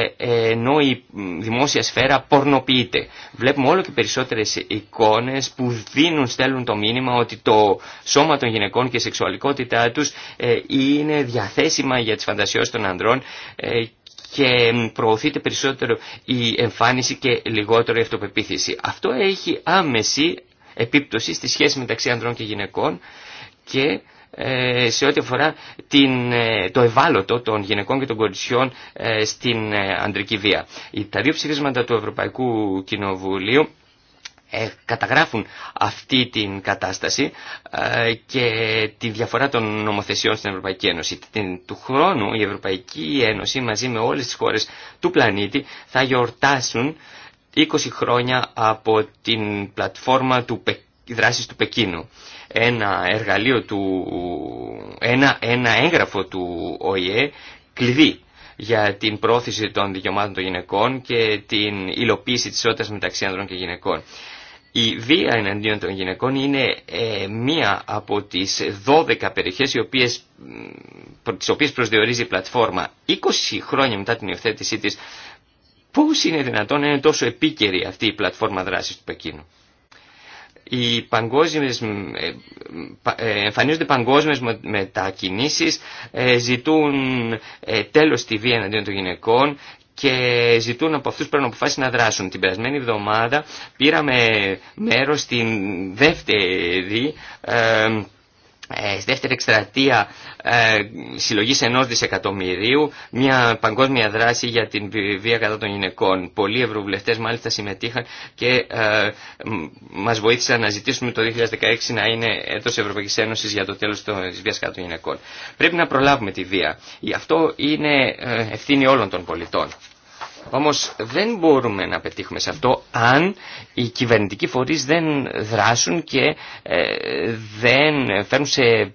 Speaker 4: ενώ η δημόσια σφαίρα πορνοποιείται. Βλέπουμε όλο και περισσότερες εικόνες που δίνουν, στέλνουν το μήνυμα ότι το σώμα των γυναικών και η σεξουαλικότητά τους ε, είναι διαθέσιμα για τις φαντασιώσεις των ανδρών ε, και προωθείται περισσότερο η εμφάνιση και λιγότερο η αυτοπεποίθηση. Αυτό έχει άμεση επίπτωση στη σχέση μεταξύ ανδρών και γυναικών και ε, σε ό,τι αφορά την, ε, το ευάλωτο των γυναικών και των κοριτσιών ε, στην αντρική βία. Τα δύο ψηφίσματα του Ευρωπαϊκού Κοινοβουλίου καταγράφουν αυτή την κατάσταση και τη διαφορά των νομοθεσιών στην Ευρωπαϊκή Ένωση. Την, του χρόνου η Ευρωπαϊκή Ένωση μαζί με όλες τις χώρες του πλανήτη θα γιορτάσουν 20 χρόνια από την πλατφόρμα του, δράσης του Πεκίνου ένα εργαλείο του, ένα, ένα έγγραφο του ΟΗΕ κλειδί για την πρόθεση των δικαιωμάτων των γυναικών και την υλοποίηση της ισότητας μεταξύ ανδρών και γυναικών. Η βία εναντίον των γυναικών είναι ε, μία από τις 12 περιοχές οι οποίες, τις οποίες προσδιορίζει η πλατφόρμα 20 χρόνια μετά την υιοθέτησή της. Πώς είναι δυνατόν να είναι τόσο επίκαιρη αυτή η πλατφόρμα δράσης του Πεκίνου οι παγκόσμιες, ε, ε, εμφανίζονται παγκόσμιες μετακινήσεις, ε, ζητούν τέλος τη βία εναντίον των γυναικών και ζητούν από αυτούς που να να δράσουν. Την περασμένη εβδομάδα πήραμε μέρος στην δεύτερη ε, στη δεύτερη εκστρατεία ε, συλλογής ενός δισεκατομμυρίου, μια παγκόσμια δράση για την βία κατά των γυναικών. Πολλοί ευρωβουλευτές μάλιστα συμμετείχαν και ε, μας βοήθησαν να ζητήσουμε το 2016 να είναι έτος Ευρωπαϊκής Ένωσης για το τέλος της βίας κατά των γυναικών. Πρέπει να προλάβουμε τη βία. Αυτό είναι ε, ευθύνη όλων των πολιτών. Όμως δεν μπορούμε να πετύχουμε σε αυτό αν οι κυβερνητικοί φορείς δεν δράσουν και ε, δεν σε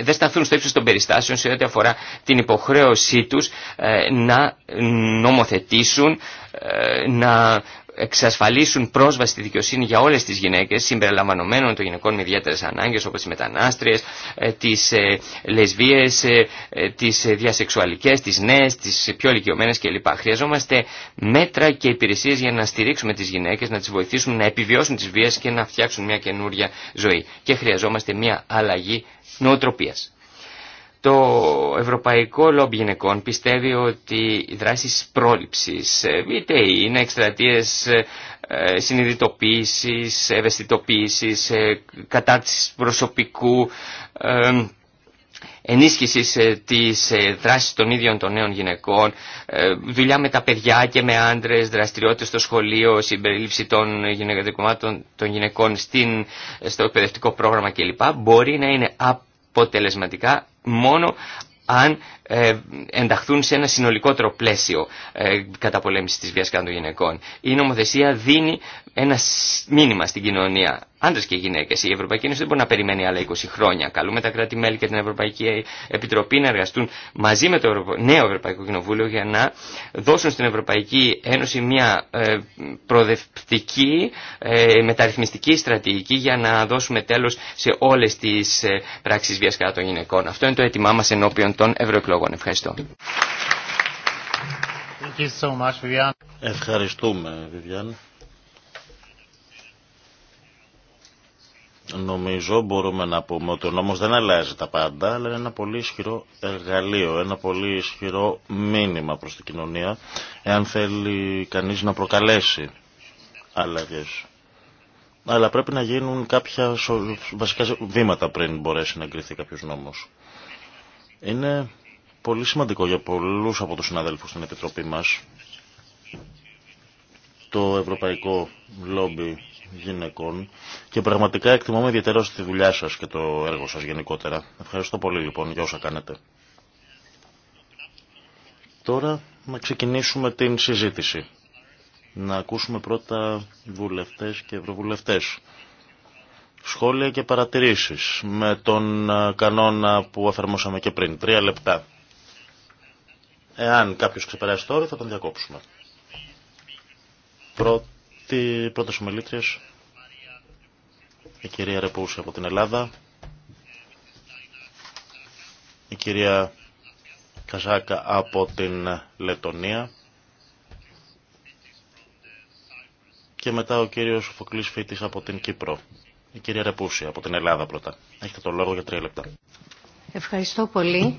Speaker 4: δεν σταθούν στο ύψος των περιστάσεων σε ό,τι αφορά την υποχρέωσή τους ε, να νομοθετήσουν, ε, να εξασφαλίσουν πρόσβαση στη δικαιοσύνη για όλες τις γυναίκες, συμπεριλαμβανομένων των γυναικών με ιδιαίτερες ανάγκες όπως οι μετανάστριες, ε, τις ε, λεσβίες, ε, τις διασεξουαλικές, τις νέες, τις πιο ηλικιωμένε κλπ. Χρειαζόμαστε μέτρα και υπηρεσίες για να στηρίξουμε τις γυναίκες, να τις βοηθήσουμε να επιβιώσουν τις βίες και να φτιάξουν μια καινούρια ζωή. Και χρειαζόμαστε μια αλλαγή νοοτροπίας. Το Ευρωπαϊκό Λόμπι Γυναικών πιστεύει ότι οι δράσεις πρόληψης, ε, είτε είναι εκστρατείες ε, συνειδητοποίησης, ευαισθητοποίησης, ε, κατάρτισης προσωπικού, ενίσχυσης της δράσης των ίδιων των νέων γυναικών, δουλειά με τα παιδιά και με άντρες, δραστηριότητες στο σχολείο, συμπερίληψη των γυναικών, των γυναικών στην, στο εκπαιδευτικό πρόγραμμα κλπ. μπορεί να είναι αποτελεσματικά μόνο αν ε, ενταχθούν σε ένα συνολικότερο πλαίσιο ε, κατά πολέμηση της βίας κατά των γυναικών. Η νομοθεσία δίνει ένα μήνυμα στην κοινωνία. Άντρε και γυναίκε. Η Ευρωπαϊκή Ένωση δεν μπορεί να περιμένει άλλα 20 χρόνια. Καλούμε τα κράτη-μέλη και την Ευρωπαϊκή Επιτροπή να εργαστούν μαζί με το νέο Ευρωπαϊκό Κοινοβούλιο για να δώσουν στην Ευρωπαϊκή Ένωση μια ε, προοδευτική μεταρρυθμιστική στρατηγική για να δώσουμε τέλο σε όλε τι πράξει βία κατά των γυναικών. Αυτό είναι το μα ενώπιον των ευρωεκλογών. Ευχαριστώ.
Speaker 2: Ευχαριστούμε, Βιβιάν. Νομίζω μπορούμε να πούμε ότι ο νόμος δεν αλλάζει τα πάντα, αλλά είναι ένα πολύ ισχυρό εργαλείο, ένα πολύ ισχυρό μήνυμα προς την κοινωνία, εάν θέλει κανείς να προκαλέσει αλλαγές. Αλλά πρέπει να γίνουν κάποια βασικά βήματα πριν μπορέσει να εγκριθεί κάποιος νόμος. Είναι πολύ σημαντικό για πολλούς από τους συναδέλφους στην Επιτροπή μας το Ευρωπαϊκό Λόμπι Γυναικών και πραγματικά εκτιμάμε ιδιαίτερα τη δουλειά σας και το έργο σας γενικότερα. Ευχαριστώ πολύ λοιπόν για όσα κάνετε. Τώρα να ξεκινήσουμε την συζήτηση. Να ακούσουμε πρώτα βουλευτές και ευρωβουλευτές. Σχόλια και παρατηρήσεις με τον κανόνα που αφαιρμόσαμε και πριν. Τρία λεπτά Εάν κάποιος ξεπεράσει το όρο, θα τον διακόψουμε. Πρώτη, πρώτες ομιλήτριες, η κυρία Ρεπούση από την Ελλάδα, η κυρία Καζάκα από την Λετωνία και μετά ο κύριος Φωκλής Φίτης από την Κύπρο. Η κυρία Ρεπούση από την Ελλάδα πρώτα. Έχετε το λόγο για τρία λεπτά.
Speaker 5: Ευχαριστώ πολύ.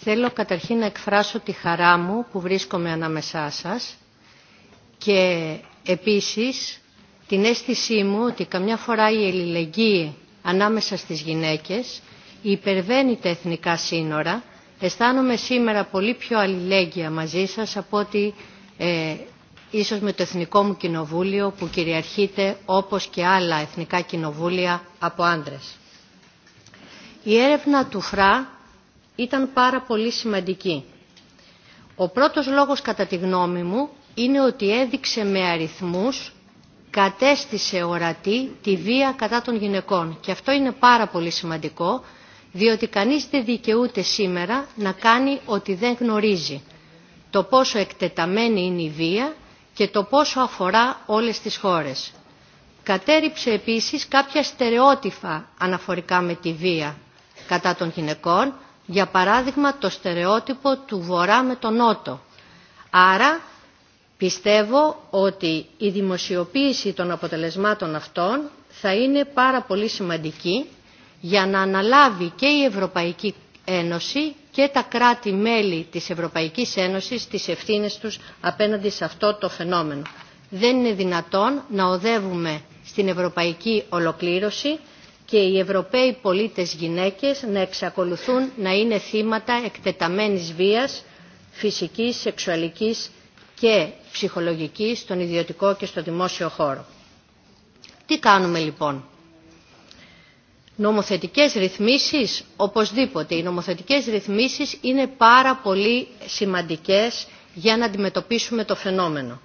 Speaker 5: Θέλω καταρχήν να εκφράσω τη χαρά μου που βρίσκομαι ανάμεσά σας και επίσης την αίσθησή μου ότι καμιά φορά η ελληλεγγύη ανάμεσα στις γυναίκες υπερβαίνει τα εθνικά σύνορα. Αισθάνομαι σήμερα πολύ πιο αλληλέγγυα μαζί σας από ότι ε, ίσως με το Εθνικό μου Κοινοβούλιο που κυριαρχείται όπως και άλλα εθνικά κοινοβούλια από άντρες. Η έρευνα του ΦΡΑ ήταν πάρα πολύ σημαντική. Ο πρώτος λόγος κατά τη γνώμη μου είναι ότι έδειξε με αριθμούς, κατέστησε ορατή τη βία κατά των γυναικών. Και αυτό είναι πάρα πολύ σημαντικό, διότι κανείς δεν δικαιούται σήμερα να κάνει ότι δεν γνωρίζει το πόσο εκτεταμένη είναι η βία και το πόσο αφορά όλες τις χώρες. Κατέριψε επίσης κάποια στερεότυφα αναφορικά με τη βία κατά των γυναικών, για παράδειγμα το στερεότυπο του βορρά με τον νότο. Άρα πιστεύω ότι η δημοσιοποίηση των αποτελεσμάτων αυτών θα είναι πάρα πολύ σημαντική για να αναλάβει και η Ευρωπαϊκή Ένωση και τα κράτη-μέλη της Ευρωπαϊκής Ένωσης τις ευθύνες τους απέναντι σε αυτό το φαινόμενο. Δεν είναι δυνατόν να οδεύουμε στην ευρωπαϊκή ολοκλήρωση και οι Ευρωπαίοι πολίτες γυναίκες να εξακολουθούν να είναι θύματα εκτεταμένης βίας, φυσικής, σεξουαλικής και ψυχολογικής στον ιδιωτικό και στο δημόσιο χώρο. Τι κάνουμε λοιπόν. Νομοθετικές ρυθμίσεις, οπωσδήποτε, οι νομοθετικές ρυθμίσεις είναι πάρα πολύ σημαντικές για να αντιμετωπίσουμε το φαινόμενο.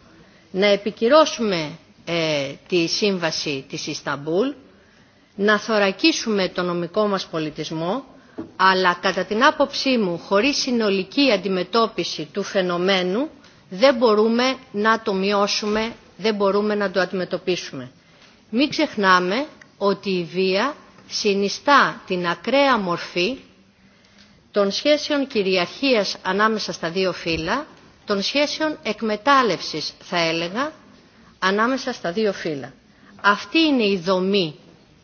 Speaker 5: Να επικυρώσουμε ε, τη σύμβαση της Ισταμπούλ, να θωρακίσουμε τον νομικό μας πολιτισμό, αλλά κατά την άποψή μου χωρίς συνολική αντιμετώπιση του φαινομένου δεν μπορούμε να το μειώσουμε, δεν μπορούμε να το αντιμετωπίσουμε. Μην ξεχνάμε ότι η βία συνιστά την ακραία μορφή των σχέσεων κυριαρχίας ανάμεσα στα δύο φύλλα, των σχέσεων εκμετάλλευσης, θα έλεγα, ανάμεσα στα δύο φύλλα. Αυτή είναι η δομή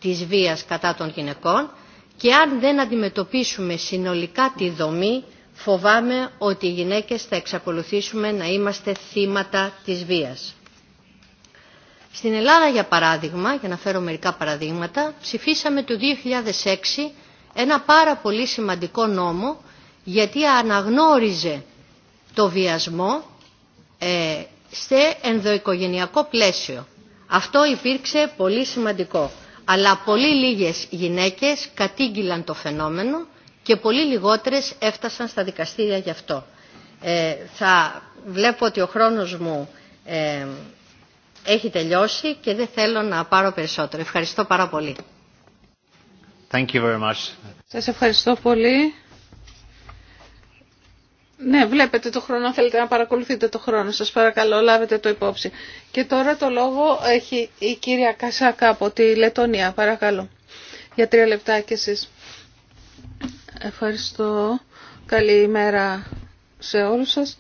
Speaker 5: της βίας κατά των γυναικών και αν δεν αντιμετωπίσουμε συνολικά τη δομή φοβάμαι ότι οι γυναίκες θα εξακολουθήσουμε να είμαστε θύματα της βίας. Στην Ελλάδα, για παράδειγμα, για να φέρω μερικά παραδείγματα, ψηφίσαμε το 2006 ένα πάρα πολύ σημαντικό νόμο γιατί αναγνώριζε το βιασμό ε, σε ενδοοικογενειακό πλαίσιο. Αυτό υπήρξε πολύ σημαντικό αλλά πολύ λίγες γυναίκες κατήγγυλαν το φαινόμενο και πολύ λιγότερες έφτασαν στα δικαστήρια γι' αυτό. Ε, θα βλέπω ότι ο χρόνος μου ε, έχει τελειώσει και δεν θέλω να πάρω περισσότερο. Ευχαριστώ πάρα πολύ. Thank you Σας ευχαριστώ πολύ.
Speaker 3: Ναι, βλέπετε το χρόνο, θέλετε να παρακολουθείτε το χρόνο. Σας παρακαλώ, λάβετε το υπόψη. Και τώρα το λόγο έχει η κυρία Κασάκα από τη Λετωνία. Παρακαλώ. Για τρία λεπτά κι εσείς. Ευχαριστώ. ημέρα σε όλους σας.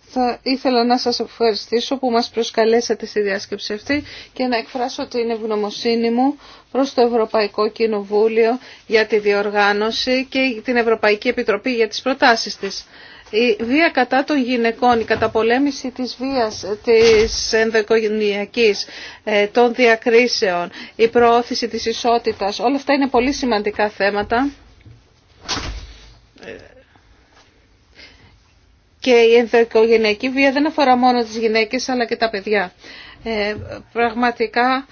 Speaker 3: Θα ήθελα να σας ευχαριστήσω που μας προσκαλέσατε στη διάσκεψη αυτή και να εκφράσω την ευγνωμοσύνη μου προς το Ευρωπαϊκό Κοινοβούλιο για τη διοργάνωση και την Ευρωπαϊκή Επιτροπή για τις προτάσεις της η βία κατά των γυναικών, η καταπολέμηση της βίας, της ενδοοικογενειακής, ε, των διακρίσεων, η προώθηση της ισότητας, όλα αυτά είναι πολύ σημαντικά θέματα. Ε, και η ενδοοικογενειακή βία δεν αφορά μόνο τις γυναίκες αλλά και τα παιδιά. Ε, πραγματικά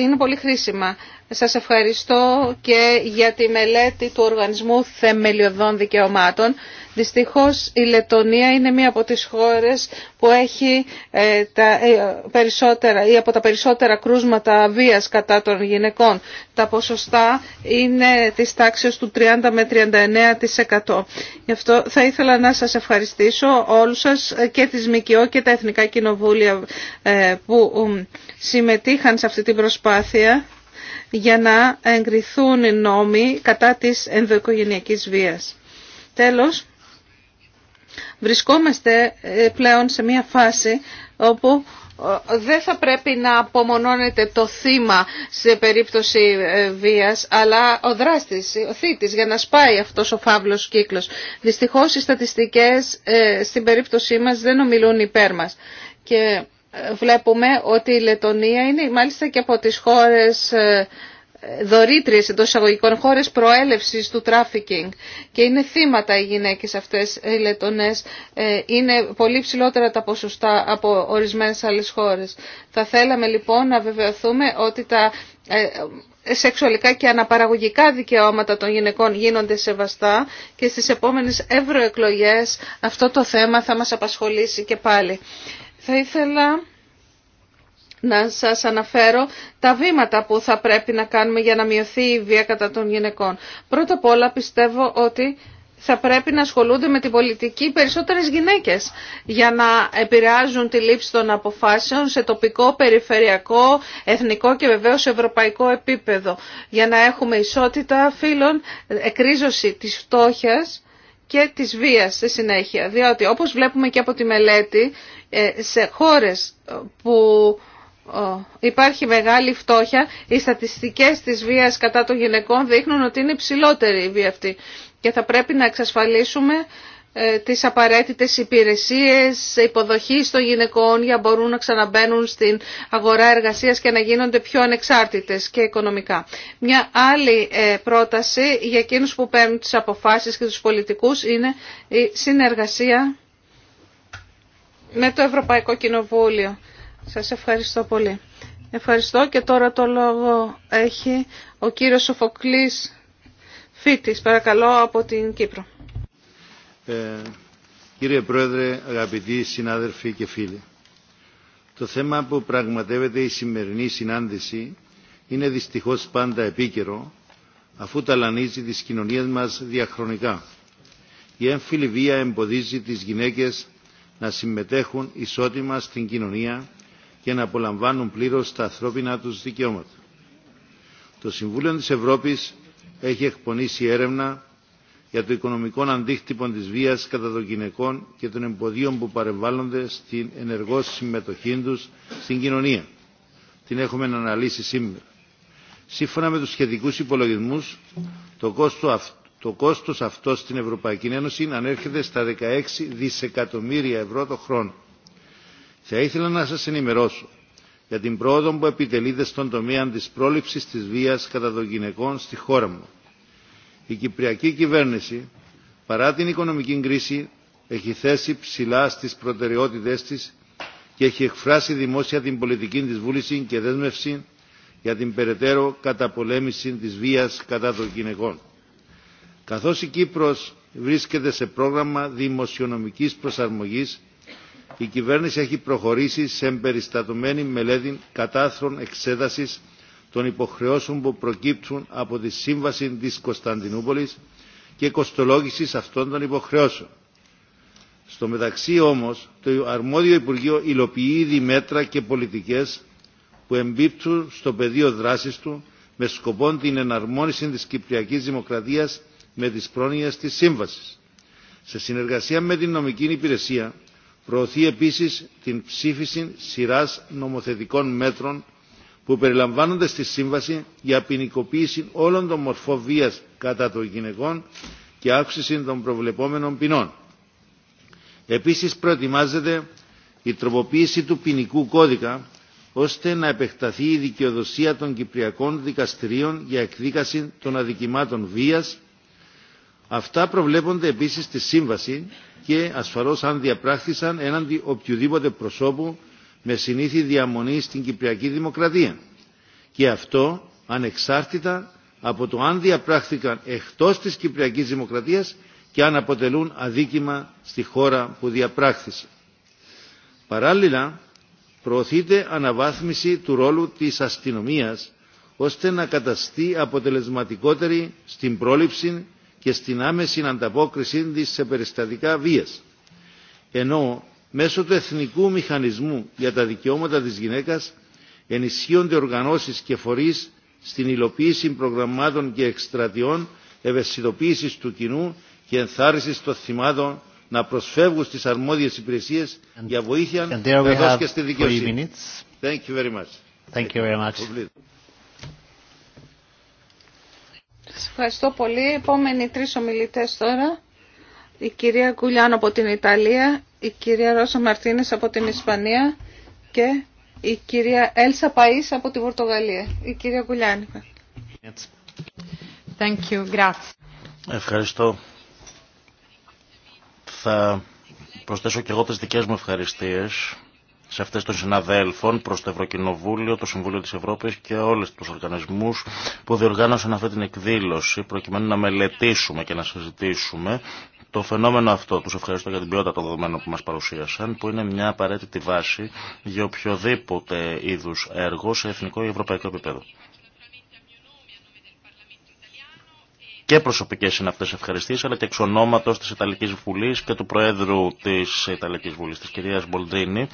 Speaker 3: είναι πολύ χρήσιμα. Σας ευχαριστώ και για τη μελέτη του Οργανισμού Θεμελιωδών Δικαιωμάτων Δυστυχώς η Λετωνία είναι μία από τις χώρες που έχει ε, τα, ε, περισσότερα, ή από τα περισσότερα κρούσματα βίας κατά των γυναικών. Τα ποσοστά είναι της τάξης του 30 με 39%. Γι' αυτό θα ήθελα να σας ευχαριστήσω όλους σας ε, και τις ΜΚΟ και τα Εθνικά Κοινοβούλια που συμμετείχαν σε αυτή την προσπάθεια για να εγκριθούν οι νόμοι κατά της ενδοοικογενειακής βίας. Τέλος, Βρισκόμαστε ε, πλέον σε μια φάση όπου ε, δεν θα πρέπει να απομονώνεται το θύμα σε περίπτωση ε, βίας, αλλά ο δράστης, ο θήτης, για να σπάει αυτός ο φαύλος κύκλος. Δυστυχώς οι στατιστικές στην περίπτωσή μας δεν ομιλούν υπέρ μας. Και βλέπουμε ότι η Λετωνία είναι μάλιστα και από τις χώρες δωρήτριες εντό εισαγωγικών χώρες προέλευσης του τράφικινγκ και είναι θύματα οι γυναίκες αυτές οι λετονές ε, είναι πολύ ψηλότερα τα ποσοστά από ορισμένες άλλες χώρες θα θέλαμε λοιπόν να βεβαιωθούμε ότι τα ε, σεξουαλικά και αναπαραγωγικά δικαιώματα των γυναικών γίνονται σεβαστά και στις επόμενες ευρωεκλογές αυτό το θέμα θα μας απασχολήσει και πάλι θα ήθελα να σας αναφέρω τα βήματα που θα πρέπει να κάνουμε για να μειωθεί η βία κατά των γυναικών. Πρώτα απ' όλα πιστεύω ότι θα πρέπει να ασχολούνται με την πολιτική περισσότερες γυναίκες για να επηρεάζουν τη λήψη των αποφάσεων σε τοπικό, περιφερειακό, εθνικό και βεβαίως ευρωπαϊκό επίπεδο για να έχουμε ισότητα φίλων, εκρίζωση της φτώχειας και της βίας στη συνέχεια. Διότι όπως βλέπουμε και από τη μελέτη ε, σε χώρες που υπάρχει μεγάλη φτώχεια. Οι στατιστικές της βίας κατά των γυναικών δείχνουν ότι είναι υψηλότερη η βία αυτή και θα πρέπει να εξασφαλίσουμε ε, τις απαραίτητες υπηρεσίες υποδοχής των γυναικών για να μπορούν να ξαναμπαίνουν στην αγορά εργασίας και να γίνονται πιο ανεξάρτητες και οικονομικά. Μια άλλη ε, πρόταση για εκείνους που παίρνουν τις αποφάσεις και τους πολιτικούς είναι η συνεργασία με το Ευρωπαϊκό Κοινοβούλιο. Σας ευχαριστώ πολύ. Ευχαριστώ και τώρα το λόγο έχει ο κύριος Σοφοκλής Φίτης, παρακαλώ, από την Κύπρο.
Speaker 7: Ε, κύριε Πρόεδρε, αγαπητοί συνάδελφοι και φίλοι, το θέμα που πραγματεύεται η σημερινή συνάντηση είναι δυστυχώς πάντα επίκαιρο, αφού ταλανίζει τις κοινωνίες μας διαχρονικά. Η έμφυλη βία εμποδίζει τις γυναίκες να συμμετέχουν ισότιμα στην κοινωνία και να απολαμβάνουν πλήρως τα ανθρώπινα τους δικαιώματα. Το Συμβούλιο της Ευρώπης έχει εκπονήσει έρευνα για το οικονομικό αντίκτυπο της βίας κατά των γυναικών και των εμποδίων που παρεμβάλλονται στην ενεργό συμμετοχή τους στην κοινωνία. Την έχουμε αναλύσει σήμερα. Σύμφωνα με τους σχετικούς υπολογισμούς, το, κόστο, το κόστος αυτό στην Ευρωπαϊκή Ένωση ανέρχεται στα 16 δισεκατομμύρια ευρώ το χρόνο. Θα ήθελα να σας ενημερώσω για την πρόοδο που επιτελείται στον τομέα της πρόληψης της βίας κατά των γυναικών στη χώρα μου. Η Κυπριακή κυβέρνηση, παρά την οικονομική κρίση, έχει θέσει ψηλά στις προτεραιότητες της και έχει εκφράσει δημόσια την πολιτική της βούληση και δέσμευση για την περαιτέρω καταπολέμηση της βίας κατά των γυναικών. Καθώς η Κύπρος βρίσκεται σε πρόγραμμα δημοσιονομικής προσαρμογής η κυβέρνηση έχει προχωρήσει σε εμπεριστατωμένη μελέτη κατάθρων εξέτασης των υποχρεώσεων που προκύπτουν από τη Σύμβαση της Κωνσταντινούπολης και κοστολόγηση αυτών των υποχρεώσεων. Στο μεταξύ όμως, το αρμόδιο Υπουργείο υλοποιεί ήδη μέτρα και πολιτικές που εμπίπτουν στο πεδίο δράσης του με σκοπό την εναρμόνιση της Κυπριακής Δημοκρατίας με τις πρόνοιες της Σύμβασης. Σε συνεργασία με την νομική υπηρεσία, Προωθεί επίσης την ψήφιση σειράς νομοθετικών μέτρων που περιλαμβάνονται στη Σύμβαση για ποινικοποίηση όλων των μορφών βίας κατά των γυναικών και αύξηση των προβλεπόμενων ποινών. Επίσης προετοιμάζεται η τροποποίηση του ποινικού κώδικα ώστε να επεκταθεί η δικαιοδοσία των Κυπριακών δικαστηρίων για εκδίκαση των αδικημάτων βίας Αυτά προβλέπονται επίσης στη Σύμβαση και ασφαλώς αν διαπράχθησαν έναντι οποιοδήποτε προσώπου με συνήθη διαμονή στην Κυπριακή Δημοκρατία. Και αυτό ανεξάρτητα από το αν διαπράχθηκαν εκτός της Κυπριακής Δημοκρατίας και αν αποτελούν αδίκημα στη χώρα που διαπράχθησε. Παράλληλα, προωθείται αναβάθμιση του ρόλου της αστυνομίας ώστε να καταστεί αποτελεσματικότερη στην πρόληψη και στην άμεση ανταπόκρισή της σε περιστατικά βίας. Ενώ μέσω του Εθνικού Μηχανισμού για τα Δικαιώματα της Γυναίκας ενισχύονται οργανώσεις και φορείς στην υλοποίηση προγραμμάτων και εκστρατιών ευαισθητοποίησης του κοινού και ενθάρρυνσης των θυμάτων να προσφεύγουν στις αρμόδιες υπηρεσίες για βοήθεια καθώς και στη δικαιοσύνη. Thank you
Speaker 3: σας ευχαριστώ πολύ. Επόμενοι τρεις ομιλητές τώρα. Η κυρία Κουλιάνο από την Ιταλία, η κυρία Ρώσα Μαρτίνες από την Ισπανία και η κυρία Έλσα Παΐς από την Πορτογαλία. Η κυρία Κούλιανο. Thank
Speaker 2: Ευχαριστώ. Θα προσθέσω και εγώ τις δικές μου ευχαριστίες σε αυτές των συναδέλφων προς το Ευρωκοινοβούλιο, το Συμβούλιο της Ευρώπης και όλες τους οργανισμούς που διοργάνωσαν αυτή την εκδήλωση προκειμένου να μελετήσουμε και να συζητήσουμε το φαινόμενο αυτό. Τους ευχαριστώ για την ποιότητα των δεδομένων που μας παρουσίασαν που είναι μια απαραίτητη βάση για οποιοδήποτε είδους έργο σε εθνικό ή ευρωπαϊκό επίπεδο. και προσωπικές είναι αυτές ευχαριστίες, αλλά και εξ ονόματος της Ιταλικής Βουλής και του Προέδρου της Ιταλικής Βουλής, της κυρίας Μπολτίνη,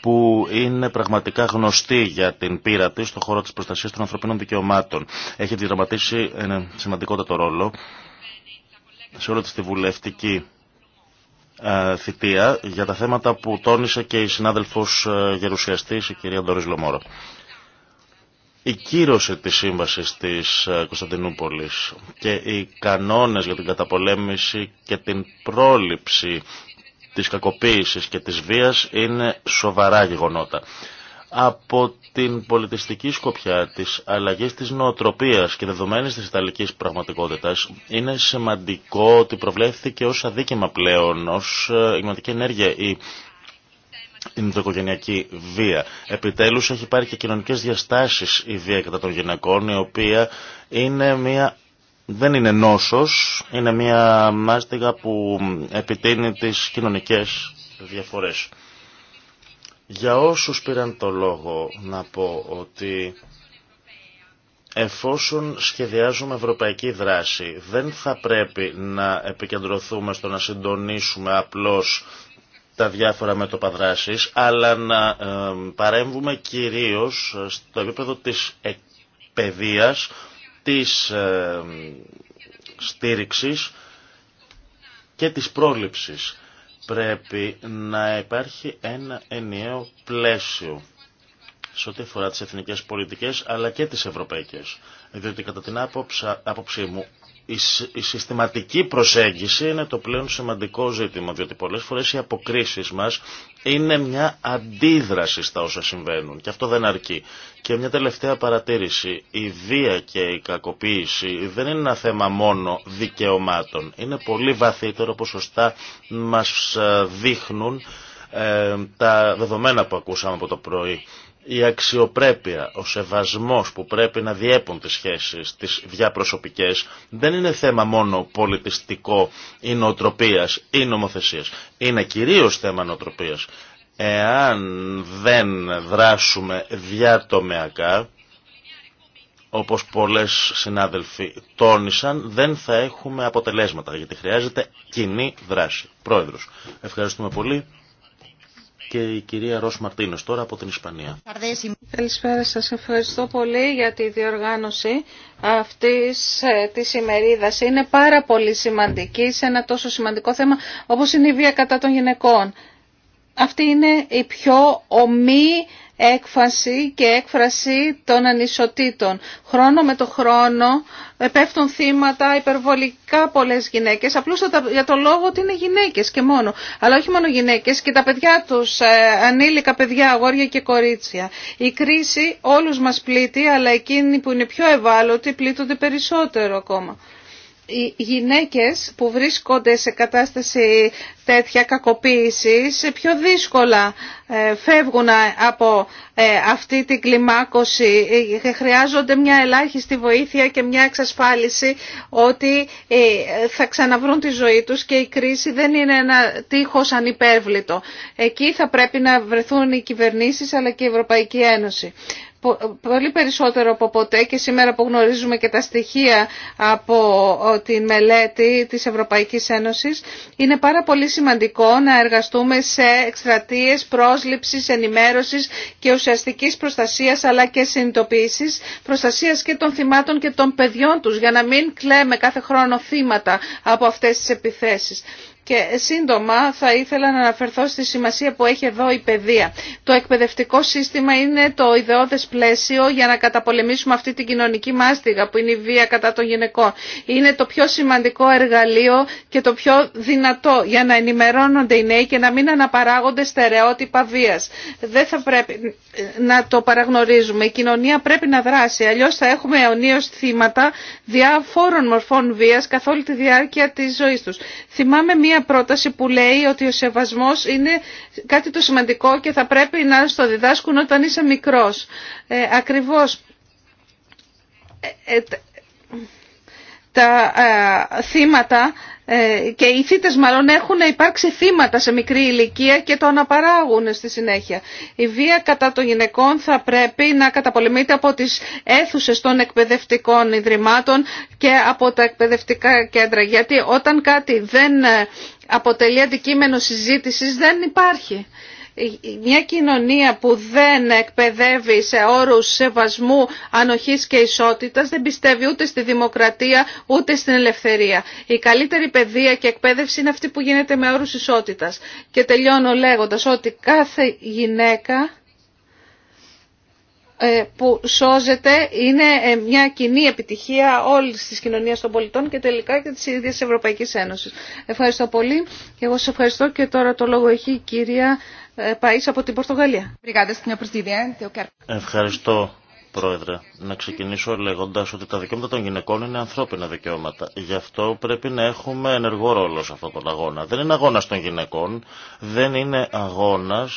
Speaker 2: που είναι πραγματικά γνωστή για την πείρα της στον χώρο της προστασίας των ανθρωπίνων δικαιωμάτων. Έχει διδραματίσει ένα σημαντικότατο ρόλο σε όλη τη βουλευτική θητεία για τα θέματα που τόνισε και η συνάδελφος γερουσιαστής, η κυρία Ντορίζ Λομόρο η κύρωση της σύμβασης της ε, Κωνσταντινούπολης και οι κανόνες για την καταπολέμηση και την πρόληψη της κακοποίησης και της βίας είναι σοβαρά γεγονότα. Από την πολιτιστική σκοπιά της αλλαγής της νοοτροπίας και δεδομένης της Ιταλικής πραγματικότητας είναι σημαντικό ότι προβλέφθηκε ως αδίκημα πλέον, ως εγματική ενέργεια η η βία. Επιτέλους έχει πάρει και κοινωνικές διαστάσεις η βία κατά των γυναικών, η οποία είναι μια, δεν είναι νόσος, είναι μια μάστιγα που επιτείνει τις κοινωνικές διαφορές. Για όσους πήραν το λόγο να πω ότι εφόσον σχεδιάζουμε ευρωπαϊκή δράση δεν θα πρέπει να επικεντρωθούμε στο να συντονίσουμε απλώς τα διάφορα το παδράσεις, αλλά να παρέμβουμε κυρίως ε, στο επίπεδο της εκπαιδείας, της στήριξης και της πρόληψης. Πρέπει να υπάρχει ένα ενιαίο πλαίσιο σε ό,τι αφορά τις εθνικές πολιτικές αλλά και τις ευρωπαϊκές. Διότι κατά την άποψη μου η συστηματική προσέγγιση είναι το πλέον σημαντικό ζήτημα, διότι πολλές φορές οι αποκρίσεις μας είναι μια αντίδραση στα όσα συμβαίνουν και αυτό δεν αρκεί. Και μια τελευταία παρατήρηση, η βία και η κακοποίηση δεν είναι ένα θέμα μόνο δικαιωμάτων, είναι πολύ βαθύτερο όπως σωστά μας ε, δείχνουν ε, τα δεδομένα που ακούσαμε από το πρωί η αξιοπρέπεια, ο σεβασμός που πρέπει να διέπουν τις σχέσεις, τις διαπροσωπικές, δεν είναι θέμα μόνο πολιτιστικό ή νοοτροπίας ή νομοθεσίας. Είναι κυρίως θέμα νοοτροπίας. Εάν δεν δράσουμε διατομεακά, όπως πολλές συνάδελφοι τόνισαν, δεν θα έχουμε αποτελέσματα, γιατί χρειάζεται κοινή δράση. Πρόεδρος, ευχαριστούμε πολύ και η κυρία Ρος Μαρτίνος, τώρα από την Ισπανία.
Speaker 3: Καλησπέρα σας, ευχαριστώ πολύ για τη διοργάνωση αυτής ε, της ημερίδας. Είναι πάρα πολύ σημαντική σε ένα τόσο σημαντικό θέμα όπως είναι η βία κατά των γυναικών. Αυτή είναι η πιο ομή έκφαση και έκφραση των ανισοτήτων. Χρόνο με το χρόνο ε, πέφτουν θύματα υπερβολικά πολλές γυναίκες, απλούστατα για το λόγο ότι είναι γυναίκες και μόνο. Αλλά όχι μόνο γυναίκες και τα παιδιά τους, ε, ανήλικα παιδιά, αγόρια και κορίτσια. Η κρίση όλους μας πλήττει, αλλά εκείνοι που είναι πιο ευάλωτοι πλήττονται περισσότερο ακόμα οι γυναίκες που βρίσκονται σε κατάσταση τέτοια κακοποίησης πιο δύσκολα ε, φεύγουν από ε, αυτή την κλιμάκωση. Ε, χρειάζονται μια ελάχιστη βοήθεια και μια εξασφάλιση ότι θα ξαναβρούν τη ζωή τους και η κρίση δεν είναι ένα τείχος ανυπέρβλητο. Εκεί θα πρέπει να βρεθούν οι κυβερνήσεις αλλά και η Ευρωπαϊκή Ένωση πολύ περισσότερο από ποτέ και σήμερα που γνωρίζουμε και τα στοιχεία από τη μελέτη της Ευρωπαϊκής Ένωσης, είναι πάρα πολύ σημαντικό να εργαστούμε σε εκστρατείες πρόσληψης, ενημέρωσης και ουσιαστικής προστασίας αλλά και συνειδητοποίησης, προστασίας και των θυμάτων και των παιδιών τους για να μην κλαίμε κάθε χρόνο θύματα από αυτές τις επιθέσεις. Και σύντομα θα ήθελα να αναφερθώ στη σημασία που έχει εδώ η παιδεία. Το εκπαιδευτικό σύστημα είναι το ιδεώδες πλαίσιο για να καταπολεμήσουμε αυτή την κοινωνική μάστιγα που είναι η βία κατά των γυναικών. Είναι το πιο σημαντικό εργαλείο και το πιο δυνατό για να ενημερώνονται οι νέοι και να μην αναπαράγονται στερεότυπα βίας. Δεν θα πρέπει να το παραγνωρίζουμε. Η κοινωνία πρέπει να δράσει, Αλλιώ θα έχουμε αιωνίω θύματα διαφόρων μορφών βία καθ' όλη τη διάρκεια τη ζωή του. Θυμάμαι μία πρόταση που λέει ότι ο σεβασμός είναι κάτι το σημαντικό και θα πρέπει να στο διδάσκουν όταν είσαι μικρός. Ε, ακριβώς. Ε, ε, τα ε, θύματα ε, και οι θύτες μάλλον έχουν υπάρξει θύματα σε μικρή ηλικία και το αναπαράγουν στη συνέχεια. Η βία κατά των γυναικών θα πρέπει να καταπολεμείται από τις αίθουσες των εκπαιδευτικών ιδρυμάτων και από τα εκπαιδευτικά κέντρα γιατί όταν κάτι δεν ε, αποτελεί αντικείμενο συζήτησης δεν υπάρχει. Μια κοινωνία που δεν εκπαιδεύει σε όρους σεβασμού, ανοχής και ισότητας δεν πιστεύει ούτε στη δημοκρατία ούτε στην ελευθερία. Η καλύτερη παιδεία και εκπαίδευση είναι αυτή που γίνεται με όρους ισότητας. Και τελειώνω λέγοντας ότι κάθε γυναίκα ε, που σώζεται είναι ε, μια κοινή επιτυχία όλης της κοινωνίας των πολιτών και τελικά και της ίδιας Ευρωπαϊκής Ένωσης. Ευχαριστώ πολύ και εγώ σας ευχαριστώ και τώρα το λόγο έχει η κυρία ε, Παΐς από την Πορτογαλία.
Speaker 2: Ευχαριστώ. Πρόεδρε, να ξεκινήσω λέγοντα ότι τα δικαιώματα των γυναικών είναι ανθρώπινα δικαιώματα. Γι' αυτό πρέπει να έχουμε ενεργό ρόλο σε αυτόν τον αγώνα. Δεν είναι αγώνα των γυναικών, δεν είναι αγώνα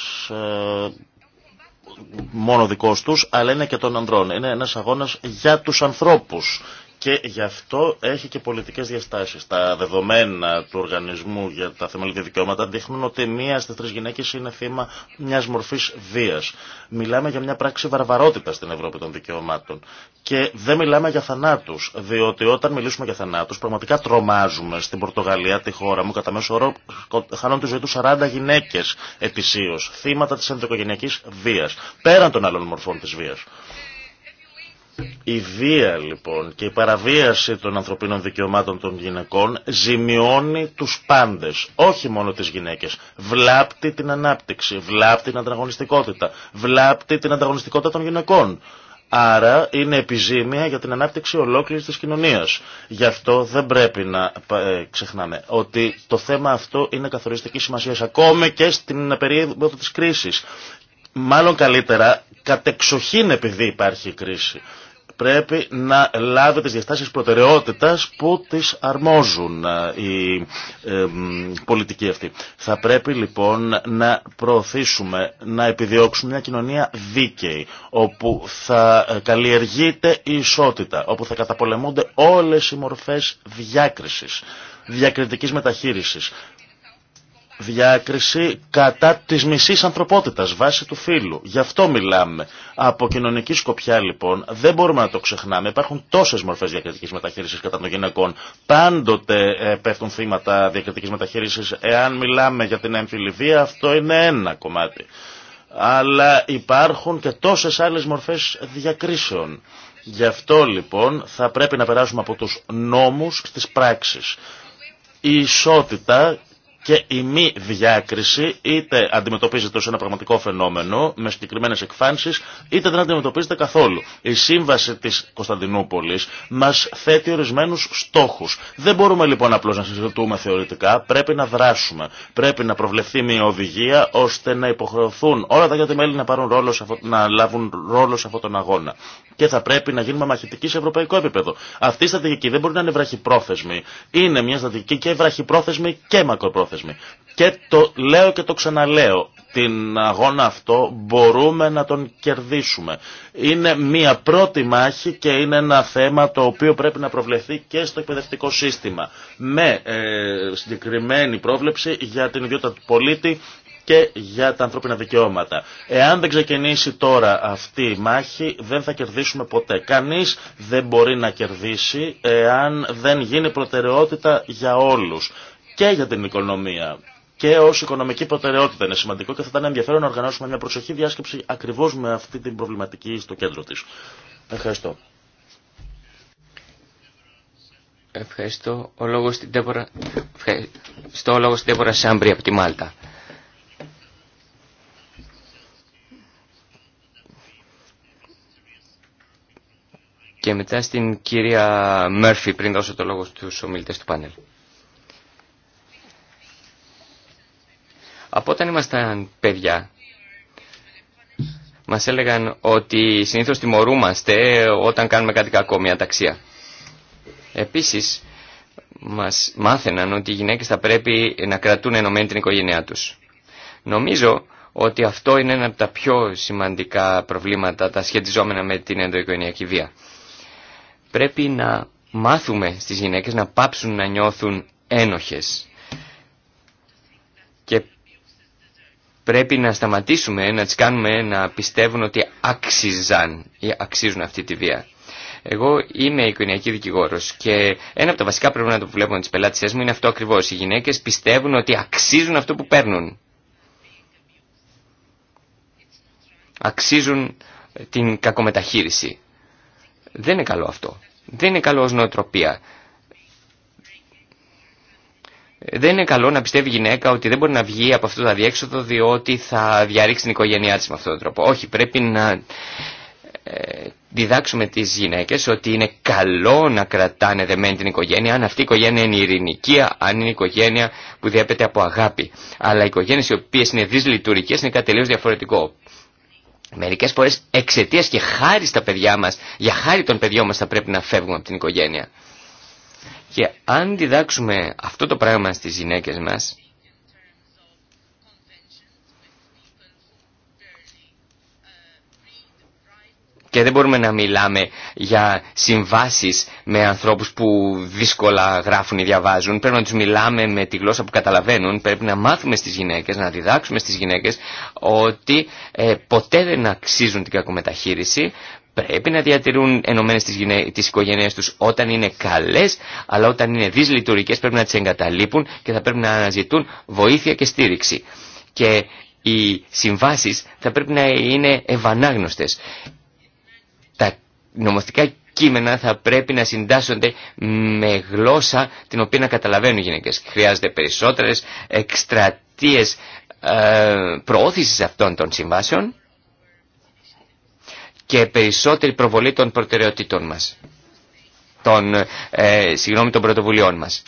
Speaker 2: μόνο δικός τους, αλλά είναι και των ανδρών. Είναι ένας αγώνας για τους ανθρώπους, και γι' αυτό έχει και πολιτικέ διαστάσει. Τα δεδομένα του οργανισμού για τα θεμελιώδη δικαιώματα δείχνουν ότι μία στι τρει γυναίκε είναι θύμα μια μορφή βία. Μιλάμε για μια πράξη βαρβαρότητα στην Ευρώπη των δικαιωμάτων. Και δεν μιλάμε για θανάτου, διότι όταν μιλήσουμε για θανάτου, πραγματικά τρομάζουμε στην Πορτογαλία, τη χώρα μου, κατά μέσο όρο χάνουν τη ζωή του 40 γυναίκε ετησίω. θύματα τη ενδοικογενειακής βία, πέραν των άλλων μορφών τη βία. Η βία λοιπόν και η παραβίαση των ανθρωπίνων δικαιωμάτων των γυναικών ζημιώνει τους πάντες, όχι μόνο τις γυναίκες. Βλάπτει την ανάπτυξη, βλάπτει την ανταγωνιστικότητα, βλάπτει την ανταγωνιστικότητα των γυναικών. Άρα είναι επιζήμια για την ανάπτυξη ολόκληρη της κοινωνίας. Γι' αυτό δεν πρέπει να ε, ξεχνάμε ότι το θέμα αυτό είναι καθοριστική σημασία ακόμη και στην περίοδο της κρίσης. Μάλλον καλύτερα κατεξοχήν επειδή υπάρχει κρίση πρέπει να λάβει τις διαστάσεις προτεραιότητας που τις αρμόζουν η ε, ε πολιτική αυτή. Θα πρέπει λοιπόν να προωθήσουμε, να επιδιώξουμε μια κοινωνία δίκαιη, όπου θα ε, καλλιεργείται η ισότητα, όπου θα καταπολεμούνται όλες οι μορφές διάκρισης διακριτικής μεταχείρισης διάκριση κατά της μισής ανθρωπότητας βάσει του φύλου. Γι' αυτό μιλάμε. Από κοινωνική σκοπιά λοιπόν δεν μπορούμε να το ξεχνάμε. Υπάρχουν τόσες μορφές διακριτικής μεταχείρισης κατά των γυναικών. Πάντοτε ε, πέφτουν θύματα διακριτικής μεταχείρισης. Εάν μιλάμε για την έμφυλη αυτό είναι ένα κομμάτι. Αλλά υπάρχουν και τόσες άλλες μορφές διακρίσεων. Γι' αυτό λοιπόν θα πρέπει να περάσουμε από τους νόμους στις πράξεις. Η ισότητα και η μη διάκριση είτε αντιμετωπίζεται ως ένα πραγματικό φαινόμενο με συγκεκριμένες εκφάνσεις είτε δεν αντιμετωπίζεται καθόλου. Η σύμβαση της Κωνσταντινούπολης μας θέτει ορισμένους στόχους. Δεν μπορούμε λοιπόν απλώς να συζητούμε θεωρητικά, πρέπει να δράσουμε. Πρέπει να προβλεφθεί μια οδηγία ώστε να υποχρεωθούν όλα τα γιατί μέλη να, πάρουν ρόλο να λάβουν ρόλο σε αυτόν τον αγώνα. Και θα πρέπει να γίνουμε μαχητικοί σε ευρωπαϊκό επίπεδο. Αυτή η στρατηγική δεν μπορεί να είναι βραχυπρόθεσμη. Είναι μια στρατηγική και βραχυπρόθεσμη και μακροπρόθεσμη. Και το λέω και το ξαναλέω. Την αγώνα αυτό μπορούμε να τον κερδίσουμε. Είναι μία πρώτη μάχη και είναι ένα θέμα το οποίο πρέπει να προβλεφθεί και στο εκπαιδευτικό σύστημα. Με ε, συγκεκριμένη πρόβλεψη για την ιδιότητα του πολίτη και για τα ανθρώπινα δικαιώματα. Εάν δεν ξεκινήσει τώρα αυτή η μάχη, δεν θα κερδίσουμε ποτέ. Κανείς δεν μπορεί να κερδίσει εάν δεν γίνει προτεραιότητα για όλους και για την οικονομία και ω οικονομική προτεραιότητα είναι σημαντικό και θα ήταν ενδιαφέρον να οργανώσουμε μια προσοχή διάσκεψη ακριβώ με αυτή την προβληματική στο κέντρο τη. Ευχαριστώ.
Speaker 4: Ευχαριστώ. Ο λόγο στην Τέπορα. Ευχαριστώ ο στην Σάμπρη από τη Μάλτα. Και μετά στην κυρία Μέρφυ πριν δώσω το λόγο στους ομιλητές του πάνελ. Από όταν ήμασταν παιδιά, μας έλεγαν ότι συνήθως τιμωρούμαστε όταν κάνουμε κάτι κακό, μια ταξία. Επίσης, μας μάθαιναν ότι οι γυναίκες θα πρέπει να κρατούν ενωμένη την οικογένειά τους. Νομίζω ότι αυτό είναι ένα από τα πιο σημαντικά προβλήματα, τα σχετιζόμενα με την ενδοοικογενειακή βία. Πρέπει να μάθουμε στις γυναίκες να πάψουν να νιώθουν ένοχες πρέπει να σταματήσουμε να τις κάνουμε να πιστεύουν ότι άξιζαν ή αξίζουν αυτή τη βία. Εγώ είμαι οικογενειακή δικηγόρο και ένα από τα βασικά προβλήματα που βλέπουμε τι πελάτησέ μου είναι αυτό ακριβώ. Οι γυναίκε πιστεύουν ότι αξίζουν αυτό που παίρνουν. Αξίζουν την κακομεταχείριση. Δεν είναι καλό αυτό. Δεν είναι καλό ω νοοτροπία. Δεν είναι καλό να πιστεύει η γυναίκα ότι δεν μπορεί να βγει από αυτό το αδιέξοδο διότι θα διαρρήξει την οικογένειά της με αυτόν τον τρόπο. Όχι, πρέπει να ε, διδάξουμε τις γυναίκες ότι είναι καλό να κρατάνε δεμένη την οικογένεια αν αυτή η οικογένεια είναι ειρηνική, αν είναι η οικογένεια που διέπεται από αγάπη. Αλλά οι οικογένειες οι οποίες είναι δυσλειτουργικές είναι κάτι τελείως διαφορετικό. Μερικές φορές εξαιτία και χάρη στα παιδιά μας, για χάρη των παιδιών μας θα πρέπει να φεύγουμε από την οικογένεια. Και αν διδάξουμε αυτό το πράγμα στις γυναίκες μας, και δεν μπορούμε να μιλάμε για συμβάσεις με ανθρώπους που δύσκολα γράφουν ή διαβάζουν. Πρέπει να τους μιλάμε με τη γλώσσα που καταλαβαίνουν. Πρέπει να μάθουμε στις γυναίκες, να διδάξουμε στις γυναίκες ότι ε, ποτέ δεν αξίζουν την κακομεταχείριση πρέπει να διατηρούν ενωμένε τις, γυναί- τις οικογένειές τους όταν είναι καλές, αλλά όταν είναι δυσλειτουργικές πρέπει να τις εγκαταλείπουν και θα πρέπει να αναζητούν βοήθεια και στήριξη. Και οι συμβάσεις θα πρέπει να είναι ευανάγνωστες. Τα νομοθετικά κείμενα θα πρέπει να συντάσσονται με γλώσσα την οποία να καταλαβαίνουν οι γυναίκες. Χρειάζονται περισσότερες εκστρατείες ε, προώθησης αυτών των συμβάσεων και περισσότερη προβολή των προτεραιοτήτων μας, των, ε, συγγνώμη, των πρωτοβουλειών μας.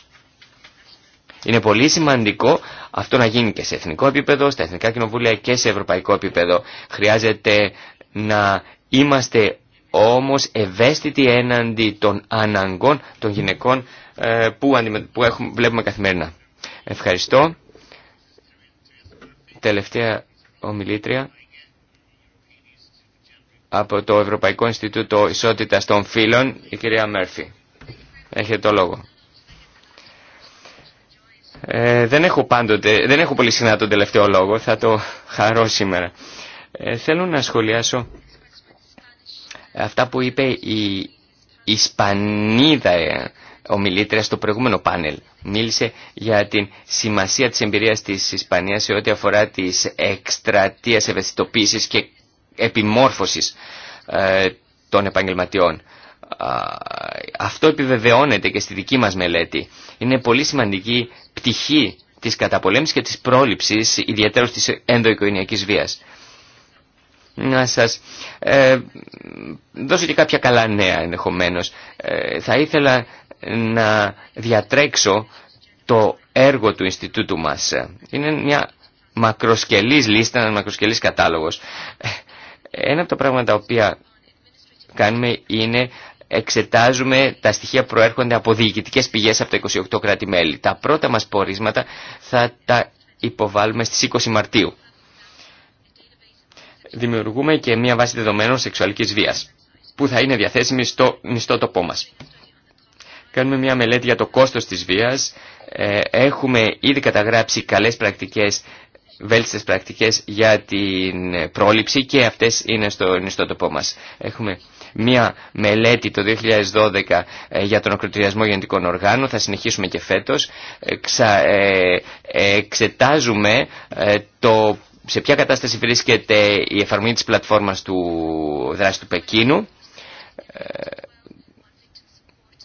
Speaker 4: Είναι πολύ σημαντικό αυτό να γίνει και σε εθνικό επίπεδο, στα εθνικά κοινοβούλια και σε ευρωπαϊκό επίπεδο. Χρειάζεται να είμαστε όμως ευαίσθητοι έναντι των αναγκών των γυναικών ε, που, που έχουμε, βλέπουμε καθημερινά. Ευχαριστώ. Τελευταία ομιλήτρια από το Ευρωπαϊκό Ινστιτούτο Ισότητας των Φύλων, η κυρία Μέρφη. Έχετε το λόγο. Ε, δεν, έχω πάντοτε, δεν έχω πολύ συχνά τον τελευταίο λόγο, θα το χαρώ σήμερα. Ε, θέλω να σχολιάσω αυτά που είπε η Ισπανίδα ε, ομιλήτρια στο προηγούμενο πάνελ. Μίλησε για την σημασία της εμπειρίας της Ισπανίας σε ό,τι αφορά τις εκστρατείες ευαισθητοποίησης και επιμόρφωσης ε, των επαγγελματιών. Αυτό επιβεβαιώνεται και στη δική μας μελέτη. Είναι πολύ σημαντική πτυχή της καταπολέμησης και της πρόληψης, ιδιαίτερα της ενδοοικογενειακής βίας. Να σας ε, δώσω και κάποια καλά νέα ενδεχομένως. Ε, θα ήθελα να διατρέξω το έργο του Ινστιτούτου μας. Είναι μια μακροσκελής λίστα, ένα μακροσκελής κατάλογος. Ένα από τα πράγματα τα οποία κάνουμε είναι εξετάζουμε τα στοιχεία προέρχονται από διοικητικέ πηγές από τα 28 κράτη-μέλη. Τα πρώτα μας πορίσματα θα τα υποβάλουμε στις 20 Μαρτίου. Δημιουργούμε και μια βάση δεδομένων σεξουαλικής βίας που θα είναι διαθέσιμη στο μισθό τοπό μας. Κάνουμε μια μελέτη για το κόστος της βίας. Ε, έχουμε ήδη καταγράψει καλές πρακτικές βέλτιστες πρακτικές για την πρόληψη και αυτές είναι στο, νηστό τοπό μας. Έχουμε μία μελέτη το 2012 ε, για τον ακροτηριασμό γεννητικών οργάνων, θα συνεχίσουμε και φέτος. Ε, ε, εξετάζουμε το, σε ποια κατάσταση βρίσκεται η εφαρμογή της πλατφόρμας του δράση του Πεκίνου.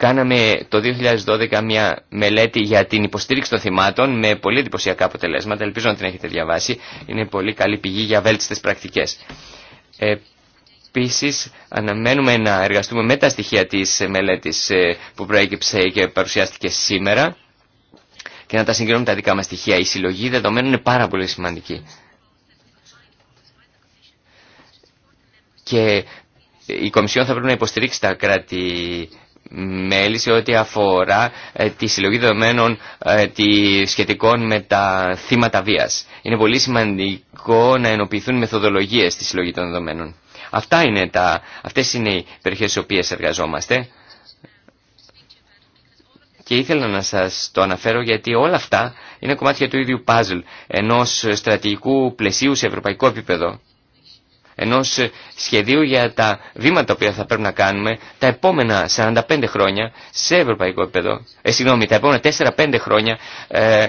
Speaker 4: Κάναμε το 2012 μια μελέτη για την υποστήριξη των θυμάτων με πολύ εντυπωσιακά αποτελέσματα. Ελπίζω να την έχετε διαβάσει. Είναι πολύ καλή πηγή για βέλτιστες πρακτικές. Επίση, αναμένουμε να εργαστούμε με τα στοιχεία της μελέτης ε, που προέκυψε και παρουσιάστηκε σήμερα και να τα συγκρίνουμε τα δικά μας στοιχεία. Η συλλογή δεδομένων είναι πάρα πολύ σημαντική. Και η Κομισιόν θα πρέπει να υποστηρίξει τα κράτη μέλη σε ό,τι αφορά ε, τη συλλογή δεδομένων ε, τη, σχετικών με τα θύματα βίας. Είναι πολύ σημαντικό να ενοποιηθούν μεθοδολογίες στη συλλογή των δεδομένων. Αυτά είναι τα, αυτές είναι οι περιοχές στις οποίες εργαζόμαστε και ήθελα να σας το αναφέρω γιατί όλα αυτά είναι κομμάτια του ίδιου παζλ ενός στρατηγικού πλαισίου σε ευρωπαϊκό επίπεδο ενός ε, σχεδίου για τα βήματα που θα πρέπει να κάνουμε τα επόμενα 45 χρόνια σε ευρωπαϊκό επίπεδο, ε, συγγνώμη, τα επόμενα 4-5 χρόνια ε, ε,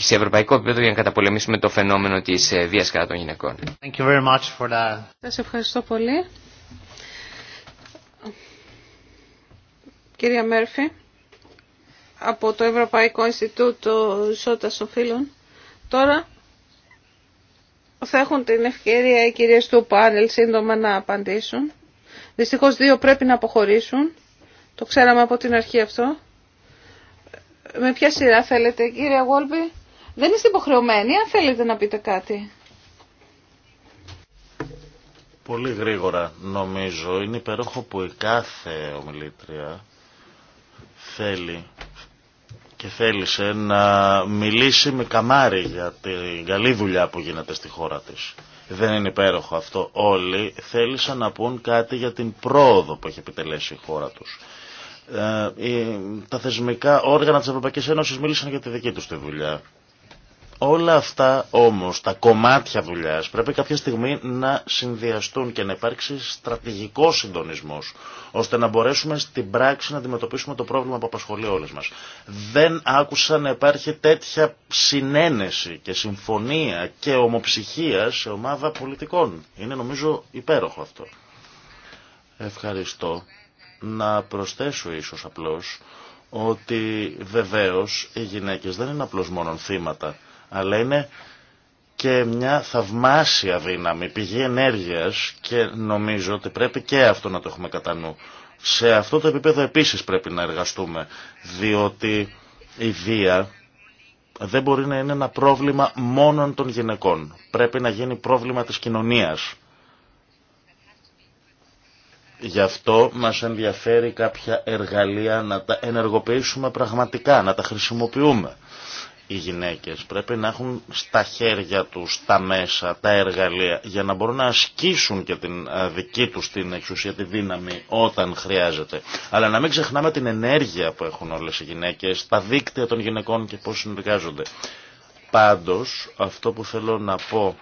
Speaker 4: σε ευρωπαϊκό επίπεδο για να καταπολεμήσουμε το φαινόμενο της ε, βίας κατά των γυναικών.
Speaker 1: Thank
Speaker 3: Σας ευχαριστώ πολύ. Κυρία Μέρφη, από το Ευρωπαϊκό Ινστιτούτο Ισότητας των Φίλων. Τώρα θα έχουν την ευκαιρία οι κυρίες του πάνελ σύντομα να απαντήσουν. Δυστυχώς δύο πρέπει να αποχωρήσουν. Το ξέραμε από την αρχή αυτό. Με ποια σειρά θέλετε, κύριε Γόλμπη. Δεν είστε υποχρεωμένοι, αν θέλετε να πείτε κάτι.
Speaker 2: Πολύ γρήγορα, νομίζω. Είναι υπέροχο που η κάθε ομιλήτρια θέλει και θέλησε να μιλήσει με καμάρι για την καλή δουλειά που γίνεται στη χώρα της. Δεν είναι υπέροχο αυτό. Όλοι θέλησαν να πούν κάτι για την πρόοδο που έχει επιτελέσει η χώρα τους. Ε, τα θεσμικά όργανα της Ευρωπαϊκής Ένωσης μίλησαν για τη δική τους τη δουλειά. Όλα αυτά όμως, τα κομμάτια δουλειάς, πρέπει κάποια στιγμή να συνδυαστούν και να υπάρξει στρατηγικό συντονισμός, ώστε να μπορέσουμε στην πράξη να αντιμετωπίσουμε το πρόβλημα που απασχολεί όλες μας. Δεν άκουσα να υπάρχει τέτοια συνένεση και συμφωνία και ομοψυχία σε ομάδα πολιτικών. Είναι νομίζω υπέροχο αυτό. Ευχαριστώ. Να προσθέσω ίσως απλώς ότι βεβαίως οι γυναίκες δεν είναι απλώς μόνο θύματα αλλά είναι και μια θαυμάσια δύναμη, πηγή ενέργειας και νομίζω ότι πρέπει και αυτό να το έχουμε κατά νου. Σε αυτό το επίπεδο επίσης πρέπει να εργαστούμε, διότι η βία δεν μπορεί να είναι ένα πρόβλημα μόνον των γυναικών. Πρέπει να γίνει πρόβλημα της κοινωνίας. Γι' αυτό μας ενδιαφέρει κάποια εργαλεία να τα ενεργοποιήσουμε πραγματικά, να τα χρησιμοποιούμε οι γυναίκες πρέπει να έχουν στα χέρια τους τα μέσα, τα εργαλεία για να μπορούν να ασκήσουν και την ε, δική τους την εξουσία, τη δύναμη όταν χρειάζεται. Αλλά να μην ξεχνάμε την ενέργεια που έχουν όλες οι γυναίκες, τα δίκτυα των γυναικών και πώς συνεργάζονται. Πάντως, αυτό που θέλω να πω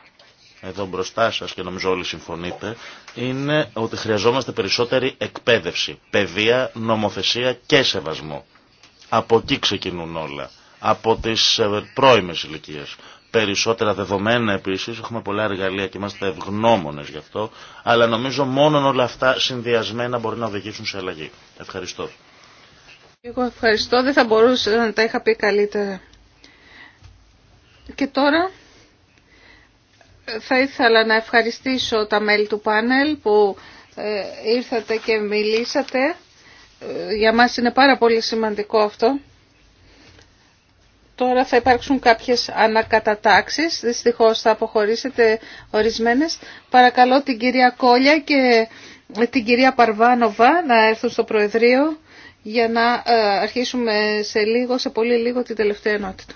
Speaker 2: εδώ μπροστά σας και νομίζω όλοι συμφωνείτε, είναι ότι χρειαζόμαστε περισσότερη εκπαίδευση, παιδεία, νομοθεσία και σεβασμό. Από εκεί ξεκινούν όλα από τις ε, πρώιμες ηλικίε. Περισσότερα δεδομένα επίσης, έχουμε πολλά εργαλεία και είμαστε ευγνώμονες γι' αυτό, αλλά νομίζω μόνον όλα αυτά συνδυασμένα μπορεί να οδηγήσουν σε αλλαγή. Ευχαριστώ.
Speaker 3: Εγώ ευχαριστώ, δεν θα μπορούσα να τα είχα πει καλύτερα. Και τώρα ε, θα ήθελα να ευχαριστήσω τα μέλη του πάνελ που ε, ήρθατε και μιλήσατε. Για μας είναι πάρα πολύ σημαντικό αυτό. Τώρα θα υπάρξουν κάποιες ανακατατάξεις, δυστυχώς θα αποχωρήσετε ορισμένες. Παρακαλώ την κυρία Κόλια και την κυρία Παρβάνοβα να έρθουν στο Προεδρείο για να ε, αρχίσουμε σε λίγο, σε πολύ λίγο την τελευταία ενότητα.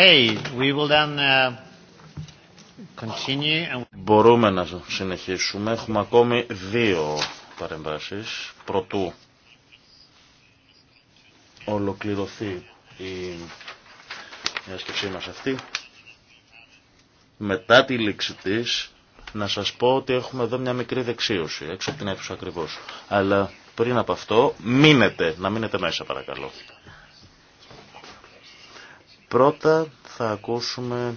Speaker 1: Uh,
Speaker 2: Μπορούμε να συνεχίσουμε. Έχουμε ακόμη δύο παρεμβάσεις. Πρωτού ολοκληρωθεί η διάσκεψή μας αυτή. Μετά τη λήξη της, να σας πω ότι έχουμε εδώ μια μικρή δεξίωση, έξω από την αίθουσα ακριβώς. Αλλά πριν από αυτό, μείνετε, να μείνετε μέσα παρακαλώ. Πρώτα θα ακούσουμε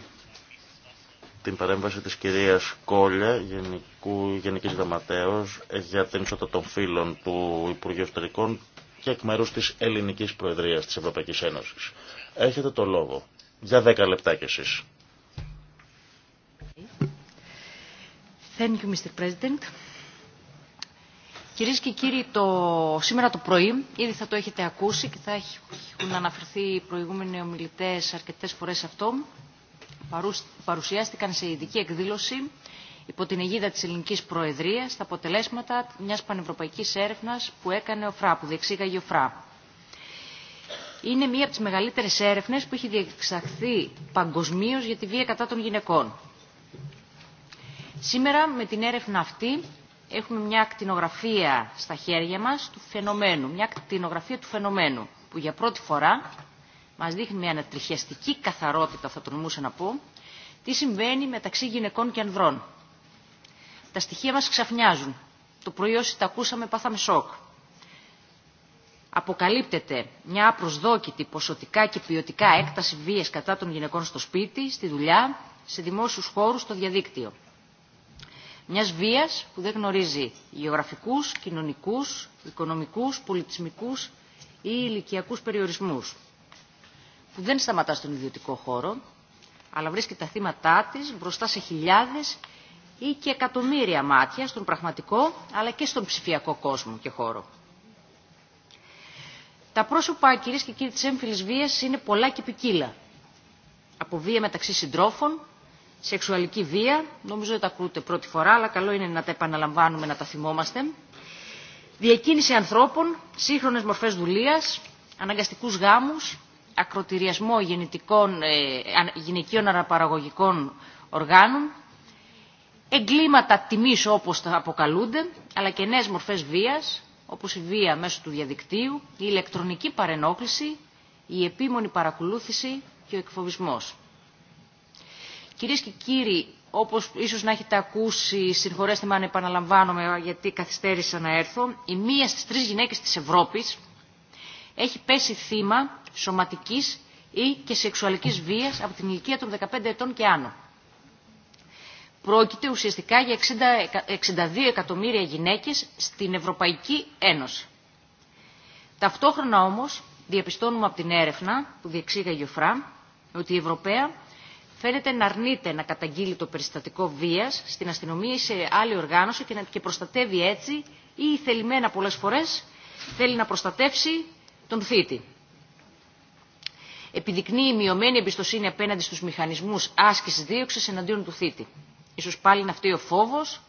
Speaker 2: την παρέμβαση της κυρίας Κόλια, Γενικού, Γενικής Γραμματέως, για την ισότητα των φίλων του Υπουργείου Ευτερικών και εκ μέρους της Ελληνικής Προεδρίας της Ευρωπαϊκής Ένωσης. Έχετε το λόγο. Για 10 λεπτά κι εσείς.
Speaker 6: Thank you, Mr. President. Κυρίε και κύριοι, το... σήμερα το πρωί ήδη θα το έχετε ακούσει και θα έχουν αναφερθεί οι προηγούμενοι ομιλητέ αρκετέ φορέ αυτό. Παρουσιάστηκαν σε ειδική εκδήλωση υπό την αιγίδα τη Ελληνική Προεδρία τα αποτελέσματα μια πανευρωπαϊκή έρευνα που έκανε ο ΦΡΑ, που διεξήγαγε ο ΦΡΑ. Είναι μία από τι μεγαλύτερε έρευνε που έχει διεξαχθεί παγκοσμίω για τη βία κατά των γυναικών. Σήμερα με την έρευνα αυτή έχουμε μια ακτινογραφία στα χέρια μας του φαινομένου, μια ακτινογραφία του φαινομένου, που για πρώτη φορά μας δείχνει μια ανατριχιαστική καθαρότητα, θα νομούσα να πω, τι συμβαίνει μεταξύ γυναικών και ανδρών. Τα στοιχεία μας ξαφνιάζουν. Το πρωί όσοι τα ακούσαμε πάθαμε σοκ. Αποκαλύπτεται μια απροσδόκητη ποσοτικά και ποιοτικά έκταση βίας κατά των γυναικών στο σπίτι, στη δουλειά, σε δημόσιους χώρους, στο διαδίκτυο μιας βίας που δεν γνωρίζει γεωγραφικούς, κοινωνικούς, οικονομικούς, πολιτισμικούς ή ηλικιακού περιορισμούς, που δεν σταματά στον ιδιωτικό χώρο, αλλά βρίσκει τα θύματά της μπροστά σε χιλιάδες ή και εκατομμύρια μάτια στον πραγματικό αλλά και στον ψηφιακό κόσμο και χώρο. Τα πρόσωπα, κυρίες και κύριοι, τη έμφυλης βία είναι πολλά και ποικίλα. Από βία μεταξύ συντρόφων, σεξουαλική βία. Νομίζω ότι τα ακούτε πρώτη φορά, αλλά καλό είναι να τα επαναλαμβάνουμε, να τα θυμόμαστε. Διακίνηση ανθρώπων, σύγχρονες μορφές δουλείας, αναγκαστικούς γάμους, ακροτηριασμό ε, γυναικείων αναπαραγωγικών οργάνων, εγκλήματα τιμής όπως τα αποκαλούνται, αλλά και νέες μορφές βίας, όπως η βία μέσω του διαδικτύου, η ηλεκτρονική παρενόχληση, η επίμονη παρακολούθηση και ο εκφοβισμός. Κυρίε και κύριοι, όπω ίσω να έχετε ακούσει, συγχωρέστε με αν επαναλαμβάνομαι γιατί καθυστέρησα να έρθω, η μία στι τρει γυναίκε τη Ευρώπη έχει πέσει θύμα σωματική ή και σεξουαλική βία από την ηλικία των 15 ετών και άνω. Πρόκειται ουσιαστικά για 60, 62 εκατομμύρια γυναίκες στην Ευρωπαϊκή Ένωση. Ταυτόχρονα όμως διαπιστώνουμε από την έρευνα που διεξήγαγε ο ΦΡΑ ότι η Ευρωπαία φαίνεται να αρνείται να καταγγείλει το περιστατικό βίας στην αστυνομία ή σε άλλη οργάνωση και, να, και προστατεύει έτσι ή θελημένα πολλές φορές θέλει να προστατεύσει τον θήτη. Επιδεικνύει μειωμένη εμπιστοσύνη απέναντι στους μηχανισμούς άσκησης δίωξης εναντίον του θήτη. Ίσως πάλι να φταίει ο φόβος,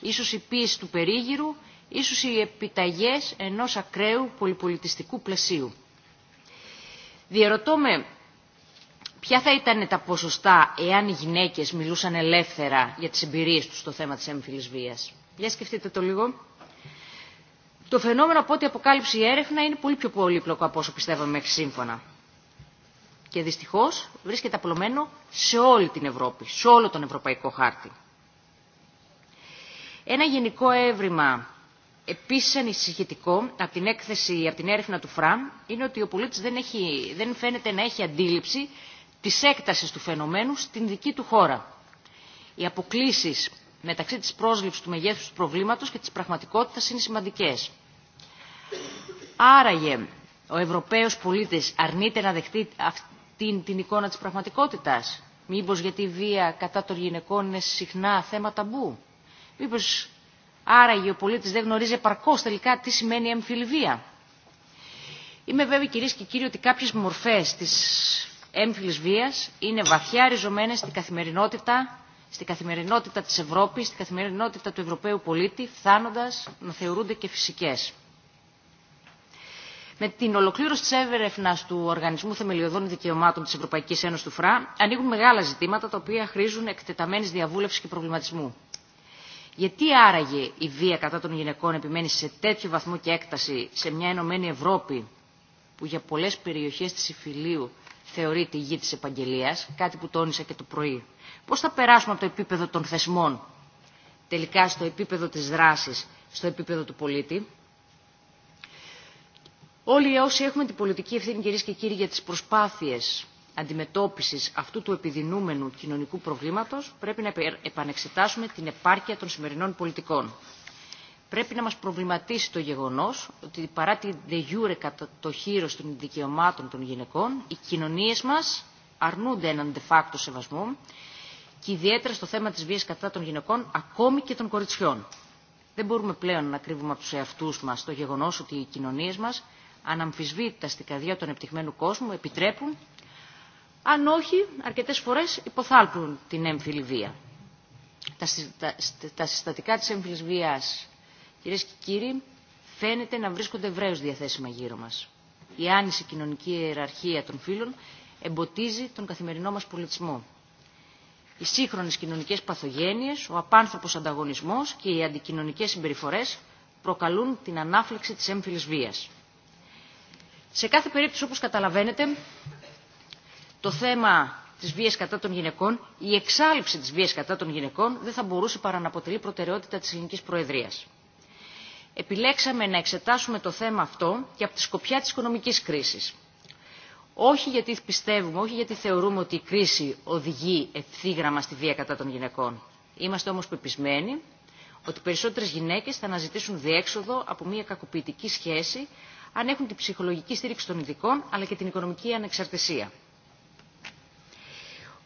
Speaker 6: ίσως η πίεση του περίγυρου, ίσως οι επιταγές ενός ακραίου πολυπολιτιστικού πλαισίου. Διερωτώ με ποια θα ήταν τα ποσοστά εάν οι γυναίκες μιλούσαν ελεύθερα για τις εμπειρίες τους στο θέμα της έμφυλης βίας. Για σκεφτείτε το λίγο. Το φαινόμενο από ό,τι αποκάλυψε η έρευνα είναι πολύ πιο πολύπλοκο από όσο πιστεύαμε μέχρι σύμφωνα. Και δυστυχώς βρίσκεται απλωμένο σε όλη την Ευρώπη, σε όλο τον ευρωπαϊκό χάρτη. Ένα γενικό έβριμα Επίση ανησυχητικό από την έκθεση, από την έρευνα του ΦΡΑΜ, είναι ότι ο πολίτη δεν, δεν φαίνεται να έχει αντίληψη της έκτασης του φαινομένου στην δική του χώρα. Οι αποκλίσεις μεταξύ της πρόσληψης του μεγέθους του προβλήματος και της πραγματικότητας είναι σημαντικές. Άραγε ο Ευρωπαίος πολίτης αρνείται να δεχτεί αυτή την εικόνα της πραγματικότητας. Μήπως γιατί η βία κατά των γυναικών είναι συχνά θέμα ταμπού. Μήπως άραγε ο πολίτης δεν γνωρίζει επαρκώς τελικά τι σημαίνει εμφυλβία. Είμαι βέβαιη κυρίε και κύριοι ότι κάποιες μορφές της έμφυλης βίας είναι βαθιά ριζωμένες στην καθημερινότητα, στην καθημερινότητα της Ευρώπης, στην καθημερινότητα του Ευρωπαίου πολίτη, φθάνοντας να θεωρούνται και φυσικές. Με την ολοκλήρωση τη έρευνα του Οργανισμού Θεμελιωδών Δικαιωμάτων τη Ευρωπαϊκή Ένωση του ΦΡΑ, ανοίγουν μεγάλα ζητήματα τα οποία χρήζουν εκτεταμένη διαβούλευση και προβληματισμού. Γιατί άραγε η βία κατά των γυναικών επιμένει σε τέτοιο βαθμό και έκταση σε μια ενωμένη Ευρώπη που για πολλέ περιοχέ τη Ιφιλίου θεωρείται η γη της επαγγελίας, κάτι που τόνισα και το πρωί. Πώς θα περάσουμε από το επίπεδο των θεσμών τελικά στο επίπεδο της δράσης, στο επίπεδο του πολίτη. Όλοι όσοι έχουμε την πολιτική ευθύνη, κυρίε και κύριοι, για τις προσπάθειες αντιμετώπισης αυτού του επιδεινούμενου κοινωνικού προβλήματος, πρέπει να επανεξετάσουμε την επάρκεια των σημερινών πολιτικών πρέπει να μας προβληματίσει το γεγονός ότι παρά τη κατά το χείρο των δικαιωμάτων των γυναικών, οι κοινωνίες μας αρνούνται έναν de facto σεβασμό και ιδιαίτερα στο θέμα της βίας κατά των γυναικών, ακόμη και των κοριτσιών. Δεν μπορούμε πλέον να κρύβουμε από τους εαυτούς μας το γεγονός ότι οι κοινωνίες μας, αναμφισβήτητα στην καρδιά του επιτυχμένου κόσμου, επιτρέπουν, αν όχι αρκετές φορές υποθάλπουν την έμφυλη βία. Τα συστατικά της έμφυλης βίας Κυρίε και κύριοι, φαίνεται να βρίσκονται ευρέω διαθέσιμα γύρω μα. Η άνηση κοινωνική ιεραρχία των φύλων εμποτίζει τον καθημερινό μα πολιτισμό. Οι σύγχρονε κοινωνικέ παθογένειε, ο απάνθρωπο ανταγωνισμό και οι αντικοινωνικέ συμπεριφορέ προκαλούν την ανάφλεξη τη έμφυλη βία. Σε κάθε περίπτωση, όπω καταλαβαίνετε, το θέμα της βίας κατά των γυναικών, η εξάλληψη της βίας κατά των γυναικών δεν θα μπορούσε παρά να αποτελεί προτεραιότητα της ελληνική προεδρίας επιλέξαμε να εξετάσουμε το θέμα αυτό και από τη σκοπιά της οικονομικής κρίσης. Όχι γιατί πιστεύουμε, όχι γιατί θεωρούμε ότι η κρίση οδηγεί ευθύγραμμα στη βία κατά των γυναικών. Είμαστε όμως πεπισμένοι ότι περισσότερες γυναίκες θα αναζητήσουν διέξοδο από μια κακοποιητική σχέση αν έχουν την ψυχολογική στήριξη των ειδικών αλλά και την οικονομική ανεξαρτησία.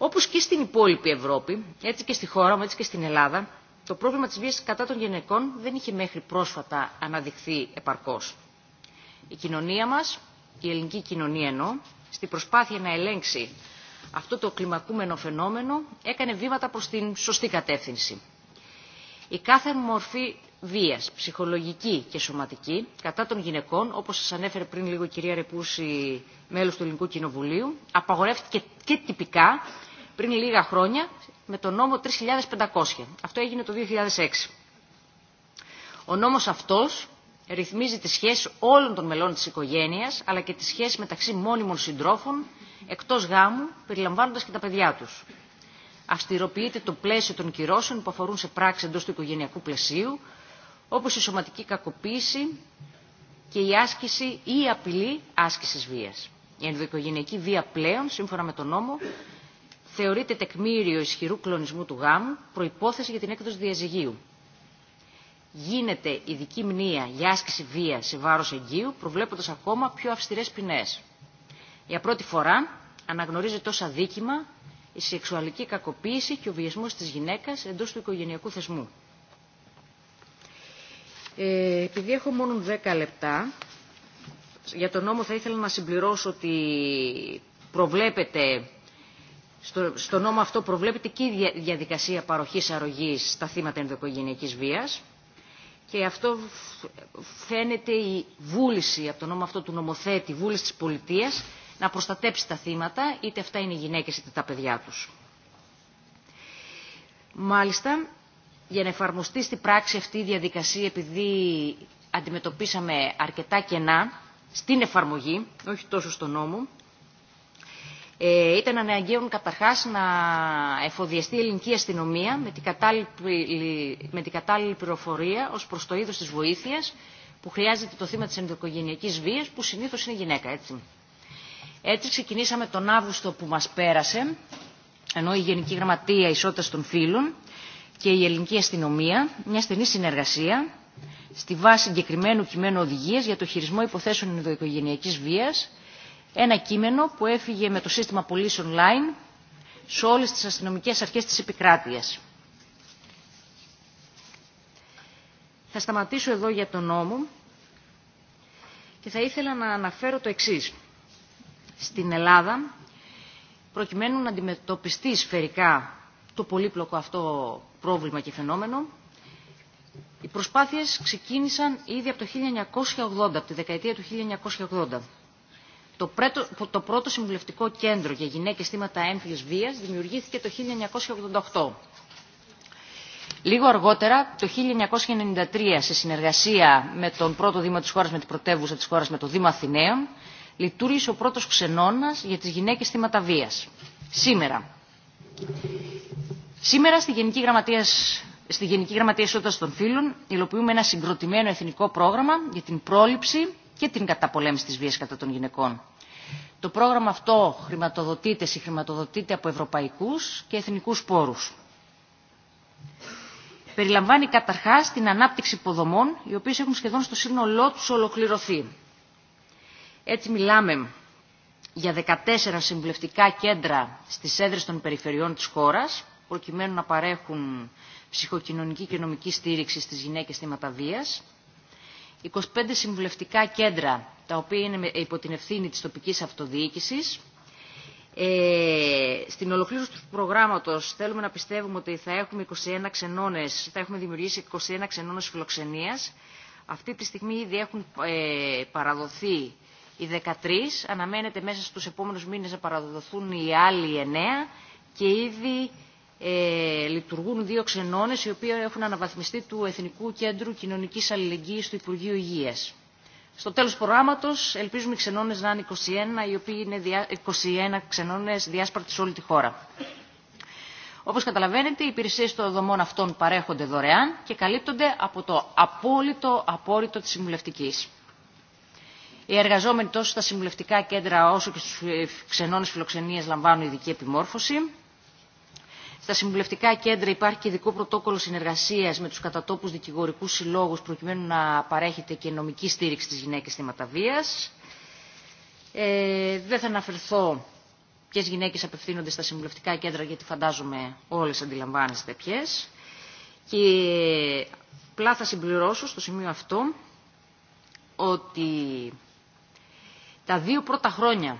Speaker 6: Όπως και στην υπόλοιπη Ευρώπη, έτσι και στη χώρα μου, έτσι και στην Ελλάδα, το πρόβλημα της βίας κατά των γυναικών δεν είχε μέχρι πρόσφατα αναδειχθεί επαρκώς. Η κοινωνία μας, η ελληνική κοινωνία εννοώ, στη προσπάθεια να ελέγξει αυτό το κλιμακούμενο φαινόμενο έκανε βήματα προς την σωστή κατεύθυνση. Η κάθε μορφή βίας, ψυχολογική και σωματική, κατά των γυναικών, όπως σας ανέφερε πριν λίγο η κυρία Ρεπούση, μέλος του Ελληνικού Κοινοβουλίου, απαγορεύτηκε και τυπικά πριν λίγα χρόνια με τον νόμο 3500. Αυτό έγινε το 2006. Ο νόμος αυτός ρυθμίζει τις σχέσεις όλων των μελών της οικογένειας, αλλά και τις σχέσεις μεταξύ μόνιμων συντρόφων, εκτός γάμου, περιλαμβάνοντας και τα παιδιά τους. Αυστηροποιείται το πλαίσιο των κυρώσεων που αφορούν σε πράξεις εντός του οικογενειακού πλαισίου, όπως η σωματική κακοποίηση και η άσκηση ή η απειλή άσκησης βίας. Η ενδοοικογενειακή βία πλέον, σύμφωνα με τον νόμο, θεωρείται τεκμήριο ισχυρού κλονισμού του γάμου προϋπόθεση για την έκδοση διαζυγίου. Γίνεται ειδική μνήα για άσκηση βία σε βάρος εγγύου, προβλέποντας ακόμα πιο αυστηρές ποινές. Για πρώτη φορά αναγνωρίζεται ως αδίκημα η σεξουαλική κακοποίηση και ο βιασμός της γυναίκας εντός του οικογενειακού θεσμού. Ε, επειδή έχω μόνο 10 λεπτά, για τον νόμο θα ήθελα να συμπληρώσω ότι προβλέπεται στο, στο νόμο αυτό προβλέπεται και η διαδικασία παροχής αρρωγής στα θύματα ενδοοικογενειακής βίας και αυτό φαίνεται η βούληση από το νόμο αυτό του νομοθέτη, η βούληση της πολιτείας να προστατέψει τα θύματα, είτε αυτά είναι οι γυναίκες είτε τα παιδιά τους. Μάλιστα, για να εφαρμοστεί στην πράξη αυτή η διαδικασία, επειδή αντιμετωπίσαμε αρκετά κενά στην εφαρμογή, όχι τόσο στο νόμο, ε, ήταν αναγκαίο καταρχά να εφοδιαστεί η ελληνική αστυνομία με την κατάλληλη, με την κατάλληλη πληροφορία ω προ το είδο τη βοήθεια που χρειάζεται το θύμα τη ενδοοικογενειακή βία, που συνήθω είναι γυναίκα. Έτσι. Έτσι ξεκινήσαμε τον Αύγουστο που μας πέρασε, ενώ η Γενική Γραμματεία Ισότητας των Φίλων και η Ελληνική Αστυνομία, μια στενή συνεργασία, στη βάση συγκεκριμένου κειμένου οδηγίας για το χειρισμό υποθέσεων ενδοοικογενειακής βία ένα κείμενο που έφυγε με το σύστημα Police Online σε όλες τις αστυνομικές αρχές της επικράτειας. Θα σταματήσω εδώ για τον νόμο και θα ήθελα να αναφέρω το εξής. Στην Ελλάδα, προκειμένου να αντιμετωπιστεί σφαιρικά το πολύπλοκο αυτό πρόβλημα και φαινόμενο, οι προσπάθειες ξεκίνησαν ήδη από το 1980, από τη δεκαετία του 1980. Το πρώτο, το πρώτο συμβουλευτικό κέντρο για γυναίκες θύματα έμφυλης βίας δημιουργήθηκε το 1988. Λίγο αργότερα, το 1993, σε συνεργασία με τον πρώτο Δήμο της χώρας, με την πρωτεύουσα της χώρας, με το Δήμο Αθηναίων, λειτουργήσε ο πρώτος ξενώνας για τις γυναίκες θύματα βίας. Σήμερα. Σήμερα στη Γενική Γραμματεία στη Γενική Γραμματεία των Φίλων, υλοποιούμε ένα συγκροτημένο εθνικό πρόγραμμα για την πρόληψη και την καταπολέμηση της βίας κατά των γυναικών. Το πρόγραμμα αυτό χρηματοδοτείται, συγχρηματοδοτείται από ευρωπαϊκούς και εθνικούς πόρους. Περιλαμβάνει καταρχάς την ανάπτυξη υποδομών, οι οποίες έχουν σχεδόν στο σύνολό τους ολοκληρωθεί. Έτσι μιλάμε για 14 συμβουλευτικά κέντρα στις έδρες των περιφερειών της χώρας, προκειμένου να παρέχουν ψυχοκοινωνική και νομική στήριξη στις γυναίκες θύματα βίας, 25 συμβουλευτικά κέντρα, τα οποία είναι υπό την ευθύνη της τοπικής αυτοδιοίκησης. Ε, στην ολοκλήρωση του προγράμματος θέλουμε να πιστεύουμε ότι θα έχουμε, 21 ξενώνες, θα έχουμε δημιουργήσει 21 ξενώνες φιλοξενίας. Αυτή τη στιγμή ήδη έχουν ε, παραδοθεί οι 13, αναμένεται μέσα στους επόμενους μήνες να παραδοθούν οι άλλοι 9 και ήδη ε, λειτουργούν δύο ξενώνες οι οποίοι έχουν αναβαθμιστεί του Εθνικού Κέντρου Κοινωνικής Αλληλεγγύης του Υπουργείου Υγείας. Στο τέλος του προγράμματος ελπίζουμε οι ξενώνες να είναι 21, οι οποίοι είναι 21 ξενώνες διάσπαρτοι σε όλη τη χώρα. Όπως καταλαβαίνετε, οι υπηρεσίες των δομών αυτών παρέχονται δωρεάν και καλύπτονται από το απόλυτο απόρριτο της συμβουλευτικής. Οι εργαζόμενοι τόσο στα συμβουλευτικά κέντρα όσο και στους ε, ξενώνες φιλοξενίες λαμβάνουν ειδική επιμόρφωση. Στα συμβουλευτικά κέντρα υπάρχει και ειδικό πρωτόκολλο συνεργασία με του κατατόπου δικηγορικού συλλόγου, προκειμένου να παρέχεται και νομική στήριξη στι γυναίκε θύματα βία. Ε, δεν θα αναφερθώ ποιε γυναίκε απευθύνονται στα συμβουλευτικά κέντρα, γιατί φαντάζομαι όλε αντιλαμβάνεστε ποιε. Και απλά θα συμπληρώσω στο σημείο αυτό ότι τα δύο πρώτα χρόνια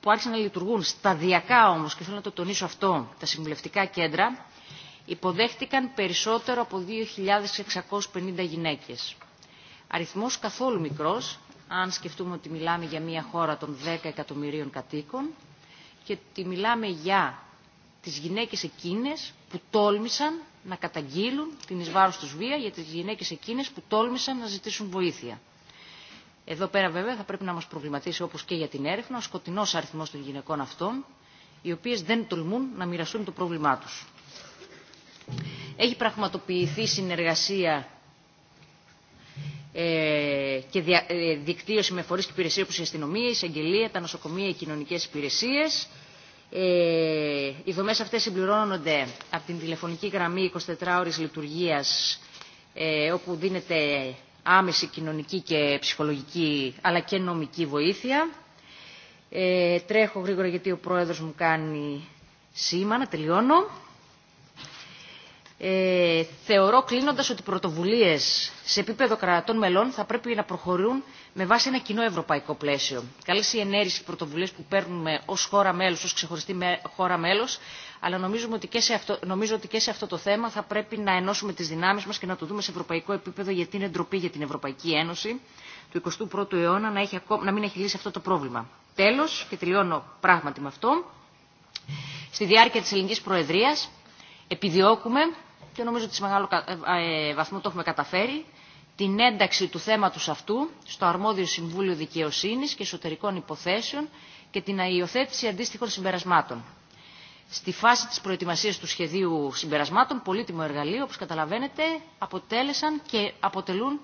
Speaker 6: που άρχισαν να λειτουργούν σταδιακά όμως, και θέλω να το τονίσω αυτό, τα συμβουλευτικά κέντρα, υποδέχτηκαν περισσότερο από 2.650 γυναίκες. Αριθμός καθόλου μικρός, αν σκεφτούμε ότι μιλάμε για μια χώρα των 10 εκατομμυρίων κατοίκων και ότι μιλάμε για τις γυναίκες εκείνες που τόλμησαν να καταγγείλουν την εις βία για τις γυναίκες εκείνες που τόλμησαν να ζητήσουν βοήθεια. Εδώ πέρα βέβαια θα πρέπει να μας προβληματίσει όπως και για την έρευνα ο σκοτεινός αριθμός των γυναικών αυτών, οι οποίες δεν τολμούν να μοιραστούν το πρόβλημά τους. Έχει πραγματοποιηθεί συνεργασία ε, και δια, ε, δικτύωση με φορείς και υπηρεσίες όπως η αστυνομία, η εισαγγελία, τα νοσοκομεία, οι κοινωνικές υπηρεσίες. Ε, οι δομές αυτές συμπληρώνονται από την τηλεφωνική γραμμή 24 ώρες λειτουργίας ε, όπου δίνεται άμεση κοινωνική και ψυχολογική αλλά και νομική βοήθεια. Ε, τρέχω γρήγορα γιατί ο πρόεδρος μου κάνει σήμα να τελειώνω. Ε, θεωρώ κλείνοντας ότι πρωτοβουλίες σε επίπεδο κρατών μελών θα πρέπει να προχωρούν με βάση ένα κοινό ευρωπαϊκό πλαίσιο. Καλές οι ενέργειες και πρωτοβουλίες που παίρνουμε ως χώρα μέλος, ως ξεχωριστή χώρα μέλος αλλά νομίζουμε ότι και σε αυτό, νομίζω ότι και σε αυτό το θέμα θα πρέπει να ενώσουμε τις δυνάμεις μας και να το δούμε σε ευρωπαϊκό επίπεδο γιατί είναι ντροπή για την Ευρωπαϊκή Ένωση του 21ου αιώνα να, έχει ακόμα, να μην έχει λύσει αυτό το πρόβλημα. Τέλος, και τελειώνω πράγματι με αυτό, στη διάρκεια της ελληνικής προεδρίας επιδιώκουμε, και νομίζω ότι σε μεγάλο ε, ε, βαθμό το έχουμε καταφέρει, την ένταξη του θέματος αυτού στο αρμόδιο Συμβούλιο Δικαιοσύνης και Εσωτερικών Υποθέσεων και την αϊοθέτηση αντίστοιχων συμπερασμάτων στη φάση της προετοιμασίας του σχεδίου συμπερασμάτων, πολύτιμο εργαλείο, όπως καταλαβαίνετε, αποτέλεσαν και αποτελούν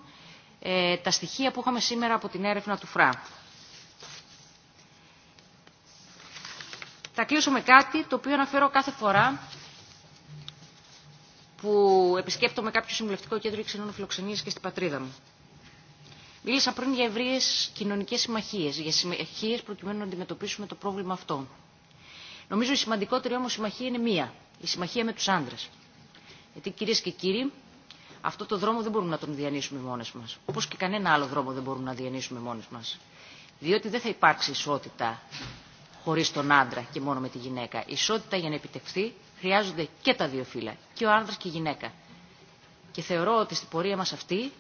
Speaker 6: ε, τα στοιχεία που είχαμε σήμερα από την έρευνα του ΦΡΑ. Θα κλείσω με κάτι το οποίο αναφέρω κάθε φορά που επισκέπτομαι κάποιο συμβουλευτικό κέντρο ξενών φιλοξενίας και στην πατρίδα μου. Μίλησα πριν για ευρείες κοινωνικέ συμμαχίε, για συμμαχίες προκειμένου να αντιμετωπίσουμε το πρόβλημα αυτό. Νομίζω η σημαντικότερη όμως συμμαχία είναι μία. Η συμμαχία με τους άντρες. Γιατί κυρίε και κύριοι, αυτό το δρόμο δεν μπορούμε να τον διανύσουμε μόνες μας. Όπως και κανένα άλλο δρόμο δεν μπορούμε να διανύσουμε μόνες μας. Διότι δεν θα υπάρξει ισότητα χωρίς τον άντρα και μόνο με τη γυναίκα. Η ισότητα για να επιτευχθεί χρειάζονται και τα δύο φύλλα, και ο άντρα και η γυναίκα. Και θεωρώ ότι στην πορεία μας αυτή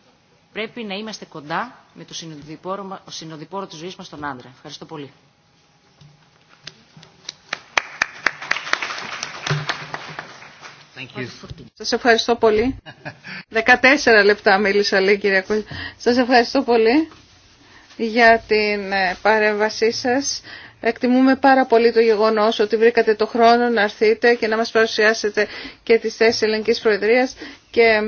Speaker 6: πρέπει να είμαστε κοντά με το συνοδοιπόρο, συνοδοιπόρο της ζωής μας τον άντρα. Ευχαριστώ πολύ.
Speaker 3: Σας ευχαριστώ πολύ. 14 λεπτά μίλησα, λέει κυρία Κούλη. Σας ευχαριστώ πολύ για την ε, παρέμβασή σας. Εκτιμούμε πάρα πολύ το γεγονός ότι βρήκατε το χρόνο να έρθετε και να μας παρουσιάσετε και τις θέσεις Ελληνικής Προεδρίας και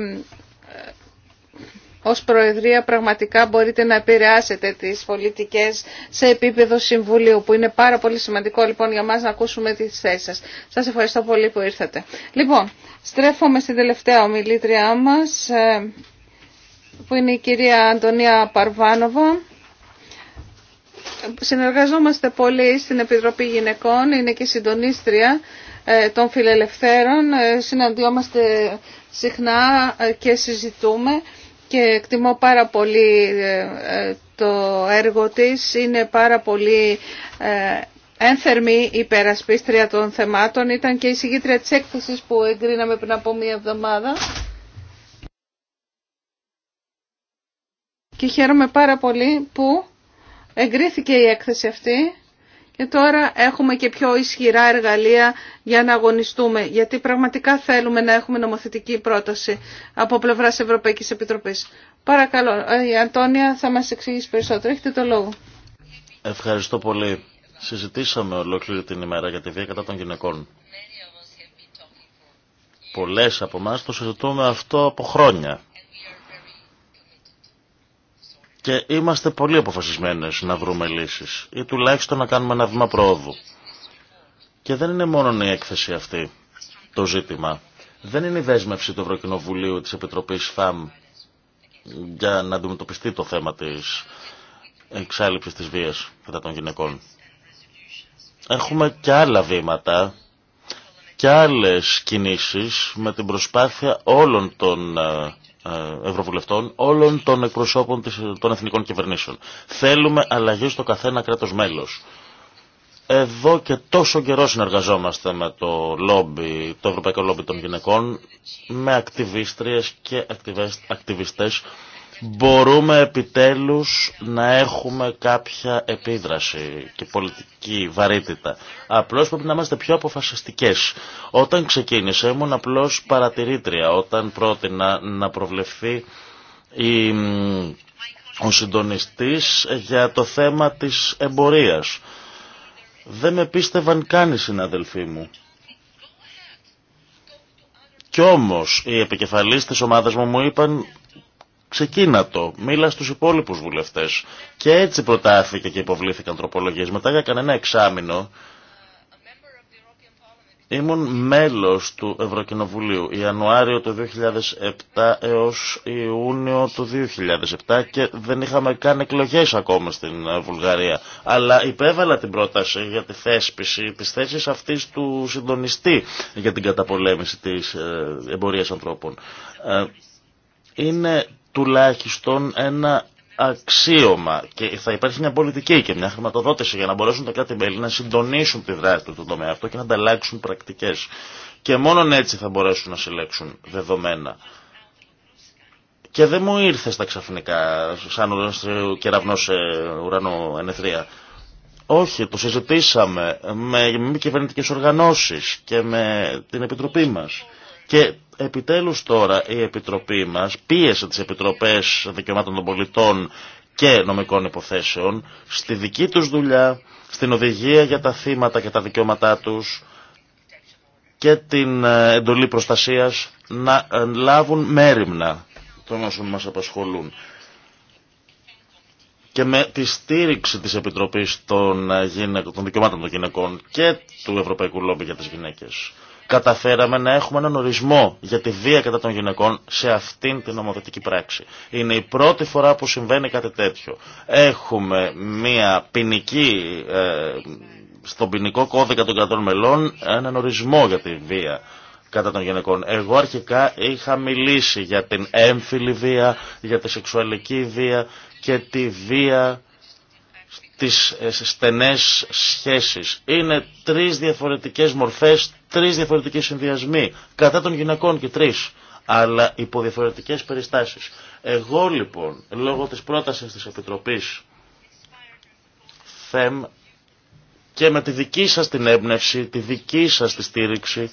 Speaker 3: ως Προεδρία πραγματικά μπορείτε να επηρεάσετε τις πολιτικές σε επίπεδο Συμβουλίου που είναι πάρα πολύ σημαντικό λοιπόν για μας να ακούσουμε τις θέσεις σας. Σας ευχαριστώ πολύ που ήρθατε. Λοιπόν, στρέφομαι στην τελευταία ομιλήτριά μας ε, που είναι η κυρία Αντωνία Παρβάνοβο. Συνεργαζόμαστε πολύ στην Επιτροπή Γυναικών, είναι και συντονίστρια ε, των φιλελευθέρων. Ε, συναντιόμαστε συχνά και συζητούμε και εκτιμώ πάρα πολύ ε, ε, το έργο της. Είναι πάρα πολύ ε, ένθερμη υπερασπίστρια των θεμάτων. Ήταν και η συγκήτρια της έκθεσης που εγκρίναμε πριν από μία εβδομάδα. Και χαίρομαι πάρα πολύ που εγκρίθηκε η έκθεση αυτή και ε, τώρα έχουμε και πιο ισχυρά εργαλεία για να αγωνιστούμε, γιατί πραγματικά θέλουμε να έχουμε νομοθετική πρόταση από πλευρά Ευρωπαϊκής Επιτροπής. Παρακαλώ, ε, η Αντώνια θα μας εξηγήσει περισσότερο. Έχετε το λόγο.
Speaker 2: Ευχαριστώ πολύ. Συζητήσαμε ολόκληρη την ημέρα για τη βία κατά των γυναικών. Πολλέ από εμά το συζητούμε αυτό από χρόνια. Και είμαστε πολύ αποφασισμένες να βρούμε λύσεις ή τουλάχιστον να κάνουμε ένα βήμα πρόοδου. Και δεν είναι μόνο η έκθεση αυτή το ζήτημα. Δεν είναι η δέσμευση του Ευρωκοινοβουλίου της Επιτροπής ΦΑΜ για να αντιμετωπιστεί το θέμα της εξάλληψης της βίας κατά των γυναικών. Έχουμε και άλλα βήματα και άλλες κινήσεις με την προσπάθεια όλων των ε, ε, ευρωβουλευτών, όλων των εκπροσώπων των εθνικών κυβερνήσεων. Θέλουμε αλλαγή στο καθένα κράτος μέλος. Εδώ και τόσο καιρό συνεργαζόμαστε με το λόμπι, το Ευρωπαϊκό Λόμπι των Γυναικών, με ακτιβίστριες και ακτιβιστές μπορούμε επιτέλους να έχουμε κάποια επίδραση και πολιτική βαρύτητα. Απλώς πρέπει να είμαστε πιο αποφασιστικές. Όταν ξεκίνησα ήμουν απλώς παρατηρήτρια, όταν πρότεινα να προβλεφθεί η, ο συντονιστής για το θέμα της εμπορίας. Δεν με πίστευαν καν οι συναδελφοί μου. Κι όμως οι επικεφαλείς της ομάδας μου μου είπαν Ξεκίνατο. μίλα στους υπόλοιπους βουλευτές. Και έτσι προτάθηκε και υποβλήθηκαν τροπολογίες. Μετά για κανένα εξάμεινο ήμουν μέλος του Ευρωκοινοβουλίου Ιανουάριο του 2007 έως Ιούνιο του 2007 και δεν είχαμε καν εκλογές ακόμα στην ε, Βουλγαρία. Αλλά υπέβαλα την πρόταση για τη θέσπιση της θέσης αυτής του συντονιστή για την καταπολέμηση της ε, εμπορίας ανθρώπων. Ε, είναι τουλάχιστον ένα αξίωμα και θα υπάρχει μια πολιτική και μια χρηματοδότηση για να μπορέσουν τα κράτη-μέλη να συντονίσουν τη δράση του τομέα αυτό και να ανταλλάξουν πρακτικές. Και μόνο έτσι θα μπορέσουν να συλλέξουν δεδομένα. Και δεν μου ήρθε στα ξαφνικά, σαν κεραυνό σε ουρανό ενεθρία. Όχι, το συζητήσαμε με μη κυβερνητικέ οργανώσει και με την Επιτροπή μας Και Επιτέλους τώρα η Επιτροπή μας πίεσε τις Επιτροπές Δικαιωμάτων των Πολιτών και νομικών υποθέσεων στη δική τους δουλειά, στην οδηγία για τα θύματα και τα δικαιώματά τους και την ε, εντολή προστασίας να ε, λάβουν μέρημνα των όσων μας απασχολούν. Και με τη στήριξη της Επιτροπής των, ε, Δικαιωμάτων των Γυναικών και του Ευρωπαϊκού Λόμπι για τις Γυναίκες καταφέραμε να έχουμε έναν ορισμό για τη βία κατά των γυναικών σε αυτήν την νομοθετική πράξη. Είναι η πρώτη φορά που συμβαίνει κάτι τέτοιο. Έχουμε μια ποινική, ε, στον ποινικό κώδικα των κρατών μελών έναν ορισμό για τη βία κατά των γυναικών. Εγώ αρχικά είχα μιλήσει για την έμφυλη βία, για τη σεξουαλική βία και τη βία τις ε, στενές σχέσεις. Είναι τρεις διαφορετικές μορφές, τρεις διαφορετικές συνδυασμοί, κατά των γυναικών και τρεις, αλλά υπό διαφορετικές περιστάσεις. Εγώ λοιπόν, λόγω της πρότασης της Επιτροπής ΦΕΜ και με τη δική σας την έμπνευση, τη δική σας τη στήριξη,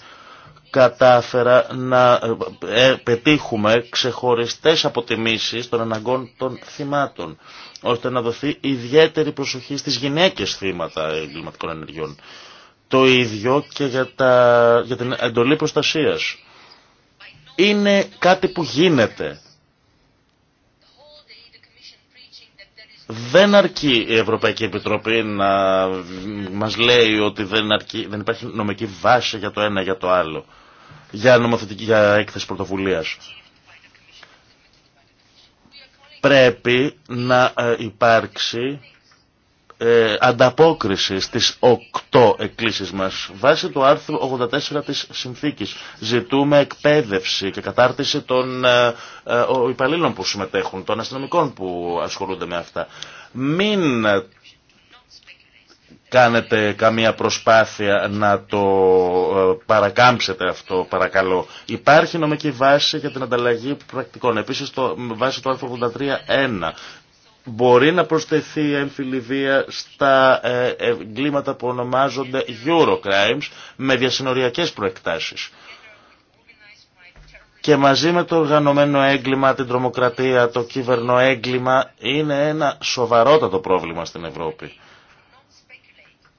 Speaker 2: κατάφερα να ε, ε, πετύχουμε ξεχωριστές αποτιμήσεις των αναγκών των θυμάτων, ώστε να δοθεί ιδιαίτερη προσοχή στις γυναίκες θύματα εγκληματικών ενεργειών. Το ίδιο και για, τα, για την εντολή προστασίας. Είναι κάτι που γίνεται. Δεν αρκεί η Ευρωπαϊκή Επιτροπή να μας λέει ότι δεν, αρκεί, δεν υπάρχει νομική βάση για το ένα ή για το άλλο για, νομοθετική, για έκθεση πρωτοβουλία. Πρέπει να ε, υπάρξει ε, ανταπόκριση στις οκτώ εκκλήσεις μας. Βάσει του άρθρου 84 της συνθήκης ζητούμε εκπαίδευση και κατάρτιση των ε, ε υπαλλήλων που συμμετέχουν, των αστυνομικών που ασχολούνται με αυτά. Μην κάνετε καμία προσπάθεια να το ε, παρακάμψετε αυτό, παρακαλώ. Υπάρχει νομική βάση για την ανταλλαγή πρακτικών. Επίσης, το, βάση του άρθρου 83.1 μπορεί να προσθεθεί η έμφυλη βία στα ε, εγκλήματα που ονομάζονται Eurocrimes με διασυνοριακές προεκτάσεις. Και μαζί με το οργανωμένο έγκλημα, την τρομοκρατία, το κυβερνοέγκλημα είναι ένα σοβαρότατο πρόβλημα στην Ευρώπη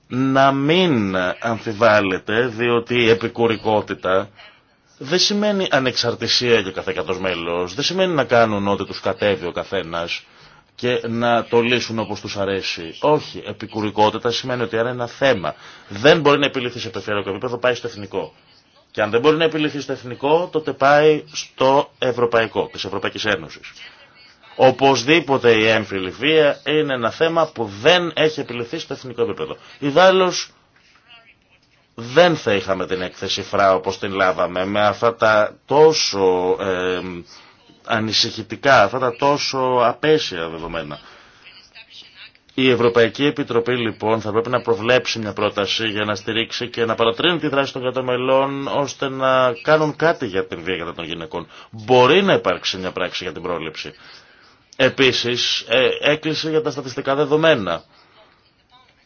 Speaker 2: να μην αμφιβάλλετε, διότι η επικουρικότητα δεν σημαίνει ανεξαρτησία για κάθε κατός μέλος, δεν σημαίνει να κάνουν ό,τι τους κατέβει ο καθένας και να το λύσουν όπως τους αρέσει. Όχι, επικουρικότητα σημαίνει ότι αν ένα θέμα δεν μπορεί να επιληθεί σε περιφερειακό επίπεδο, πάει στο εθνικό. Και αν δεν μπορεί να επιληθεί στο εθνικό, τότε πάει στο ευρωπαϊκό, της Ευρωπαϊκής Ένωσης. Οπωσδήποτε η έμφυλη βία είναι ένα θέμα που δεν έχει επιληθεί στο εθνικό επίπεδο. Ιδάλω δεν θα είχαμε την έκθεση ΦΡΑ όπως την λάβαμε με αυτά τα τόσο ανησυχητικά, αυτά τα τόσο απέσια δεδομένα. Η Ευρωπαϊκή Επιτροπή λοιπόν θα πρέπει να προβλέψει μια πρόταση για να στηρίξει και να παρατρύνει τη δράση των κατομελών ώστε να κάνουν κάτι για την βία κατά των γυναικών. Μπορεί να υπάρξει μια πράξη για την πρόληψη. Επίσης, ε, έκλεισε για τα στατιστικά δεδομένα.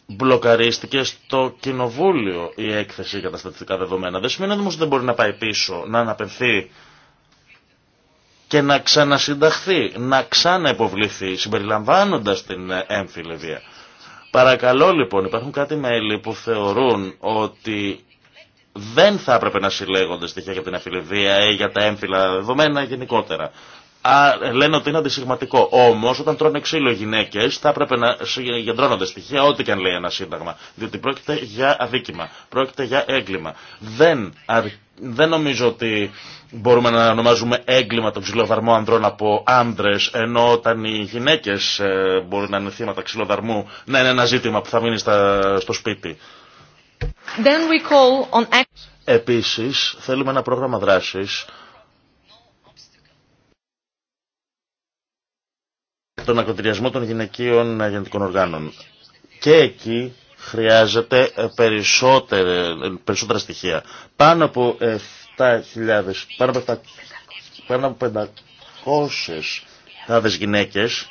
Speaker 2: Μπλοκαρίστηκε στο κοινοβούλιο η έκθεση για τα στατιστικά δεδομένα. Δεν σημαίνει όμως ότι δεν μπορεί να πάει πίσω, να αναπευθεί και να ξανασυνταχθεί, να ξαναεποβληθεί, συμπεριλαμβάνοντας την ε, έμφυλη βία. Παρακαλώ λοιπόν, υπάρχουν κάτι μέλη που θεωρούν ότι δεν θα έπρεπε να συλλέγονται στοιχεία για την αφιληβία ή για τα έμφυλα δεδομένα γενικότερα α, λένε ότι είναι αντισυγματικό. Όμω, όταν τρώνε ξύλο γυναίκε, θα έπρεπε να συγκεντρώνονται στοιχεία, ό,τι και αν λέει ένα σύνταγμα. Διότι πρόκειται για αδίκημα, πρόκειται για έγκλημα. Δεν, δεν νομίζω ότι μπορούμε να ονομάζουμε έγκλημα τον ξυλοδαρμό ανδρών από άντρε, ενώ όταν οι γυναίκε ε, μπορεί να είναι θύματα ξυλοδαρμού, να είναι ένα ζήτημα που θα μείνει στα... στο σπίτι.
Speaker 5: Then we call on...
Speaker 2: Επίσης, θέλουμε ένα πρόγραμμα δράσης τον ακροτηριασμό των γυναικείων ε, γενετικών οργάνων. Και εκεί χρειάζεται ε, περισσότερα, στοιχεία. Πάνω από 7.000, πάνω από, πάνω από 500.000 γυναίκες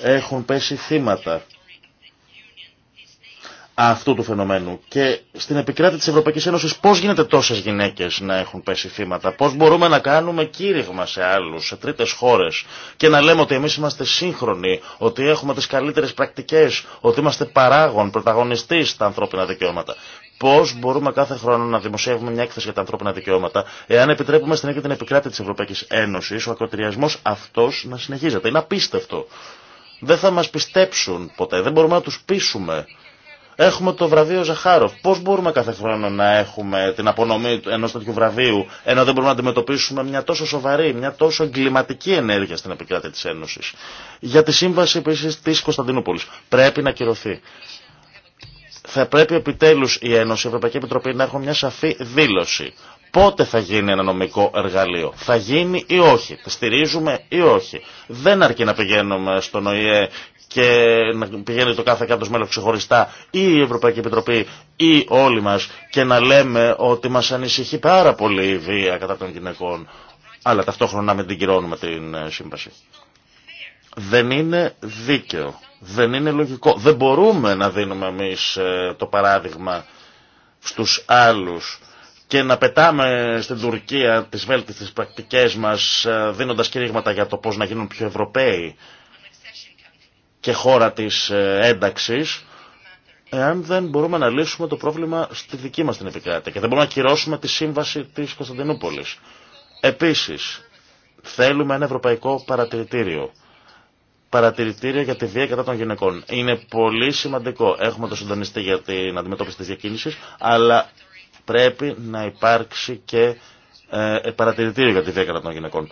Speaker 2: έχουν πέσει θύματα αυτού του φαινομένου και στην επικράτη της Ευρωπαϊκής Ένωσης πώς γίνεται τόσες γυναίκες να έχουν πέσει θύματα, πώς μπορούμε να κάνουμε κήρυγμα σε άλλους, σε τρίτες χώρες και να λέμε ότι εμείς είμαστε σύγχρονοι, ότι έχουμε τις καλύτερες πρακτικές, ότι είμαστε παράγων, πρωταγωνιστής στα ανθρώπινα δικαιώματα. Πώ μπορούμε κάθε χρόνο να δημοσιεύουμε μια έκθεση για τα ανθρώπινα δικαιώματα, εάν επιτρέπουμε στην ίδια την επικράτη τη Ευρωπαϊκή Ένωση ο ακροτηριασμό αυτό να συνεχίζεται. Είναι απίστευτο. Δεν θα μα πιστέψουν ποτέ, δεν μπορούμε να του πείσουμε Έχουμε το βραβείο Ζαχάροφ. Πώ μπορούμε κάθε χρόνο να έχουμε την απονομή ενό τέτοιου βραβείου, ενώ δεν μπορούμε να αντιμετωπίσουμε μια τόσο σοβαρή, μια τόσο εγκληματική ενέργεια στην επικράτεια τη Ένωση. Για τη σύμβαση επίση τη Κωνσταντινούπολη. Πρέπει να κυρωθεί. Θα πρέπει επιτέλου η Ένωση, η Ευρωπαϊκή Επιτροπή να έχουν μια σαφή δήλωση. Πότε θα γίνει ένα νομικό εργαλείο. Θα γίνει ή όχι. Τα στηρίζουμε ή όχι. Δεν αρκεί να πηγαίνουμε στον ΟΗΕ και να πηγαίνει το κάθε κάτω μέλο ξεχωριστά ή η Ευρωπαϊκή Επιτροπή ή όλοι μας και να λέμε ότι μας ανησυχεί πάρα πολύ η βία κατά των γυναικών αλλά ταυτόχρονα με την κυρώνουμε την ε, σύμβαση. Δεν είναι δίκαιο. Δεν είναι λογικό. Δεν μπορούμε να δίνουμε εμεί ε, το παράδειγμα στους άλλους και να πετάμε στην Τουρκία τις βέλτιστες πρακτικές μας ε, δίνοντας κηρύγματα για το πώς να γίνουν πιο Ευρωπαίοι και χώρα της ε, ένταξης, εάν δεν μπορούμε να λύσουμε το πρόβλημα στη δική μας την επικράτεια και δεν μπορούμε να κυρώσουμε τη σύμβαση της Κωνσταντινούπολης. Επίσης, θέλουμε ένα ευρωπαϊκό παρατηρητήριο. Παρατηρητήριο για τη βία κατά των γυναικών. Είναι πολύ σημαντικό. Έχουμε το συντονιστή για την αντιμετώπιση της διακίνησης, αλλά πρέπει να υπάρξει και ε, παρατηρητήριο για τη βία κατά των γυναικών.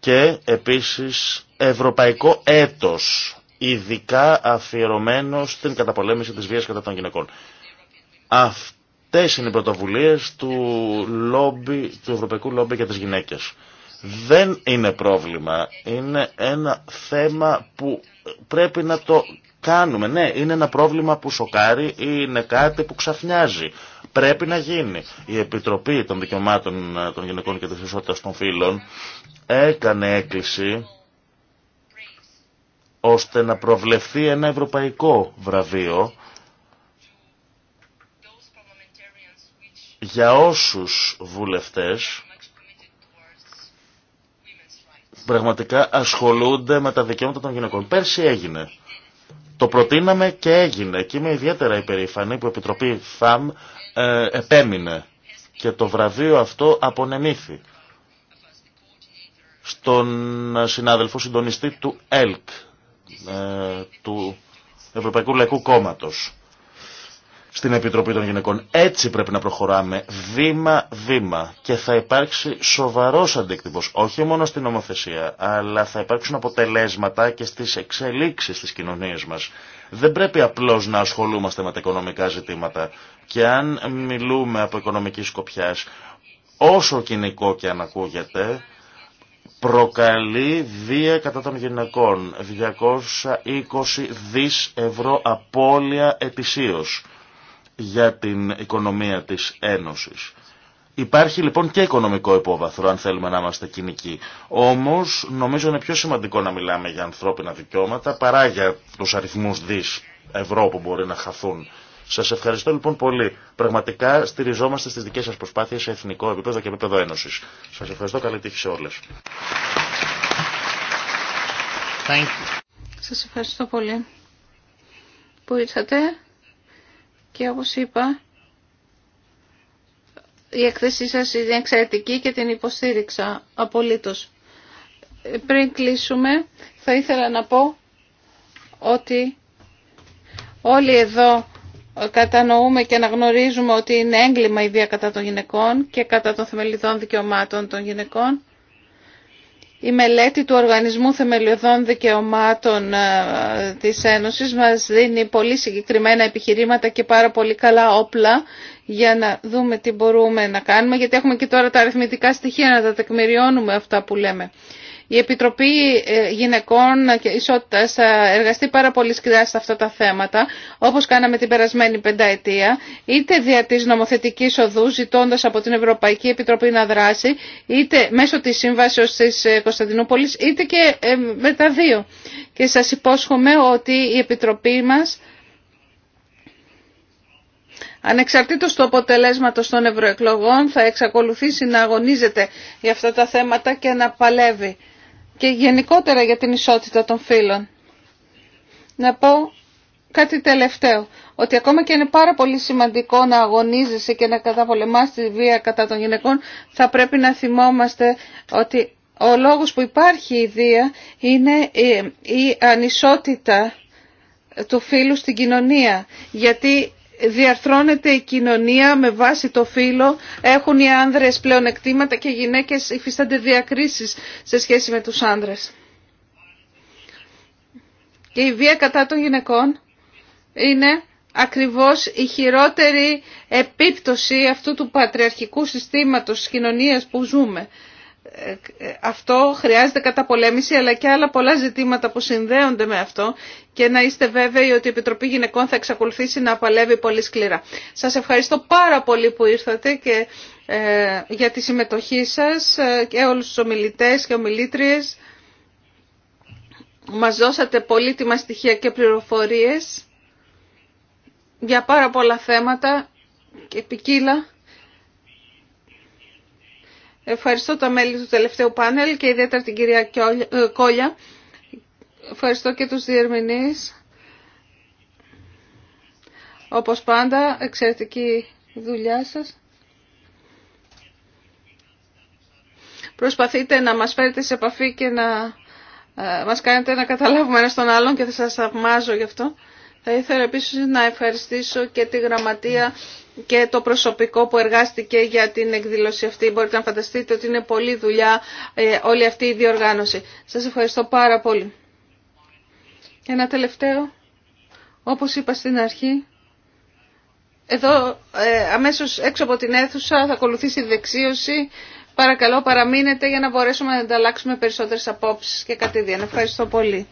Speaker 2: Και επίσης ευρωπαϊκό έτος ειδικά αφιερωμένο στην καταπολέμηση της βίας κατά των γυναικών. Αυτές είναι οι πρωτοβουλίες του, λόμπι, του Ευρωπαϊκού Λόμπι για τις γυναίκες. Δεν είναι πρόβλημα, είναι ένα θέμα που πρέπει να το κάνουμε. Ναι, είναι ένα πρόβλημα που σοκάρει ή είναι κάτι που ξαφνιάζει. Πρέπει να γίνει. Η Επιτροπή των Δικαιωμάτων των Γυναικών και της Ισότητας των Φύλων έκανε έκκληση ώστε να προβλεφθεί ένα ευρωπαϊκό βραβείο για όσους βουλευτές πραγματικά ασχολούνται με τα δικαιώματα των γυναικών. Πέρσι έγινε. Το προτείναμε και έγινε. Και είμαι ιδιαίτερα υπερήφανη που η Επιτροπή ΦΑΜ ε, επέμεινε. Και το βραβείο αυτό απονεμήθη στον συνάδελφο συντονιστή του ΕΛΚ, ε, του Ευρωπαϊκού Λαϊκού Κόμματος στην Επιτροπή των Γυναικών. Έτσι πρέπει να προχωράμε βήμα-βήμα και θα υπάρξει σοβαρός αντίκτυπος, όχι μόνο στην νομοθεσία, αλλά θα υπάρξουν αποτελέσματα και στις εξελίξεις της κοινωνίας μας. Δεν πρέπει απλώς να ασχολούμαστε με τα οικονομικά ζητήματα. Και αν μιλούμε από οικονομική σκοπιά όσο κοινικό και αν ακούγεται, προκαλεί βία κατά των γυναικών. 220 δις ευρώ απώλεια ετησίως για την οικονομία της Ένωσης. Υπάρχει λοιπόν και οικονομικό υπόβαθρο αν θέλουμε να είμαστε κοινικοί. Όμως νομίζω είναι πιο σημαντικό να μιλάμε για ανθρώπινα δικαιώματα παρά για τους αριθμούς δις ευρώ που μπορεί να χαθούν. Σα ευχαριστώ λοιπόν πολύ. Πραγματικά στηριζόμαστε στι δικέ σα προσπάθειε σε εθνικό επίπεδο και επίπεδο ένωση. Σα ευχαριστώ. Καλή τύχη σε όλε.
Speaker 3: Σας ευχαριστώ πολύ που ήρθατε και όπω είπα η εκθέσή σας είναι εξαιρετική και την υποστήριξα απολύτω. Πριν κλείσουμε θα ήθελα να πω ότι όλοι εδώ κατανοούμε και αναγνωρίζουμε ότι είναι έγκλημα η βία κατά των γυναικών και κατά των θεμελιδών δικαιωμάτων των γυναικών. Η μελέτη του Οργανισμού Θεμελιωδών Δικαιωμάτων ε, της Ένωσης μας δίνει πολύ συγκεκριμένα επιχειρήματα και πάρα πολύ καλά όπλα για να δούμε τι μπορούμε να κάνουμε, γιατί έχουμε και τώρα τα αριθμητικά στοιχεία να τα τεκμηριώνουμε αυτά που λέμε. Η Επιτροπή ε, Γυναικών και Ισότητας θα εργαστεί πάρα πολύ σκληρά σε αυτά τα θέματα, όπως κάναμε την περασμένη πενταετία, είτε δια της νομοθετικής οδού, ζητώντας από την Ευρωπαϊκή Επιτροπή να δράσει, είτε μέσω της Σύμβασης της ε, Κωνσταντινούπολης, είτε και ε, με τα δύο. Και σας υπόσχομαι ότι η Επιτροπή μας Ανεξαρτήτως του αποτελέσματος των ευρωεκλογών θα εξακολουθήσει να αγωνίζεται για αυτά τα θέματα και να παλεύει και γενικότερα για την ισότητα των φύλων. Να πω κάτι τελευταίο, ότι ακόμα και είναι πάρα πολύ σημαντικό να αγωνίζεσαι και να καταπολεμάς τη βία κατά των γυναικών, θα πρέπει να θυμόμαστε ότι ο λόγος που υπάρχει η βία είναι η ανισότητα του φίλου στην κοινωνία. Γιατί διαρθρώνεται η κοινωνία με βάση το φύλλο, έχουν οι άνδρες πλέον και οι γυναίκες υφίστανται διακρίσεις σε σχέση με τους άνδρες. Και η βία κατά των γυναικών είναι ακριβώς η χειρότερη επίπτωση αυτού του πατριαρχικού συστήματος της κοινωνίας που ζούμε αυτό χρειάζεται καταπολέμηση αλλά και άλλα πολλά ζητήματα που συνδέονται με αυτό και να είστε βέβαιοι ότι η Επιτροπή Γυναικών θα εξακολουθήσει να παλεύει πολύ σκληρά. Σας ευχαριστώ πάρα πολύ που ήρθατε και ε, για τη συμμετοχή σας ε, και όλους τους ομιλητές και ομιλήτριες. Μας δώσατε πολύτιμα στοιχεία και πληροφορίες για πάρα πολλά θέματα και ποικίλα. Ευχαριστώ τα μέλη του τελευταίου πάνελ και ιδιαίτερα την κυρία ε, Κόλια. Ευχαριστώ και τους διερμηνείς. Όπως πάντα, εξαιρετική δουλειά σας. Προσπαθείτε να μας φέρετε σε επαφή και να ε, μας κάνετε να καταλάβουμε ένα τον άλλον και θα σας θαυμάζω γι' αυτό. Θα ήθελα επίσης να ευχαριστήσω και τη γραμματεία και το προσωπικό που εργάστηκε για την εκδήλωση αυτή. Μπορείτε να φανταστείτε ότι είναι πολλή δουλειά ε, όλη αυτή η διοργάνωση. Σας ευχαριστώ πάρα πολύ. Ένα τελευταίο, όπως είπα στην αρχή, εδώ ε, αμέσως έξω από την αίθουσα θα ακολουθήσει η δεξίωση. Παρακαλώ παραμείνετε για να μπορέσουμε να ανταλλάξουμε περισσότερες απόψεις και κατηδίαν. Ευχαριστώ πολύ.